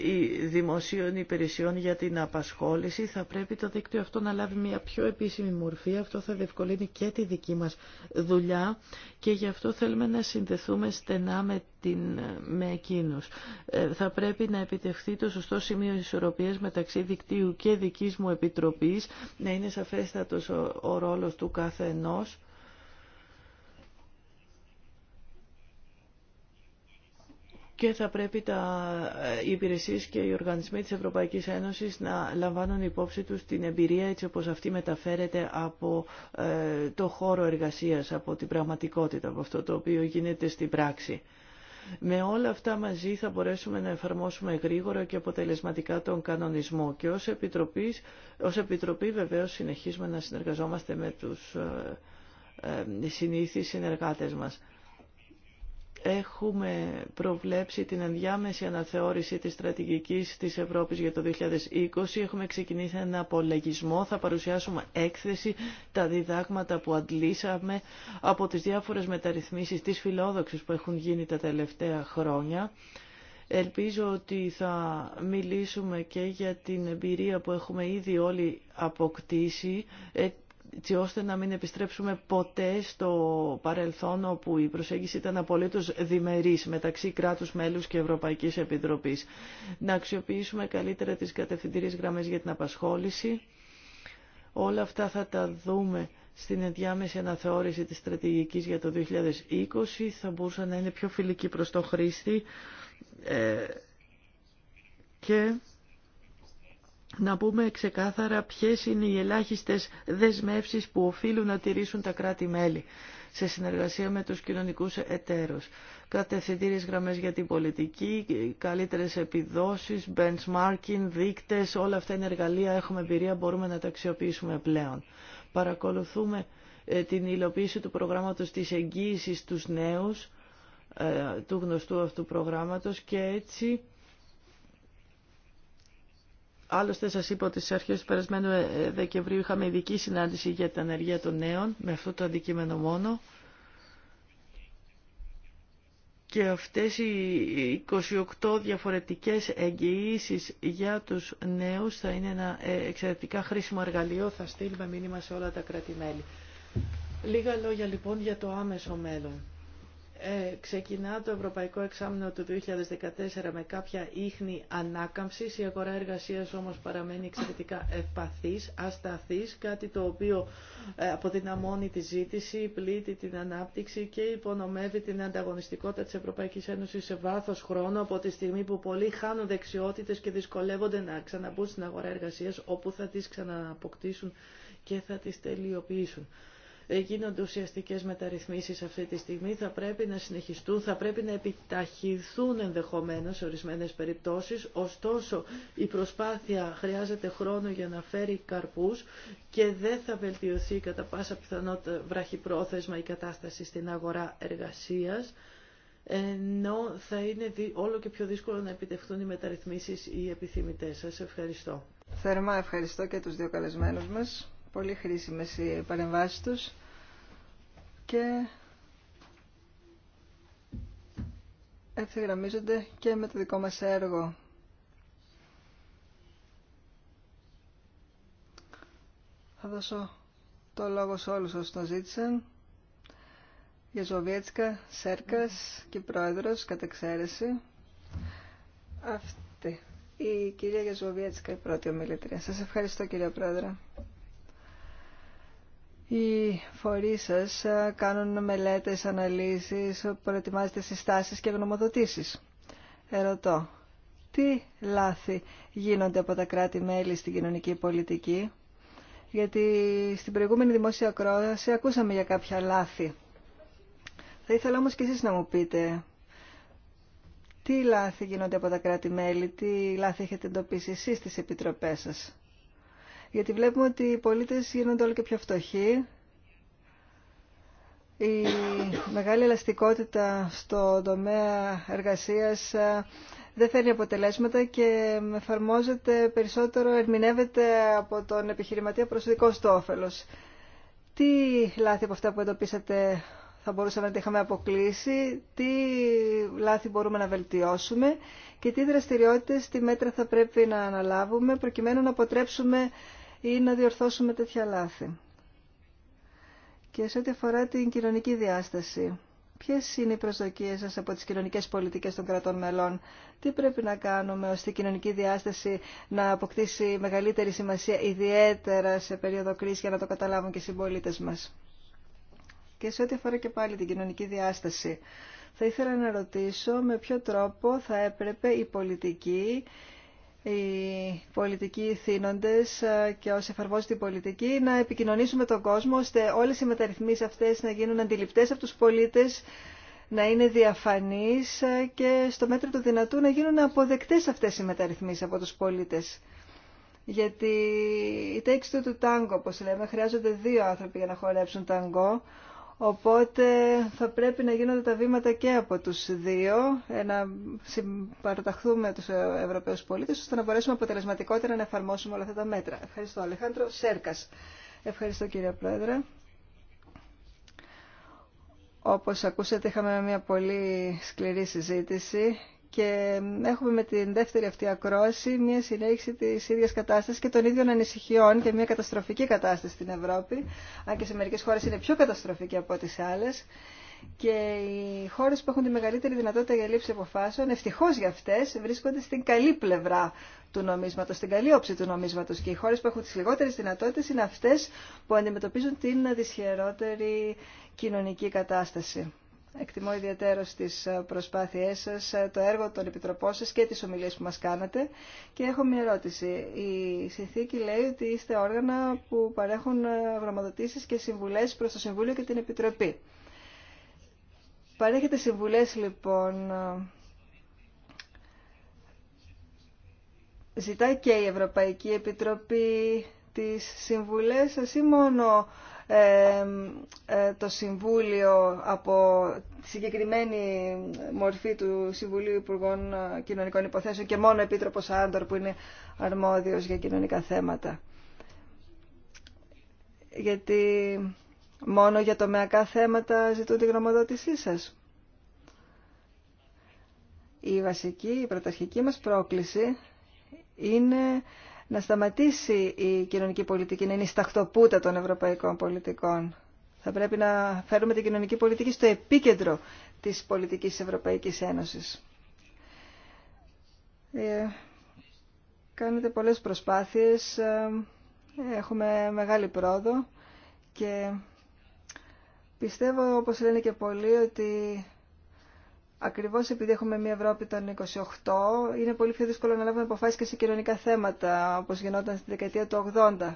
δημοσίων υπηρεσιών για την απασχόληση. Θα πρέπει το δίκτυο αυτό να λάβει μια πιο επίσημη μορφή. Αυτό θα διευκολύνει και τη δική μας δουλειά και γι' αυτό θέλουμε να συνδεθούμε στενά με, την, με εκείνους. Ε, θα πρέπει να επιτευχθεί το σωστό σημείο ισορροπίας μεταξύ δικτύου και δικής μου επιτροπής, να είναι σαφέστατος ο, ο ρόλος του κάθε και θα πρέπει τα, ε, οι υπηρεσίες και οι οργανισμοί της Ευρωπαϊκής Ένωσης να λαμβάνουν υπόψη τους την εμπειρία έτσι όπως αυτή μεταφέρεται από ε, το χώρο εργασίας, από την πραγματικότητα, από αυτό το οποίο γίνεται στην πράξη. Με όλα αυτά μαζί θα μπορέσουμε να εφαρμόσουμε γρήγορα και αποτελεσματικά τον κανονισμό και ως, Επιτροπή βεβαίως συνεχίζουμε να συνεργαζόμαστε με τους ε, ε συνήθεις συνεργάτες μας έχουμε προβλέψει την ενδιάμεση αναθεώρηση της στρατηγικής της Ευρώπης για το 2020. Έχουμε ξεκινήσει ένα απολεγισμό. Θα παρουσιάσουμε έκθεση τα διδάγματα που αντλήσαμε από τις διάφορες μεταρρυθμίσεις της φιλόδοξης που έχουν γίνει τα τελευταία χρόνια. Ελπίζω ότι θα μιλήσουμε και για την εμπειρία που έχουμε ήδη όλοι αποκτήσει ε, έτσι ώστε να μην επιστρέψουμε ποτέ στο παρελθόν όπου η προσέγγιση ήταν απολύτως διμερής μεταξύ κράτους μέλους και Ευρωπαϊκής Επιτροπής. Να αξιοποιήσουμε καλύτερα τις κατευθυντήριες γραμμές για την απασχόληση. Όλα αυτά θα τα δούμε στην ενδιάμεση αναθεώρηση της στρατηγικής για το 2020. Θα μπορούσα να είναι πιο φιλική προς το χρήστη. Ε, και να πούμε ξεκάθαρα ποιες είναι οι ελάχιστες δεσμεύσεις που οφείλουν να τηρήσουν τα κράτη-μέλη σε συνεργασία με τους κοινωνικούς εταίρους. Κατευθυντήριες γραμμές για την πολιτική, καλύτερες επιδόσεις, benchmarking, δείκτες, όλα αυτά είναι εργαλεία, έχουμε εμπειρία, μπορούμε να τα αξιοποιήσουμε πλέον. Παρακολουθούμε ε, την υλοποίηση του προγράμματος της εγγύησης στους νέους, ε, του γνωστού αυτού προγράμματος και έτσι Άλλωστε σας είπα ότι στις αρχές του περασμένου ε, ε, Δεκεμβρίου είχαμε ειδική συνάντηση για την ανεργία των νέων με αυτό το αντικείμενο μόνο. Και αυτές οι 28 διαφορετικές εγγυήσεις για τους νέους θα είναι ένα ε, εξαιρετικά χρήσιμο εργαλείο. Θα στείλουμε μήνυμα σε όλα τα κράτη-μέλη. Λίγα λόγια λοιπόν για το άμεσο μέλλον. Ε, ξεκινά το Ευρωπαϊκό Εξάμεινο του 2014 με κάποια ίχνη ανάκαμψης. Η αγορά εργασίας όμως παραμένει εξαιρετικά ευπαθής, ασταθής, κάτι το οποίο ε, αποδυναμώνει τη ζήτηση, πλήττει την ανάπτυξη και υπονομεύει την ανταγωνιστικότητα της Ευρωπαϊκής Ένωσης σε βάθος χρόνου από τη στιγμή που πολλοί χάνουν δεξιότητες και δυσκολεύονται να ξαναμπούν στην αγορά εργασίας όπου θα τις ξανααποκτήσουν και θα τις τελειοποιήσουν γίνονται ουσιαστικέ μεταρρυθμίσεις αυτή τη στιγμή, θα πρέπει να συνεχιστούν, θα πρέπει να επιταχυνθούν ενδεχομένω σε ορισμένε περιπτώσει, ωστόσο η προσπάθεια χρειάζεται χρόνο για να φέρει καρπού και δεν θα βελτιωθεί κατά πάσα πιθανότητα βραχυπρόθεσμα η κατάσταση στην αγορά εργασία, ενώ θα είναι όλο και πιο δύσκολο να επιτευχθούν οι μεταρρυθμίσεις οι επιθυμητές. Σας ευχαριστώ. Θερμά ευχαριστώ και τους δύο καλεσμένους μας. Πολύ χρήσιμες οι παρεμβάσεις τους και ευθυγραμμίζονται και με το δικό μας έργο. Θα δώσω το λόγο σε όλους όσους τον ζήτησαν. Για Ζωβιέτσκα, Σέρκας και Πρόεδρος, κατά εξαίρεση. Αυτή. Η κυρία Γεζοβιέτσκα, η πρώτη ομιλήτρια. Σας ευχαριστώ κυρία Πρόεδρε οι φορείς σα ε, κάνουν μελέτες, αναλύσεις, προετοιμάζετε συστάσεις και γνωμοδοτήσεις. Ερωτώ, τι λάθη γίνονται από τα κράτη-μέλη στην κοινωνική πολιτική, γιατί στην προηγούμενη δημόσια κρόαση ακούσαμε για κάποια λάθη. Θα ήθελα όμως και εσείς να μου πείτε τι λάθη γίνονται από τα κράτη-μέλη, τι λάθη έχετε εντοπίσει εσείς στις επιτροπές σας γιατί βλέπουμε ότι οι πολίτες γίνονται όλο και πιο φτωχοί. Η μεγάλη ελαστικότητα στο τομέα εργασίας ε, δεν φέρνει αποτελέσματα και εφαρμόζεται περισσότερο, ερμηνεύεται από τον επιχειρηματία προς δικό του όφελος. Τι λάθη από αυτά που εντοπίσατε θα μπορούσαμε να τα είχαμε αποκλείσει, τι λάθη μπορούμε να βελτιώσουμε και τι δραστηριότητες, τι μέτρα θα πρέπει να αναλάβουμε προκειμένου να αποτρέψουμε ή να διορθώσουμε τέτοια λάθη. Και σε ό,τι αφορά την κοινωνική διάσταση, ποιε είναι οι προσδοκίε σα από τι κοινωνικέ πολιτικέ των κρατών μελών, τι πρέπει να κάνουμε ώστε η κοινωνική διάσταση να αποκτήσει μεγαλύτερη σημασία, ιδιαίτερα σε περίοδο κρίση, για να το καταλάβουν και οι συμπολίτε μας. Και σε ό,τι αφορά και πάλι την κοινωνική διάσταση, θα ήθελα να ρωτήσω με ποιο τρόπο θα έπρεπε η πολιτική οι πολιτικοί θύνοντες ε, και όσοι εφαρμόζουν την πολιτική να επικοινωνήσουμε τον κόσμο ώστε όλες οι μεταρρυθμίσεις αυτές να γίνουν αντιληπτές από τους πολίτες να είναι διαφανείς ε, και στο μέτρο του δυνατού να γίνουν αποδεκτές αυτές οι μεταρρυθμίσεις από τους πολίτες. Γιατί η τέξη του τάγκο, όπως λέμε, χρειάζονται δύο άνθρωποι για να χορέψουν τάγκο, Οπότε θα πρέπει να γίνονται τα βήματα και από τους δύο, ε, να συμπαραταχθούμε τους Ευρωπαίους πολίτες, ώστε να μπορέσουμε αποτελεσματικότερα να εφαρμόσουμε όλα αυτά τα μέτρα. Ευχαριστώ, Αλεχάντρο Σέρκας. Ευχαριστώ, κύριε Πρόεδρε. Όπως ακούσατε, είχαμε μια πολύ σκληρή συζήτηση και έχουμε με την δεύτερη αυτή ακρόαση μια συνέχιση τη ίδια κατάσταση και των ίδιων ανησυχιών και μια καταστροφική κατάσταση στην Ευρώπη, αν και σε μερικέ χώρε είναι πιο καταστροφική από ό,τι σε άλλε. Και οι χώρε που έχουν τη μεγαλύτερη δυνατότητα για λήψη αποφάσεων, ευτυχώ για αυτέ, βρίσκονται στην καλή πλευρά του νομίσματο, στην καλή όψη του νομίσματο. Και οι χώρε που έχουν τι λιγότερε δυνατότητε είναι αυτέ που αντιμετωπίζουν την δυσχερότερη κοινωνική κατάσταση. Εκτιμώ ιδιαίτερα τις ε, προσπάθειές σας, ε, το έργο των επιτροπών σα και τις ομιλίε που μας κάνατε. Και έχω μια ερώτηση. Η συνθήκη λέει ότι είστε όργανα που παρέχουν ε, γραμματοτήσει και συμβουλές προς το Συμβούλιο και την Επιτροπή. Παρέχετε συμβουλές λοιπόν... Ζητάει και η Ευρωπαϊκή Επιτροπή τις συμβουλές σας ή μόνο ε, το Συμβούλιο από συγκεκριμένη μορφή του Συμβουλίου Υπουργών ε, Κοινωνικών Υποθέσεων και μόνο ο Επίτροπος Άντορ που είναι αρμόδιος για κοινωνικά θέματα. Γιατί μόνο για τομεακά θέματα ζητούν τη γνωμοδότησή σας. Η βασική, η πρωταρχική μας πρόκληση είναι να σταματήσει η κοινωνική πολιτική να είναι η σταχτοπούτα των ευρωπαϊκών πολιτικών. Θα πρέπει να φέρουμε την κοινωνική πολιτική στο επίκεντρο της πολιτικής Ευρωπαϊκής Ένωσης. Ε, κάνετε πολλές προσπάθειες, ε, έχουμε μεγάλη πρόοδο και πιστεύω, όπως λένε και πολλοί, ότι Ακριβώ επειδή έχουμε μια Ευρώπη των 28, είναι πολύ πιο δύσκολο να λάβουμε αποφάσει και σε κοινωνικά θέματα, όπω γινόταν στη δεκαετία του 80.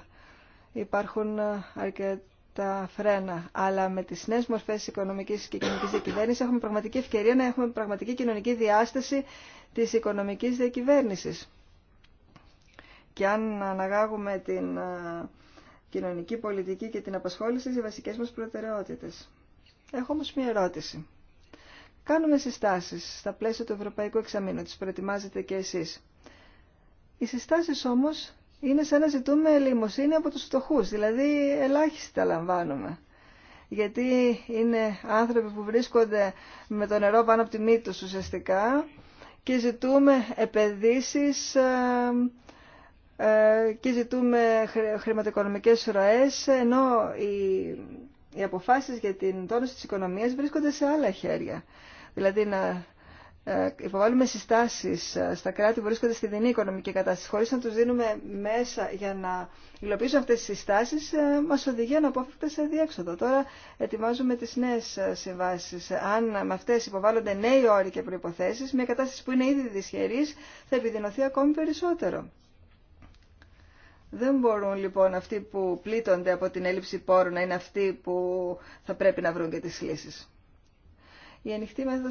Υπάρχουν ε, αρκετά φρένα. Αλλά με τι νέε μορφέ οικονομική και κοινωνική διακυβέρνηση έχουμε πραγματική ευκαιρία να έχουμε πραγματική κοινωνική διάσταση τη οικονομική διακυβέρνηση. Και αν αναγάγουμε την ε, κοινωνική πολιτική και την απασχόληση οι βασικέ μα προτεραιότητε. Έχω όμω μια ερώτηση. Κάνουμε συστάσεις στα πλαίσια του Ευρωπαϊκού Εξαμήνου, τις προετοιμάζετε και εσείς. Οι συστάσεις όμως είναι σαν να ζητούμε ελλημοσύνη από τους φτωχού, δηλαδή ελάχιστα λαμβάνουμε. Γιατί είναι άνθρωποι που βρίσκονται με το νερό πάνω από τη μύτη του ουσιαστικά και ζητούμε επενδύσει ε, ε, και ζητούμε χρηματοοικονομικές ροές, ενώ οι, οι αποφάσεις για την τόνωση της οικονομίας βρίσκονται σε άλλα χέρια δηλαδή να ε, υποβάλουμε συστάσεις ε, στα κράτη που βρίσκονται στη δινή οικονομική κατάσταση χωρίς να τους δίνουμε μέσα για να υλοποιήσουν αυτές τις συστάσεις ε, μας οδηγεί αναπόφευκτα σε διέξοδο. Τώρα ετοιμάζουμε τις νέες συμβάσεις. Αν με αυτές υποβάλλονται νέοι όροι και προϋποθέσεις, μια κατάσταση που είναι ήδη δυσχερής θα επιδεινωθεί ακόμη περισσότερο. Δεν μπορούν λοιπόν αυτοί που πλήττονται από την έλλειψη πόρου να είναι αυτοί που θα πρέπει να βρουν και τις λύσεις. Η ανοιχτή μέθοδο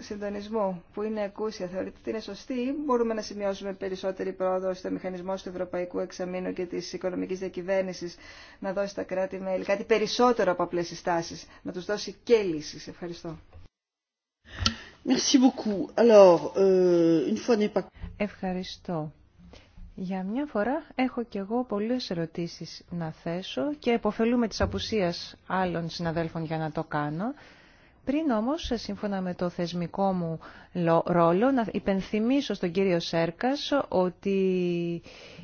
συντονισμού που είναι ακούσια θεωρείται ότι είναι σωστή ή μπορούμε να σημειώσουμε περισσότερη πρόοδο στο μηχανισμό του Ευρωπαϊκού Εξαμήνου και τη οικονομική διακυβέρνηση να δώσει τα κράτη-μέλη κάτι περισσότερο από απλέ συστάσει, να του δώσει και λύσει. Ευχαριστώ. Euh, Ευχαριστώ. Για μια φορά έχω κι εγώ πολλές ερωτήσεις να θέσω και εποφελούμε της απουσίας άλλων συναδέλφων για να το κάνω. Πριν όμως, σύμφωνα με το θεσμικό μου ρόλο, να υπενθυμίσω στον κύριο Σέρκας ότι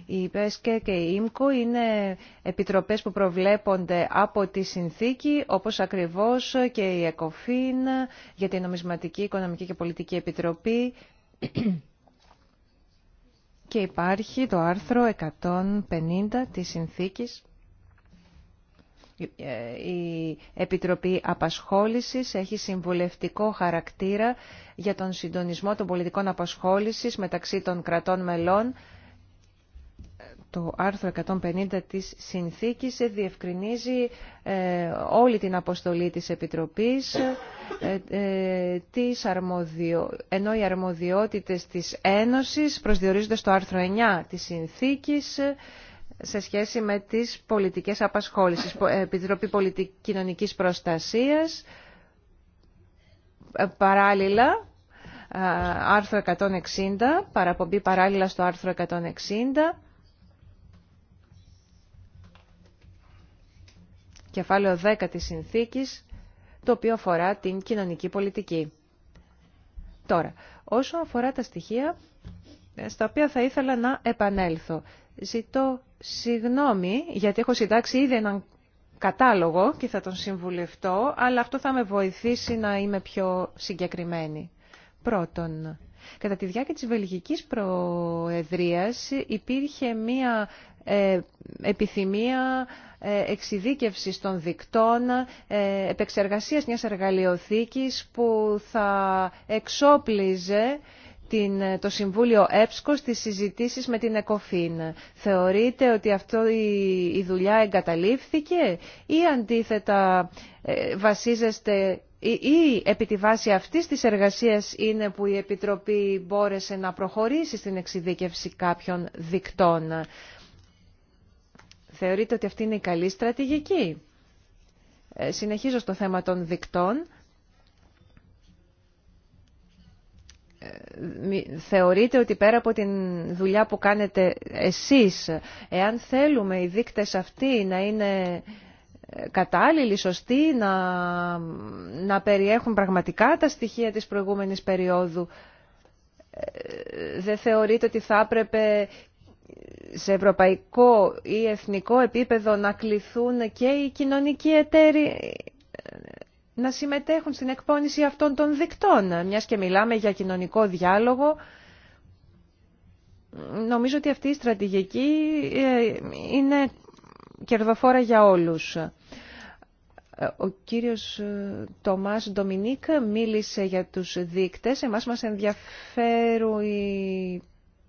η ΠΕΣΚΕ και η ΙΜΚΟ είναι επιτροπές που προβλέπονται από τη συνθήκη, όπως ακριβώς και η ΕΚΟΦΗΝ για την Νομισματική, Οικονομική και Πολιτική Επιτροπή. και υπάρχει το άρθρο 150 της συνθήκης η Επιτροπή Απασχόλησης έχει συμβουλευτικό χαρακτήρα για τον συντονισμό των πολιτικών απασχόλησης μεταξύ των κρατών μελών. Το άρθρο 150 της Συνθήκης διευκρινίζει ε, όλη την αποστολή της Επιτροπής, ε, ε, ενώ οι αρμοδιότητες της Ένωσης προσδιορίζονται στο άρθρο 9 της Συνθήκης σε σχέση με τις πολιτικές απασχόλησης. Επιτροπή Πολιτική Κοινωνικής Προστασίας, ε, παράλληλα, άρθρο 160, παραπομπή παράλληλα στο άρθρο 160, κεφάλαιο 10 της συνθήκης, το οποίο αφορά την κοινωνική πολιτική. Τώρα, όσο αφορά τα στοιχεία ε, στα οποία θα ήθελα να επανέλθω. Ζητώ συγγνώμη, γιατί έχω συντάξει ήδη έναν κατάλογο και θα τον συμβουλευτώ, αλλά αυτό θα με βοηθήσει να είμαι πιο συγκεκριμένη. Πρώτον, κατά τη διάρκεια της Βελγικής Προεδρίας υπήρχε μία ε, επιθυμία ε, των δικτών, ε, επεξεργασίας μιας εργαλειοθήκης που θα εξόπλιζε την, ε, το Συμβούλιο ΕΠΣΚΟ στις συζητήσεις με την ΕΚΟΦΗΝ. Θεωρείτε ότι αυτό η, η δουλειά εγκαταλείφθηκε ή αντίθετα ε, βασίζεστε ή, ή επί τη βάση αυτής της εργασίας είναι που η Επιτροπή μπόρεσε να προχωρήσει στην εξειδίκευση κάποιων δικτών. Θεωρείτε ότι αυτή είναι η καλή στρατηγική. Ε, συνεχίζω στο θέμα των δικτών. θεωρείτε ότι πέρα από την δουλειά που κάνετε εσείς, εάν θέλουμε οι δείκτες αυτοί να είναι ε, κατάλληλοι, σωστοί, να, να περιέχουν πραγματικά τα στοιχεία της προηγούμενης περίοδου, ε, δεν θεωρείτε ότι θα έπρεπε σε ευρωπαϊκό ή εθνικό επίπεδο να κληθούν και οι κοινωνικοί εταίροι ε, να συμμετέχουν στην εκπόνηση αυτών των δικτών. Μιας και μιλάμε για κοινωνικό διάλογο, νομίζω ότι αυτή η στρατηγική ε, είναι κερδοφόρα για όλους. Ο κύριος ε, Τομάς Ντομινίκ μίλησε για τους δείκτες. Εμάς μας ενδιαφέρουν,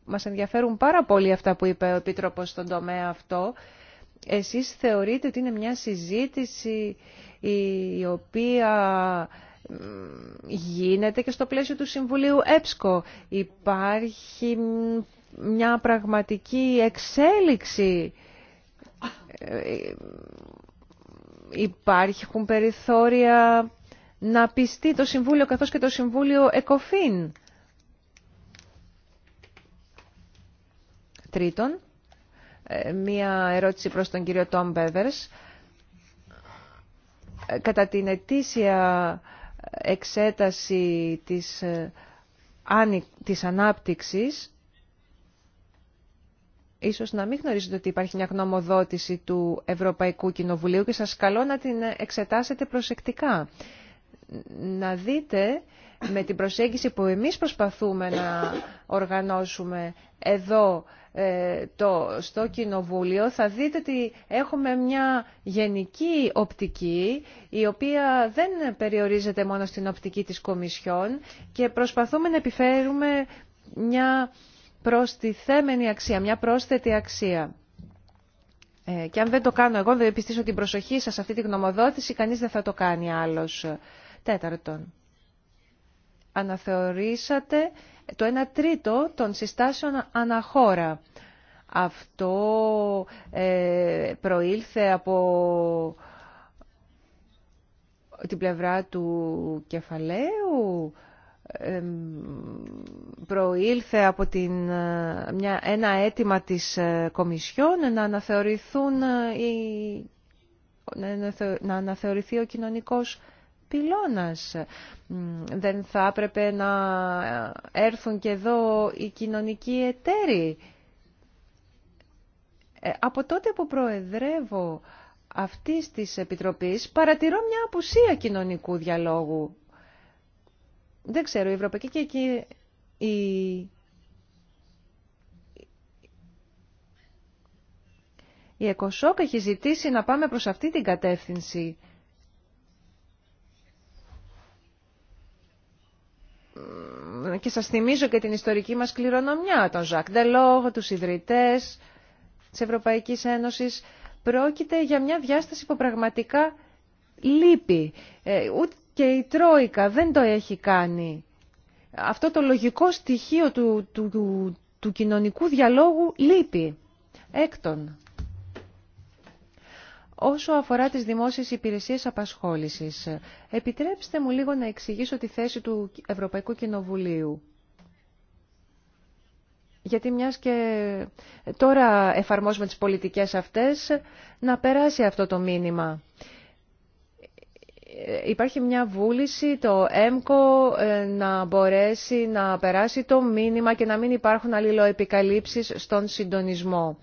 μας ενδιαφέρουν πάρα πολύ αυτά που είπε ο Επίτροπος στον τομέα αυτό. Εσείς θεωρείτε ότι είναι μια συζήτηση η οποία γίνεται και στο πλαίσιο του Συμβουλίου ΕΠΣΚΟ. Υπάρχει μια πραγματική εξέλιξη. Ε, υπάρχουν περιθώρια να πιστεί το Συμβούλιο καθώς και το Συμβούλιο ΕΚΟΦΗΝ. Τρίτον, ε, μία ερώτηση προς τον κύριο Τόμ Μπέβερς κατά την ετήσια εξέταση της, ε, της ανάπτυξης, ίσως να μην γνωρίζετε ότι υπάρχει μια γνωμοδότηση του Ευρωπαϊκού Κοινοβουλίου και σας καλώ να την εξετάσετε προσεκτικά. Να δείτε με την προσέγγιση που εμείς προσπαθούμε να οργανώσουμε εδώ ε, το, στο Κοινοβούλιο θα δείτε ότι έχουμε μια γενική οπτική η οποία δεν περιορίζεται μόνο στην οπτική της Κομισιόν και προσπαθούμε να επιφέρουμε μια προστιθέμενη αξία, μια πρόσθετη αξία. Ε, και αν δεν το κάνω εγώ, δεν επιστήσω την προσοχή σας σε αυτή τη γνωμοδότηση, κανείς δεν θα το κάνει άλλος. Τέταρτον αναθεωρήσατε το 1 τρίτο των συστάσεων αναχώρα. Αυτό ε, προήλθε από την πλευρά του κεφαλαίου, προήλθε από την, μια, ένα αίτημα της ε, Κομισιόν να αναθεωρηθούν ε, οι, να αναθεωρηθεί ο κοινωνικός πυλώνας. Δεν θα έπρεπε να έρθουν και εδώ οι κοινωνικοί εταίροι. Ε, από τότε που προεδρεύω αυτή της Επιτροπής παρατηρώ μια απουσία κοινωνικού διαλόγου. Δεν ξέρω, η Ευρωπαϊκή και η... Η ΕΚΟΣΟΚ έχει ζητήσει να πάμε προς αυτή την κατεύθυνση. και σας θυμίζω και την ιστορική μας κληρονομιά, τον Ζακ Ντελόγ, τους ιδρυτές της Ευρωπαϊκής Ένωσης. Πρόκειται για μια διάσταση που πραγματικά λείπει. Ε, Ούτε και η Τρόικα δεν το έχει κάνει. Αυτό το λογικό στοιχείο του, του, του κοινωνικού διαλόγου λείπει. Έκτον, Όσο αφορά τις δημόσιες υπηρεσίες απασχόλησης, επιτρέψτε μου λίγο να εξηγήσω τη θέση του Ευρωπαϊκού Κοινοβουλίου. Γιατί μιας και τώρα εφαρμόζουμε τις πολιτικές αυτές, να περάσει αυτό το μήνυμα. Υπάρχει μια βούληση το ΕΜΚΟ ε, να μπορέσει να περάσει το μήνυμα και να μην υπάρχουν αλληλοεπικαλύψεις στον συντονισμό.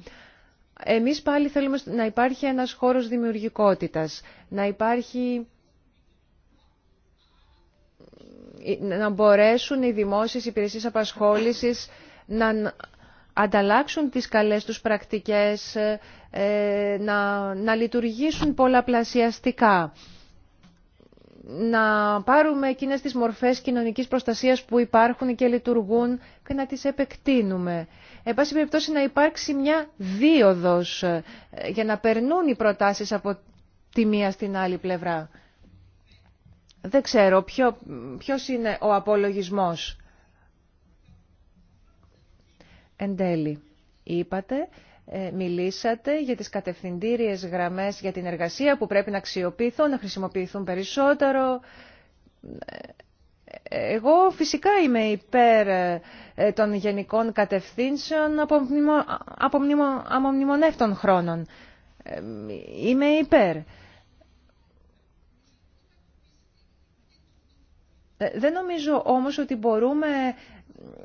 Εμείς πάλι θέλουμε να υπάρχει ένας χώρος δημιουργικότητας, να υπάρχει να μπορέσουν οι δημόσιες υπηρεσίες απασχόλησης να ανταλλάξουν τις καλές τους πρακτικές, ε, να, να λειτουργήσουν πολλαπλασιαστικά να πάρουμε εκείνες τις μορφές κοινωνικής προστασίας που υπάρχουν και λειτουργούν και να τις επεκτείνουμε. Εν πάση περιπτώσει να υπάρξει μια δίωδος ε, για να περνούν οι προτάσεις από τη μία στην άλλη πλευρά. Δεν ξέρω ποιο, ποιος είναι ο απολογισμός. Εν τέλει, είπατε ε, μιλήσατε για τις κατευθυντήριες γραμμές για την εργασία που πρέπει να αξιοποιηθούν, να χρησιμοποιηθούν περισσότερο. Ε, εγώ φυσικά είμαι υπέρ ε, των γενικών κατευθύνσεων από, χρόνων. Είμαι υπέρ. Δεν νομίζω όμως ότι μπορούμε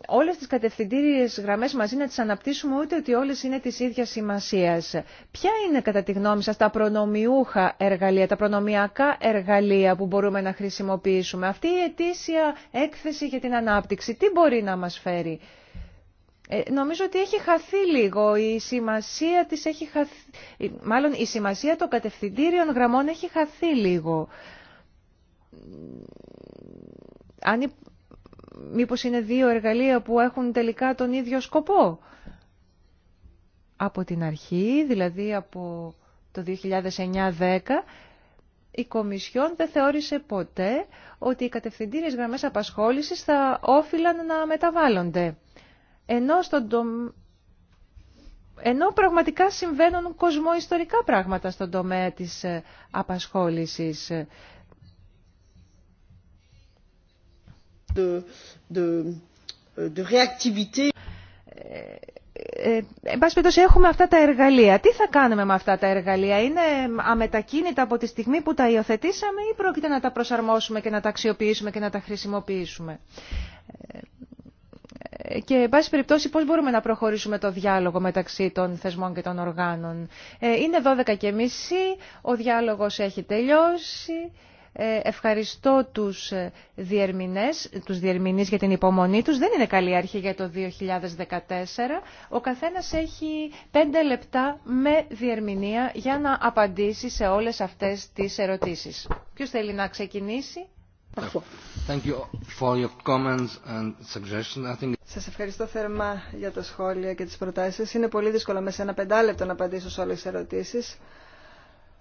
όλες τις κατευθυντήριες γραμμές μαζί να τις αναπτύσσουμε ούτε ότι όλες είναι της ίδιας σημασίας. Ποια είναι κατά τη γνώμη σας τα προνομιούχα εργαλεία, τα προνομιακά εργαλεία που μπορούμε να χρησιμοποιήσουμε. Αυτή η ετήσια έκθεση για την ανάπτυξη, τι μπορεί να μας φέρει. Ε, νομίζω ότι έχει χαθεί λίγο, η σημασία της έχει χαθεί, μάλλον η σημασία των κατευθυντήριων γραμμών έχει χαθεί λίγο. Αν μήπως είναι δύο εργαλεία που έχουν τελικά τον ίδιο σκοπό. Από την αρχή, δηλαδή από το 2009-10, η Κομισιόν δεν θεώρησε ποτέ ότι οι κατευθυντήριες γραμμές απασχόλησης θα όφυλαν να μεταβάλλονται. Ενώ στον ενώ πραγματικά συμβαίνουν κοσμοϊστορικά πράγματα στον τομέα της ε, απασχόλησης. De, de, euh, de ε, ε, εν πάση περιπτώσει έχουμε αυτά τα εργαλεία. Τι θα κάνουμε με αυτά τα εργαλεία. Είναι αμετακίνητα από τη στιγμή που τα υιοθετήσαμε ή πρόκειται να τα προσαρμόσουμε και να τα αξιοποιήσουμε και να τα χρησιμοποιήσουμε. Ε, και, εν πάση περιπτώσει, πώς μπορούμε να προχωρήσουμε το διάλογο μεταξύ των θεσμών και των οργάνων. Ε, είναι 12.30, ο διάλογος έχει τελειώσει. Ε, ευχαριστώ τους ε, διερμηνές, τους διερμηνείς για την υπομονή τους. Δεν είναι καλή αρχή για το 2014. Ο καθένας έχει πέντε λεπτά με διερμηνία για να απαντήσει σε όλες αυτές τις ερωτήσεις. Ποιος θέλει να ξεκινήσει? Σας ευχαριστώ θερμά για τα σχόλια και τις προτάσεις. Είναι πολύ δύσκολο μέσα ένα πεντάλεπτο να απαντήσω σε όλες τις ερωτήσεις.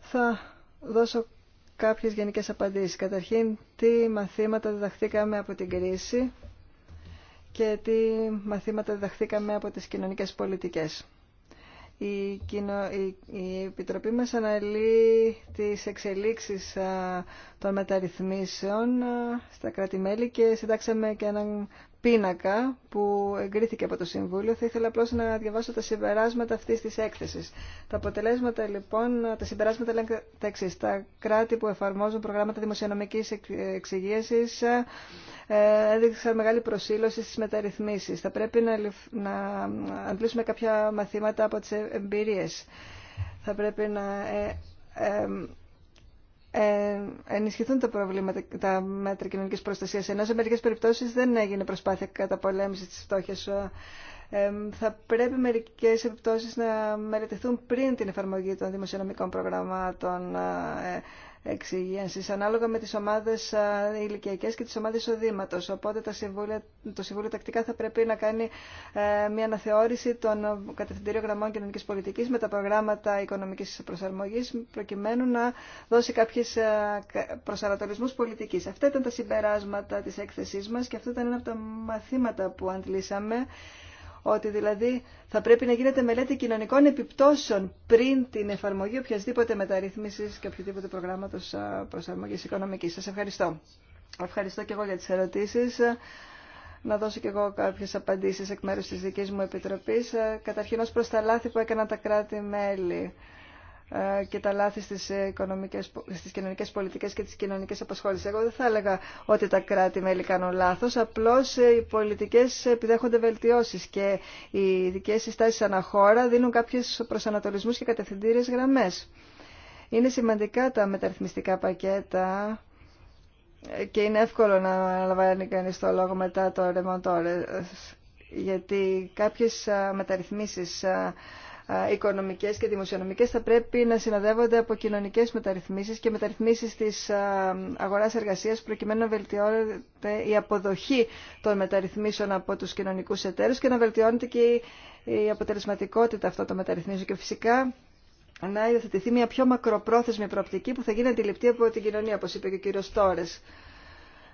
Θα δώσω κάποιες γενικές απαντήσεις. Καταρχήν, τι μαθήματα διδαχθήκαμε από την κρίση και τι μαθήματα διδαχθήκαμε από τις κοινωνικές πολιτικές. Η, η Επιτροπή μας αναλύει τις εξελίξεις των μεταρρυθμίσεων στα κράτη-μέλη και συντάξαμε και έναν πίνακα που εγκρίθηκε από το Συμβούλιο. Θα ήθελα απλώς να διαβάσω τα συμπεράσματα αυτής της έκθεσης. Τα αποτελέσματα λοιπόν, τα συμπεράσματα λένε τα εξή. Τα κράτη που εφαρμόζουν προγράμματα δημοσιονομικής εξυγίασης ε, έδειξαν μεγάλη προσήλωση στις μεταρρυθμίσεις. Θα πρέπει να, να αντλήσουμε κάποια μαθήματα από τις εμπειρίες. Θα πρέπει να ε, ε, ε, ενισχυθούν τα, προβλήματα, τα μέτρα κοινωνικής προστασίας, ενώ σε μερικές περιπτώσεις δεν έγινε προσπάθεια πολέμηση της φτώχειας. Ε, ε, θα πρέπει μερικές επιπτώσεις να μελετηθούν πριν την εφαρμογή των δημοσιονομικών προγραμμάτων ανάλογα με τι ομάδε ηλικιακέ και τι ομάδε οδήματο. Οπότε τα συμβούλια, το Συμβούλιο τακτικά θα πρέπει να κάνει ε, μια αναθεώρηση των κατευθυντήριων γραμμών Κοινωνική Πολιτική με τα προγράμματα οικονομική προσαρμογή, προκειμένου να δώσει κάποιε ε, προσανατολισμούς πολιτικής. Αυτά ήταν τα συμπεράσματα τη έκθεσή μα και αυτό ήταν ένα από τα μαθήματα που αντλήσαμε ότι δηλαδή θα πρέπει να γίνεται μελέτη κοινωνικών επιπτώσεων πριν την εφαρμογή οποιασδήποτε μεταρρύθμισης και οποιοδήποτε προγράμματος προσαρμογής οικονομικής. Σας ευχαριστώ. Ευχαριστώ και εγώ για τις ερωτήσεις. Να δώσω και εγώ κάποιες απαντήσεις εκ μέρους της δικής μου επιτροπής. Καταρχήν ως προς τα λάθη που έκαναν τα κράτη-μέλη. Ε, και τα λάθη στις, ε, οικονομικές, στις κοινωνικές πολιτικές και τις κοινωνικές απασχόλησεις. Εγώ δεν θα έλεγα ότι τα κράτη-μέλη κάνουν λάθος, απλώς ε, οι πολιτικές επιδέχονται βελτιώσεις και οι ειδικές συστάσεις αναχώρα δίνουν κάποιες προσανατολισμούς και κατευθυντήριες γραμμές. Είναι σημαντικά τα μεταρρυθμιστικά πακέτα και είναι εύκολο να λαμβάνει κανείς το λόγο μετά το ρεμοντόρες, γιατί κάποιες μεταρρυθμίσεις ε, οικονομικές και δημοσιονομικές θα πρέπει να συνοδεύονται από κοινωνικές μεταρρυθμίσεις και μεταρρυθμίσεις της ε, αγοράς εργασίας προκειμένου να βελτιώνεται η αποδοχή των μεταρρυθμίσεων από τους κοινωνικούς εταίρους και να βελτιώνεται και η αποτελεσματικότητα αυτών των μεταρρυθμίσεων. Και φυσικά να υιοθετηθεί μια πιο μακροπρόθεσμη προοπτική που θα γίνει αντιληπτή από την κοινωνία, όπως είπε και ο κύριος Τόρες.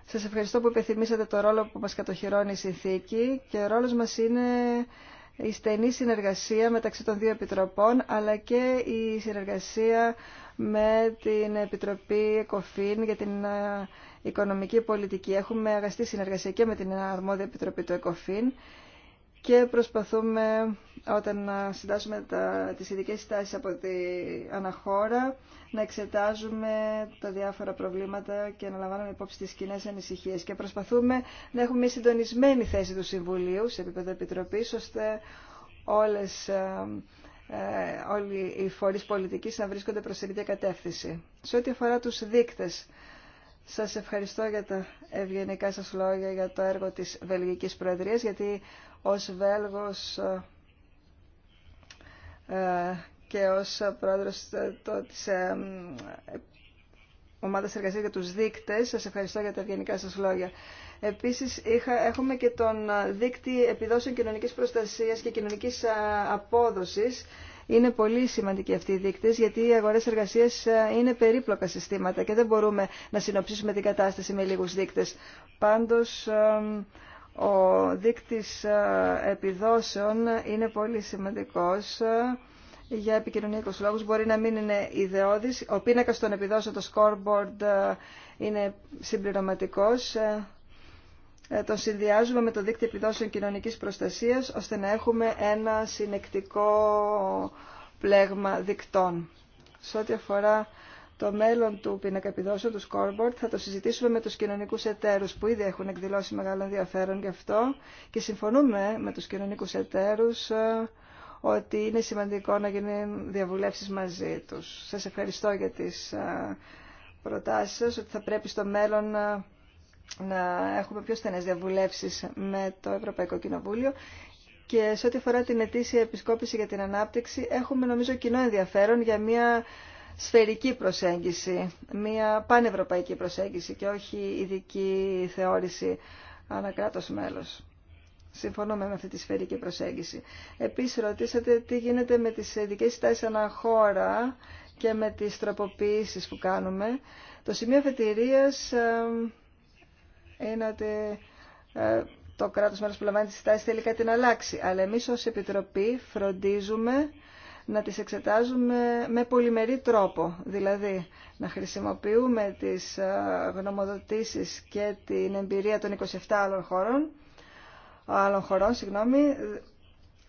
Σας ευχαριστώ που υπενθυμίσατε το ρόλο που μας κατοχυρώνει η συνθήκη και ο ρόλος μας είναι η στενή συνεργασία μεταξύ των δύο επιτροπών αλλά και η συνεργασία με την Επιτροπή ΕΚΟΦΗΝ για την ε, οικονομική πολιτική. Έχουμε αγαστή συνεργασία και με την αρμόδια Επιτροπή του ΕΚΟΦΗΝ και προσπαθούμε όταν συντάσσουμε τα, τις ειδικέ στάσεις από την αναχώρα να εξετάζουμε τα διάφορα προβλήματα και να λαμβάνουμε υπόψη τις κοινέ ανησυχίε. και προσπαθούμε να έχουμε μια συντονισμένη θέση του Συμβουλίου σε επίπεδο Επιτροπής ώστε όλες, ε, όλοι οι φορείς πολιτικής να βρίσκονται προς την ίδια κατεύθυνση. Σε ό,τι αφορά τους δείκτες, σας ευχαριστώ για τα ευγενικά σας λόγια για το έργο της Βελγικής Προεδρίας γιατί ως Βέλγος ε, και ως πρόεδρος ε, το, της ε, ομάδας εργασίας για τους δείκτες. Σας ευχαριστώ για τα ευγενικά σας λόγια. Επίσης είχα, έχουμε και τον δείκτη επιδόσεων κοινωνικής προστασίας και κοινωνικής απόδοσης. Είναι πολύ σημαντική αυτή οι δίκτες γιατί οι αγορές εργασίας είναι περίπλοκα συστήματα και δεν μπορούμε να συνοψίσουμε την κατάσταση με λίγους δείκτες. Πάντως ο δίκτυς ε, επιδόσεων είναι πολύ σημαντικός ε, για επικοινωνιακούς λόγους. Μπορεί να μην είναι ιδεώδης. Ο πίνακας των επιδόσεων, το scoreboard, ε, είναι συμπληρωματικός. Τον συνδυάζουμε με το δίκτυο επιδόσεων κοινωνικής προστασίας, ώστε να έχουμε ένα συνεκτικό πλέγμα δικτών. Σε ό,τι αφορά το μέλλον του πίνακα του scoreboard, θα το συζητήσουμε με τους κοινωνικούς εταίρους που ήδη έχουν εκδηλώσει μεγάλο ενδιαφέρον γι' αυτό και συμφωνούμε με τους κοινωνικούς εταίρους ε, ότι είναι σημαντικό να γίνουν διαβουλεύσεις μαζί τους. Σας ευχαριστώ για τις ε, προτάσεις σας, ότι θα πρέπει στο μέλλον ε, να, έχουμε πιο στενές διαβουλεύσεις με το Ευρωπαϊκό Κοινοβούλιο και σε ό,τι αφορά την ετήσια επισκόπηση για την ανάπτυξη έχουμε νομίζω κοινό ενδιαφέρον για μια σφαιρική προσέγγιση, μια πανευρωπαϊκή προσέγγιση και όχι ειδική θεώρηση ανακράτος μέλος. Συμφωνούμε με αυτή τη σφαιρική προσέγγιση. Επίσης ρωτήσατε τι γίνεται με τις ειδικές ανά αναχώρα και με τις τροποποιήσεις που κάνουμε. Το σημείο αφετηρίας ε, είναι ότι ε, το κράτος μέλος που λαμβάνει τις στάσεις θέλει κάτι να αλλάξει. Αλλά εμείς ως Επιτροπή φροντίζουμε να τις εξετάζουμε με πολυμερή τρόπο. Δηλαδή, να χρησιμοποιούμε τις ε, γνωμοδοτήσεις και την εμπειρία των 27 άλλων χωρών, άλλων χωρών, συγγνώμη,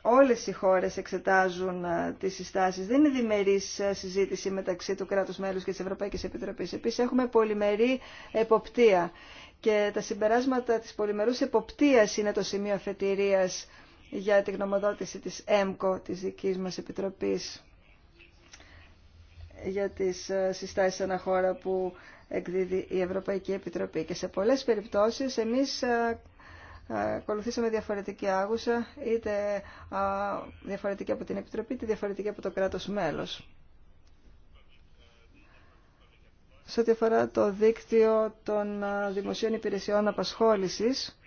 όλες οι χώρες εξετάζουν ε, τις συστάσεις. Δεν είναι διμερής ε, συζήτηση μεταξύ του κράτους μέλους και της Ευρωπαϊκής Επιτροπής. Επίσης έχουμε πολυμερή εποπτεία και τα συμπεράσματα της πολυμερούς εποπτείας είναι το σημείο αφετηρίας για την γνωμοδότηση της ΕΜΚΟ, της δικής μας Επιτροπής για τις ε, συστάσεις αναχώρα που εκδίδει η Ευρωπαϊκή Επιτροπή. Και σε πολλές περιπτώσεις εμείς ε, ε, ακολουθήσαμε διαφορετική άγουσα, είτε διαφορετική από την Επιτροπή, είτε διαφορετική από το κράτος μέλος. Σε ό,τι αφορά το δίκτυο των δημοσίων υπηρεσιών απασχόλησης,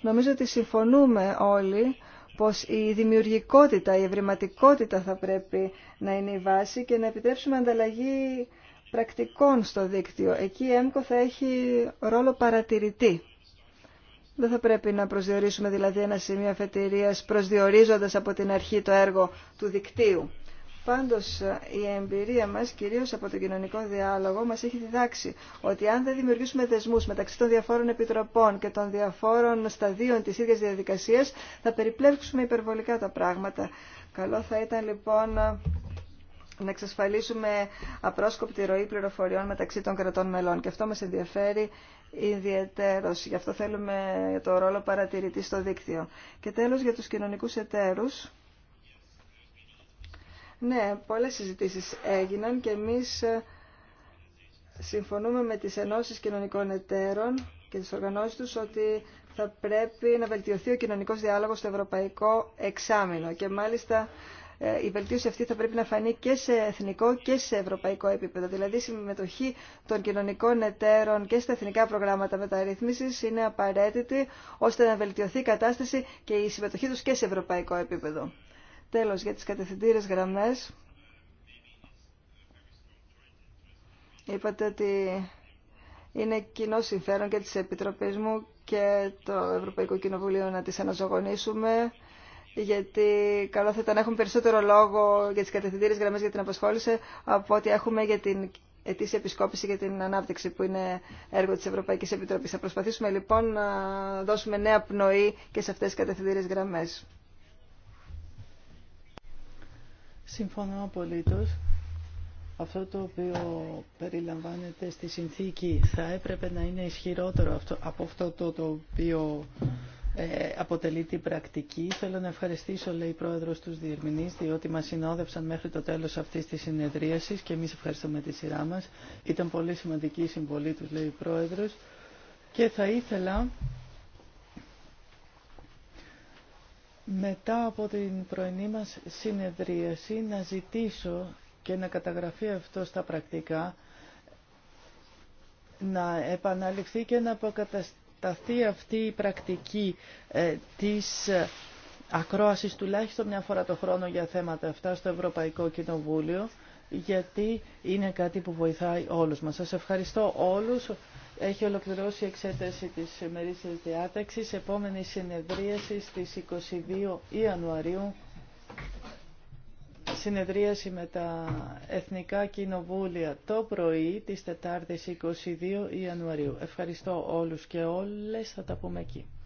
νομίζω ότι συμφωνούμε όλοι πως η δημιουργικότητα, η ευρηματικότητα θα πρέπει να είναι η βάση και να επιτρέψουμε ανταλλαγή πρακτικών στο δίκτυο. Εκεί η ΕΜΚΟ θα έχει ρόλο παρατηρητή. Δεν θα πρέπει να προσδιορίσουμε δηλαδή ένα σημείο αφετηρίας προσδιορίζοντας από την αρχή το έργο του δικτύου. Πάντως η εμπειρία μας, κυρίως από τον κοινωνικό διάλογο, μας έχει διδάξει ότι αν δεν δημιουργήσουμε δεσμούς μεταξύ των διαφόρων επιτροπών και των διαφόρων σταδίων της ίδιας διαδικασίας, θα περιπλέξουμε υπερβολικά τα πράγματα. Καλό θα ήταν λοιπόν να εξασφαλίσουμε απρόσκοπτη ροή πληροφοριών μεταξύ των κρατών μελών. Και αυτό μας ενδιαφέρει ιδιαιτέρως. Γι' αυτό θέλουμε το ρόλο παρατηρητή στο δίκτυο. Και τέλος για τους κοινωνικούς εταίρους ναι, πολλές συζητήσεις έγιναν και εμείς ε, συμφωνούμε με τις ενώσεις κοινωνικών εταίρων και τις οργανώσεις τους ότι θα πρέπει να βελτιωθεί ο κοινωνικός διάλογος στο ευρωπαϊκό εξάμεινο και μάλιστα ε, η βελτίωση αυτή θα πρέπει να φανεί και σε εθνικό και σε ευρωπαϊκό επίπεδο. Δηλαδή η συμμετοχή των κοινωνικών εταίρων και στα εθνικά προγράμματα μεταρρύθμισης είναι απαραίτητη ώστε να βελτιωθεί η κατάσταση και η συμμετοχή του και σε ευρωπαϊκό επίπεδο. Τέλος, για τις κατευθυντήρες γραμμές, είπατε ότι είναι κοινό συμφέρον και της Επιτροπής μου και το Ευρωπαϊκό Κοινοβούλιο να τις αναζωογονήσουμε γιατί καλό θα ήταν να έχουμε περισσότερο λόγο για τις κατευθυντήρες γραμμές για την απασχόληση από ό,τι έχουμε για την ετήσια επισκόπηση για την ανάπτυξη που είναι έργο της Ευρωπαϊκής Επιτροπής. Θα προσπαθήσουμε λοιπόν να δώσουμε νέα πνοή και σε αυτές τις κατευθυντήρες γραμμές. Συμφωνώ απολύτως. Αυτό το οποίο περιλαμβάνεται στη συνθήκη θα έπρεπε να είναι ισχυρότερο από αυτό το, το οποίο ε, αποτελεί την πρακτική. Θέλω να ευχαριστήσω, λέει η Πρόεδρος, τους διερμηνείς, διότι μας συνόδευσαν μέχρι το τέλος αυτής της συνεδρίασης και εμείς ευχαριστούμε τη σειρά μας. Ήταν πολύ σημαντική η συμβολή τους, λέει η Πρόεδρος. Και θα ήθελα μετά από την πρωινή μας συνεδρίαση να ζητήσω και να καταγραφεί αυτό στα πρακτικά, να επαναληφθεί και να αποκατασταθεί αυτή η πρακτική ε, της ε, ακρόασης τουλάχιστον μια φορά το χρόνο για θέματα αυτά στο Ευρωπαϊκό Κοινοβούλιο, γιατί είναι κάτι που βοηθάει όλους μας. Σας ευχαριστώ όλους έχει ολοκληρώσει η εξέταση της ημερήσιας διάταξης. Επόμενη συνεδρίαση στις 22 Ιανουαρίου. Συνεδρίαση με τα Εθνικά Κοινοβούλια το πρωί της Τετάρτης 22 Ιανουαρίου. Ευχαριστώ όλους και όλες. Θα τα πούμε εκεί.